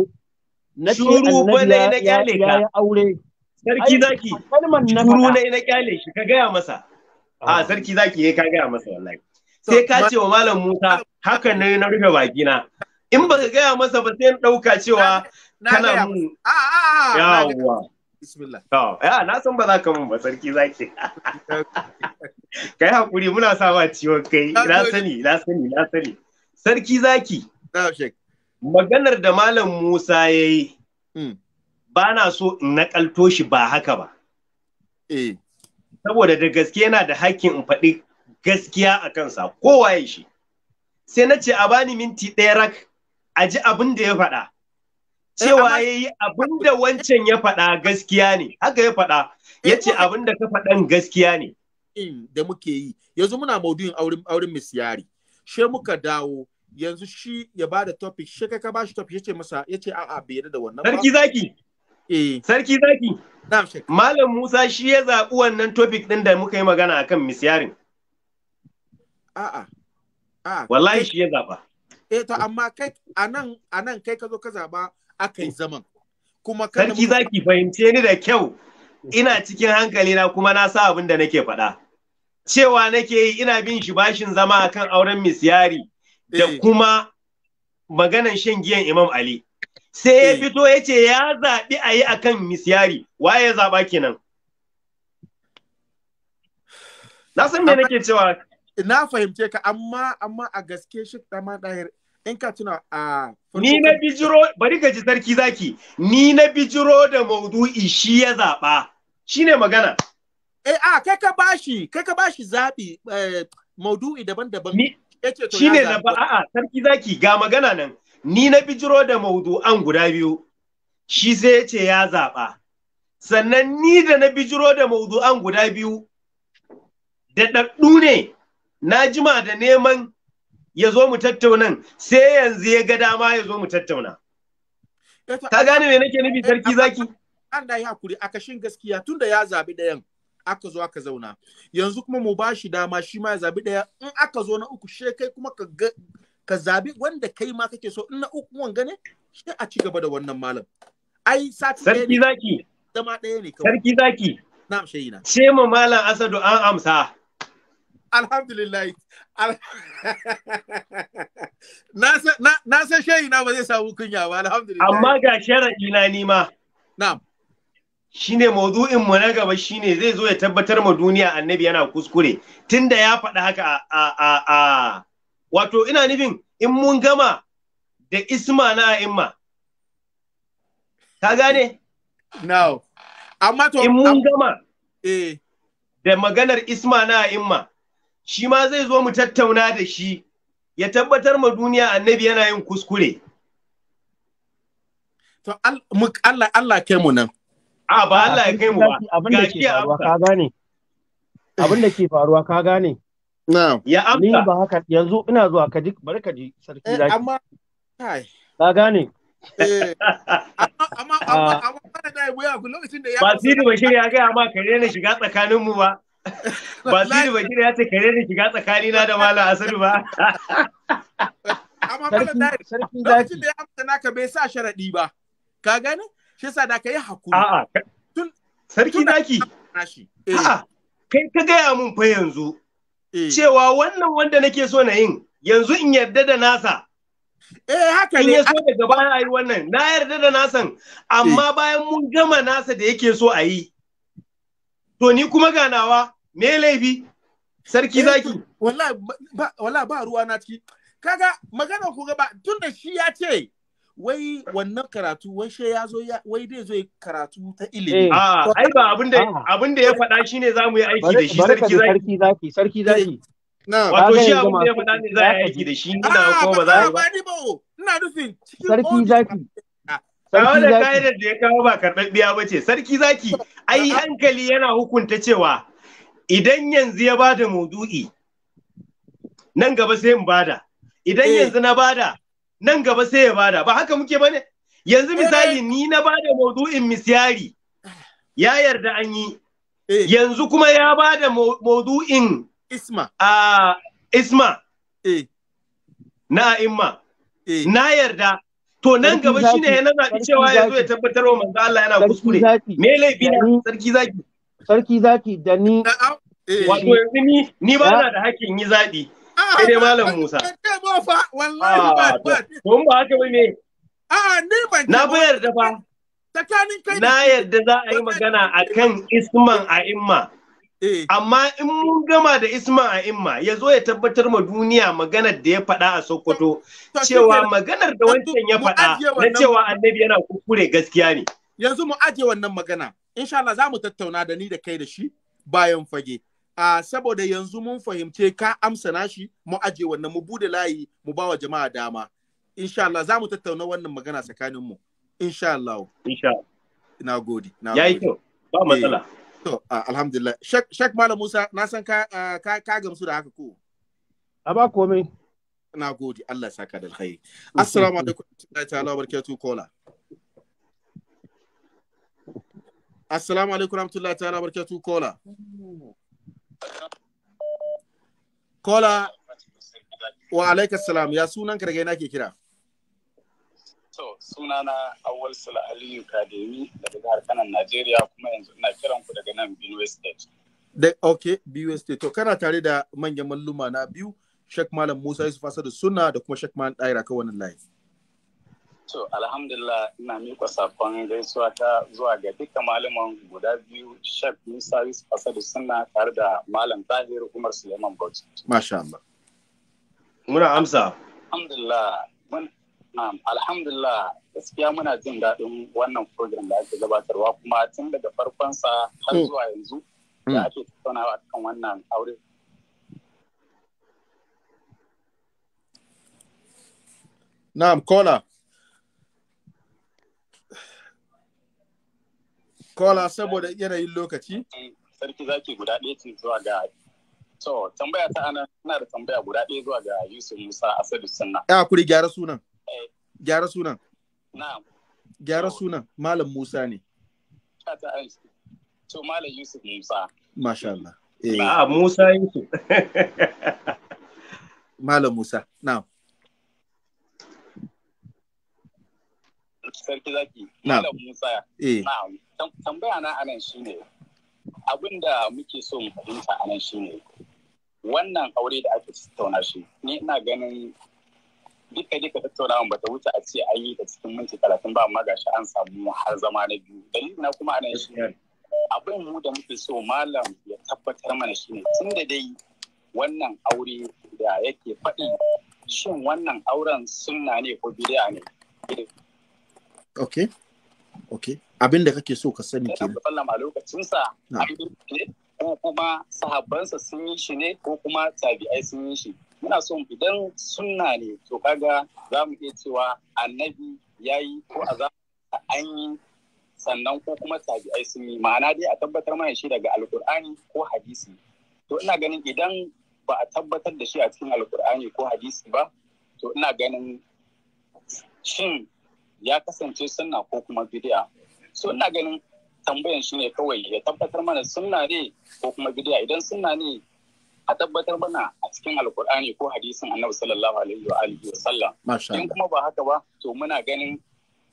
shiru ba ne na kyale ka sarki zaki shiru ne na kyale shi ka gaya masa a ah. sarki zaki yi ka gaya masa wallahi sai ka ce wa malam Musa haka ne na rufe baki na in ba ka gaya masa ba sai na dauka cewa kana mun a a yawa bismillah ya na san ba za ka mun ba sarki zaki kai hakuri muna sa ba ciwon kai na sani na sani na sani sarki zaki maganar da malam Musa yayi hmm. ba na so in nakalto shi ba haka ba eh saboda da gaske yana da hakkin in faɗi gaskiya a kansa kowa ya shi sai na ce a bani minti ɗaya rak a ji abin da ya faɗa cewa ya eh, yi abin da wancan ya faɗa gaskiya ne haka ya faɗa eh, ya ce abin da ka faɗan gaskiya ne da muke yi yanzu muna maudu'in auren auren Yari. she muka dawo yanzu shi ya ba da topic she ka ba shi topic ya ce masa ya ce a'a bai yarda da wannan sarki zaki eh sarki zaki Malam Musa shi ya zaɓi wannan topic ɗin da muka yi magana a kan misyarin. A'a. Wallahi shi ya zaɓa. Eh to amma kai a nan kai ka zo ka zaɓa aka yi zaman. Sarki za ki fahimce ni da kyau. Ina cikin hankali na kuma na sa abin da nake faɗa. Cewa nake yi ina bin shi bashin zama akan auren misyari da eh. kuma maganan shan giyan Imam Ali. sai ya eh. fito ya ce ya zaɓi a yi a kan misiyari. waye ya zaɓa kenan na san me nake cewa na fahimce ka amma amma a gaske shi ma ɗahir in ka tuna a ni na bijiro bari ka ji sarki zaki ni na bijiro da maudu'i shi ya zaɓa shine magana eh a kai ka bashi kai ka bashi zaɓi eh, maudu'i daban-daban shine na ba a'a sarki zaki ga magana nan ni na bijiro da maudu'an guda biyu shi sai ya ce ya zaɓa sannan ni da na bijiro da maudu'an guda biyu da ɗaɗɗu ne na jima da neman ya zo mu tattaunan sai yanzu ya ga dama ya zo mu tattauna eh, ka gane me eh, nake nufi eh, sarki zaki an da yi hakuri a kashin gaskiya tun da ya zaɓi ɗayan aka zo aka zauna yanzu kuma mu ba shi dama shi ma ya zaɓi ɗaya in aka zo na uku she kai kuma ka ka zabi wanda kai ma kake so ina uku wanga ne sai a ci gaba da wannan malam ai sati sarki zaki zama ɗaya ne kawai sarki zaki na'am shayina ce ma malam asadu an amsa alhamdulillah na san shayi na ba zai samu kunya ba alhamdulillah amma ga sharaɗi na ma na'am shine maudu'in mu na gaba shine zai zo ya tabbatar ma duniya annabi yana kuskure tunda ya faɗa haka a a a wato ina nufin in mun gama da isma na imma ka gane no amma to in mun gama eh. da maganar isma na imma shi ma zai zo mu tattauna da shi ya tabbatar ma duniya annabi yana yin kuskure to Allah Allah kai mu nan a ba Allah ya kai mu ba abin da ke faruwa ka gane abin da ke faruwa ka gane Ya amsa. Ni ba haka yanzu ina zuwa ka ji bari ka ji sarki eh, zaki. Amma kai. Ka gane. Eh, amma amma ah. amma da wuya ku lokacin da ya Ba Sidi Bashir ya amma kare shiga tsakanin mu ba. Ba Sidi Bashir ya ce kare shiga tsakanina da Malam Asadu ba. Amma da sarki zaki. Lokacin da ya amsa naka bai sa sharadi ba. Ka gane? Shi yasa da ka yi hakuri. A'a. Sarki zaki. Eh. A'a. Kai ka gaya mun fa yanzu Eh. cewa wannan wanda nake so na yin yanzu in yarda da nasa eh haka ne so da gaba na yi wannan na yarda da nasan amma eh. bayan mun gama nasa da yake so a yi to ni kuma ganawa me laifi sarki eh, zaki wallahi ba ruwa na ciki kaga magana ku gaba tun da shi ya ce wai wannan karatu wai she ya zo wai dai zo karatu ta ilimi eh. a ah, ai ba abin da ah. abin da ya faɗa shine zamu yi aiki da shi sarki zaki sarki zaki eh. zaki na wato shi abin da ya faɗa ne za a yi aiki da shi ah, ina ko ba za a yi ba ina nufin sarki zaki Kawo da ka'idar da ya kawo ba karɓaɓɓiya ba ce, Sarki zaki, ai hankali yana hukunta cewa idan yanzu ya bada maudu'i nan gaba sai in bada, idan eh. yanzu na bada nan gaba sai ya bada ba haka muke bane yanzu eh. misali ni na bada maudu'in misyari ya yarda an yi eh. yanzu kuma ya bada maudu'in isma a isma eh. na imma na yarda to nan gaba shine yana zaɓi cewa yanzu ya tabbatar wa manzo Allah yana kuskure me laifi na sarki zaki sarki zaki da ni wato yanzu ni ni ba na da hakkin yi zaɓi Sai dai Malam Musa. Kai ah, ba haka bane. Na bayar da fa. Na yarda za a yi magana akan isman Imma, eh. Amma in mun gama da isman a Imma ya zo ya tabbatar ma duniya maganar da ya faɗa a Sokoto cewa maganar da wancan ya faɗa na cewa annabi yana kukure gaskiya ne. Yanzu mu aje wannan magana. Insha Allah za mu tattauna da ni da kai da shi bayan fage. uh, saboda yanzu mun fahimce ka amsa nashi mu aje wannan mu bude layi mu bawa jama'a dama insha Allah za mu tattauna wannan magana tsakanin mu insha Allah insha na gode na yayi kyau ba matsala eh, to alhamdulillah shek shek malam Musa na san ka, ka ka gamsu da haka ko a ba komai na gode Allah saka da alkhairi assalamu alaikum ta'ala barkatu kola assalamu alaikum rahmatullahi ta'ala barkatu kola Kola, wa alaikassalam, ya sunan karge na ke kira? To, sunana Awal Sula Aliyu Kademi daga jihar Kanan, Najeriya kuma yanzu ina kiran ku daga nan Benue State. Da, ok, Benue State. To, kana tare da manyan malluma na biyu, Sheikh Malam Musa Yusuf Asadu suna da kuma Sheikh Malam Daira ka wannan live. To, alhamdulillah ina miƙa sakon gaisuwa ta zuwa ga duka malaman guda biyu, Shef Musa Yusuf Asadu suna tare da Malam Tahir Umar Suleiman Bauchi. Masha Allah. Muna amsa. Alhamdulillah. Alhamdulillah gaskiya muna jin daɗin wannan program da ake gabatarwa kuma tun daga farkonsa har mm. zuwa yanzu mm. da ake tattaunawa kan wannan aure Na'am, kola. Kola saboda yanayin lokaci. Sarki zaki guda ɗaya ce zuwa ga To, tambaya ta ana ina da tambaya guda ɗaya zuwa ga Yusuf Musa Asadu Sunna. Ya ah, kuri gyara sunan. Eh. Gyara sunan. Na'am. Gyara sunan Malam Musa ne. To Malam Yusuf Musa. Masha Allah. Eh. Musa Yusuf. Malam Musa. Na'am. sarki zaki malam musa eh. na'am tambaya na anan shine abin da muke so mu fahimta anan shine wannan aure da ake tattauna shi ni ina ganin duka duka tattaunawa bata wuce a ce an yi ta cikin minti talatin ba amma gashi an samu har zama na biyu dalilin na kuma anan shine abin mu da muke so malam ya tabbatar mana shine tun da dai wannan aure da yake faɗi shin wannan auren sunna ne ko bidiya ne okay okay abin da kake so ka sani ke sallama lokacinsa ko kuma sahabbansa sun yi shi ne ko kuma tabi'ai sun yi shi muna so idan sunna ne to kaga za mu iya cewa annabi ya yi ko a zamanin an yi sannan ko kuma tabi'ai sun yi ma'ana dai a tabbatar mana shi daga alkur'ani ko hadisi to ina ganin idan ba a tabbatar da shi a cikin alkur'ani ko hadisi ba to ina ganin shin ya kasance sunna ko kuma bidiya so ina ganin tambayan shi ne kawai ya tabbatar mana sunna ne ko kuma bidiya idan sunna ne a tabbatar mana a cikin alkur'ani ko hadisin annabi sallallahu alaihi wa alihi wa sallam in kuma ba haka ba to muna ganin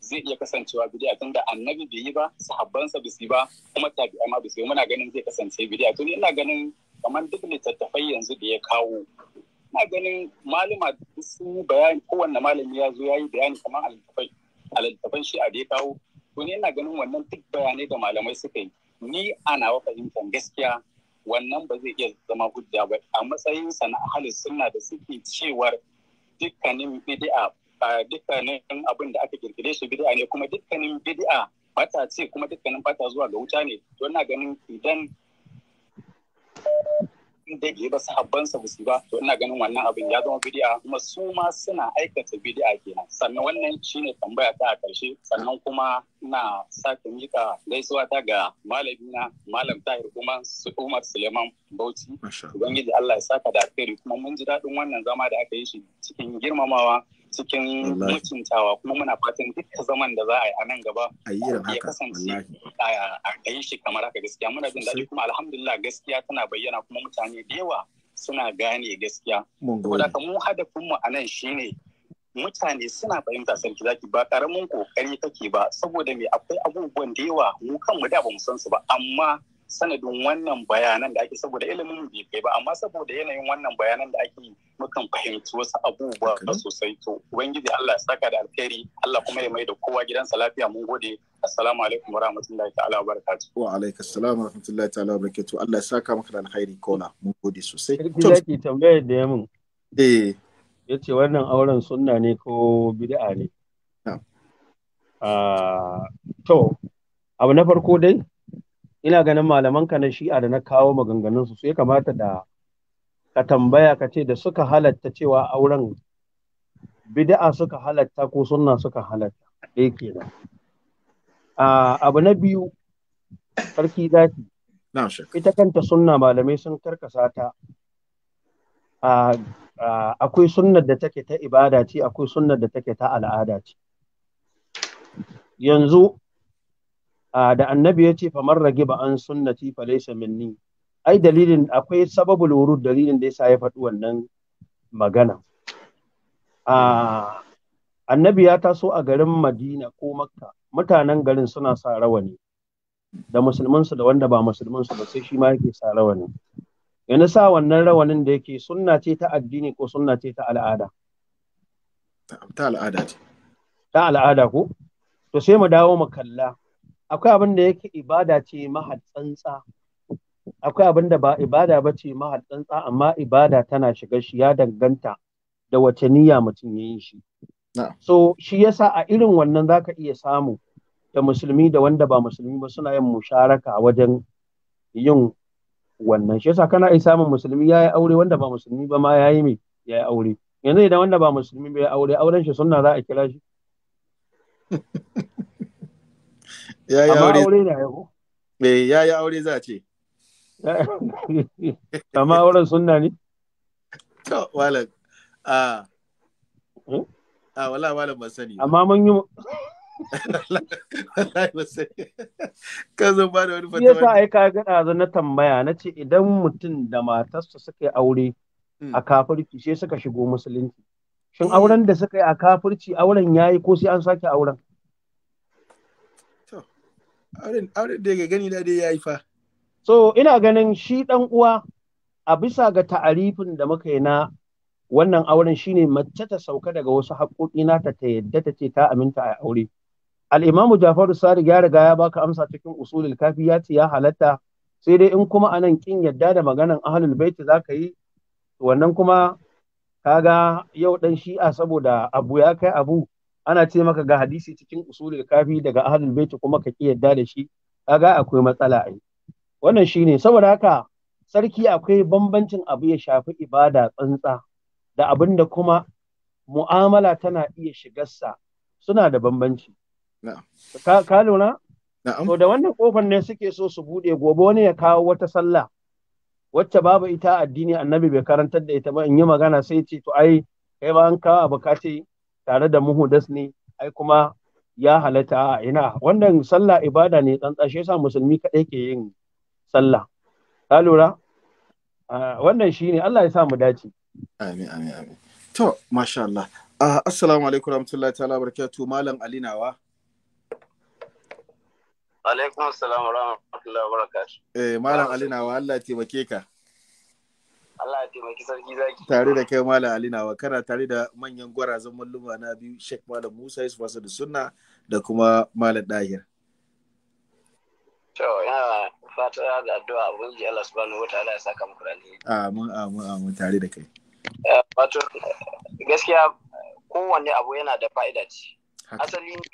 zai iya kasancewa bidiya tun da annabi bai yi ba sahabbansa ba ba kuma tabi'a ma bisi muna ganin zai kasance bidiya to ina ganin kamar duk littattafai yanzu da ya kawo ina ganin malama sun yi bayani kowanne malami ya zo ya yi bayani kamar littattafai a littafan shi a kawo to ni ina ganin wannan duk bayanai da malamai suka yi ni ana nawa fahimtar gaskiya wannan ba zai iya zama hujja ba a matsayin sa na ahli sunna da suke cewar dukkanin bid'a dukkanin abin da aka kirkire shi bid'a ne kuma dukkanin bid'a bata ce kuma dukkanin bata zuwa ga wuta ne to ina ganin idan in dai bai ba sa ba su ba to ina ganin wannan abin ya zama bidi'a kuma su ma suna aikata bidi'a kenan sannan wannan shine tambaya ta a ƙarshe sannan kuma na sake mika gaisuwa ta ga malamina malam tahir kuma umar suleiman bauchi ubangiji allah ya saka da alheri kuma mun ji daɗin wannan zama da aka yi shi cikin girmamawa cikin mutuntawa kuma muna fatan dukkan zaman da za a yi a nan gaba ya kasance a yi shi kamar haka gaskiya muna jin daɗi kuma alhamdulillah gaskiya tana bayyana kuma mutane da yawa suna gane gaskiya. Saboda mu hadafinmu a nan ne mutane suna fahimta sarki zaki ba karamin kokari kake ba saboda me akwai abubuwan da yawa mu kanmu da ba mu san su ba amma sanadin wannan bayanan da ake saboda ilimin bai kai ba amma saboda yanayin wannan bayanan da ake mukan fahimci wasu abubuwa ba sosai to ubangiji Allah ya saka da alkhairi Allah kuma ya mai da kowa gidansa lafiya mun gode assalamu alaikum wa rahmatullahi ta'ala wa barakatuh wa alaikum assalam wa rahmatullahi ta'ala wa barakatuh Allah ya saka maka da alkhairi kona mun gode sosai to ki tambayar da yamin eh yace wannan auren sunna ne ko bid'a ne ah, to abu na farko dai ina ganin malamanka na shi'a da na kawo maganganunsu. su ya kamata da ka tambaya ka ce da suka halatta cewa auren bid'a suka halatta ko sunna suka halatta dai eh, kenan abu na biyu sarki zafi ita kanta sunna malamai sun karkasa ta akwai sunnar da take ta ibada ce akwai sunnar da take ta al'ada ce yanzu Ah, da annabi ya ce famar rage ba an sunnati fa minni ai dalilin akwai sababul wurud dalilin da yasa ya faɗi wannan magana ah, annabi ya taso a garin Madina ko Makka mutanen garin suna sa ne da musulmansu da wanda ba musulmansu ba sai shi ma yake sa rawani yana sa wannan rawanin da yake sunna ce ta addini ko sunna ce ta al'ada ta al'ada ce ta al'ada ko to sai mu dawo mu kalla akwai abin da yake ibada ce mahatsantsa akwai abin da ba ibada ba ce mahatsantsa amma ibada tana shiga shi ya danganta da wace niyya mutum ya yi shi so shi yasa a irin wannan za ka iya samu da musulmi da wanda ba musulmi ba suna yin musharaka wajen yin wannan shi yasa kana iya samun musulmi ya yi aure wanda ba musulmi ba ma ya yi mai ya yi aure yanzu idan wanda ba musulmi ba ya aure auren shi sunna za a kira shi ya yi aure ne yau eh, ya yi aure za a ce amma auren sunna ne to malam a eh? a wala malam sani amma mun yi kan zan ba da wani fatawa yasa ai ka ga dazu na tambaya na ce idan mutum da matarsa suka yi aure hmm. a kafirci sai suka shigo musulunci shin hmm. auren da suka yi a kafirci auren yayi ko sai an sake auren Auren da gani da ya yi fa. So ina ganin shi ɗan uwa a bisa ga ta'arifin da muka yi na wannan auren shine mace ta sauka daga wasu haƙoƙi na ta ta yadda ta ce ta aminta a aure. Al'imamu Jafaru sari ya riga ya baka amsa cikin usulul kafi ya ce ya halatta sai dai in kuma anan kin yadda da maganan ahlul baiti za ka yi wannan kuma kaga yau dan shi'a saboda abu ya kai abu ana ce maka ga hadisi cikin usulul kafi daga ahlul bait kuma ka kiyarda da shi kaga akwai matsala ai wannan shine saboda haka sarki akwai bambancin abu ya shafi ibada tsantsa da abinda kuma mu'amala tana iya shigarsa suna da bambanci ka lura to da wannan kofar ne suke so su bude gobe wani ya kawo wata sallah wacce babu ita addini annabi bai karantar da ita ba in yi magana sai ce to ai kai ba an kawo abu ka ce tare da muhudas ne ai kuma ya halatta a ina wannan sallah ibada ne ɗan shi yasa musulmi kaɗai ke yin sallah ka lura wannan shi ne Allah ya sa mu dace amin amin amin to masha Allah assalamu alaikum warahmatullahi ta'ala barakatuh malam Ali Wa alaikum assalam warahmatullahi wabarakatuh eh malam Ali Allah ya taimake ka Allah ya taimaki sarki zaki. Tare da kai Malam Ali Nawa kana tare da manyan gwarazan malluma na biyu Sheikh Malam Musa Yusuf da Sunna da kuma Malam Dahir. To ya fata da addu'a Ubangiji Allah subhanahu wataala ya saka muku rani. Amin amin amin tare da kai. Eh, wato gaskiya kowanne abu yana da fa'ida ce. Asali ne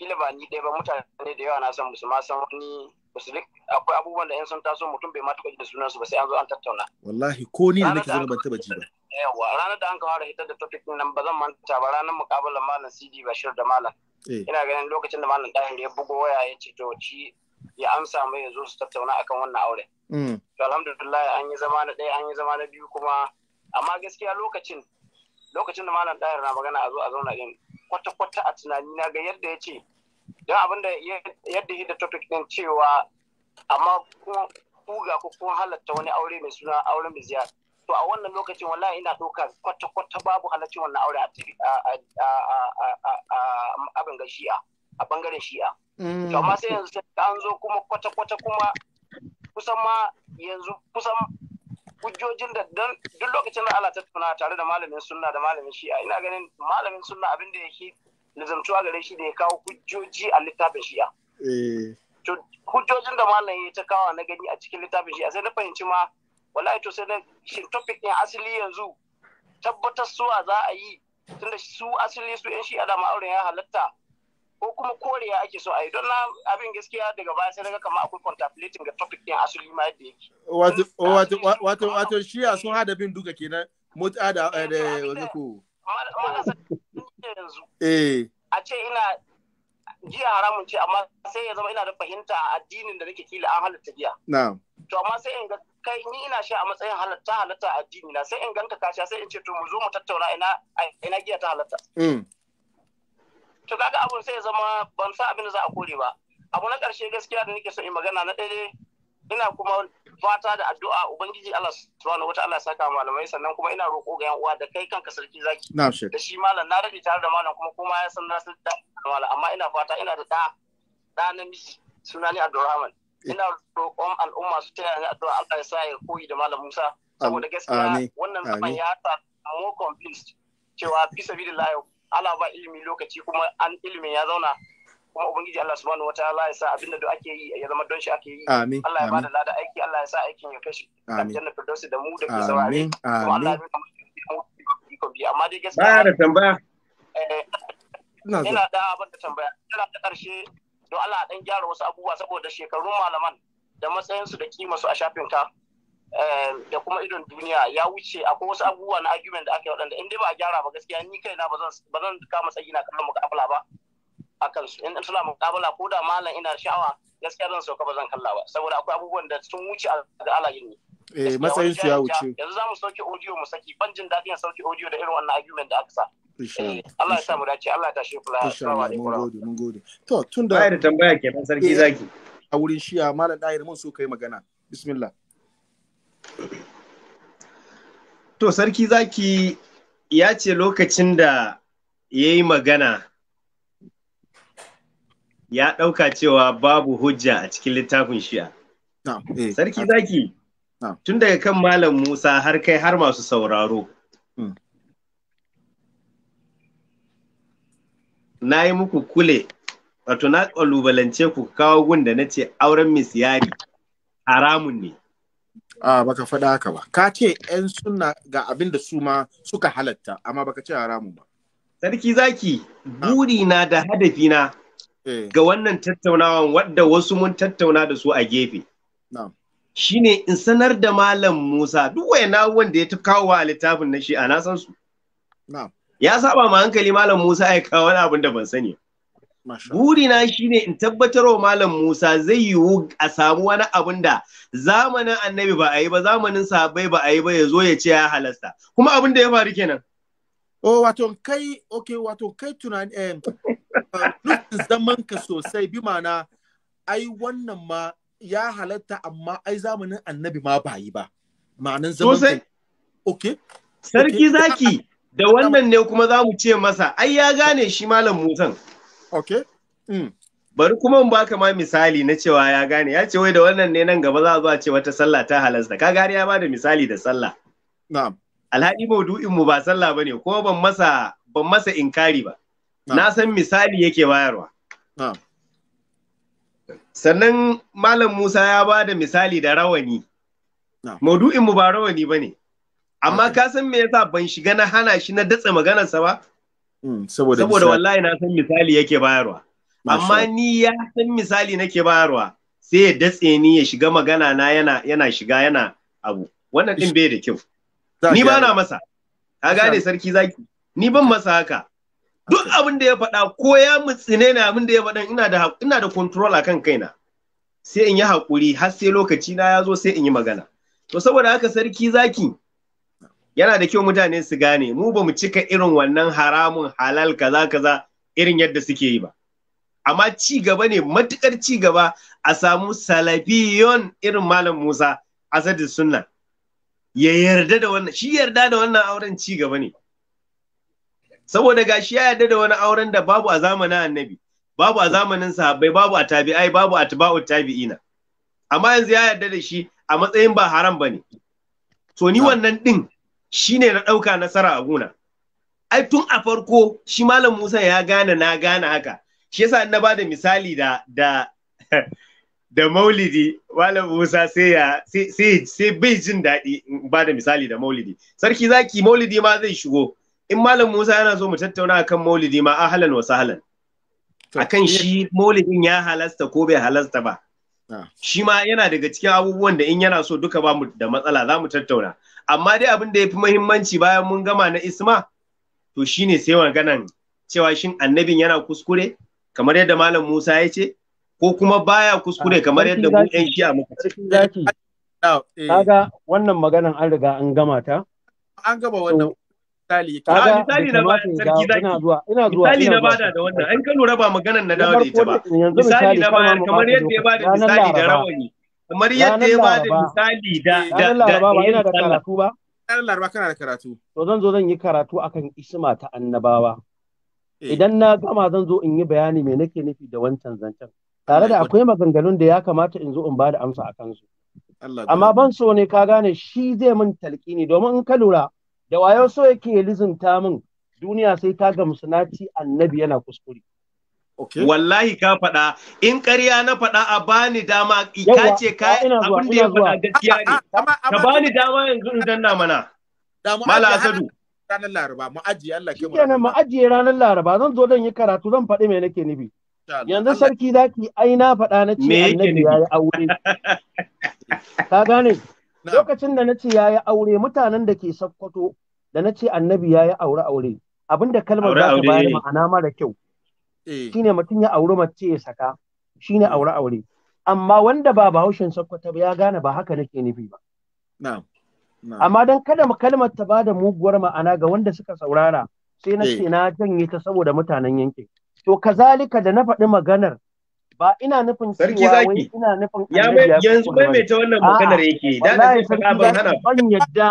kila ba ni dai ba mutane da yawa na san musu ma san wani akwai abubuwan da in sun taso mutum bai ma da sunansu ba sai an zo an tattauna. Wallahi ko ni da nake zuwa ban taba ji ba. Yawa ranar da an ka hitar da topic nan ba zan manta ba ranar muƙabalar malam CD Bashir da malam. Eh. Ina ganin lokacin da malam Dahir ya bugo waya ya ce to ya amsa mai ya zo su tattauna akan wannan aure. Mm. To alhamdulillah an yi zama na ɗaya an yi zama na biyu kuma amma gaskiya lokacin lokacin da malam Dahir na magana a zo a zauna din kwata-kwata a tunani na ga yadda ya ce don abin da yadda da topic din cewa amma kuma kuga ko kun halatta wani aure mai suna auren biziya to a wannan lokacin wallahi ina doka kwata-kwata babu halaccin wannan aure a abin ga shi'a a bangaren shi'a mm. to amma sai yanzu sai an zo kuma kwata-kwata kuma kusan ma yanzu kusan hujjojin da duk lokacin da Allah tuna tare da malamin sunna da malamin shi'a ina ganin malamin sunna abin da yake nizamtuwa gare shi da ya kawo hujjoji a littafin shi'a. Eh. Hujjojin da malam ya ta kawo na gani a cikin littafin shi'a sai na fahimci ma wallahi to sai na shin topic ɗin asali yanzu tabbatar suwa za a yi tunda su asali su yan shi'a da ma'auren ya halatta ko kuma koriya ake so a yi don na abin gaskiya daga baya sai daga kama akwai contemplating ga topic ɗin asali ma yadda yake. Wato shi'a sun hada bin duka kenan mut'a da eh, wani ko. yanzu eh. a ce ina giya haramun ce amma sai ya zama ina da fahimta a addinin da nake kila an halatta giya to amma sai in ga kai ni ina sha a matsayin halatta halatta a addini na sai in ganka ka sha sai in ce to mu zo mu tattauna ina ina giya ta halatta mm. to kaga abun sai ya zama ban sa abin da za a kore ba abu na ƙarshe gaskiya da nake so in magana na ɗaya ina kuma fata da addu'a ubangiji Allah subhanahu wata Allah saka malamai sannan kuma ina roƙo ga yan uwa da kai kanka sarki zaki da shi malam na rabi tare da malam kuma kuma ya san nasu da malam amma ina fata ina da da da namiji suna ni Abdulrahman eh. ina roƙon al'umma su taya ni addu'a Allah ya sa ya koyi da malam Musa saboda gaskiya wannan zaman ya ta mu convinced cewa bisa sabilillah Allah ba ilimi lokaci kuma an ilimin ya zauna kuma ubangiji Allah subhanahu ta'ala ya sa abinda da ake yi ya zama don shi ake yi Allah ya bada lada aiki Allah ya sa aikin ya kashi aljanna firdausi da mu da ke saurare kuma Allah ya amma dai gaskiya da tambaya eh, ina da abin da tambaya ina da karshe don Allah dan gyara wasu abubuwa saboda shekarun malaman da matsayinsu da kima su a shafin ka eh, da kuma idon duniya ya wuce akwai wasu abubuwa na argument da aka yi waɗanda in dai ba a gyara ba gaskiya ni kaina ba zan kama tsayi na kallon muka ba a kansu in suna mukabala ko da malam ina sha'awa gaskiya zan sauka ba zan kalla ba saboda akwai abubuwan da sun wuce ga yin ni eh matsayin su ya wuce yanzu za mu sauke audio mu saki ban jin daɗin sauke audio da irin wannan argument da aka sa eh, Allah ya samu dace Allah ya tashi kula assalamu alaikum mun gode mun gode to da bai da tambaya kenan sarki eh, zaki a wurin shiya malam ɗayar mun so kai magana bismillah to sarki zaki ya ce lokacin da ya yi magana ya ɗauka cewa babu hujja a cikin littafin shi'a. Eh, Sarki zaki, tun daga kan Malam Musa har kai har masu sauraro. Hmm. Na yi muku kule, wato na ƙalubalance ku kawo gun da na ce auren Yari. haramun ne. A baka faɗa haka ba, ka ce ‘yan suna ga abin da su ma suka halatta, amma baka ce haramun ba. Sarki zaki, burina da hadafina Eh. ga wannan tattaunawan wadda wasu mun tattauna da su a gefe. Shine in sanar da Malam Musa duk waina wanda ya kawo a littafin na shi a nasansu. Ya saba ma hankali Malam Musa ya kawo wani abin da ban sani. Burina ne in tabbatar wa Malam Musa zai yiwu a samu wani abin da zamanin annabi ba a yi ba zamanin sahabbai ba a yi ba ya zo ya ce ya halasta. Kuma abin da ya faru kenan. Oh, wato kai, okay, wato kai tunani, Nufin ah, uh, zaman ka sosai bi mana, ai wannan ma ya halatta amma ai zamanin annabi ma ba yi ba. Ma'anan zaman Sosai. Okay. Sarki zaki, da wannan ne kuma za mu ce masa, ai ya gane shi malam Musan. Okay. Mm. bari kuma in baka ma misali na cewa ya gane ya ce wai da wannan ne nan gaba za a zo ce wata sallah ta halasta ka gari ya bada misali da sallah na'am alhaɗi maudu'in mu ba sallah bane ko ban masa ban masa inkari ba na san misali yake bayarwa sannan malam Musa ya ba da misali da rawani maudu'in mu ba rawani bane amma ka san me yasa ban shiga na hana shi na datsa maganarsa ba mm, saboda wallahi na san misali yake bayarwa amma ni ya san misali nake bayarwa sai ya datse ni ya shiga magana na yana yana shiga yana abu wannan din bai da kyau ni ba na masa ka gane sarki zaki ni ban masa haka duk abin da ya faɗa ko ya mutsine na abin da ya faɗa ina da ina da control akan kaina sai in yi hakuri har sai lokaci na ya zo sai in yi magana to saboda haka sarki zaki yana da kyau mutane su gane mu ba mu cika irin wannan haramun halal kaza kaza irin yadda suke yi ba amma ci gaba ne matukar ci gaba a samu salafiyon irin malam Musa Asadu Sunna ya yarda da wannan shi yarda da wannan auren ci gaba ne saboda gashi ya yarda da wani auren da babu a zamanin annabi babu a zamanin sahabbai babu a tabi'ai babu a tabi'ut tabi'ina amma yanzu ya yarda da shi a matsayin ba haram bane to ni wannan din shine na ɗauka nasara a guna ai tun a farko shi malam Musa ya gane na gane haka shi yasa na bada misali da da da maulidi malam musa sai ya sai bai jin daɗi ba da misali da maulidi sarki zaki maulidi ma zai shigo in malam musa yana so mu tattauna akan maulidi ma ahlan wa sahlan akan eh. shi maulidin ya halasta ko bai halasta ba ah. shi ma yana daga cikin abubuwan da in yana so duka ba mu da matsala za mu tattauna amma dai abin da ya fi muhimmanci bayan mun gama na isma to shine sai maganan cewa shin annabin yana kuskure kamar yadda malam musa ya ce ko kuma baya kuskure ah, kamar yadda ku yan shi'a muka ce eh, kaga wannan maganan an riga an gama ta an gama wannan misali kaga ah, misali na bada sarki zaki misali na ba da wannan an ka lura ba maganan na dawo da ita ba misali na ba kamar yadda ya ba da misali da rawani kamar yadda ya ba da misali da da da yana da karatu ba da karatu to zan zo zan yi karatu akan isma ta annabawa eh. idan na gama zan zo in yi bayani me nake nufi da wancan zancen tare da akwai maganganun da ya kamata in zo in ba da amsa a kansu amma ban so ne ka gane shi zai min ne domin in ka lura da wayo so yake lizinta min duniya sai ta ga na annabi yana kuskure Okay. Wallahi ka faɗa, in ƙarya na faɗa a bani dama ka ce ka abin da ya faɗa gaskiya ne. Ka bani dama yanzu in danna mana. Mala Azadu. Ranar Laraba, mu ajiye Allah ke mu. ajiye ranar Laraba, zan zo dan yi karatu zan faɗi me nake nufi. yanzu sarki zaki ai na faɗa na ce annabi ya yi aure ka gane lokacin da na ce ya yi aure mutanen da ke sakkwato da na ce annabi ya yi aure aure abinda kalmar za ta bayar ma'ana mara kyau eh. shine mutum ya aure mace ya saka shine eh. aure aure amma wanda ba bahaushen sakkwato ya gane ba haka nake nufi ba amma don kada kalmar ta ba da muguwar ma'ana ga wanda suka saurara sai na eh. ce na janye ta saboda mutanen yankin To kazalika da na faɗi maganar ba ina nufin cewa wai ina nufin ya mai yanzu mai mai ta wannan maganar yake da da sai ka ban hana ban yadda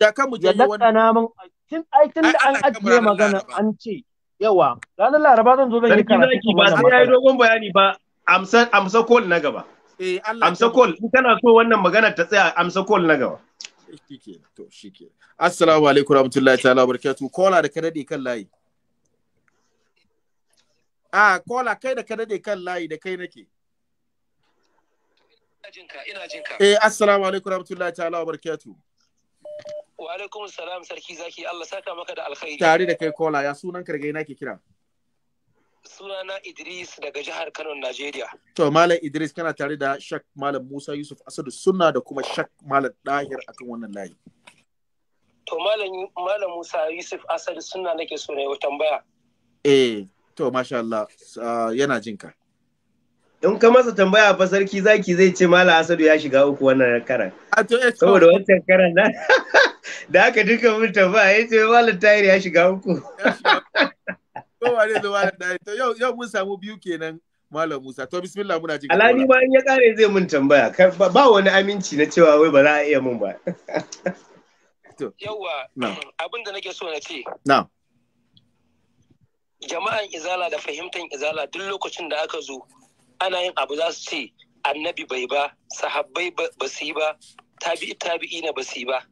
da ka mu jawo wannan mun tun ai tun da an ajiye magana an ce yawa ranar laraba zan zo zan yi karatu ba sai yayi dogon bayani ba amsa amsa call na gaba eh Allah amsa call in kana so wannan maganar ta tsaya amsa call na gaba eh, shikenan to shikenan assalamu alaikum warahmatullahi ta'ala barakatuh kola da kada kan layi a kola kai da ka dade kan layi da kai nake ina jinka eh assalamu alaikum rahmatullahi ta'ala wa barakatuh wa alaikum salam sarki zaki Allah saka maka da alkhairi tare da kai kola ya sunan kargai nake kira sunana Idris daga jihar Kano Najeriya to malam Idris kana tare da Shak malam Musa Yusuf Asadu Sunna da kuma Shak malam Dahir akan wannan layi to malam malam Musa Yusuf Asadu Sunna nake so ne tambaya eh To, masha Allah, uh, yana jinka. In ka masa tambaya fa sarki zaki zai ce Mala Asadu ya shiga uku wannan karan. Ah, eh, Saboda wancan karan na da aka duka mun tambaya ya ce Mala Tahir ya shiga uku. Kowa ne da Mala Tahir. To yau mun samu biyu kenan Malam Musa. To bismillah muna jin. Alani ma in ya kare zai mun tambaya. Ba wani aminci na cewa wai ba za a iya mun ba. Yawwa abin da nake so na ce. Na'am. jama'an izala da fahimtar izala duk lokacin da aka zo ana yin abu za su ce annabi bai ba sahabbai ba su yi ba tabi'i tabi'i na ba su yi ba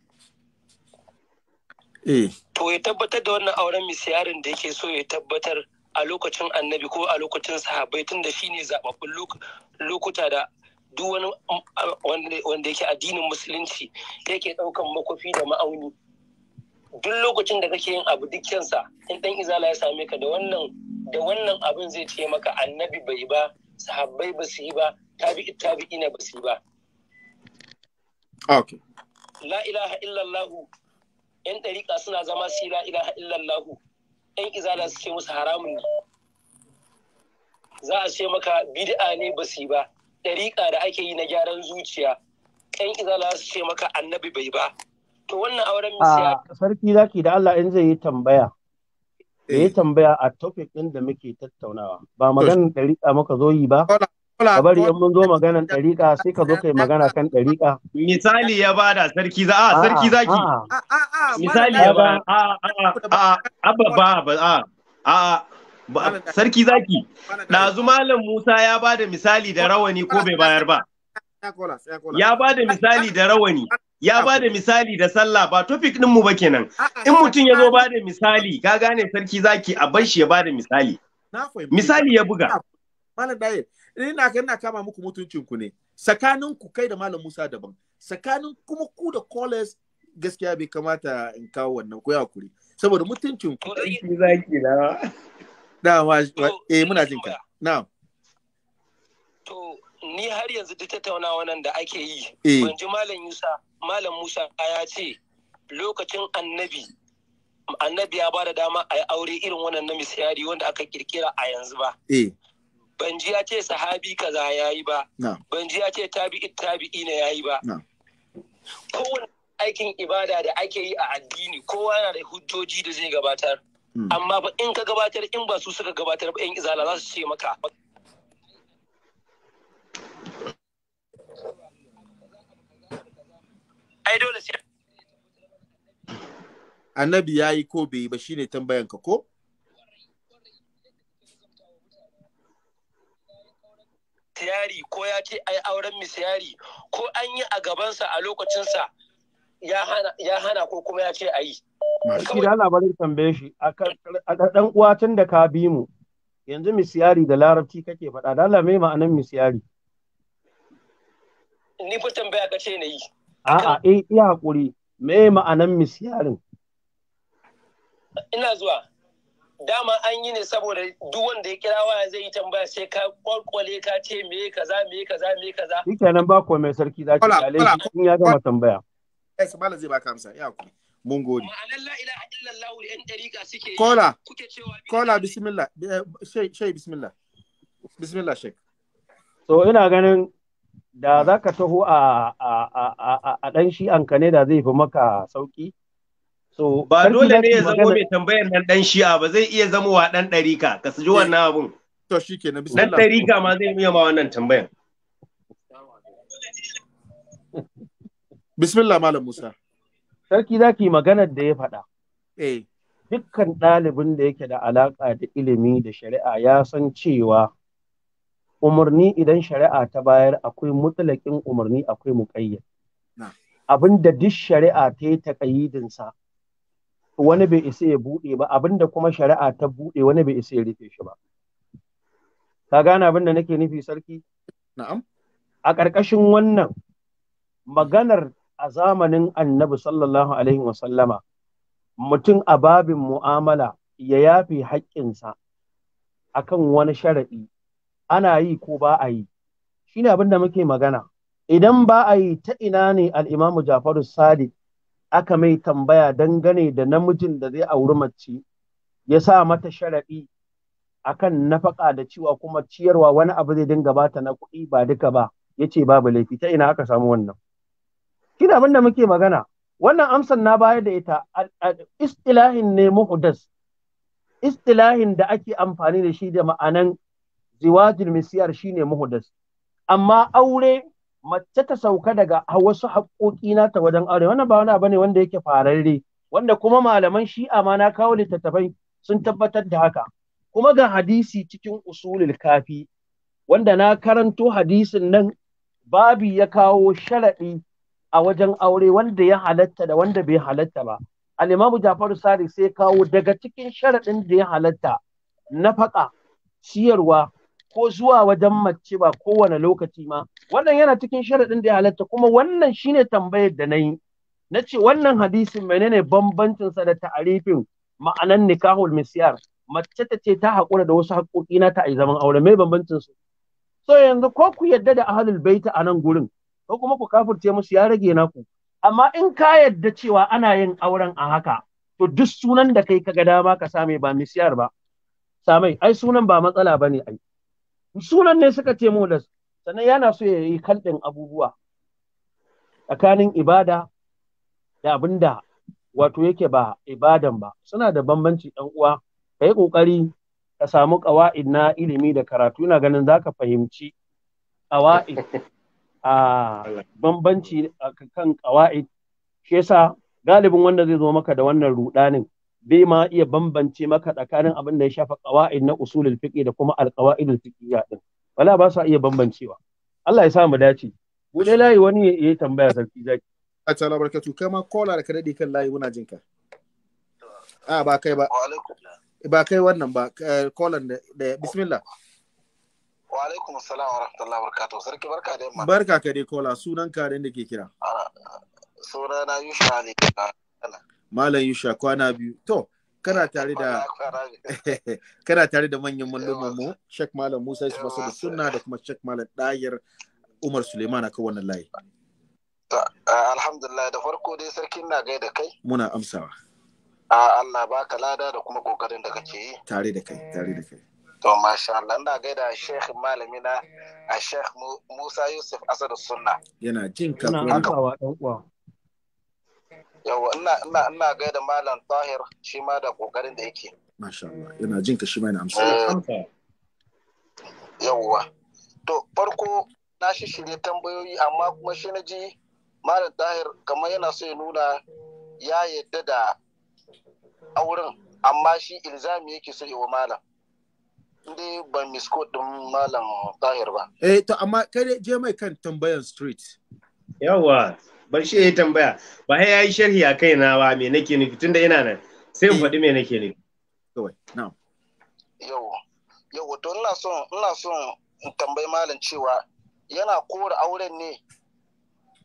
eh. to ya tabbatar da wannan auren misiyarin da yake so ya tabbatar a lokacin annabi ko a lokacin sahabbai tun da shi ne zaɓaɓɓun lokuta da duk wani um, wanda yake addinin musulunci yake ɗaukan makofi da ma'auni duk lokacin da kake yin abu kyansa in dan izala ya same ka da wannan da wannan abin zai ce maka annabi bai ba sahabbai ba su yi ba tabi'i tabi'ina ba su yi ba okay la ilaha illallah yan dariqa suna zama su la ilaha illallah yan izala su ce musu haramun ne za a ce maka bid'a ne ba su yi ba dariqa da ake yi na gyaran zuciya yan izala su ce maka annabi bai ba to wannan auren misali sarki zaki da Allah in zai yi tambaya eh. tambaya a topic din da muke tattaunawa ba maganar dariƙa muka zo yi ba ka bari in mun zo maganar dariƙa sai ka zo kai magana kan dariƙa misali ya bada sarki za a sarki zaki misali ya ba a a a ba ba a a sarki zaki ɗazu malam Musa ya bada misali da rawani ko bai bayar ba ya bada misali da rawani ya ba da misali da sallah ba topic mu ba kenan in mutum ya zo ba da misali ka gane sarki zaki a bar shi ya ba da misali misali ya buga malam daye ina ga ina kama muku mutuncin ku ne tsakanin ku kai da malam Musa daban tsakanin kuma ku da callers gaskiya bai kamata in kawo wannan ku hakuri saboda mutuncin ku zaki na na eh muna jin ka na'am ni har yanzu duk tattaunawa nan da ake yi eh. ban ji malam Musa malam Musa ya ce lokacin annabi annabi ya bada dama a yi aure irin wannan na misyari wanda aka kirkira a yanzu ba eh. ban ji ya ce sahabi kaza ya yi ba ban ji ya ce tabi'i tabi'i na ya yi ba kowane aikin ibada da ake yi a addini kowa yana da hujjoji da zai gabatar hmm. amma in ka gabatar in ba su suka gabatar ba yan izala za su ce maka ai dole sai annabi ya yi ko bai ba shine tambayan ka ko tiyari ko ya ce ai auren misiyari ko an yi a gabansa a lokacinsa ya hana ko kuma ya ce a yi. Shi da Allah bari tambaye shi a ɗan uwa tun da ka bi mu yanzu misiyari da larabci kake faɗa da Allah mai ma'anan misiyari. ni fa tambaya ka ce na yi a'a eh iya hakuri me ma'anan misyarin ina zuwa dama an yi ne saboda duk wanda ya kira waya zai yi tambaya sai ka kwalkwale ka ce me kaza me kaza me kaza shikenan ba ko mai sarki za ki kale shi in ya gama tambaya eh sabala zai baka amsa iya hakuri mun gode ma'anan la ilaha illallah yan dariqa suke kola kola bismillah eh, shey bismillah bismillah shek so ina ganin da za ka taho a ɗan shi an ne da zai fi maka sauƙi. So, ba dole ne ya zamo mai tambayar nan ɗan shi'a ba zai iya zamo wa ɗan ɗarika ka su ji wannan abun. To shi ke na Ɗan ɗarika ma zai iya ma wannan tambayar. Bismillah Malam Musa. Sarki za ki maganar da ya faɗa. Eh. Dukkan ɗalibin da yake da alaƙa da ilimi da shari'a ya san cewa umarni idan shari'a ta bayar akwai mutlaƙin umarni akwai muƙayyad abin da duk shari'a ta yi taƙayidinsa wani bai isa ya buɗe ba abin da kuma shari'a ta buɗe wani bai isa ya rufe shi ba ka gane abin da nake nufi sarki na'am a ƙarƙashin wannan maganar a zamanin annabi sallallahu alaihi wasallama mutum a babin mu'amala ya yafe haƙƙinsa akan wani sharaɗi ana yi ko ba a yi shine abin da muke magana idan ba a yi ta ina ne al'imamu jafaru sadiq aka mai tambaya dangane da namijin da zai auri mace ya sa mata sharaɗi akan nafaka da cewa kuma ciyarwa wani abu zai dinga bata na kuɗi ba duka ba ya ce babu laifi ta ina aka samu wannan shi abin da muke magana wannan amsar na bayar da ita istilahin ne muhdas istilahin da ake amfani da shi da ma'anan ziwajil misiyar shine muhudas amma aure mace ta sauka daga wasu haƙoƙi nata wajen aure wannan ba wani abu ne wanda yake fararre wanda kuma malaman shi'a ma na kawo littattafai sun tabbatar da haka kuma ga hadisi cikin usulul kafi wanda na karanto hadisin nan babi ya kawo sharaɗi a wajen aure wanda ya halatta da wanda bai halatta ba alimamu jafaru sadiq sai kawo daga cikin sharaɗin da ya halatta na faƙa siyarwa ko zuwa wajen mace ba kowane lokaci ma wannan yana cikin sharaɗin da ya halatta kuma wannan shine tambayar da na yi na ce wannan hadisin menene bambancinsa da ta'arifin ma'anan nikahul misyar mace ta ce ta haƙura da wasu haƙoƙi na ta a zaman aure me bambancin su so yanzu ko ku yadda da ahlul baita a nan gurin ko kuma ku kafirce musu ya rage naku amma in ka yadda cewa ana yin auren a haka to duk sunan da kai ka ga dama ka same ba misyar ba samai ai sunan ba matsala bane ai sunan ne suka ce modas sannan yana so ya yi kalɗin abubuwa tsakanin ibada da abin da wato yake ba ibadan ba suna da bambanci ɗan uwa ka yi ƙoƙari ka samu ƙawa'id na ilimi da karatu ina ganin za ka fahimci ƙawa'id a bambanci kan ƙawa'id shi yasa galibin wanda zai zo maka da wannan ruɗanin bai ma iya bambance maka tsakanin abin da ya shafa qawaid na usulul fiqh da kuma alqawaidul fiqhiyya din wala ba sa iya bambancewa Allah ya sa mu dace dai layi wani ya yi tambaya sarki zaki la barkatu kai ma kola da ka dade kan layi muna jinka a ah, ba kai ba ba kai wannan ba kolan eh, da bismillah wa alaikum assalam wa rahmatullahi wa barakatuh sarki barka da yamma barka ka dai kola sunan ka da ke kira ah, sunana yusha ne Malam Yusha kwana biyu. To, kana tare da kana tare da manyan malluman mu Sheikh Malam Musa Yusuf Masu da Sunna da kuma Sheikh Malam Dayar Umar Suleiman akan wannan layi. Alhamdulillah da farko dai sarki na gai da kai. Muna amsawa. Allah baka lada da kuma kokarin da kake yi. Tare da kai, tare da kai. To masha Allah ina gaida Sheikh Malamina a Sheikh Musa Yusuf Asadu Sunna. Yana jin ka. Yana amsawa dan uwa. yawa ina ina ina gaida malam tahir shi ma da kokarin da yake masha Allah yana jin ka shi ma yana amsa eh. yawa to farko na shi shirye tambayoyi amma kuma shi na ji malam tahir kamar yana so ya nuna ya yadda da auren amma shi ilzami yake so yi wa malam dai ban misko din malam tahir ba eh to amma kai je mai kan tambayan street yawa bar shi ya tambaya ba ya yi sharhi a kai na ba me nake nufi tunda ina nan sai mu faɗi me nake nufi kawai na'am to ina son ina son in tambayi malam cewa yana kora auren ne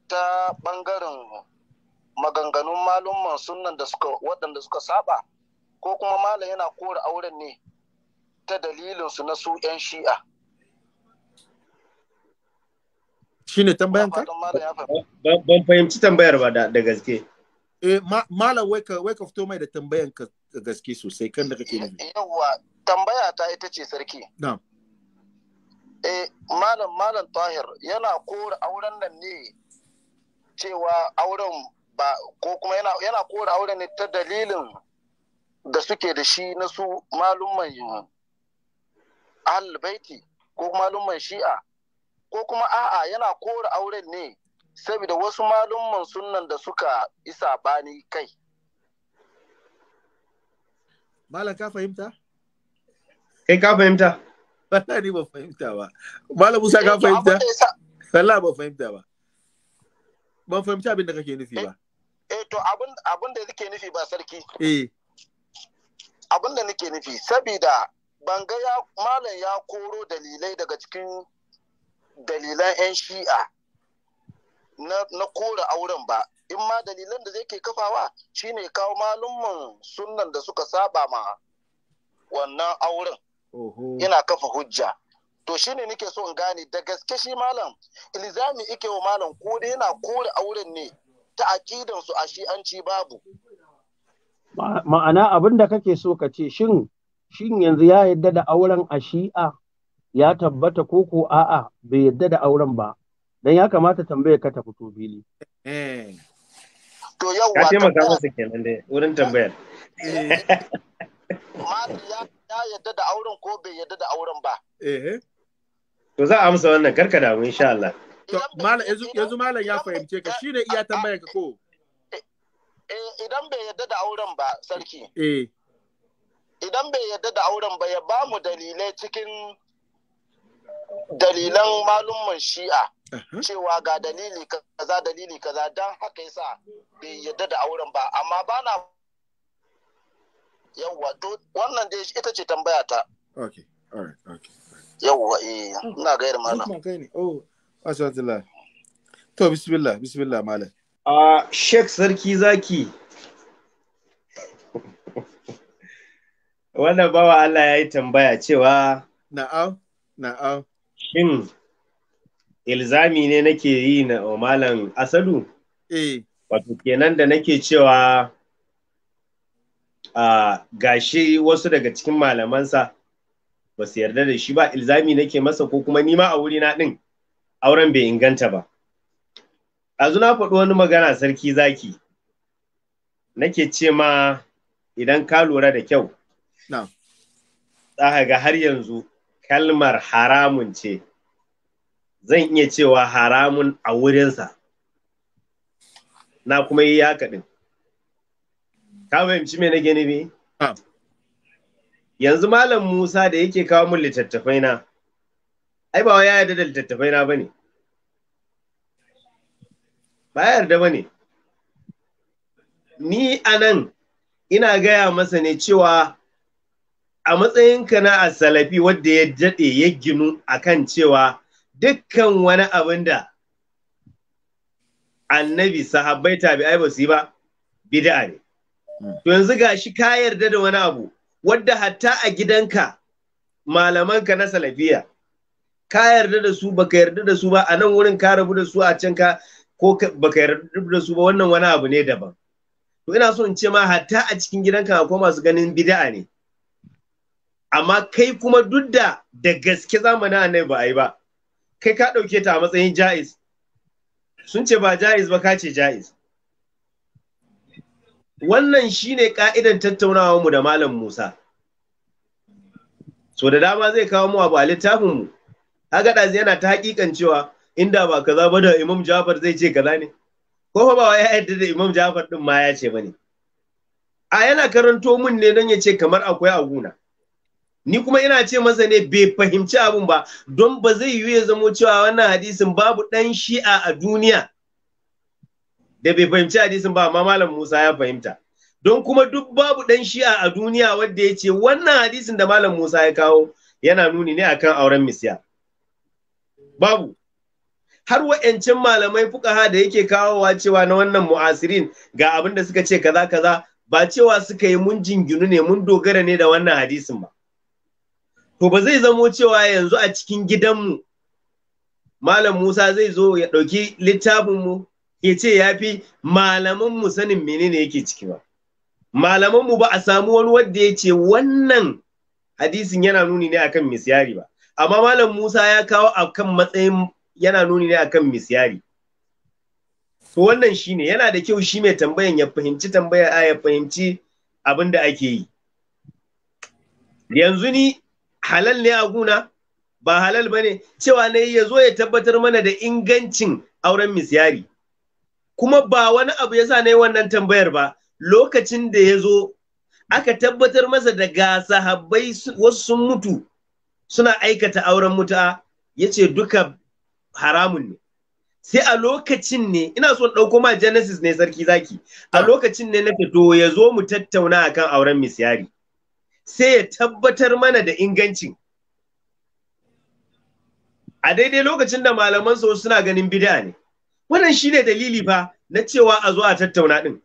ta bangaren maganganun malumman sunan da suka waɗanda suka saba ko kuma malam yana kora auren ne ta dalilinsu na su 'yan shi'a shine tambayan ka ban fahimci tambayar ba da gaske eh malam wai ka wai ka fito mai da tambayan ka gaske sosai kan da kake nufi eh, yawa tambaya ta ita ce sarki na'am eh malam malam tahir yana kora auren nan ne cewa auren ba ko kuma yana yana kora auren ne ta dalilin da suke da shi na su malumman ahlul baiti ko malumman shi'a ko kuma a'a yana kora auren ne saboda wasu malumman sunan da suka isa bani kai Malam ka fahimta? Eh ka fahimta. Wala ni ba fahimta ba. Malam Musa ka eh, fahimta? Wala ba fahimta ba. Ban fahimta abin da kake nufi ba. Eh, eh to abin abin da nake nufi ba sarki. Eh. Abin da nake nufi saboda ban ga malam ya koro dalilai daga cikin dalilan 'yan shi'a na kora auren ba in ma dalilan da zai ke kafawa shine kawo malumman sunan da suka saba ma wannan auren yana kafa hujja to shine nake so in gane da gaske shi malam ilzami ike wa malam ko dai yana kore auren ne ta aƙidansu su a shi'anci babu ma'ana abin da kake so ka ce shin shin yanzu ya yadda da auren a shi'a ya tabbata ko ko a'a bai yadda da auren ba dan ya kamata tambaye ka tafi eh. to fili to yawa ka taimaka masa kenan dai wurin tambayar eh. ya yadda da auren ko bai yadda da auren ba eh. to za a amsa wannan karka mu insha Allah to malam yanzu malam ya fahimce ka shine iya tambayar ka ko idan bai yadda da auren ba sarki eh idan bai yadda da auren ba ya ba mu dalilai cikin dalilan malumman shi'a cewa ga dalili kaza dalili kaza don haka yasa bai yadda da auren ba amma ba na yawwa wannan dai ita ce tambaya ta yawwa eh ina gayar ah, mana oh, to bismillah bismillah malam a ah, sheikh sarki zaki wannan bawa Allah ya yi tambaya cewa na'am na'am shin ilzami ne nake yi na malam asalu eh wato kenan da nake cewa a gashi wasu daga cikin malamansa ba su yarda da shi ba ilzami nake masa ko kuma nima a wuri na din auren bai inganta ba azu na faɗi wani magana sarki zaki nake ce ma idan ka lura da kyau za ga har yanzu kalmar haramun ce zan iya cewa haramun a wurinsa na kuma yi haka ɗin ka fahimci me na gani ah. yanzu malam musa da yake kawo min littattafai na ai ba ya yarda da littattafai na ba ne? ba ya yarda ne. ni anan ina gaya masa ne cewa a matsayinka na asalafi wadda ya daɗe ya ginu akan cewa dukkan wani abin da annabi sahabbai tabi'ai ba su yi ba bid'a ne hmm. to yanzu gashi ka yarda da wani abu wadda hatta a gidanka malamanka na salafiya ka yarda da su baka yarda da su ba a nan wurin ka rabu da su a can ka ko baka yarda da su ba wannan wani abu ne daban to ina so in ce ma hatta a cikin gidanka akwai masu ganin bid'a ne amma kai kuma duk da da gaske a nan ba a yi ba kai ka ɗauke ta a matsayin ja'iz sun ce ba ja'iz ba ka ce ja'iz wannan shine ka'idan tattaunawa mu da malam Musa so da dama zai kawo mu abu a littafin mu haka ɗazi yana ta hakikan cewa inda ba kaza ba da Imam Jafar zai ce kaza ne ko ba ya yarda da Imam Jafar din ma ya ce bane a yana karanto mun ne don ya ce kamar akwai aguna ni kuma ina ce masa ne bai fahimci abun ba don ba zai yiwu ya zamo cewa wannan hadisin babu ɗan shi'a a duniya da bai fahimci hadisin ba amma malam Musa ya fahimta don kuma duk babu ɗan shi'a a duniya wanda ya ce wannan hadisin da malam Musa ya kawo yana nuni ne akan auren misiya babu har wa'yancan malamai fuka da yake kawowa cewa na wannan mu'asirin ga abin da suka ce kaza kaza ba cewa suka yi mun jinginu ne mun dogara ne da wannan hadisin ba to ba zai zamo cewa yanzu a cikin gidanmu malam Musa zai zo ya ɗauki littafinmu ya ce ya fi malamanmu sanin menene yake ciki ba. Malamanmu ba a samu wani wanda ya ce wannan hadisin yana nuni ne akan misyari ba. Amma malam Musa ya kawo akan matsayin yana nuni ne akan misyari. To wannan shine yana da kyau shi mai tambayan ya fahimci tambayar a ya fahimci abin da ake yi. Yanzu ni halal ne a guna ba halal ba ne cewa ne ya zo ya tabbatar mana da ingancin auren misyari kuma ba wani abu ya sa na yi wannan tambayar ba lokacin da ya zo aka tabbatar masa da ga sahabbai wasu sun mutu suna aikata auren mutu'a ya ce duka haramun ne sai a lokacin ne ina son ɗauko ma genesis ne sarki zaki a ah. lokacin ne na fito ya zo mu tattauna akan auren misyari sai ya tabbatar mana da ingancin a daidai lokacin da malaman su suna ganin bid'a ne wannan shine dalili fa na cewa a zo a tattauna din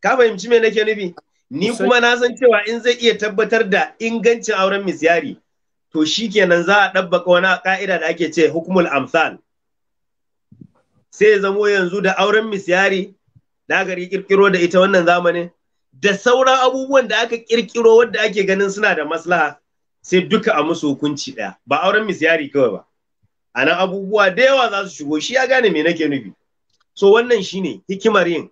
ka fahimci me nake nufi ni kuma na san cewa in zai iya tabbatar da ingancin auren misyari to shi shikenan za a ɗabbaka wani ka'ida da ake ce hukumul amsal sai ya zamo yanzu da auren misyari da gari kirkiro da ita wannan zamanin da sauran abubuwan da aka kirkiro wadda ake ganin suna da maslaha sai duka a musu hukunci ɗaya ba auren misyari kawai ba a nan abubuwa da yawa za su shigo shi ya gane me nake nufi so wannan shine hikimar yin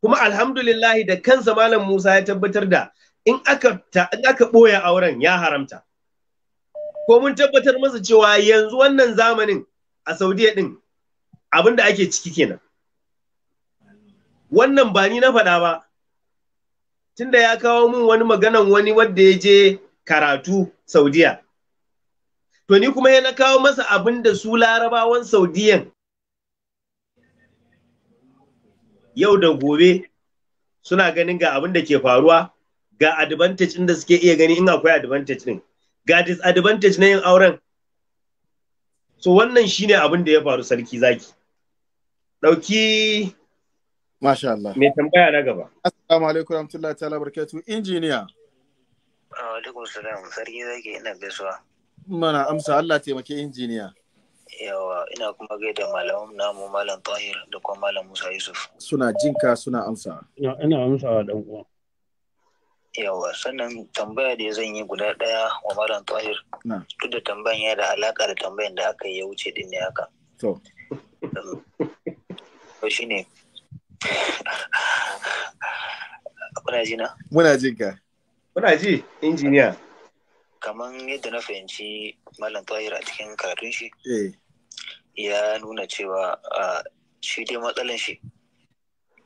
kuma alhamdulillah da kansa malam Musa ya tabbatar da in aka ta, in aka boye auren ya haramta ko mun tabbatar masa cewa yanzu wannan zamanin a Saudiya din abinda ake ciki kenan wannan ba ni na faɗa ba tunda ya kawo min wani maganan wani wadda ya je karatu saudiya to ni kuma yana kawo masa abin da su larabawan saudiyan yau da gobe suna ganin ga abin da ke faruwa ga advantage da suke iya gani in akwai advantage ɗin ga disadvantage na yin auren so wannan shine abin da ya faru sarki zaki ɗauki Masha Allah. Me tambaya na gaba. Assalamu alaikum warahmatullahi ta'ala barakatuh. Injiniya. Wa ah, alaikum salam. Sarki zaki ina gaisuwa. Mana amsa Allah taimake injiniya. Yawa ina kuma gaida malamun namu malam Tahir da kuma malam Musa Yusuf. Suna jinka suna amsa. Ina amsa wa dan uwa. Yawa sannan tambaya da zan yi guda daya wa malam Tahir. Duk da tambayan ya da alaka da tambayan da aka yi ya wuce din ne haka. To. To shine Kuna ji na? Muna ji ka. Muna ji, injiniya. Kaman yadda na fahimci Malam Tahir a cikin karatun shi. Eh. Ya nuna cewa shi dai matsalan shi.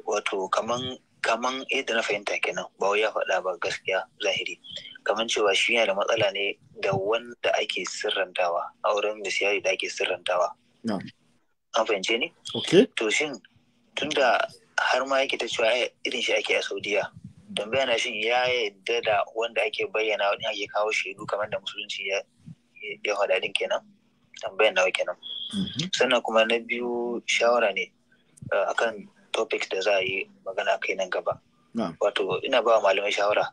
Wato kaman kaman yadda na fahimta kenan ba wai ya faɗa ba gaskiya zahiri. Kaman cewa shi yana da matsala ne da wanda ake sirrantawa, auren wurin da ake sirrantawa. An fahimce ne? Okay. To shin tunda har ma yake ta cewa irin shi ake a saudiya tambaya na shi ya yadda da wanda ake bayyana wani ake kawo shaidu kamar da musulunci ya ya din kenan tambayan nawa kenan mhm. sannan kuma na biyu shawara ne eh, akan topics da za a yi magana kai nan gaba wato ina ba malamai shawara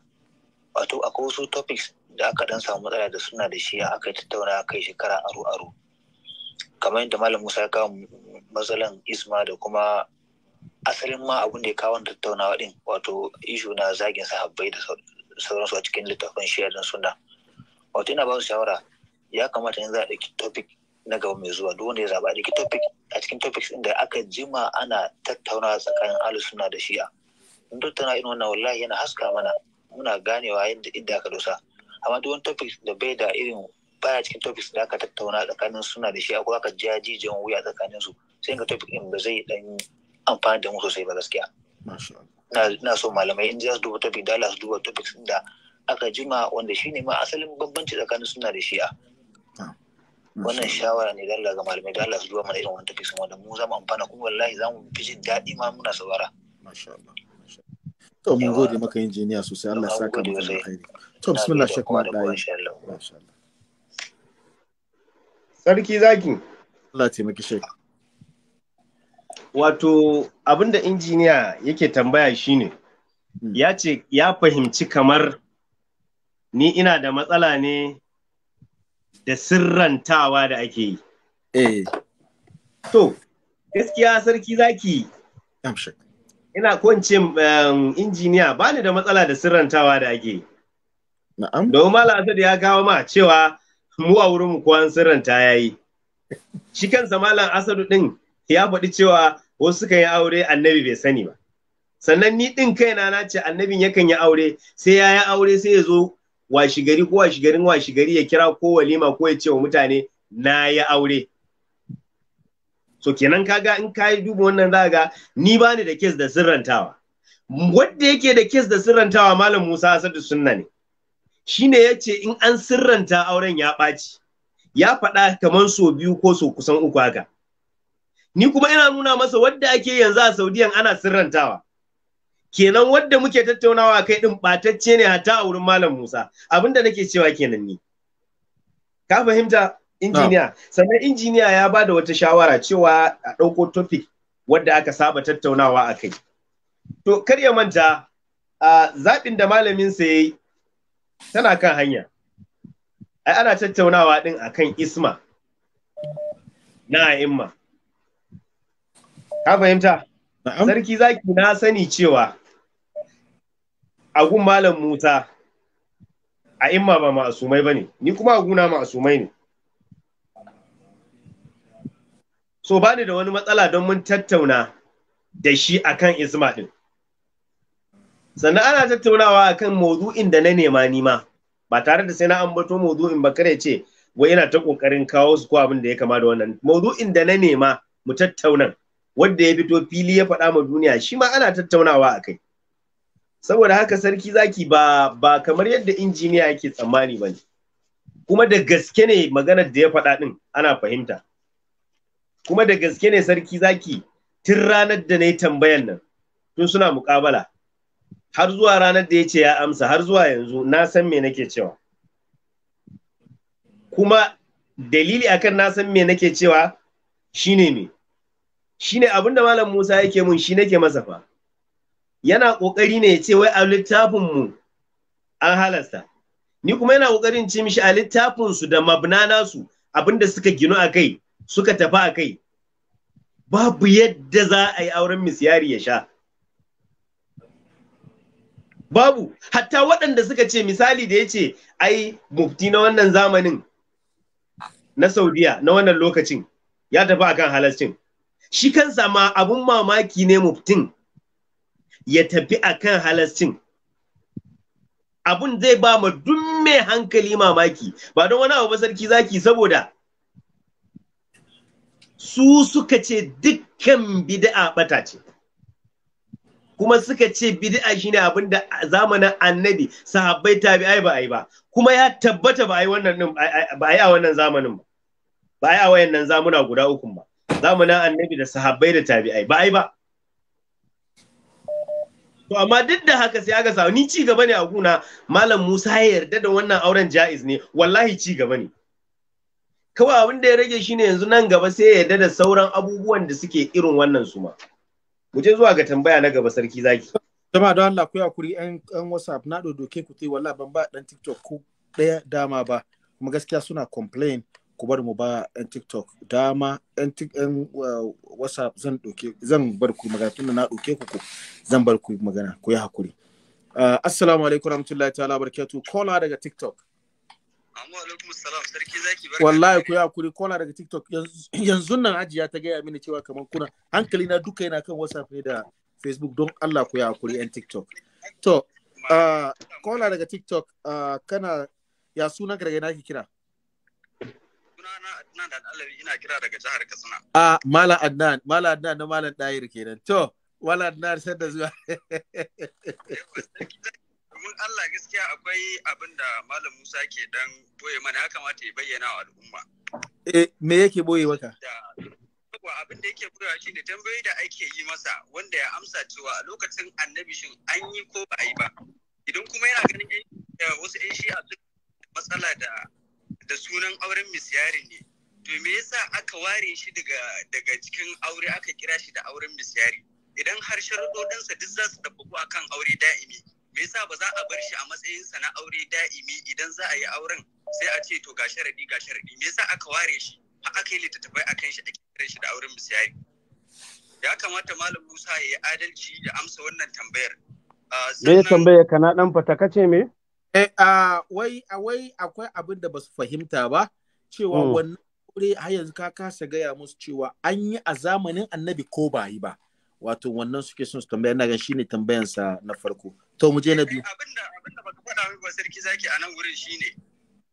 wato akwai wasu topics da aka dan samu matsala da suna da shi aka tattauna kai shekara aru-aru kamar yadda malam musa ya kawo matsalan isma da kuma asalin ma abin da ya kawo tattaunawa din wato ishu na zagin sahabbai da sauransu a cikin littafin shaidin suna wato ina ba su shawara ya kamata yanzu a ɗauki topic na gaba mai zuwa duk wanda ya zaba a ɗauki topic a cikin topics ɗin da aka jima ana tattaunawa tsakanin alu suna da shi'a in tattauna irin wannan wallahi yana haska mana muna ganewa yadda inda aka dosa amma duk wani topics da bai da irin baya cikin topics da aka tattauna tsakanin suna da shi'a ko aka jijiyan wuya tsakanin su sai ga topic ɗin ba zai ɗan amfana da mu sosai ba gaskiya na so malamai in za su duba topic da su duba topics da aka jima wanda shi ne ma asalin bambanci tsakanin suna da shi'a ah, wannan shawara ne dala ga malamai da su duba mana irin wannan tafi sama mu zama amfana kuma wallahi za mu fi jin daɗi ma muna saurara Tom, mun gode maka injiniya sosai Allah ya saka maka alheri to bismillah shek ma dai masha Allah sarki zaki Allah ya taimaki shek wato abinda injiniya yake tambaya shine hmm. ya ce ya fahimci kamar ni ina da matsala ne da sirrantawa da ake yi. Eh. To, gaskiya sarki zaki. Ina ko um, injiniya ba ni da matsala da sirrantawa da ake yi. Na'am. Domin Malam Asad ya gawo ma cewa mu a wurin mu kuwan sirranta ya yi. Shi kansa Malam Asadu din ya faɗi cewa wasu suka yi aure annabi bai sani ba sannan ni din kaina na ce annabin yakan yi aure sai ya yi aure sai ya zo washi ko washi garin ya kira ko walima ko ya ce wa mutane na yi aure so kenan kaga in ka yi duba wannan za ga ni ba ni da kes da sirrantawa wanda yake da kes da sirrantawa malam Musa Asadu sunna ne shine ya ce in an sirranta auren ya ɓaci ya faɗa kamar so biyu ko so kusan uku haka ni kuma ina nuna masa wadda ake yanzu a saudiyan ana sirrantawa kenan wadda muke tattaunawa kai din batacce ne hata a wurin malam musa abinda nake cewa kenan ni ka fahimta injiniya sannan injiniya ya ba da wata shawara cewa a ɗauko topic wadda aka saba tattaunawa a kai to kar ya manta a zaɓin da malamin sa yayi tana kan hanya ai ana tattaunawa din akan isma na a'imma Ka fahimta? Sarki zaki na sani cewa a Malam muta a imma ba ma'asumai ba ne, ni kuma a ma'asumai ne. So ba ni da wani matsala don mun tattauna da shi akan isma ɗin. Sannan ana tattaunawa akan maudu'in da na nema nima, ba tare da sai na ambato maudu'in ba kare ce, wai yana ta ƙoƙarin kawo su ko abin da ya kama da wannan. Maudu'in da na nema mu tattaunan. wanda ya fito fili ya faɗa ma duniya shi ma ana tattaunawa a kai saboda haka sarki zaki ba ba kamar yadda injiniya yake tsammani ba kuma da gaske ne maganar da ya faɗa ɗin ana fahimta kuma da gaske ne sarki zaki tun ranar da na yi tambayan nan tun suna muƙabala har zuwa ranar da ya ce ya amsa har zuwa yanzu na san me nake cewa kuma dalili akan na san me nake cewa shine me shine abinda malam Musa yake mun shi nake masa fa yana kokari ne ya ce wai a littafin mu an halasta ni kuma yana kokarin ce mishi a littafin su da mabna nasu abinda suka ginu a kai suka tafi a kai babu yadda za a yi auren misyari ya sha babu hatta waɗanda suka ce misali da ya ce ai mufti na wannan zamanin na saudiya na wannan lokacin ya tafi akan halascin shi kansa ma abun mamaki ne muftin ya tafi a kan halascin. abun zai ba ma duk mai hankali mamaki ba don wani abu ba sarki zaki saboda su suka ce dukkan bid'a bata ce kuma suka ce bid'a shine abin da zamanin annabi sahabbai tabi'ai ba ai ba kuma ya tabbata ba ai wannan a wannan zamanin ba ba ai a wayannan zamuna guda uku ba zamanin annabi da sahabbai da tabi'ai ba ai ba to amma duk da haka sai aka samu ni ci gaba ne a guna malam Musa ya yarda da wannan auren jaiz ne wallahi ci gaba ne kawai abin da ya rage shine yanzu nan gaba sai ya yarda da sauran abubuwan da suke irin wannan su ma mu je zuwa ga tambaya na gaba sarki zaki jama'a don Allah ku yakuri yan yan WhatsApp na dodoke ku tai wallahi ban ba dan TikTok ko ɗaya dama ba kuma gaskiya suna complain ku bar mu ba 'yan tiktok dama 'yan uh, whatsapp zan ɗauke zan bar ku magana tunda na ɗauke ku zan bar ku magana ku yi hakuri uh, assalamu alaikum rahmatullahi ta'ala barkatu kola daga tiktok wallahi ku yi hakuri kola daga tiktok yanzu nan ajiya ta gaya mini cewa kamar kuna hankali na duka yana kan whatsapp ne da facebook don allah ku yi hakuri 'yan tiktok to uh, kola daga tiktok kana ya sunan gargaɗi na kira sunana Adnan Alawi ina kira daga jihar Katsina. Ah, Malam Adnan, Malam Adnan na Malam Dahir kenan. To, Malam Adnan sai da zuwa. Mun Allah gaskiya akwai abin da Malam Musa ke dan boye mana ya kamata ya bayyana wa al'umma. Eh, me yake boye maka? kuwa abin da yake shi ne tambayoyi da ake yi masa wanda ya amsa cewa a lokacin annabi shin an yi ko ba a yi ba idan kuma yana ganin eh, wasu 'yan shi'a matsala da da sunan auren misyari ne to me yasa aka ware shi daga cikin aure aka kira shi da auren misiyari? idan har sharuɗoɗinsa duk za su ɗabbaku akan aure da'imi me yasa ba za a bar shi a matsayinsa na aure da'imi idan za a yi auren sai a ce to ga sharaɗi ga sharaɗi me yasa aka ware shi Ha aka yi littattafai akan shi ake kiran shi da auren misiyari. ya kamata malam Musa ya yi adalci ya amsa wannan tambayar. Ah, me tambayar ka na ɗan fata ce me? Eh, wai wai akwai abin da ba su fahimta ba cewa mm. wannan aure har yanzu ka kasa gaya musu cewa an yi a zamanin annabi ko ba yi ba wato wannan suke son su tambaya na gan shine tambayan sa na farko to mu je na biyu eh, abin da abin da baka faɗa min ba sarki zaki a nan wurin shine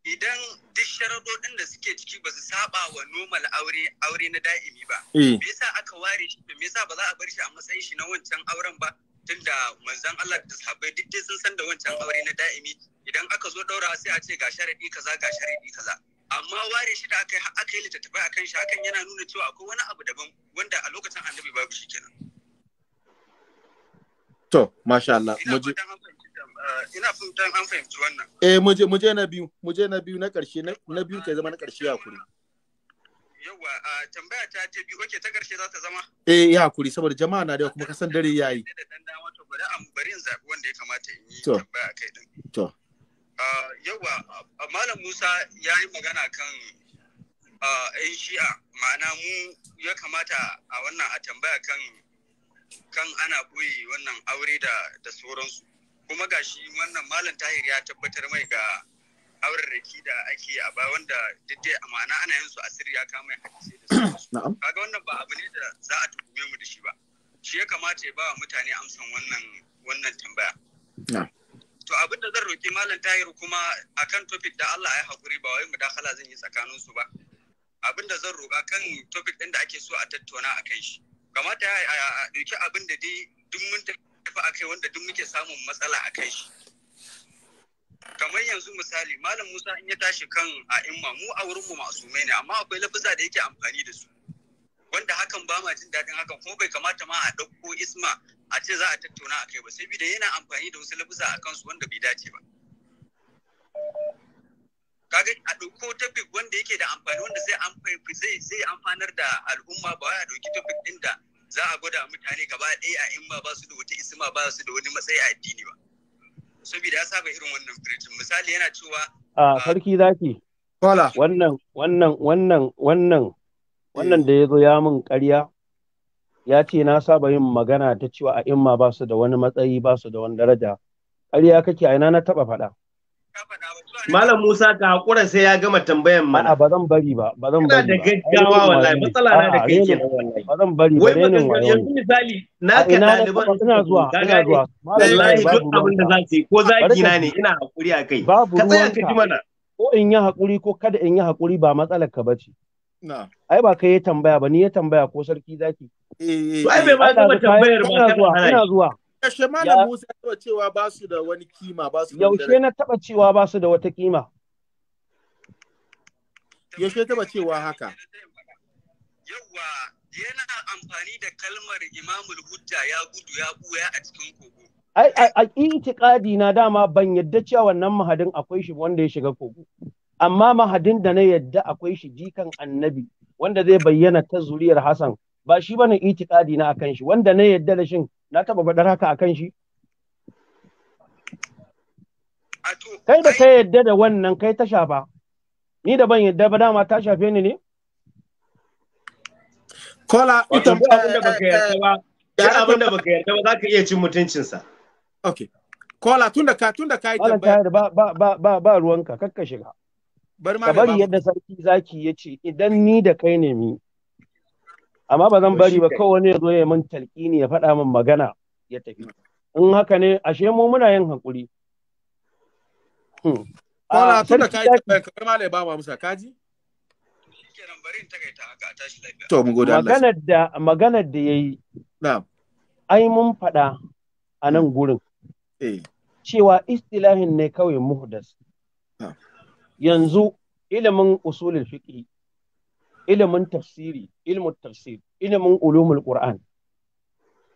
idan duk sharadodin da suke ciki ba su saba wa normal aure aure na da'imi ba eh. me yasa aka ware shi me yasa ba za a bar shi a matsayin shi na wancan auren ba tunda manzan Allah da sahabbai duk sun san da wancan aure na da'imi idan aka zo daura sai a ce ga sharadi kaza ga sharadi kaza amma ware shi da aka yi aka yi littattafai akan shi hakan yana nuna cewa akwai wani abu daban wanda a lokacin annabi babu shi kenan to masha Allah muje eh, ina fahimtar an fahimci wannan eh muje muje na biyu muje na biyu na karshe na biyu kai zama na karshe a kuri Yawwa, a tambaya ta ce biyu ke ta ƙarshe za ta zama? Eh, ya hakuri saboda jama'a na da kuma kasan dare yayi. Da dan dama to bari am bari zabi wanda ya kamata in yi tambaya kai din. To. Yawwa, Malam Musa ya yi magana kan ‘yan shi'a ma'ana mu ya kamata a wannan a tambaya kan kan ana boye wannan aure da da sauransu kuma gashi wannan malam tahir ya tabbatar mai ga aurarraki da ake a ba wanda daidai a ma'ana ana yin su a sirri ya kama ya hadisi da su. Kaga wannan ba abu ne da za a tuhume mu da shi ba. Shi ya kamata ya ba mutane amsan wannan wannan tambaya. To abin da zan roƙi Malam Tahir kuma akan topic da Allah ya haƙuri ba wai mudakala zan yi tsakanin su ba. Abin da zan roƙa kan topic ɗin da ake so a tattauna a kan shi. Kamata ya ɗauki abin da dai duk mun tafi a kai wanda duk muke samun matsala a kai shi. kamar yanzu misali malam musa in ya tashi kan a'imma mu a wurin mu masumai ne amma akwai lafuza da yake amfani da su wanda hakan ba ma jin daɗin hakan kuma bai kamata ma a ɗauko isma a ce za a tattauna a kai ba sai da yana amfani da wasu lafuza a kansu wanda bai dace ba kaga a ɗauko topic wanda yake da amfani wanda sai an zai zai amfanar da al'umma ba a ɗauki topic ɗin da za a gwada mutane gaba ɗaya a imma ba su da wata isma ba su da wani matsayi a addini ba saboda ya saba irin wannan preaching misali yana cewa a sarki zaki wannan wannan wannan wannan wannan da ya zo ya min ƙarya ya ce na saba yin magana ta cewa a imma ba su da wani matsayi ba su da wani daraja ƙarya kake a ina na taɓa faɗa Malam Musa ka hakura sai ya gama tambayan mana. Ba zan bari ba, ba zan bari. Ina da gaggawa wallahi, matsala na da kai kenan wallahi. Ba zan bari ba, ne ne wayo. misali, na ka daliban ina zuwa, ina zuwa. Wallahi duk abin da zan yi, ko zaki na ne ina hakuri a kai. Ka tsaya ka ji mana. Ko in yi hakuri ko kada in yi hakuri ba matsalar ka bace. Ai ba kai ya tambaya ba, ni ya tambaya ko sarki zaki. Eh, eh Ai eh. bai ma zama tambayar ba, ina zuwa, ina zuwa. Yaushe Malam Musa ya taɓa cewa ba su da wani kima ba su da Yaushe na taɓa cewa ba su da wata kima. Yaushe taɓa cewa haka. yawa yana amfani da kalmar imamul hujja ya gudu ya buya a cikin kogo. Ai a itiƙadi na dama ban yadda cewa wannan mahadin akwai shi wanda ya shiga kogo. Amma mahadin da na yadda akwai shi jikan annabi wanda zai bayyana ta zuriyar Hassan ba shi bane itikadi na akan shi wanda na yadda da shin na taba faɗar haka akan shi kai da ka yadda da wannan kai ta shafa ni da ban yadda ba dama ta shafe ni ne kola ita ba abin da eh, ka yarda ba ya eh, eh, abin da ka yarda ba za ka iya cin mutuncinsa okay kola tunda ka tunda yi tambaya ba ba ba ba, ba ruwanka kakka shiga bari yadda sarki zaki yace idan ni da kai ne mi amma ba zan bari ba kowane ya zo ya min ne ya faɗa min magana ya tafi in haka ne ashe mu muna yin haƙuri hmm. Kola ah, tun da kai kai ma ba ma musa kaji To mu gode Allah maganar da maganar da yayi na'am ai mun faɗa a nan hmm. gurin eh cewa istilahin ne kawai muhdas yanzu ilimin usulul fiqh ilimin tafsiri ilimin tafsir ilimin ulumul qur'an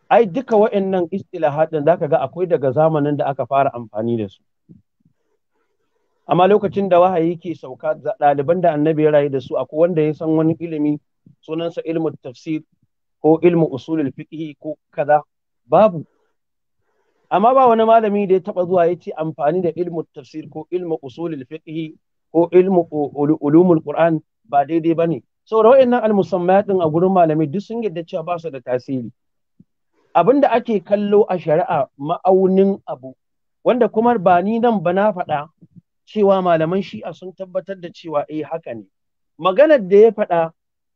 ai duka wa'annan istilahat din zaka ga akwai daga zamanin da aka fara amfani da su amma lokacin da wahayi ke sauka ɗaliban da annabi ya rayu da su akwai wanda ya san wani ilimi sunansa ilmu tafsir ko ilimin usulul fiqh ko kaza babu amma ba wani malami da ya taba zuwa ya ce amfani da ilimin tafsir ko ilimin usulul fiqh ko ilimin ulumul qur'an ba daidai bane saboda wa'annan almusammat din a gurin malamai duk sun yadda cewa ba su da tasiri abin da ake kallo a shari'a ma'aunin abu wanda kuma ba ni nan ba na faɗa cewa malaman shi'a sun tabbatar da cewa eh haka ne maganar da ya faɗa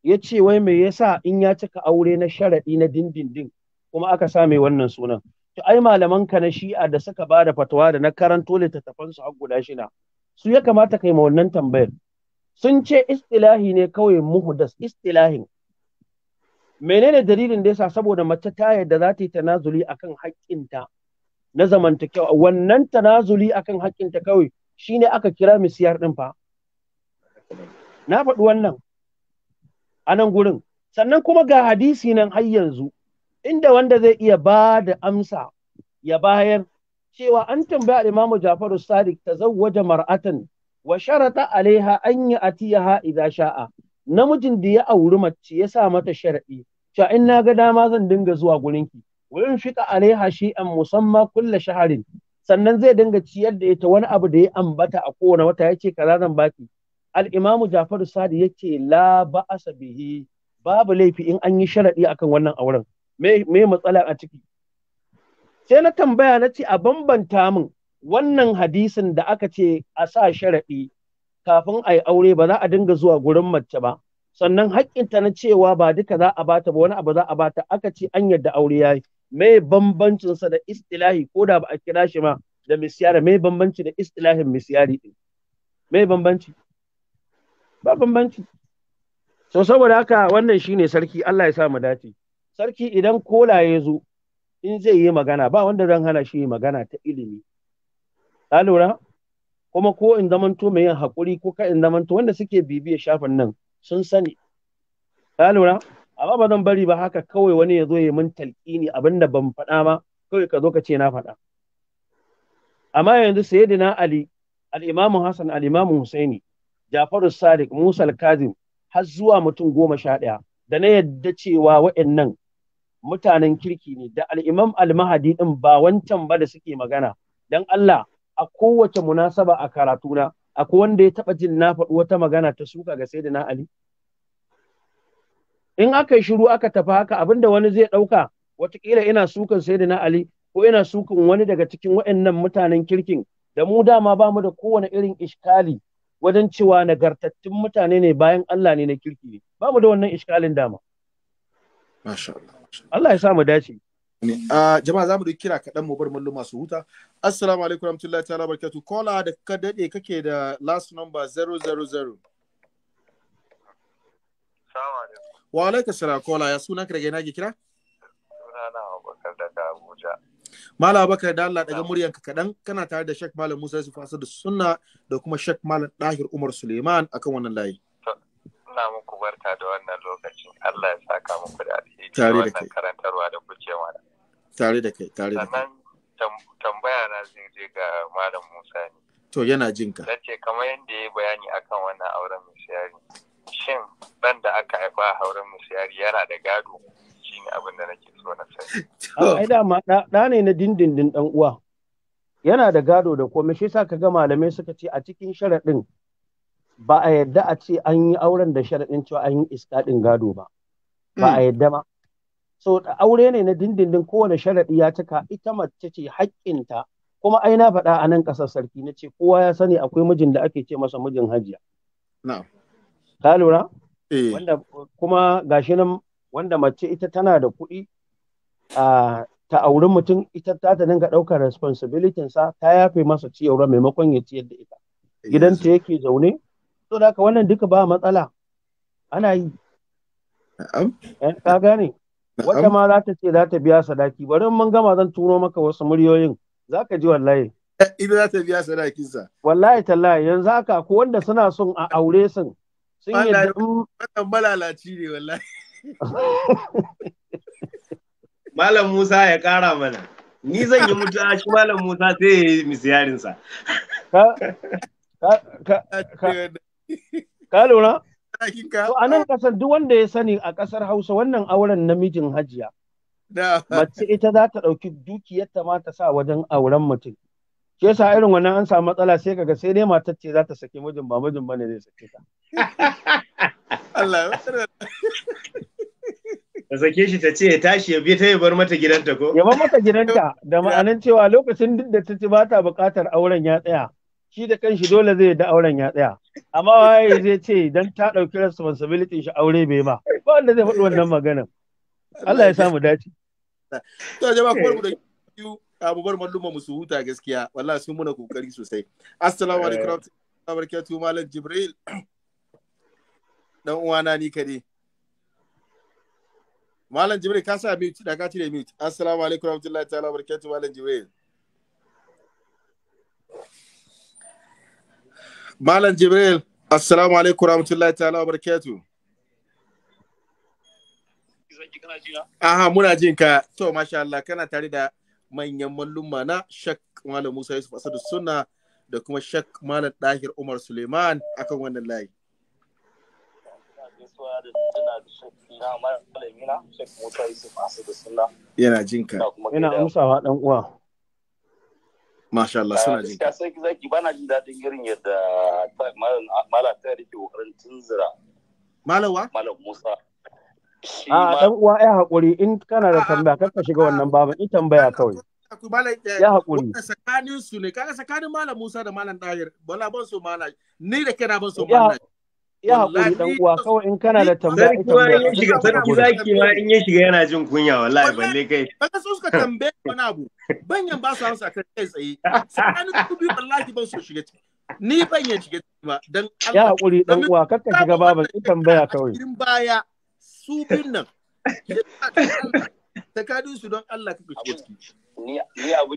ya ce wai me yasa in ya cika aure na sharaɗi na dindindin kuma aka sa mai wannan sunan to ai malaman ka na shi'a da suka ba da fatawa da na karanto littattafan su har guda shida su ya kamata kai ma wannan tambayar sun ce istilahi ne kawai muhdas istilahin menene dalilin da yasa saboda mace ta yadda za ta yi tanazuli akan haƙƙinta na zamantakewa wannan tanazuli akan haƙƙinta kawai shine aka kira misiyar din fa na faɗi wannan a nan gurin sannan kuma ga hadisi nan har yanzu inda wanda zai iya ba da amsa ya bayar cewa an tambaya Imamu Jafaru Sadiq tazawwaja mar'atan wa sharata alaiha an yi atiyaha idza sha'a namijin da ya auri mace ya sa mata sharaɗi. cewa in na ga dama zan dinga zuwa ki. wa in fiqa alaiha an musamma kulla shaharin sannan zai dinga ciyar da ita wani abu da ya ambata a kowane wata yace kaza zan baki al-imamu Jafaru Sadi yace la ba'asa bihi babu laifi in an yi sharadi akan wannan auren me me matsala a ciki sai na tambaya na ce a bambanta min wannan hadisin da aka ce a sa sharaɗi kafin a yi aure ba za a dinga zuwa gurin mace ba sannan haƙƙinta na cewa ba duka za a bata ba wani abu za a bata aka ce an yadda aure ya yi me bambancinsa da istilahi ko da ba a kira shi ma da misyara me bambanci da istilahin misyari din me bambanci ba bambanci so saboda haka wannan shine sarki Allah ya sa mu dace sarki idan kola ya zo in zai yi magana ba wanda zan hana shi magana ta ilimi ka lura kuma ko in zamanto mai yin haƙuri ko ka in zamanto wanda suke bibiya shafin nan sun sani ka lura amma ba zan bari ba haka kawai wani ya zo ya min talƙini abinda ban faɗa ma kawai ka zo ka ce na faɗa amma yanzu sayyidina ali al Hassan, hasan husaini jafaru sadiq musa al-kazim har zuwa mutum goma sha ɗaya da na yadda cewa wa'annan mutanen kirki ne da al'imam al-mahadi ɗin ba wancan ba da suke magana dan Allah a kowace munasaba a karatuna akwai wanda ya taba jin na faɗi wata magana ta suka ga sai na Ali? In aka yi shiru aka tafi haka abinda wani zai ɗauka watakila ina sukan sai na Ali ko ina sukan wani daga cikin waɗannan mutanen kirkin da mu dama ba mu da kowane irin iskali wajen cewa nagartattun mutane ne bayan Allah ne na kirki ne ba mu da wannan iskalin dama. Allah ya sa mu dace. ne ah, za mu zamu da kira kaɗan mu bar mallum masu huta assalamu alaikum rahmatullahi ta'ala barakatuh kola da ka dade kake da last number 000 wa alaikum salam kola ya suna ka daga yana ke kira sunana abubakar daga abuja Malam Abubakar da Allah daga ka kaɗan kana tare da shek Malam Musa Yusuf Asadu Sunna da kuma shek Malam Dahir Umar Suleiman akan wannan layi. muna muku barka da wannan lokacin Allah ya saka muku da alheri tare da karantarwa da kuke mana tare da kai tare da kai tambaya na zai je ga malam Musa ne to yana jin ka nace kamar yadda ya bayani akan wannan auren misiyari shin dan da aka haifa a auren misiyari yana da gado shine abin da nake so na sani ai da da ne na dindindin dan uwa yana da gado da komai shi sa kaga malamai suka ce a cikin sharaɗin ba a yadda a ce an yi auren da sharaɗin cewa an yi iskaɗin gado ba ba a hmm. yadda ma so aure ne na dindindin kowane sharaɗi ya cika ita mace ce haƙƙinta kuma ai na faɗa a nan ƙasar sarki na ce kowa ya sani akwai mijin da ake ce masa mijin hajiya ka lura eh. wanda kuma gashi nan wanda mace ita tana da kuɗi a ta auri mutum ita ta ta dinga ɗaukar responsibility sa ta yafe masa ciyarwa maimakon ya ci da ita eh, gidanta yake zaune to da wannan duka ba matsala ana yi eh, ka gane wata ma za ta ce za ta biya sadaki bari mun gama zan turo maka wasu muryoyin za ka ji wallahi eh, Ina za ta biya sadakinsa wallahi tallahi yanzu haka ko wanda suna son a aure sun sun yi wannan malalaci ne wallahi malam musa ya kara mana ni zan yi mutu a shi malam musa sai ya yi misiyarinsa Ka lura? To a nan ƙasar duk wanda ya sani a ƙasar Hausa wannan auren namijin hajiya. Mace ita za ta ɗauki dukiyarta ma ta sa wajen auren mutum. Ke sa irin wannan an samu matsala sai kaga sai dai matar ce za ta saki mijin ba mijin bane zai sake ta. Allah ta sake shi ta ce ya tashi ya bi ta ya bar mata gidanta ko? Ya bar mata gidanta da ma'anin cewa lokacin duk da ta ci ba ta buƙatar auren ya tsaya. shi da kanshi dole zai da auren ya tsaya amma waye zai ce dan ta dauki responsibility shi aure bai ma ba wanda zai faɗi wannan maganar Allah ya samu dace to jama'a kuma mu da abu bar malluma mu su huta gaskiya wallahi sun muna kokari sosai assalamu alaikum eh. wa barakatuhu malam jibril dan uwana ni kade malam jibril ka sa mute da ka tire mute assalamu alaikum wa rahmatullahi ta'ala wa barakatuhu malam jibril Malam Jibril, Assalamu alaikum rahmatullahi ta'ala wa barakatu. Aha, muna jin ka. To, masha Allah, kana tare da manyan mallumma na Shak Malam Musa Yusuf Asadu Sunna da kuma Shak Malam Dahir Umar Suleiman akan wannan layi. Yana jinka. Yana amsawa dan uwa. Masha Allah ah, suna jin. Gaskiya sai zaki ba jin daɗin irin yadda malam ah, ta rike kokarin tunzura. Malawa? Malam Musa. Ah, A dan uwa ya haƙuri in kana da tambaya kar ka shiga wannan baban in tambaya kawai. Eh, ya haƙuri. Tsakanin su ne kaga tsakanin malam Musa da malam Dahir bala ban so malam ni da kana ban so malam. ya haƙuri dan uwa kawai in kana da tambaya ita ba in shiga sarki zaki ma in ya shiga yana jin kunya wallahi balle kai baka so suka tambaye wani abu banyan ba su amsa kan kai tsaye tsakanin ku biyu wallahi ban so shiga ni ban ya shiga ba dan Allah ya haƙuri dan uwa kar ka shiga babu in tambaya kawai irin baya su bin nan tsakanin su don Allah kaka shiga ciki ni ni abun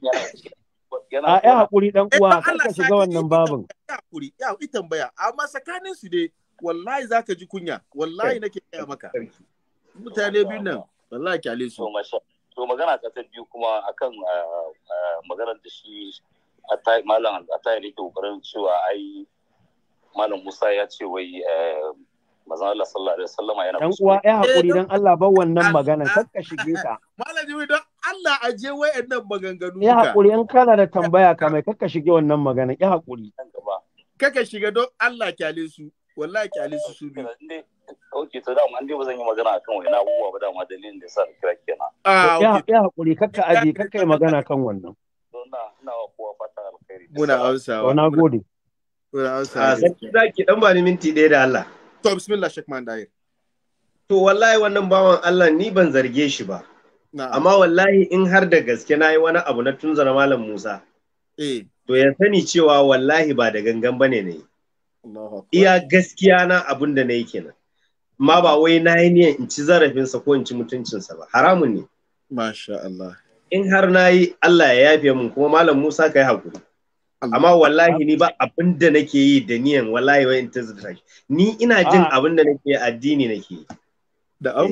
yana a ya haƙuri dan uwa eh, kar ka shiga wannan babin ya haƙuri ya tambaya amma tsakanin su dai wallahi za ka ji kunya wallahi nake kaya maka mutane biyu nan wallahi kyale su to magana ta ta biyu kuma akan ah, ah, maganar da shi malam yi ke kokarin cewa ai malam musa ya ce wai eh, mazan Allah sallallahu alaihi wasallam yana dan uwa ai eh, hakuri dan Allah ba wannan magana sakka eh. shige ta malam ji dan Allah a je wayannan maganganu ya hakuri in kana da tambaya ka mai kakka shige wannan magana ya hakuri kaka shiga don Allah kyale su wallahi kyale su su biyu ok to dama an dai ba zan yi magana kan wani abubuwa ba dama dalilin da sa kira kenan ah ya hakuri kakka aje kakka yi magana kan wannan na na wa fata alkhairi muna amsawa na gode muna amsawa ah, sarki zaki dan bani minti ɗaya da Allah to bismillah shek man to wallahi wannan bawan Allah ni ban zarge shi ba amma wallahi in har da gaske na yi wani abu na tunzara malam Musa eh. to ya sani cewa wallahi ba da gangan bane ne iya gaskiya na abin da na yi kenan ma ba wai na yi niyan in ci zarafinsa ko in ci mutuncinsa ba haramun ne masha Allah in har na yi Allah ya yafe min, kuma malam Musa ka yi hakuri amma wallahi ni ba abin da nake yi da niyan wallahi wai in ta zata ni ina jin ah. abin da nake addini nake yi da au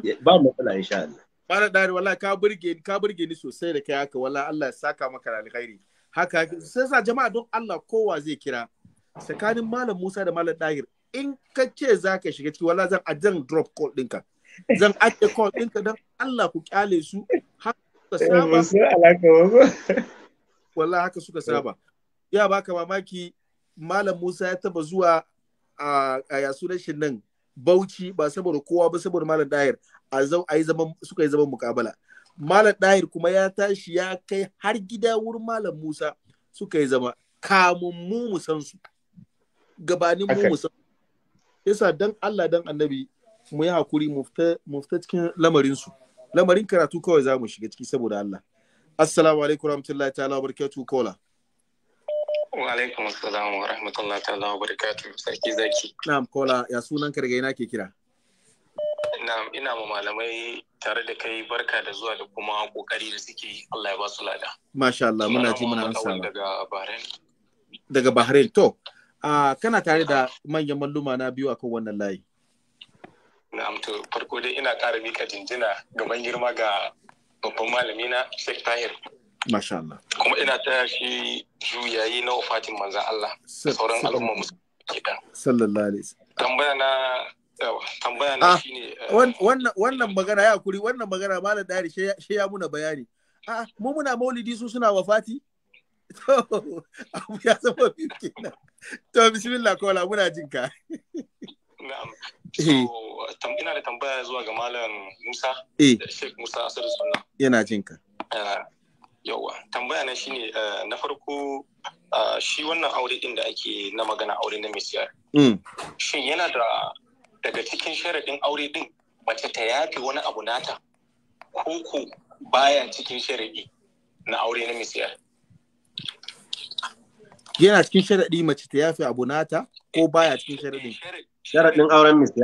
eh. ba matsala insha Allah Mara dari wallahi ka burge ni ka burge ni sosai da kai haka wallahi Allah ya saka maka alkhairi haka sai sa jama'a don Allah kowa zai kira tsakanin malam Musa da malam Dahir in ka ce za ka shiga ciki wala zan ajan drop call ɗinka zan ajiye call ɗinka don Allah ku kyale su haka eh, saba wala haka suka saba ya baka mamaki malam Musa ya taba zuwa a yasu shi nan Bauchi ba saboda kowa ba saboda malam Dahir a zau a yi zaman suka yi zaman mukabala malam Dahir kuma ya tashi ya kai har gida wurin malam Musa suka yi zama kamun mu mu san su gabanin mu musamman yasa dan Allah dan annabi mu yi hakuri mu fita cikin lamarin su lamarin karatu kawai za mu shiga ciki saboda Allah assalamu alaikum warahmatullahi ta'ala wabarakatuh kola wa alaikum assalam wa rahmatullahi ta'ala wabarakatuh saki zaki na'am kola ya sunan ka daga ina ke kira na'am ina ma malamai tare da kai barka da zuwa da kuma kokari da suke Allah ya ba su lada masha Allah muna ji muna amsa daga Bahrain daga Bahrain to Uh, kana tare da manyan malluma na biyu akan wannan layi. Na'am to farko dai ina ƙara mika jinjina ga girma ga babban malami na Sheikh Tahir. Masha Allah. Kuma ina taya shi juyayi na wafatin manzan Allah da sauran al'umma musulmi. Sallallahu alaihi Tambaya na tambaya na ah, shine eh, wannan magana ya kuri wannan magana malam dari shi ya muna bayani. A'a ah, mu muna maulidi su suna wafati? To, abu ya zama biyu kenan. To, bismillah kola muna jin ka. Na'am. So, eh. ina da tambaya zuwa ga Malam Musa. Eh. Da Sheikh Musa Asar Sunna. Yana jin ka. Eh, Yawwa, tambaya na shine na farko shi wannan aure din da ake na magana aure na misiyar. Mm. Shin yana da daga cikin sharaɗin aure din mace ta yafi wani abu nata ko ko baya cikin sharaɗi na aure na misiyar. yana cikin sharaɗi mace ta yafe abu nata ko baya cikin sharaɗin sharaɗin auren Mr.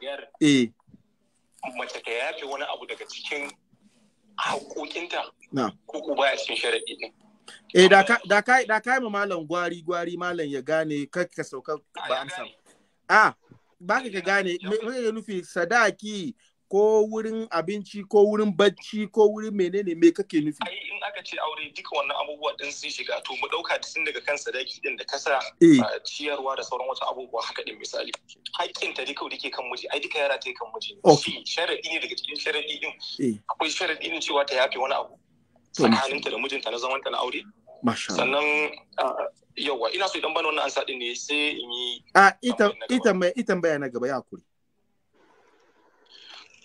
Yarin e. mace ta yafe wani abu daga cikin haƙoƙinta ko ko baya cikin sharaɗi E, eh da ka da kai da malam gwari gwari malam ya gane kar ka sauka ba amsa a ba ka gane me ya nufi sadaki ko wurin abinci ko wurin bacci ko wurin menene me kake nufi ai in aka ce aure duka wannan abubuwa din sun shiga to mu dauka tun daga kan sadaki din da kasa eh. ciyarwa da sauran wasu abubuwa haka din misali hakkin ta duka dake kan miji ai duka yara ta kan miji shi sharadi ne daga cikin sharadi din eh. akwai sharadi din cewa ta yafe wani abu ta da mijinta na zaman ta na aure sannan yawa ina so idan bana wannan ansa din ne sai in yi a ita ita mai ita bayana gaba ya kuri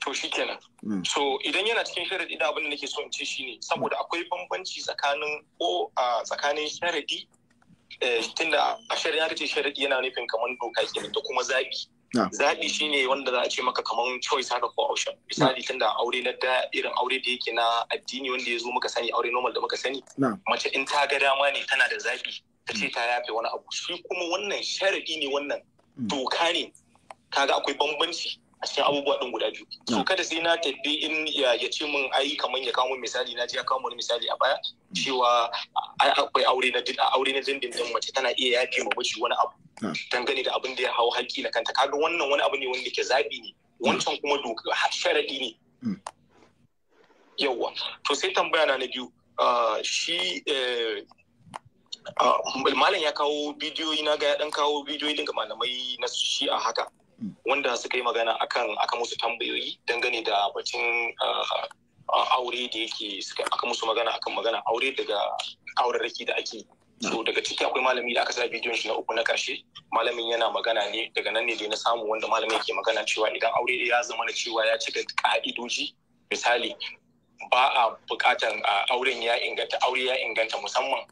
to shi kenan mm. so idan yana cikin sharadi da abin nake so in ce ne saboda akwai bambanci tsakanin ko a tsakanin sharadi eh, tunda a shari'a ta ce sharadi yana nufin kamar doka kenan da kuma zabi zaɓi shine wanda za a ce maka kamar choice haka ko option misali tunda aure na da irin aure da yake na addini wanda ya zo muka sani aure normal da muka sani mace in ta ga dama ne tana da zaɓi ta ce mm. ta yafe wani abu shi kuma wannan sharadi ne wannan mm. doka ne kaga akwai bambanci a cikin abubuwa ɗin guda biyu so kada sai na tafi in ya ce min ai kamar ya kawo misali na ji ya kawo misali a baya cewa akwai aure na aure na dindindin mace tana iya yafe ma mace wani abu dangane da abin da ya hau haƙƙi na kanta kaga wannan wani abu ne wanda ke zaɓi ne mm. wancan kuma doka sharaɗi ne mm. yawwa to sai tambaya na na biyu ah, shi eh, ah, malam ya kawo bidiyoyi na ga ya ɗan kawo bidiyoyi daga malamai na shi a haka wanda suka yi magana akan aka musu tambayoyi dangane da batun ah, ah, aure da yake aka musu magana akan magana aure daga raki da ake so daga ciki akwai malami da aka sa bidiyon shi na uku na karshe malamin yana magana ne daga nan ne dai na samu wanda malamin yake magana cewa idan aure ya zama na cewa ya cika ka'idoji misali ba a bukatar auren ya inganta aure ya inganta musamman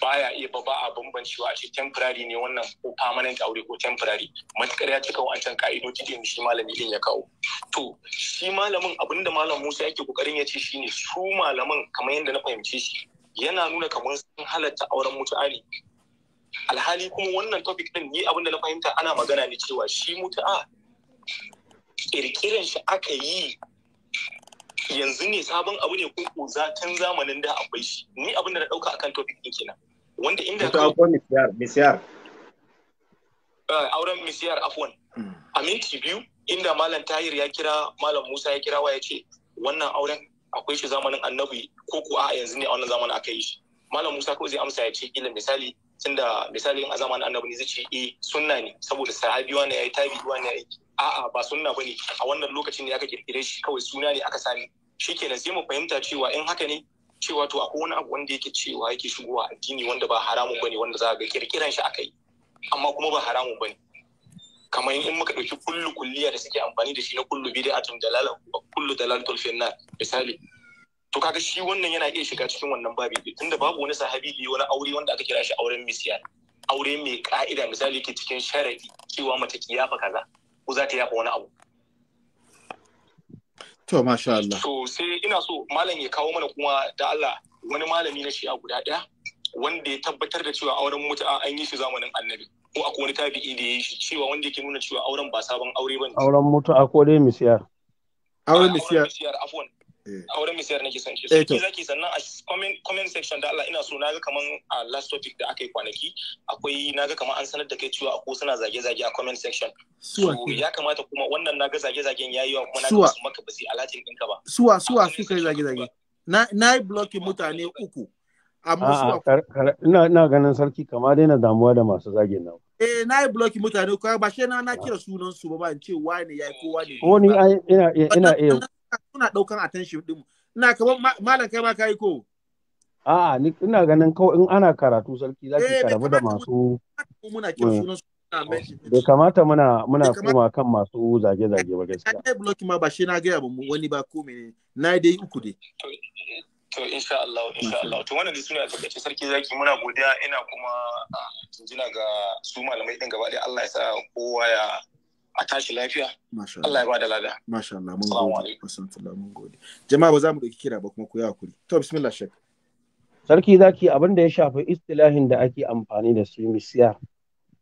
baya iya ba ba a bambancewa a ce temporary ne wannan ko permanent aure ko temporary matukar ya cika wancan ka'idoji da shi malami din ya kawo to shi malamin abinda malam Musa yake kokarin ya ce shine su malaman kamar yadda na fahimce shi yana nuna kamar sun halatta auren mutu'ali alhali kuma wannan topic din ni abinda na fahimta ana magana ne cewa shi mutu'a kirkiran shi aka yi yanzu ne sabon abu ne kun kuza tun zamanin da akwai shi ni abin da na dauka akan topic din kenan wanda inda ka ko misiyar misiyar eh, auren misiyar afwan hmm. Aminti biyu inda malam tahir ya kira malam musa ya kira wa ya ce wannan auren akwai shi zamanin annabi ko ko a yanzu ne a wannan zamanin aka yi shi malam musa ko zai amsa ya ce ilin misali tunda misali a zamanin annabi ne zai ce eh sunna ne saboda sahabi wani yayi tabi wani yayi a'a ba sunna bane a wannan lokacin ne aka kirkire shi kawai suna ne aka sani shi shikenan sai mu fahimta cewa in haka ne cewa to akwai wani abu wanda yake cewa yake shigowa addini wanda ba haramun bane wanda za ga kirkiran shi akai amma kuma ba haramun bane kamar in muka ɗauki kullu kulliya da suke amfani da shi na kullu atum dalala kullu dalalatul finnar misali to kaga shi wannan yana iya shiga cikin wannan babi tunda babu wani sahabi da wani aure wanda aka kira shi auren misiya aure mai ka'ida misali yake cikin sharadi cewa mata ki yafa kaza ko za ta yafa wani abu To masha Allah. So sai ina so malam ya kawo mana kuma da Allah wani malami na shi'a guda ɗaya wanda ya tabbatar da cewa auren mutu'a an yi shi zamanin annabi. Ko akwai wani tabi'i da ya yi shi cewa wanda yake nuna cewa auren ba sabon aure ba ne. Auren mutu'a ko dai misiyar. Auren misiyar. Auren misiyar afuwan. Eh. a wurin misiyar na kisan ki so ki eh, zaki sannan a comment section da Allah ina so naga kaman a last topic da aka yi kwanaki akwai naga kaman an sanar da kai cewa ko suna zage-zage a comment section so ya kamata kuma wannan naga zage-zagen yayi yawa kuma naga su maka basi alatin ɗinka ba suwa suwa su kai zage-zage na na yi blocking mutane uku ina ganin sarki kama daina damuwa da masu zagin nan eh na yi bloki mutane ko ba shi na na kira sunan su ba ba in ce wani yayi ko wani ko ni ina ina iya suna daukan attention din ina kaman malam kai ma kai ko a'a ni ina ganin kawai in ana karatu sarki zaki eh, karabu da masu muna kiran mm. sunan bai kamata muna muna koma kan masu zage-zage ba gaskiya. Ai bloki ma ba shi na gaya mu wani ba ko mene na dai uku dai. To insha Allah insha Allah to wannan suna da kace sarki zaki muna godiya ina kuma ah, jinjina ga su malamai din gaba Allah ya sa kowa ya a tashi lafiya Allah ya bada lada masha Allah mun gode assalamu mun gode jama'a ba za mu dauki kira ba kuma ku yi hakuri to bismillah shek sarki zaki abin da ya shafi istilahin da ake amfani da su misiya.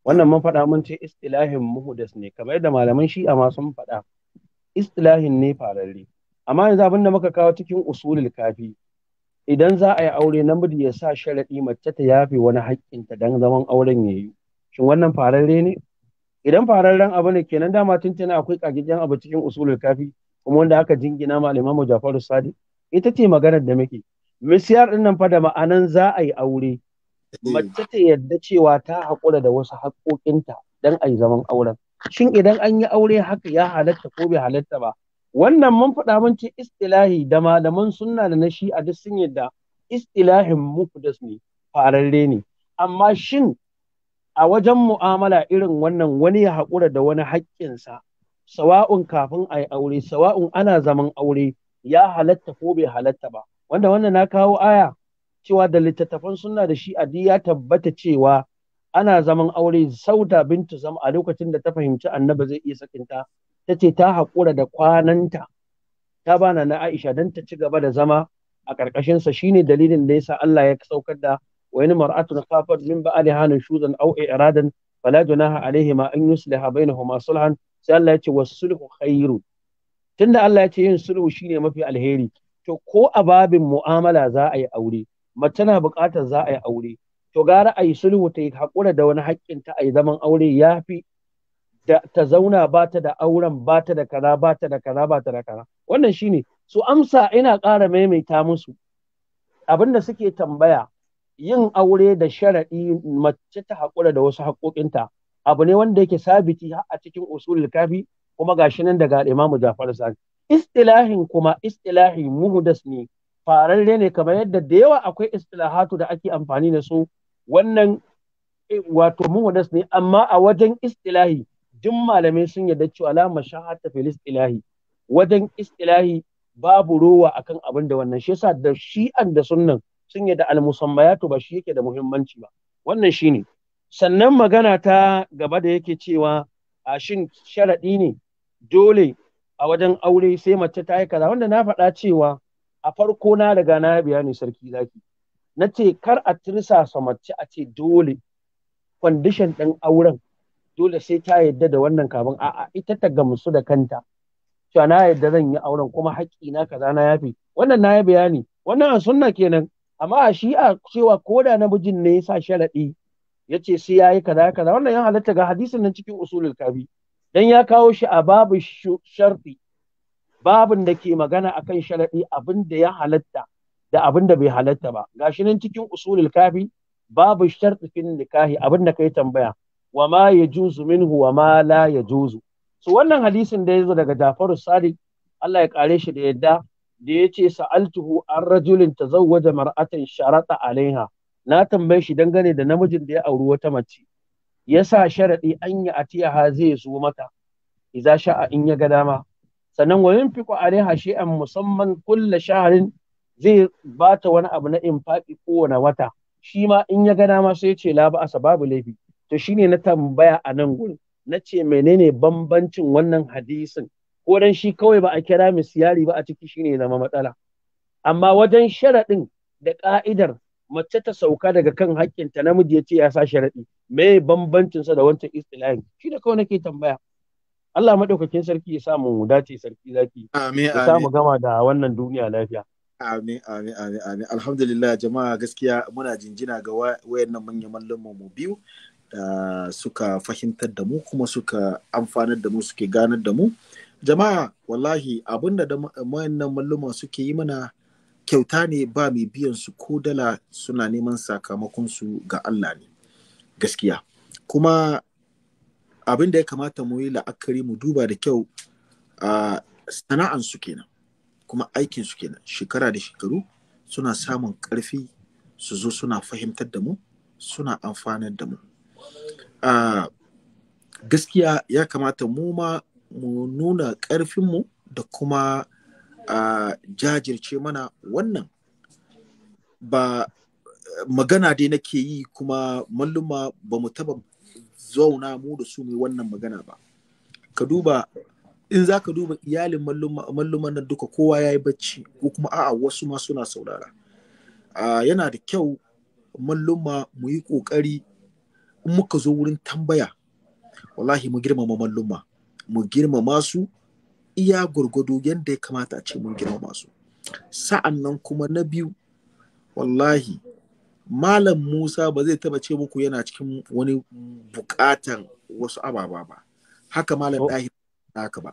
wannan mun faɗa mun ce istilahin muhudas ne kamar yadda malaman shi'a ma sun faɗa istilahin ne fararre amma yanzu abin da muka kawo cikin usulul kafi idan za a yi aure na namiji ya sa sharaɗi mace ta yafe wani haƙƙinta don zaman auren ya yi shin wannan fararre ne idan fararren abu ne kenan dama tuntuna akwai kagigen abu cikin usulul kafi kuma wanda aka jingina ma al-Imam Jafaru Sadiq ita ce maganar da muke misiyar din nan fa da ma'anan za a yi aure eh. mace ta yadda cewa ta haƙura da wasu haƙoƙinta dan a yi zaman auren shin idan an yi aure haka ya halatta ko bai halatta ba wannan mun faɗa mun ce istilahi da malaman sunna da na shi a duk sun yadda istilahin mufdas ne fararre ne amma shin a wajen mu'amala irin wannan wani ya haƙura da wani haƙƙinsa sawa'un kafin a yi aure sawa'un ana zaman aure ya halatta ko bai halatta ba wanda wannan na kawo aya cewa da littattafan suna da shi adi ya tabbata cewa ana zaman aure sauta bintu zama a lokacin da ta fahimci annabi zai iya sakinta ta ce ta haƙura da kwananta ta bana na Aisha don ta ci gaba da zama a ƙarƙashinsa shine dalilin da ya sa Allah ya saukar da وإن امرأة خافت من بعدها نشوزا أو إعرادا فلا جناح عليهما أن يصلح بينهما صلحا sai Allah ya ce wasulhu khairu tunda Allah ya ce yin sulhu shine mafi alheri to ko a babin mu'amala za a yi aure mace na buƙatar za a yi aure to gara a yi sulhu ta yi haƙura da wani haƙƙin ta a yi zaman aure ya fi da ta zauna ba ta da auren ba ta da kaza ba ta da kaza ba ta da kaza wannan shine su amsa ina ƙara maimaita musu abinda suke tambaya yin aure da sharaɗi mace ta haƙura da wasu haƙoƙinta abu ne wanda yake sabiti har a cikin usulul kafi kuma ga shi nan daga Imam Ja'far Sani istilahin kuma istilahi muhdas ne fararre ne kamar yadda da yawa akwai istilahatu da ake amfani da su wannan e, wato muhdas ne amma a wajen istilahi duk malamai sun yarda cewa la mashahata fil istilahi wajen istilahi babu rowa akan abin da wannan shi yasa da shi'an da sunnan sun yadda almusammayatu ba shi yake da muhimmanci ba wannan shi ne. sannan magana ta gaba da yake cewa a shin sharaɗi ne dole a wajen aure sai mace ta yi kaza wanda na faɗa cewa a farko na daga na bayani sarki zaki na ce kar a tirsasa mace a ce dole kwandishan ɗin auren dole sai ta yadda da wannan kafin a ita ta gamsu da kanta cewa na yadda zan yi auren kuma haƙƙi na kaza na yafi wannan na yi bayani wannan a sunna kenan amma a shi'a cewa ko da namijin ne ya sa sharaɗi ya ce sai ya yi kaza kaza wannan ya halatta ga hadisin nan cikin usulul kabi dan ya kawo shi a babu sharfi babin da ke magana akan sharaɗi abin da ya halatta da abin da bai halatta ba gashi nan cikin usulul kafi babu sharfi fin nikahi abin da kai tambaya wa ma yajuzu minhu wa ma la yajuzu so wannan hadisin da ya zo daga Jafaru Sadiq Allah ya kare shi da yadda da ya ce sa'altuhu an rajulin tazawwaja mar'atan sharata alaiha na tambaye shi dangane da namijin da ya auri wata mace ya sa sharaɗi an yi atiyaha zai zo mata iza sha'a in ya ga dama sannan wa yunfiqu alaiha shay'an musamman kulla shaharin zai bata wani abu na infaqi kowane wata shi ma in ya ga dama sai ya ce la ba babu laifi to shine na tambaya a nan gurin na ce menene bambancin wannan hadisin ko shi kawai ba a kira siyari ba a ciki shine zama matsala amma wajen sharaɗin da ƙa'idar mace ta sauka daga kan ta namiji ya ce ya sa sharaɗi me bambancin sa da wancan istilahin shi da kawai nake tambaya Allah maɗaukakin sarki ya samu dace sarki zaki ya samu gama da wannan duniya lafiya Amin, amin, amin, amin. Alhamdulillah jama'a gaskiya muna jinjina ga wayannan manyan mallammu mu biyu da suka fahimtar da mu kuma suka amfanar da mu suke ganar da mu. jama'a wallahi abinda da wayannan malluma suke yi mana kyauta ne ba mai biyan su ko dala suna neman sakamakon su ga Allah ne gaskiya kuma abin da ya kamata mu yi la'akari mu duba da kyau a sana'an su kenan kuma aikin su kenan shekara da shekaru suna samun ƙarfi su zo suna fahimtar da mu suna amfanar da mu gaskiya ya kamata mu ma mu nuna ƙarfinmu da kuma a jajirce mana wannan ba magana dai nake yi kuma malluma ba mu taba zauna mu da su mai wannan magana ba ka duba in za ka duba iyalin malluman nan duka kowa ya yi bacci ko kuma a'a wasu ma suna saurara yana da kyau malluma mu yi ƙoƙari in muka zo wurin tambaya wallahi mu girmama malluma mu girmama su iya gwargwado yadda ya kamata a ce mun girmama su sa'an nan kuma na biyu wallahi malam musa ba zai taba ce muku yana cikin wani bukatan wasu ababa ba haka malam ɗahi oh. haka ba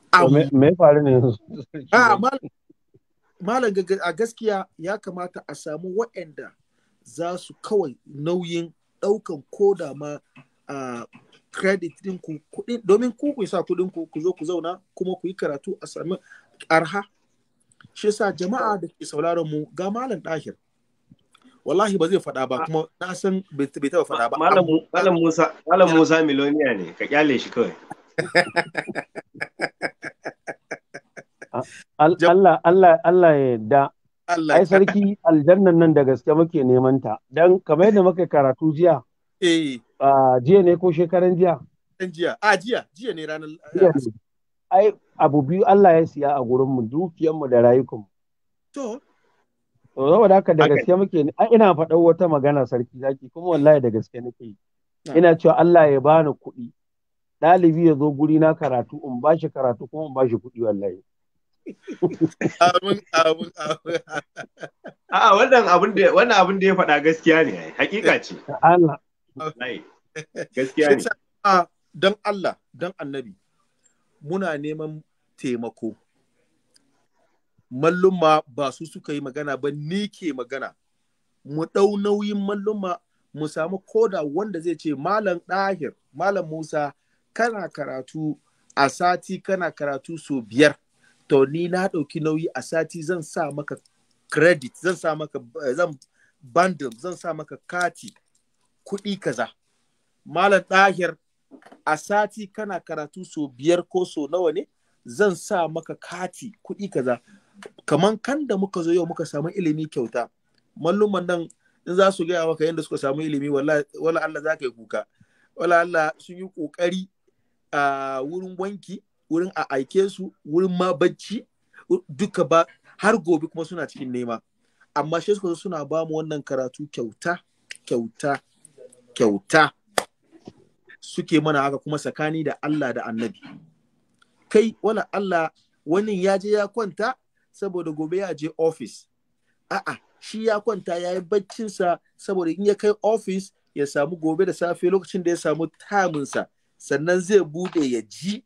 me faru ne malam a gaskiya ya kamata a samu waɗanda za su kawai nauyin ɗaukan koda ma ah, credit din ku kuɗin domin ku ku sa kuɗin ku ku zo ku zauna kuma ku yi karatu a sami arha shi yasa jama'a da ke sauraron mu ga malam dahir wallahi ba zai faɗa ba kuma na san bai taɓa faɗa ba malam Musa malam Musa miloniya ne ka kyale shi kawai Allah Allah Allah ya da Allah ai sarki aljannan nan da gaske muke neman ta dan kamar yadda muka karatu jiya eh jiya ne ko shekaran jiya? jiya a jiya jiya ne ranar ai abu biyu Allah ya siya a gurinmu dukiyanmu da rayukanmu to to saboda haka da gaske muke ne ina faɗa wata magana sarki zaki kuma wallahi da gaske nake yi ina cewa Allah ya bani kuɗi ɗalibi ya zo guri na karatu in ba shi karatu kuma in ba shi kuɗi wallahi amin amin amin a'a wannan abin da ya faɗa gaskiya ne hakika ce Allah gaskiya ne don Allah don annabi muna neman taimako mallumma ba su suka yi magana ba ni ke magana mu ɗau nauyin mallumma mu samu koda wanda zai ce malam ɗahir malam musa kana karatu a sati kana karatu sau biyar to ni na ɗauki nauyi a sati zan sa maka credit zan sa maka eh, zan zan sa maka kati kuɗi kaza malam ɗahir a sati kana karatu sau biyar ko so nawa ne zan sa maka kati kuɗi kaza kaman kan da muka zo yau muka samu ilimi kyauta malluman nan in za su gaya maka yadda suka samu ilimi wala Allah za ka yi kuka wala Allah sun yi ƙoƙari a wurin wanki wurin a aike su wurin ma bacci duka ba har gobe kuma suna cikin nema amma shi suka suna ba mu wannan karatu kyauta kyauta kyauta suke mana haka kuma tsakani da Allah da annabi kai wala Allah wani ya je ya kwanta saboda gobe ya je ofis, a'a shi ya kwanta ya yi baccinsa saboda in ya kai ofis ya samu gobe da safe lokacin da ya samu taminsa sannan zai bude ya ji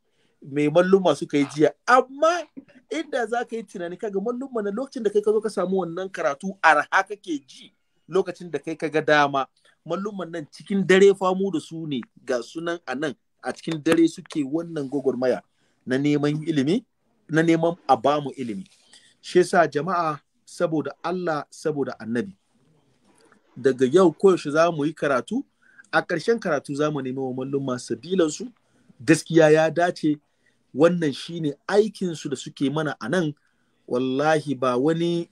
mai malluma suka yi jiya amma inda za ka yi tunani kaga malluma na lokacin da kai ka zo ka samu wannan karatu arha kake ji lokacin da kai ka ga dama Mallumman nan cikin dare famu da su ne ga sunan a nan a cikin dare suke wannan gwagwarmaya na neman ilimi na neman a bamu ilimi shi sa jama'a saboda Allah saboda annabi daga yau koyaushe za mu yi karatu a ƙarshen karatu za mu nemi wa mallumma sabilansu gaskiya ya dace wannan shine aikinsu da suke mana a nan wallahi ba wani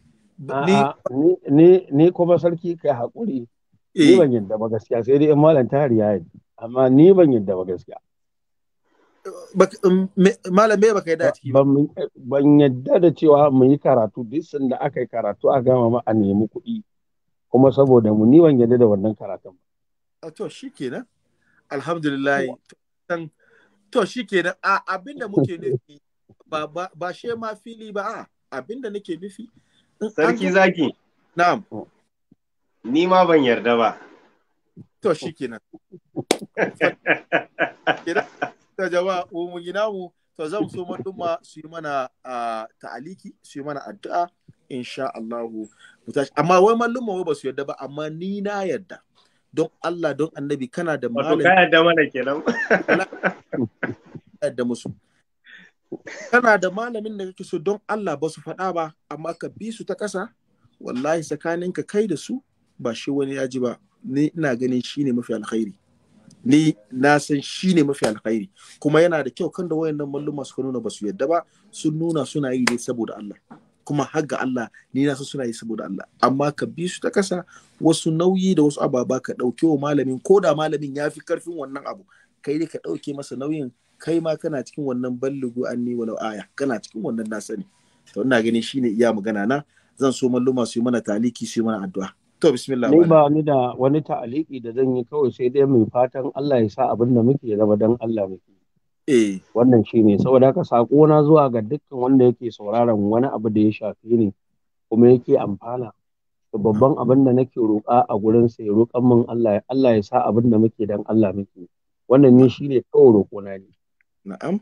ni kuma sarki kai haƙuri Eh. ni ban yadda ba gaskiya sai dai in malam tahir ya yi amma ni ban yadda ba gaskiya um, malam me baka yadda ciki ban ban yadda da cewa mu yi karatu duk sanda aka yi karatu a gama ma a nemi kuɗi kuma saboda mu ni ban yadda da wannan karatun ba ah, to shikenan alhamdulillah to shikenan a abinda muke nufi ba ba ba she ma fili ba a abinda nake nufi sarki zaki na'am oh. Ni ma ban yarda ba. To shi kenan. Ta jama'a umu gina mu to zan so madumma su yi mana ta'aliki su yi mana addu'a insha Allahu. Amma wai mallumma wai ba su yarda ba amma ni na yarda. Don Allah don annabi kana da malami. Wato ka yarda mana kenan. Yarda musu. Kana da malamin da kake so don Allah ba su faɗa ba amma ka bi su ta ƙasa wallahi tsakaninka kai da su ba shi wani yaji ba ni ina ganin shi ne mafi alkhairi ni na san shi ne mafi alkhairi kuma yana da kyau kan da wayannan malluma suka nuna ba su yadda ba sun nuna suna yi ne saboda Allah kuma har ga Allah ni na san suna yi saboda Allah amma ka bi su ta kasa wasu nauyi da wasu ababa ka dauke wa malamin ko da malamin ya fi karfin wannan abu kai dai ka dauke masa nauyin kai ma kana cikin wannan ballugu ni walau aya kana cikin wannan na sani to ina ganin shi ne iya magana na zan so malluma su yi mana taliki su yi mana addu'a To bismillah. Ni ba ni da wani ta'aliki da zan yi kawai sai dai mai fatan Allah ya sa abin da muke zama dan Allah muke. Eh. Wannan ne saboda haka sako na zuwa ga dukkan wanda yake sauraron wani abu da ya shafi ni kuma yake amfana. babban abin da nake roƙa a gurin sa ya roƙan min Allah ya Allah ya sa abin da muke dan Allah muke. Wannan ne ne kawai roƙo na ne. Na'am.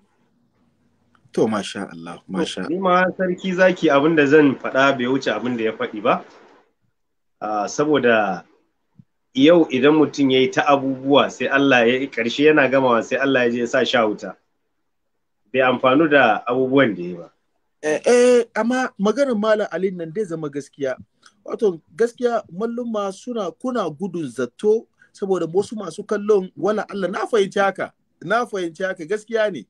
To masha Allah, masha Allah. Ni ma sarki zaki abin da zan faɗa bai wuce abin da ya faɗi ba. Ah, saboda yau idan mutum ya yi ta abubuwa sai Allah ya ƙarshe yana gamawa sai Allah ya je sa sha wuta bai amfanu da abubuwan da ya ba. Eh, eh, amma maganar Malam Ali nan dai zama gaskiya. Wato gaskiya malluma suna kuna gudun zato saboda wasu masu kallon wala Allah na fahimci haka. Na fahimci haka gaskiya ne.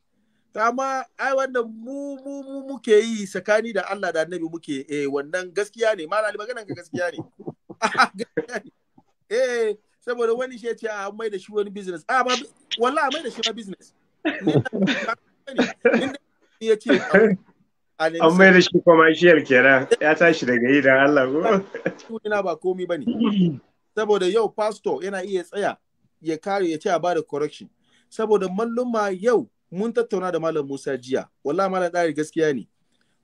Amma ai wannan mu mu mu muke yi tsakani da Allah da Annabi muke eh wannan gaskiya ne Malam Ali maganar ka gaskiya ne. eh saboda wani shi ya ce a ah, mai da shi wani business a ma a mai da shi ma business ah, ya ce an mai da shi commercial kenan ya tashi daga yi don Allah ko ina ba komi ba ne saboda yau pastor yana iya tsaya ya kare ya ce a bada correction saboda malluma yau mun tattauna da malam Musa jiya wallahi malam dari gaskiya ne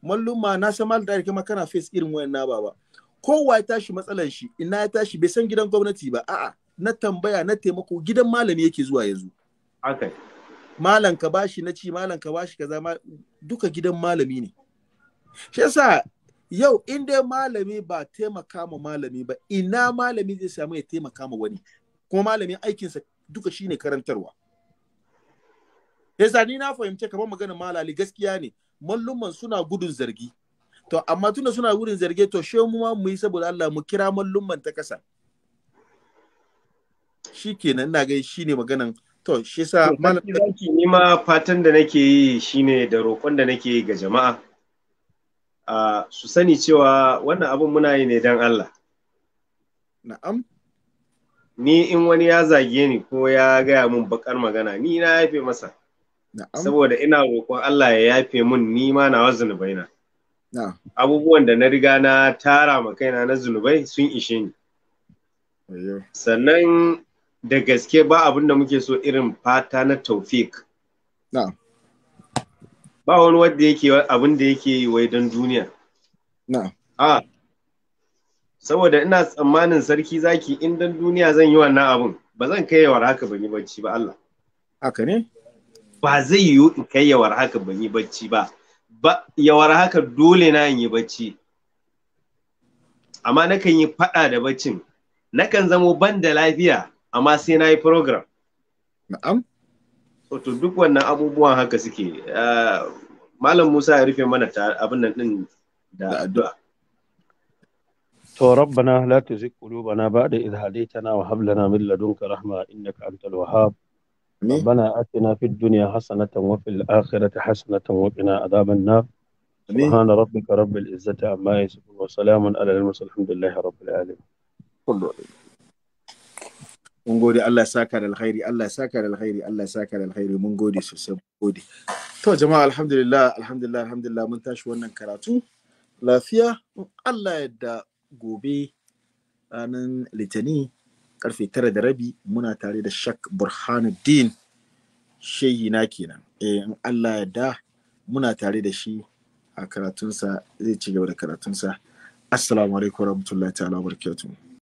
malluma na san malam dari kama kana face irin wayan na baba kowa ya tashi matsalar shi ina ya tashi bai san gidan gwamnati ba a'a na tambaya na taimako gidan malami yake zuwa yanzu okay. malam ka bashi na ci malam ka bashi kaza ma duka gidan malami ne shi yasa yau in dai malami ba taimaka ma malami ba ina malami zai samu ya taimaka ma wani kuma malamin aikinsa duka shine karantarwa yasa ni na fahimci kamar maganar malali gaskiya ne malluman suna gudun zargi to amma tunda suna gudun zarge to she mu ma mu yi saboda Allah mu kira mallumman ta kasa kenan ina ga shi ne maganan to shi sa malam ni ma fatan da nake yi shine da roƙon da nake yi ga jama'a A su sani cewa wannan abin muna yi ne don Allah na'am ni in wani ya zage ni ko ya gaya min bakar magana ni na yafe masa saboda ina roƙon Allah ya yafe min ni ma na wasu baina. abubuwan da na riga na tara ma kaina na zunubai sun ishe ni sannan da gaske ba abin da muke so irin fata na taufik ba wani wadda yake abin da yake yi wai don duniya a saboda ina tsammanin sarki zaki in don duniya zan yi wannan abin ba zan kai yawar haka ban yi bacci ba Allah haka ne ba zai yiwu in kai yawar haka ban yi bacci ba yawar haka dole na yi bacci amma nakan yi faɗa da baccin nakan zamo ban da lafiya amma sai na yi program na'am to duk wannan abubuwan haka suke ah, malam musa ya rufe mana abin nan din da addu'a to rabbana la tuzigh qulubana ba'da idh hadaytana wa hab lana min ladunka rahma innaka antal wahhab ربنا آتنا في الدنيا حسنة وفي الآخرة حسنة وقنا عذاب النار سبحان ربك رب العزة عما يصفون وسلام على المرسلين الحمد لله رب العالمين mun gode Allah ya saka da alkhairi Allah ya saka da alkhairi Allah ya saka da alkhairi mun gode sosai mun gode to jama'a alhamdulillah alhamdulillah alhamdulillah mun tashi wannan karatu lafiya Allah yadda gobe ranar litani karfe tara da rabi muna tare da shak burhanuddin shehi na kenan eh, in allah ya da muna tare da shi a karatunsa zai ci gaba da karatunsa assalamu alaikum warahmatullahi ta'ala wa barakatuh